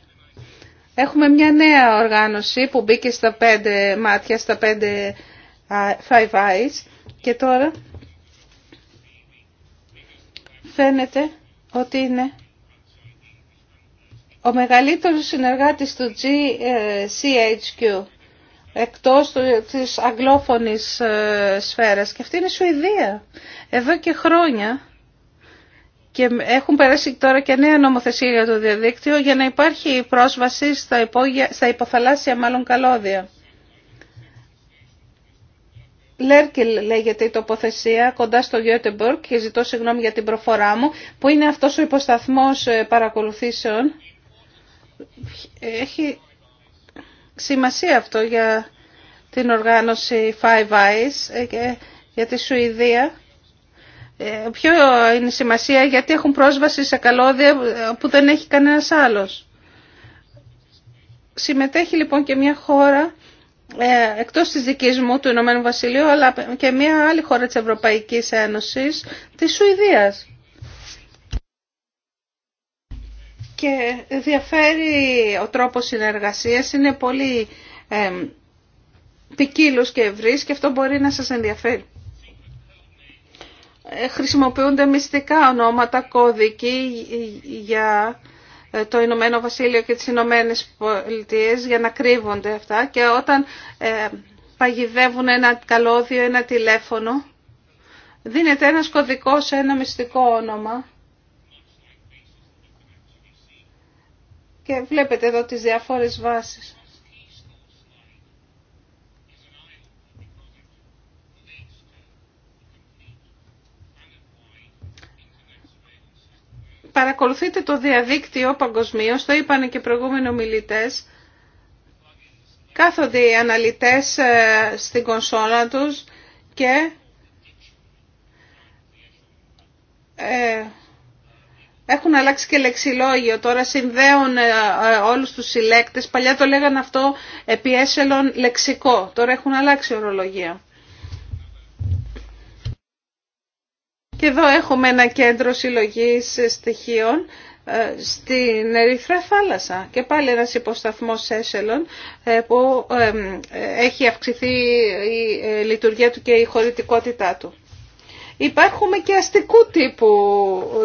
Έχουμε μια νέα οργάνωση που μπήκε στα πέντε μάτια, στα πέντε Five Eyes και τώρα φαίνεται ότι είναι ο μεγαλύτερος συνεργάτης του GCHQ εκτός της αγγλόφωνης ε, σφαίρας και αυτή είναι η Σουηδία εδώ και χρόνια και έχουν περάσει τώρα και νέα νομοθεσία για το διαδίκτυο για να υπάρχει πρόσβαση στα, υπόγεια, στα υποθαλάσσια μάλλον καλώδια. Λέρκελ λέγεται η τοποθεσία κοντά στο Γιώτεμπορκ και ζητώ συγγνώμη για την προφορά μου, που είναι αυτός ο υποσταθμός ε, παρακολουθήσεων. Έχει σημασία αυτό για την οργάνωση Five Eyes ε, και για τη Σουηδία. Ε, ποιο είναι η σημασία, γιατί έχουν πρόσβαση σε καλώδια που δεν έχει κανένας άλλος. Συμμετέχει λοιπόν και μια χώρα ε, εκτός της δικής μου του Ηνωμένου Βασιλείου αλλά και μια άλλη χώρα της Ευρωπαϊκής Ένωσης της Σουηδίας και διαφέρει ο τρόπος συνεργασίας είναι πολύ ε, και ευρύς και αυτό μπορεί να σας ενδιαφέρει ε, χρησιμοποιούνται μυστικά ονόματα κώδικοι για ε, το Ηνωμένο Βασίλειο και τις Ηνωμένε Πολιτείε για να κρύβονται αυτά και όταν ε, παγιδεύουν ένα καλώδιο, ένα τηλέφωνο, δίνεται ένας κωδικός σε ένα μυστικό όνομα. Και βλέπετε εδώ τις διάφορες βάσεις. παρακολουθείτε το διαδίκτυο παγκοσμίω, το είπαν και προηγούμενοι ομιλητέ, κάθονται οι αναλυτές ε, στην κονσόλα τους και ε, έχουν αλλάξει και λεξιλόγιο. Τώρα συνδέουν ε, όλους τους συλλέκτες. Παλιά το λέγανε αυτό επί λεξικό. Τώρα έχουν αλλάξει ορολογία. Και εδώ έχουμε ένα κέντρο συλλογής στοιχείων ε, στην Ερυθρά Θάλασσα και πάλι ένας υποσταθμός έσελων που ε, έχει αυξηθεί η ε, λειτουργία του και η χωρητικότητά του. Υπάρχουμε και αστικού τύπου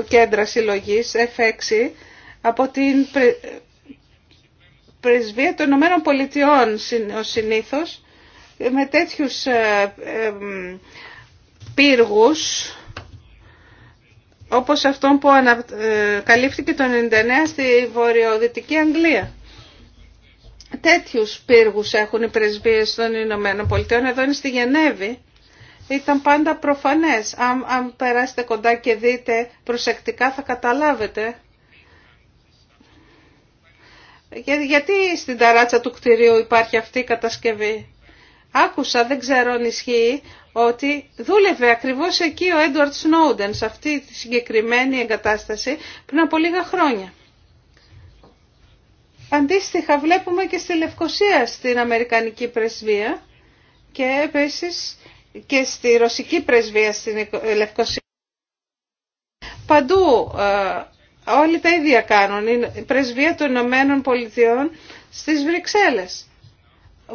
κέντρα συλλογής F6 από την πρεσβεία των Ηνωμένων Πολιτειών ο συνήθως με τέτοιους πύργους όπως αυτόν που ανακαλύφθηκε ε, το 99 στη βορειοδυτική Αγγλία. Τέτοιους πύργους έχουν οι πρεσβείες των Ηνωμένων Πολιτειών. Εδώ είναι στη Γενέβη. Ήταν πάντα προφανές. Αν, αν περάσετε κοντά και δείτε προσεκτικά θα καταλάβετε. γιατί στην ταράτσα του κτηρίου υπάρχει αυτή η κατασκευή. Άκουσα, δεν ξέρω αν ισχύει, ότι δούλευε ακριβώς εκεί ο Έντουαρτ Σνόουντεν σε αυτή τη συγκεκριμένη εγκατάσταση πριν από λίγα χρόνια. Αντίστοιχα βλέπουμε και στη Λευκοσία στην Αμερικανική πρεσβεία και επίσης και στη Ρωσική πρεσβεία στην Λευκοσία. Παντού ε, όλοι τα ίδια κάνουν. Η πρεσβεία των Ηνωμένων Πολιτειών στις Βρυξέλλες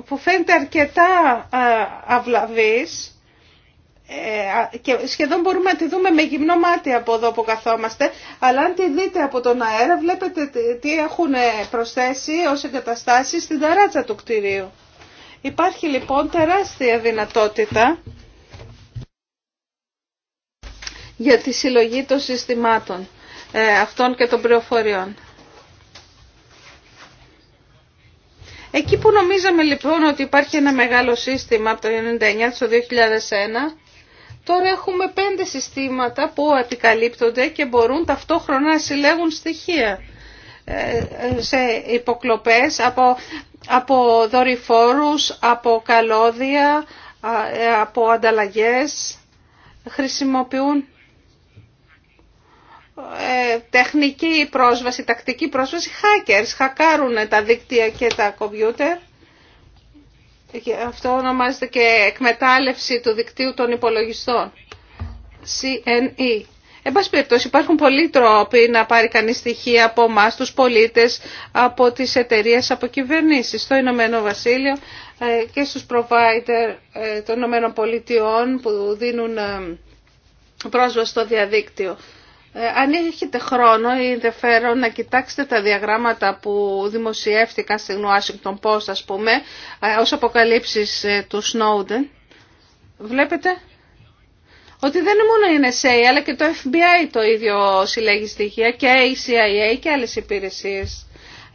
που φαίνεται αρκετά ε, αυλαβής ε, και σχεδόν μπορούμε να τη δούμε με γυμνό μάτι από εδώ που καθόμαστε, αλλά αν τη δείτε από τον αέρα βλέπετε τι έχουν ε, προσθέσει ως εγκαταστάσεις στην ταράτσα του κτηρίου. Υπάρχει λοιπόν τεράστια δυνατότητα για τη συλλογή των συστημάτων ε, αυτών και των πληροφοριών. Εκεί που νομίζαμε λοιπόν ότι υπάρχει ένα μεγάλο σύστημα από το 1999 στο 2001, Τώρα έχουμε πέντε συστήματα που επικαλύπτονται και μπορούν ταυτόχρονα να συλλέγουν στοιχεία ε, σε υποκλοπές από, από δορυφόρους, από καλώδια, ε, από ανταλλαγές. Χρησιμοποιούν ε, τεχνική πρόσβαση, τακτική πρόσβαση. Hackers χακάρουν τα δίκτυα και τα κομπιούτερ αυτό ονομάζεται και εκμετάλλευση του δικτύου των υπολογιστών. CNE. Εν περιπτώσει υπάρχουν πολλοί τρόποι να πάρει κανείς στοιχεία από εμά, τους πολίτες, από τις εταιρείες, από κυβερνήσεις στο Ηνωμένο Βασίλειο ε, και στους provider ε, των Ηνωμένων Πολιτειών που δίνουν ε, πρόσβαση στο διαδίκτυο. Ε, αν έχετε χρόνο ή ενδιαφέρον να κοιτάξετε τα διαγράμματα που δημοσιεύτηκαν στην Washington Post, ας πούμε, ε, ως αποκαλύψεις ε, του Snowden, βλέπετε ότι δεν είναι μόνο η NSA, αλλά και το FBI το ίδιο συλλέγει στοιχεία και η CIA και άλλες υπηρεσίες.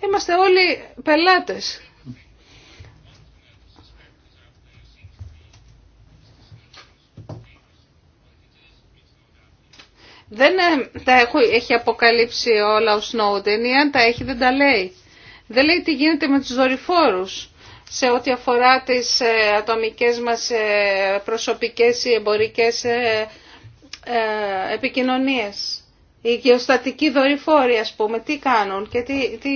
Είμαστε όλοι πελάτες. Δεν ε, τα έχω, έχει αποκαλύψει όλα ο Σνόντεν ή αν τα έχει δεν τα λέει. Δεν λέει τι γίνεται με τους δορυφόρους σε ό,τι αφορά τις ε, ατομικές μας ε, προσωπικές ή εμπορικές επικοινωνίες. Οι γεωστατικοί δορυφόροι, ας πούμε, τι κάνουν και τι, τι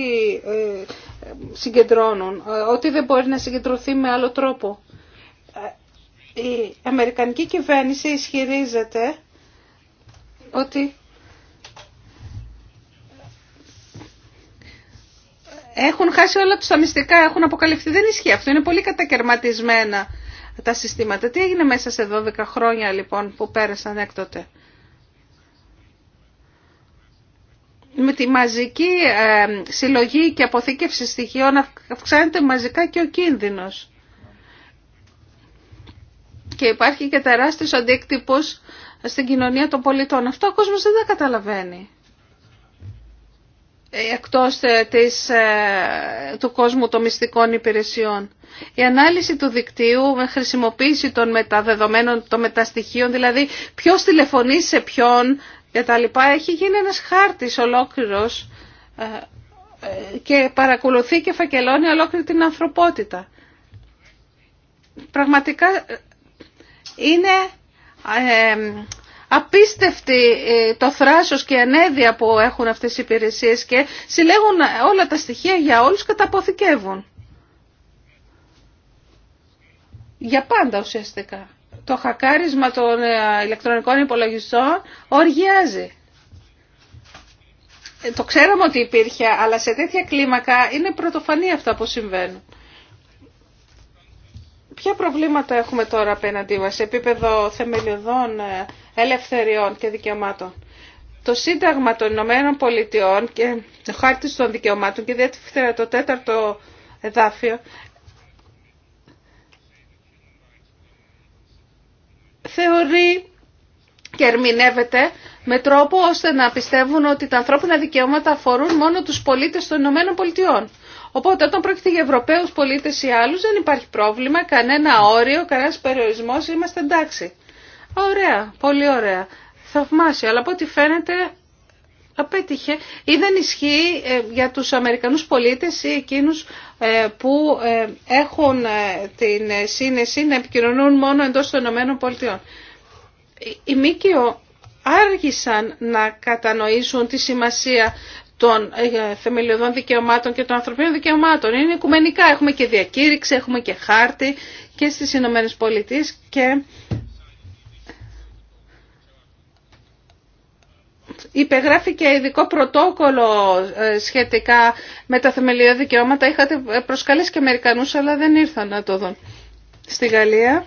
συγκεντρώνουν. Ό,τι δεν μπορεί να συγκεντρωθεί με άλλο τρόπο. Η Αμερικανική κυβέρνηση ισχυρίζεται ότι έχουν χάσει όλα τους τα μυστικά, έχουν αποκαλυφθεί. Δεν ισχύει αυτό, είναι πολύ κατακαιρματισμένα τα συστήματα. Τι έγινε μέσα σε 12 χρόνια λοιπόν που πέρασαν έκτοτε. Με τη μαζική ε, συλλογή και αποθήκευση στοιχείων αυξάνεται μαζικά και ο κίνδυνος. Και υπάρχει και τεράστιος αντίκτυπος στην κοινωνία των πολιτών. Αυτό ο κόσμος δεν τα καταλαβαίνει. Ε, εκτός ε, της, ε, του κόσμου των μυστικών υπηρεσιών. Η ανάλυση του δικτύου με χρησιμοποίηση των μεταδεδομένων, των μεταστοιχείων, δηλαδή ποιος τηλεφωνεί σε ποιον και τα λοιπά, έχει γίνει ένας χάρτης ολόκληρος και παρακολουθεί και φακελώνει ολόκληρη την ανθρωπότητα. Πραγματικά είναι απίστευτη ε, το θράσος και ανέδεια που έχουν αυτές οι υπηρεσίες και συλλέγουν όλα τα στοιχεία για όλους και τα αποθηκεύουν. Για πάντα ουσιαστικά. Το χακάρισμα των ε, ηλεκτρονικών υπολογιστών οργιάζει. Ε, το ξέραμε ότι υπήρχε, αλλά σε τέτοια κλίμακα είναι πρωτοφανή αυτά που συμβαίνουν. Ποια προβλήματα έχουμε τώρα απέναντί μας σε επίπεδο θεμελιωδών ε, ελευθεριών και δικαιωμάτων. Το Σύνταγμα των Ηνωμένων Πολιτειών και το Χάρτη των Δικαιωμάτων και ιδιαίτερα το τέταρτο εδάφιο θεωρεί και ερμηνεύεται με τρόπο ώστε να πιστεύουν ότι τα ανθρώπινα δικαιώματα αφορούν μόνο τους πολίτες των Ηνωμένων Πολιτειών. Οπότε όταν πρόκειται για Ευρωπαίους πολίτες ή άλλους δεν υπάρχει πρόβλημα, κανένα όριο, κανένας περιορισμός, είμαστε εντάξει. Ωραία, πολύ ωραία. Θαυμάσιο, αλλά από ό,τι φαίνεται απέτυχε ή δεν ισχύει ε, για τους Αμερικανούς πολίτες ή εκείνους ε, που ε, έχουν την σύνεση να επικοινωνούν μόνο εντός των ΗΠΑ. Οι ΜΚΟ άργησαν να κατανοήσουν τη σημασία των ε, θεμελιωδών δικαιωμάτων και των ανθρωπίνων δικαιωμάτων. Είναι οικουμενικά. Έχουμε και διακήρυξη, έχουμε και χάρτη και στις Ηνωμένε Πολιτείε και υπεγράφει και ειδικό πρωτόκολλο ε, σχετικά με τα θεμελιώδη δικαιώματα. Είχατε προσκαλέσει και Αμερικανούς, αλλά δεν ήρθαν να το δουν. Στη Γαλλία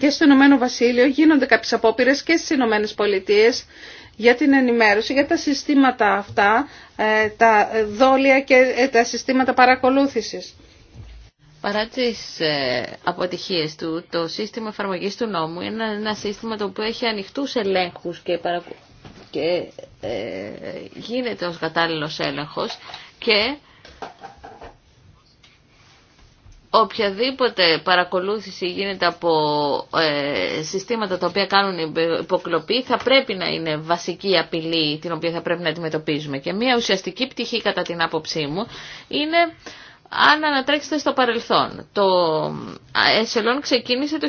και στο Ηνωμένο Βασίλειο γίνονται κάποιες απόπειρες και στις Ηνωμένε Πολιτείες για την ενημέρωση, για τα συστήματα αυτά, ε, τα δόλια και ε, τα συστήματα παρακολούθησης. Παρά τις ε, αποτυχίες του, το σύστημα εφαρμογής του νόμου είναι ένα σύστημα το οποίο έχει ανοιχτούς ελέγχους και, και γίνεται ως κατάλληλος έλεγχος και οποιαδήποτε παρακολούθηση γίνεται από ε, συστήματα τα οποία κάνουν υποκλοπή θα πρέπει να είναι βασική απειλή την οποία θα πρέπει να αντιμετωπίζουμε. Και μια ουσιαστική πτυχή κατά την άποψή μου είναι αν ανατρέξετε στο παρελθόν. Το ΕΣΕΛΟΝ ξεκίνησε το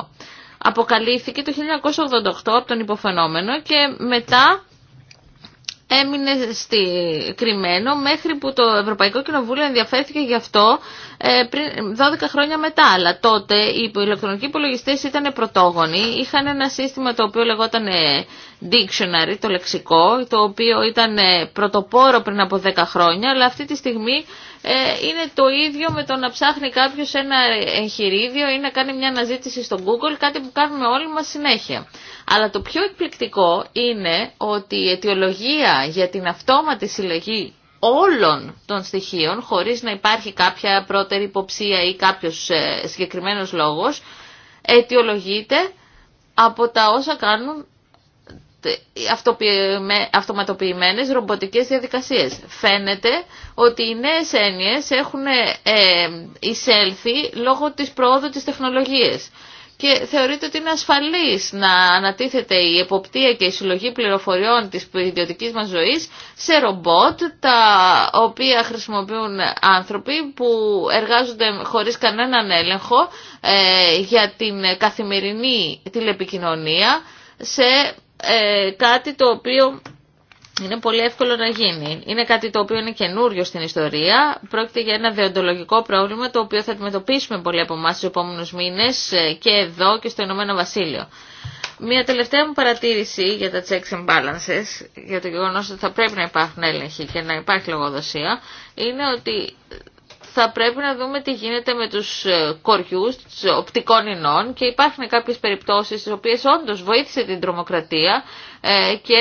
1968. Αποκαλύφθηκε το 1988 από τον υποφαινόμενο και μετά έμεινε στη, κρυμμένο μέχρι που το Ευρωπαϊκό Κοινοβούλιο ενδιαφέρθηκε γι' αυτό 12 ε, χρόνια μετά. Αλλά τότε οι ηλεκτρονικοί υπολογιστέ ήταν πρωτόγονοι, είχαν ένα σύστημα το οποίο λεγόταν ε, dictionary, το λεξικό, το οποίο ήταν ε, πρωτοπόρο πριν από 10 χρόνια, αλλά αυτή τη στιγμή ε, είναι το ίδιο με το να ψάχνει κάποιο ένα εγχειρίδιο ή να κάνει μια αναζήτηση στο Google, κάτι που κάνουμε όλοι μας συνέχεια. Αλλά το πιο εκπληκτικό είναι ότι η αιτιολογία για την αυτόματη συλλογή όλων των στοιχείων, χωρίς να υπάρχει κάποια πρώτερη υποψία ή κάποιος ε, συγκεκριμένος λόγος, αιτιολογείται από τα όσα κάνουν αυτοματοποιημένες ρομποτικές διαδικασίες. Φαίνεται ότι οι νέες έννοιες έχουν ε, εισέλθει λόγω της προόδου της τεχνολογίας και θεωρείται ότι είναι ασφαλής να ανατίθεται η εποπτεία και η συλλογή πληροφοριών της ιδιωτικής μας ζωής σε ρομπότ τα οποία χρησιμοποιούν άνθρωποι που εργάζονται χωρίς κανέναν έλεγχο ε, για την καθημερινή τηλεπικοινωνία σε ε, κάτι το οποίο είναι πολύ εύκολο να γίνει. Είναι κάτι το οποίο είναι καινούριο στην ιστορία. Πρόκειται για ένα δεοντολογικό πρόβλημα το οποίο θα αντιμετωπίσουμε πολλοί από εμά του επόμενου μήνε ε, και εδώ και στο Ηνωμένο Βασίλειο. Μια τελευταία μου παρατήρηση για τα checks and balances, για το γεγονό ότι θα πρέπει να υπάρχουν έλεγχοι και να υπάρχει λογοδοσία, είναι ότι θα πρέπει να δούμε τι γίνεται με τους ε, κοριούς τους οπτικών ινών και υπάρχουν κάποιες περιπτώσεις στις οποίες όντως βοήθησε την τρομοκρατία ε, και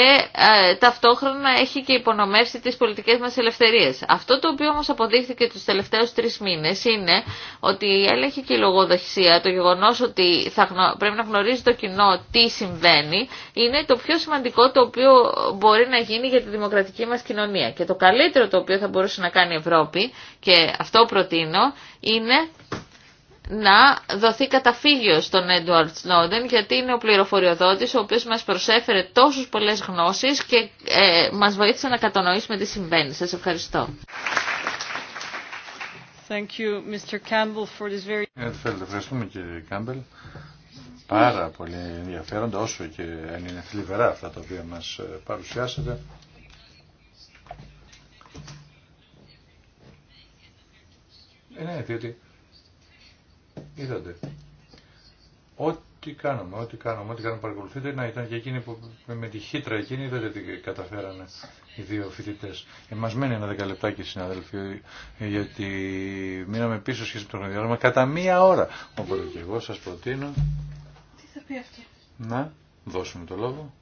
ε, ταυτόχρονα έχει και υπονομεύσει τις πολιτικές μας ελευθερίες. Αυτό το οποίο όμως αποδείχθηκε τους τελευταίους τρεις μήνες είναι ότι η έλεγχη και η λογοδοχησία, το γεγονός ότι θα, πρέπει να γνωρίζει το κοινό τι συμβαίνει, είναι το πιο σημαντικό το οποίο μπορεί να γίνει για τη δημοκρατική μας κοινωνία. Και το καλύτερο το οποίο θα μπορούσε να κάνει η Ευρώπη, και αυτό προτείνω, είναι να δοθεί καταφύγιο στον Έντουαρτ Σνόντεν γιατί είναι ο πληροφοριοδότης ο οποίος μας προσέφερε τόσους πολλές γνώσεις και ε, μας βοήθησε να κατανοήσουμε τι συμβαίνει. Σας ευχαριστώ. Thank you, Mr. Campbell, for ε, Ευχαριστούμε κύριε Κάμπελ. Πάρα πολύ ενδιαφέροντα όσο και αν είναι θλιβερά αυτά τα οποία μας ε, παρουσιάσατε. Ε, ναι, είδατε. Ό,τι κάνουμε, ό,τι κάνουμε, ό,τι κάνουμε παρακολουθείτε, να ήταν και εκείνοι που με τη χύτρα εκείνη είδατε τι καταφέρανε οι δύο φοιτητέ. Εμά μένει ένα δεκαλεπτάκι συναδελφοί, γιατί μείναμε πίσω σχέση με το χρονοδιάγραμμα κατά μία ώρα. Οπότε και εγώ σα προτείνω. Να δώσουμε το λόγο.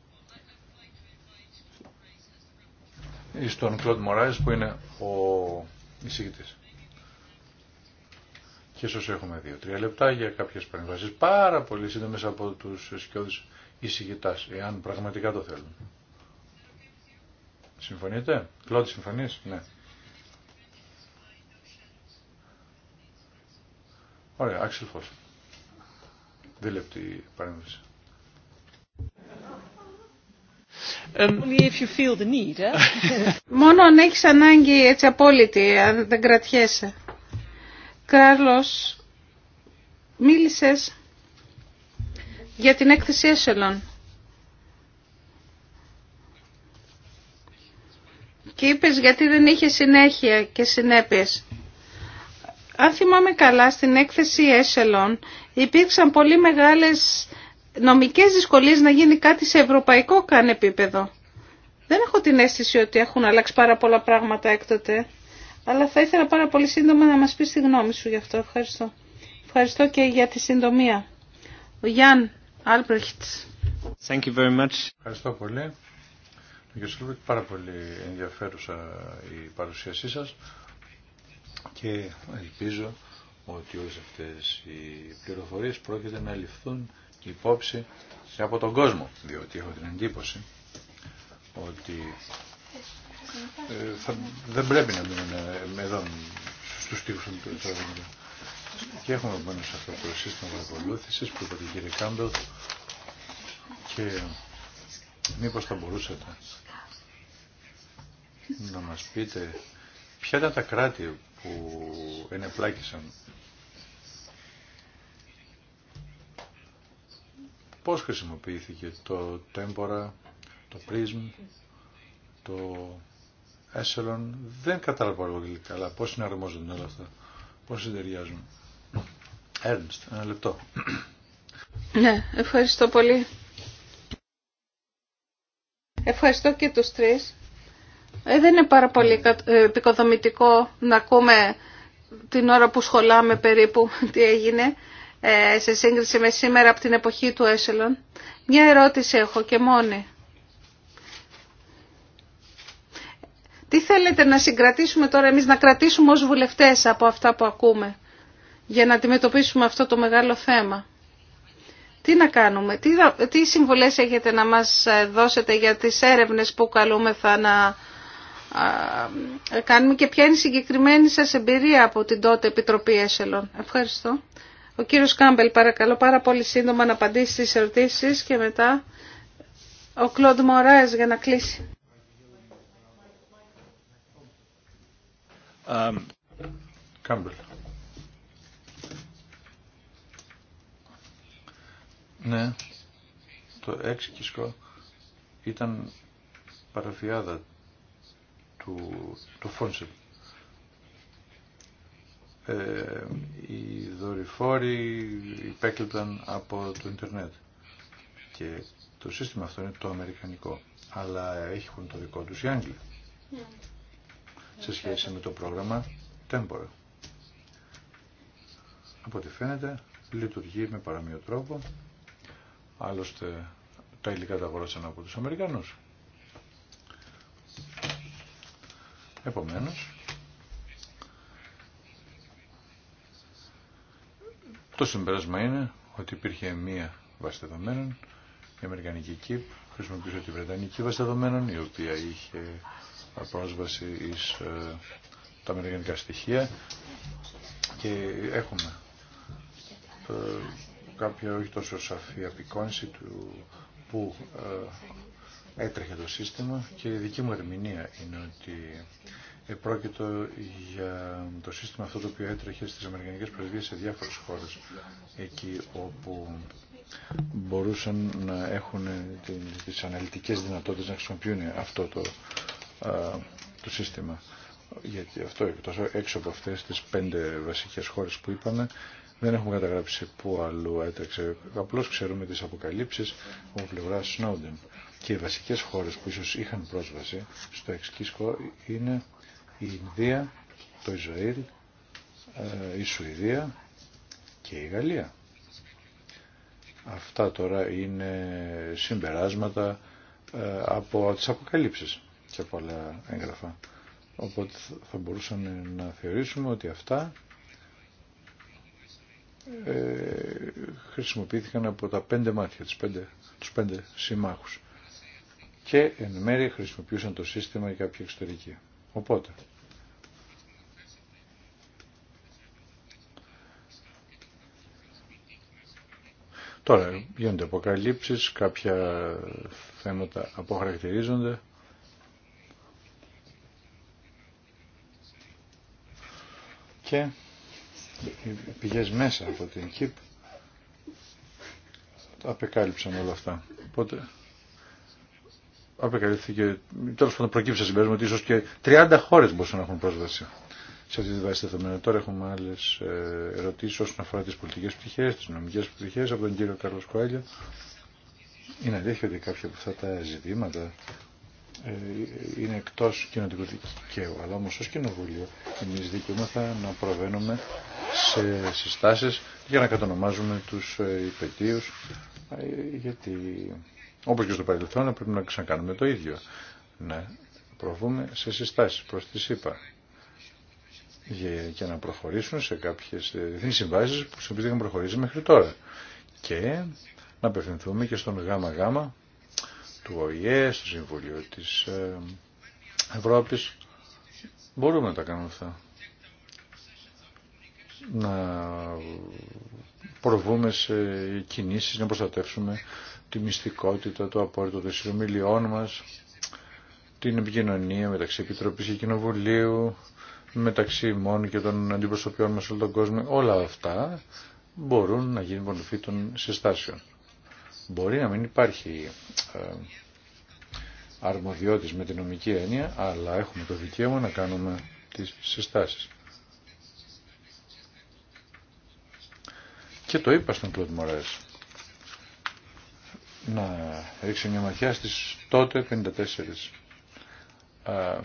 Στον Κλοντ Μωράη που είναι ο εισηγητή και ισω εχουμε έχουμε δύο-τρία λεπτά για κάποιες παρεμβάσεις πάρα πολύ σύντομε από τους σκιώδεις εισηγητάς, εάν πραγματικά το θέλουν. Συμφωνείτε? Κλώδη, συμφωνείς? Ναι. Ωραία, άξιλ φως. Δύο παρέμβαση. Ε. Μόνο αν έχεις ανάγκη έτσι απόλυτη, αν δεν κρατιέσαι. Κράλος, μίλησες για την έκθεση Έσελον Και είπες γιατί δεν είχε συνέχεια και συνέπειες. Αν θυμάμαι καλά, στην έκθεση Έσελον. υπήρξαν πολύ μεγάλες νομικές δυσκολίες να γίνει κάτι σε ευρωπαϊκό καν επίπεδο. Δεν έχω την αίσθηση ότι έχουν αλλάξει πάρα πολλά πράγματα έκτοτε αλλά θα ήθελα πάρα πολύ σύντομα να μας πεις τη γνώμη σου γι' αυτό. Ευχαριστώ. Ευχαριστώ και για τη συντομία. Ο Γιάν Άλπρεχτς. Ευχαριστώ πολύ. Κύριε Σλούβικ, πάρα πολύ ενδιαφέρουσα η παρουσίασή σας και ελπίζω ότι όλες αυτές οι πληροφορίες πρόκειται να ληφθούν υπόψη και από τον κόσμο, διότι έχω την εντύπωση ότι ε, θα, δεν πρέπει να μείνουν ε, εδώ στους τοίχους Και έχουμε μόνο σε αυτό το σύστημα παρακολούθησης που είπατε κύριε Κάμπελ και μήπως θα μπορούσατε να μας πείτε ποια ήταν τα κράτη που ενεπλάκησαν πώς χρησιμοποιήθηκε το τέμπορα, το πρίσμ, το έσελον. Δεν κατάλαβα πολύ καλά πώς συναρμόζονται όλα αυτά, πώς συντεριάζουν. Έρνστ, ένα λεπτό. Ναι, ευχαριστώ πολύ. Ευχαριστώ και τους τρεις. Ε, δεν είναι πάρα πολύ ε, επικοδομητικό να ακούμε την ώρα που σχολάμε περίπου τι έγινε ε, σε σύγκριση με σήμερα από την εποχή του Έσελον. Μια ερώτηση έχω και μόνη. Τι θέλετε να συγκρατήσουμε τώρα εμείς, να κρατήσουμε ως βουλευτές από αυτά που ακούμε για να αντιμετωπίσουμε αυτό το μεγάλο θέμα. Τι να κάνουμε, τι, τι συμβουλές έχετε να μας ε, δώσετε για τις έρευνες που καλούμε θα να ε, κάνουμε και ποια είναι η συγκεκριμένη σας εμπειρία από την τότε Επιτροπή Έσελον. Ευχαριστώ. Ο κύριος Κάμπελ παρακαλώ πάρα πολύ σύντομα να απαντήσει στις ερωτήσεις και μετά ο Κλοντ Μωράες για να κλείσει. Um, Κάμπελ. Ναι, το έξικισκο ήταν παραφιάδα του, του Φόνσελ. Ε, οι δορυφόροι υπέκλειπταν από το Ιντερνετ και το σύστημα αυτό είναι το αμερικανικό αλλά έχουν το δικό τους οι Άγγλοι. Ναι σε σχέση με το πρόγραμμα Τέμπορα. Από ό,τι φαίνεται λειτουργεί με παραμείο τρόπο. Άλλωστε τα υλικά τα αγοράσαν από τους Αμερικανούς. Επομένως, το συμπέρασμα είναι ότι υπήρχε μία βάση δεδομένων, η Αμερικανική ΚΙΠ χρησιμοποιούσε τη Βρετανική βάση δεδομένων, η οποία είχε πρόσβαση εις ε, τα μεταγενικά στοιχεία και έχουμε ε, κάποια όχι τόσο σαφή απεικόνηση του που ε, έτρεχε το σύστημα και η δική μου ερμηνεία είναι ότι επρόκειτο για το σύστημα αυτό το οποίο έτρεχε στις Αμερικανικές Πρεσβείες σε διάφορες χώρες εκεί όπου μπορούσαν να έχουν τις αναλυτικές δυνατότητες να χρησιμοποιούν αυτό το το σύστημα. Γιατί αυτό εκτός, έξω από αυτές τις πέντε βασικές χώρες που είπαμε δεν έχουμε καταγράψει πού αλλού έτρεξε. Απλώς ξέρουμε τις αποκαλύψεις από πλευρά Snowden. Και οι βασικές χώρες που ίσως είχαν πρόσβαση στο εξκίσκο είναι η Ινδία, το Ισραήλ, ε, η Σουηδία και η Γαλλία. Αυτά τώρα είναι συμπεράσματα ε, από τις αποκαλύψεις σε πολλά έγγραφα. Οπότε θα μπορούσαμε να θεωρήσουμε ότι αυτά ε, χρησιμοποιήθηκαν από τα πέντε μάτια, τους πέντε, τους συμμάχους. Και εν μέρει χρησιμοποιούσαν το σύστημα για κάποια εξωτερική. Οπότε, Τώρα γίνονται αποκαλύψεις, κάποια θέματα αποχαρακτηρίζονται. και οι μέσα από την ΚΙΠ απεκάλυψαν όλα αυτά. Οπότε απεκαλύφθηκε, τέλο πάντων προκύψε συμπέρασμα ότι ίσω και 30 χώρε μπορούσαν να έχουν πρόσβαση σε αυτή τη βάση δεδομένων. Τώρα έχουμε άλλε ερωτήσει όσον αφορά τι πολιτικέ πτυχέ, τι νομικέ πτυχέ από τον κύριο Καρλό Κουάλια. Είναι αλήθεια ότι κάποια από αυτά τα ζητήματα ε, είναι εκτός κοινοτικού δικαίου. Αλλά όμως ως κοινοβούλιο εμείς θα να προβαίνουμε σε συστάσεις για να κατονομάζουμε τους ε, υπετίους ε, γιατί όπως και στο παρελθόν πρέπει να ξανακάνουμε το ίδιο. Να προβούμε σε συστάσεις προς τη ΣΥΠΑ για να προχωρήσουν σε κάποιες διεθνείς συμβάσεις που στις οποίες προχωρήσει μέχρι τώρα. Και να απευθυνθούμε και στον ΓΑΜΑ του ΟΗΕ, στο Συμβούλιο της ε, Ευρώπης. Μπορούμε να τα κάνουμε αυτά. Να προβούμε σε κινήσεις, να προστατεύσουμε τη μυστικότητα, το απόρριτο των συνομιλιών μας, την επικοινωνία μεταξύ Επιτροπής και Κοινοβουλίου, μεταξύ μόνο και των αντιπροσωπιών μας όλο τον κόσμο. Όλα αυτά μπορούν να γίνουν μορφή των συστάσεων. Μπορεί να μην υπάρχει ε, αρμοδιότης με την νομική έννοια, αλλά έχουμε το δικαίωμα να κάνουμε τις συστάσεις. Και το είπα στον Κλοντ Μωρές να ρίξει μια ματιά στις τότε 54 ε,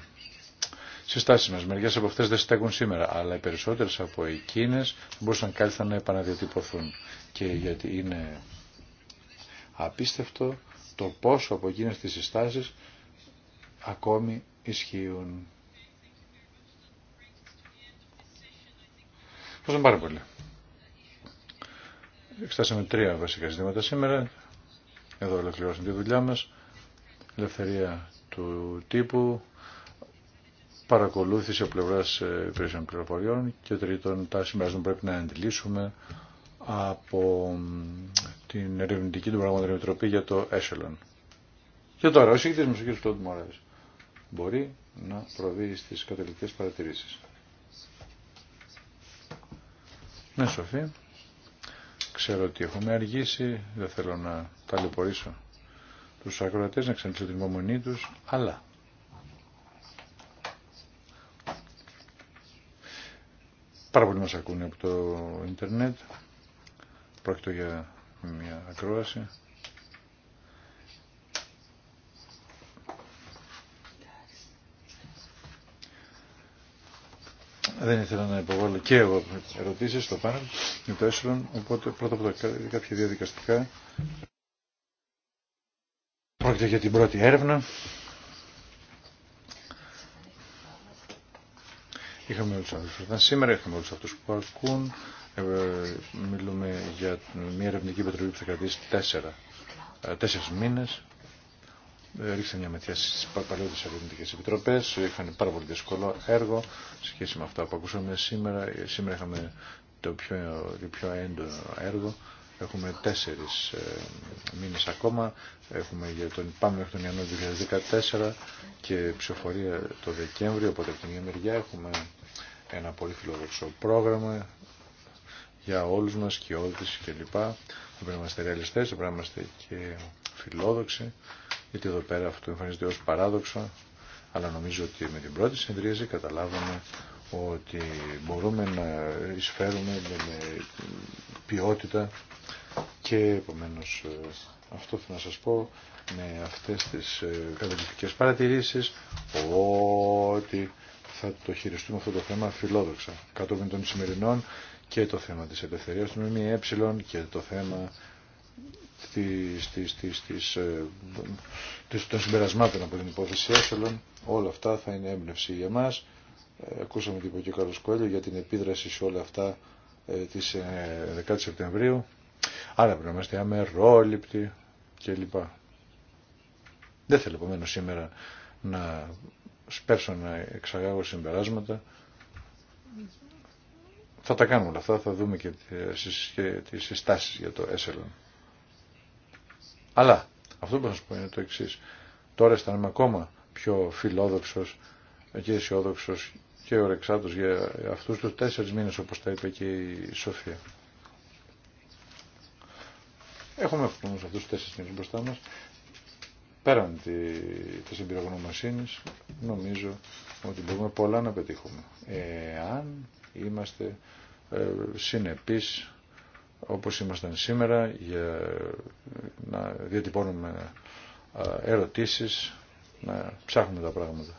συστάσεις μας. Μερικές από αυτές δεν στέκουν σήμερα, αλλά οι περισσότερες από εκείνες μπορούσαν κάλλιστα να επαναδιατυπωθούν και γιατί είναι απίστευτο το πόσο από εκείνες τις συστάσεις ακόμη ισχύουν. Ευχαριστώ πάρα πολύ. Εξετάσαμε τρία βασικά ζητήματα σήμερα. Εδώ ολοκληρώσαμε τη δουλειά μας. Ελευθερία του τύπου, παρακολούθηση από πλευράς ε, υπηρεσιών πληροφοριών και τρίτον τα σημεία που πρέπει να αντιλήσουμε από την ερευνητική του Πραγματική Επιτροπή για το Echelon. Και τώρα, ο συγκεκριτής μας, ο κ. Κλόντ μπορεί να προβεί στις καταληκτικέ παρατηρήσεις. Ναι, Σοφή, ξέρω ότι έχουμε αργήσει, δεν θέλω να ταλαιπωρήσω τους ακροατές, να ξαναλύσω την υπομονή του. αλλά... Πάρα πολλοί μας ακούνε από το ίντερνετ, Πρόκειται για μια ακρόαση. Δεν ήθελα να υποβάλω και εγώ ερωτήσεις στο πάνελ με το έσυλον, οπότε πρώτα από όλα κάποια διαδικαστικά. Πρόκειται για την πρώτη έρευνα. Είχαμε όλους αυτούς που σήμερα, είχαμε όλους αυτούς που ακούν, ε, μιλούμε για μια ερευνητική επιτροπή που θα κρατήσει τέσσερα, ε, τέσσερις μήνες. Ε, ρίξτε μια μεθιά στι παλαιότερε ερευνητικές επιτροπέ. Είχαν πάρα πολύ δύσκολο έργο σε σχέση με αυτά που ακούσαμε σήμερα. Σήμερα είχαμε το πιο, το πιο έντονο έργο. Έχουμε τέσσερις ε, μήνες ακόμα. Έχουμε για τον, πάμε μέχρι τον Ιανουάριο 2014 και ψηφοφορία το Δεκέμβριο. Οπότε από την μια μεριά έχουμε ένα πολύ φιλόδοξο πρόγραμμα για όλους μας και όλες κλπ. Θα πρέπει να είμαστε ρεαλιστές, θα πρέπει να είμαστε και φιλόδοξοι, γιατί εδώ πέρα αυτό εμφανίζεται ως παράδοξο, αλλά νομίζω ότι με την πρώτη συνδρίαση καταλάβαμε ότι μπορούμε να εισφέρουμε με ποιότητα και επομένως ε, αυτό θέλω να σας πω με αυτές τις ε, καταληκτικές παρατηρήσεις ότι θα το χειριστούμε αυτό το θέμα φιλόδοξα. Κατόπιν των σημερινών και το θέμα της ελευθερίας των ΜΜΕ και το θέμα της, της, της, της, ε, της, των συμπερασμάτων από την υπόθεση έσελον. Όλα αυτά θα είναι έμπνευση για μας. Ε, ακούσαμε την και ο Καροσκόλιο για την επίδραση σε όλα αυτά ε, της 10 Σεπτεμβρίου. Άρα πρέπει να είμαστε αμερόληπτοι κλπ. Δεν θέλω επομένω σήμερα να σπεύσω να εξαγάγω συμπεράσματα θα τα κάνουμε όλα αυτά, θα δούμε και τις συστάσεις για το SLM. Αλλά αυτό που θα σας πω είναι το εξή. Τώρα αισθάνομαι ακόμα πιο φιλόδοξος και αισιόδοξο και ορεξάτο για αυτούς τους τέσσερις μήνες όπως τα είπε και η Σοφία. Έχουμε όμως αυτούς τους τέσσερις μήνες μπροστά μας. Πέραν της εμπειρογνωμοσύνης νομίζω ότι μπορούμε πολλά να πετύχουμε. Εάν είμαστε ε, συνεπείς όπως ήμασταν σήμερα για να διατυπώνουμε ε, ερωτήσεις, να ψάχνουμε τα πράγματα.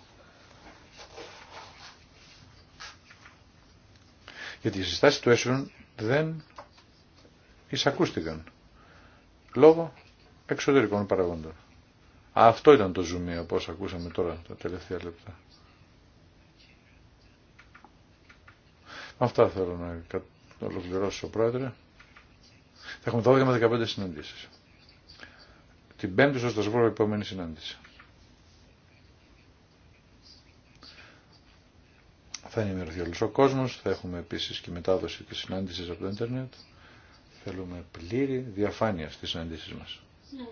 Γιατί οι συστάσεις του έσουν δεν εισακούστηκαν λόγω εξωτερικών παραγόντων. Αυτό ήταν το ζουμί, όπως ακούσαμε τώρα τα τελευταία λεπτά. Αυτά θέλω να ολοκληρώσω, Πρόεδρε. Θα έχουμε 12 με 15 συναντήσεις. Την Πέμπτη στο Στασβούργο επόμενη συνάντηση. Θα ενημερωθεί όλος ο κόσμος, θα έχουμε επίσης και μετάδοση της συνάντησης από το ίντερνετ. Θέλουμε πλήρη διαφάνεια στις συναντήσεις μας. Ναι.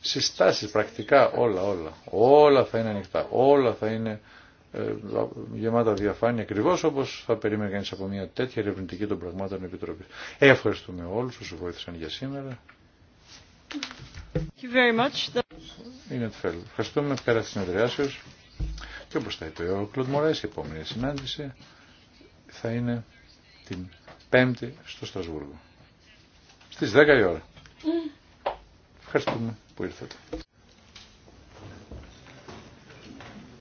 Συστάσεις πρακτικά όλα, όλα. Όλα θα είναι ανοιχτά, όλα θα είναι ε, γεμάτα διαφάνεια, ακριβώ όπω θα περίμενε κανεί από μια τέτοια ερευνητική των πραγμάτων επιτροπή. Ε, ευχαριστούμε όλου όσου βοήθησαν για σήμερα. Thank Ευχαριστούμε πέρα τη συνεδριάσεω. Και όπω θα είπε ο Κλοντ Μωρέ, η επόμενη συνάντηση θα είναι την Πέμπτη στο Στρασβούργο. Στι 10 η ώρα. Mm. Ευχαριστούμε που ήρθατε.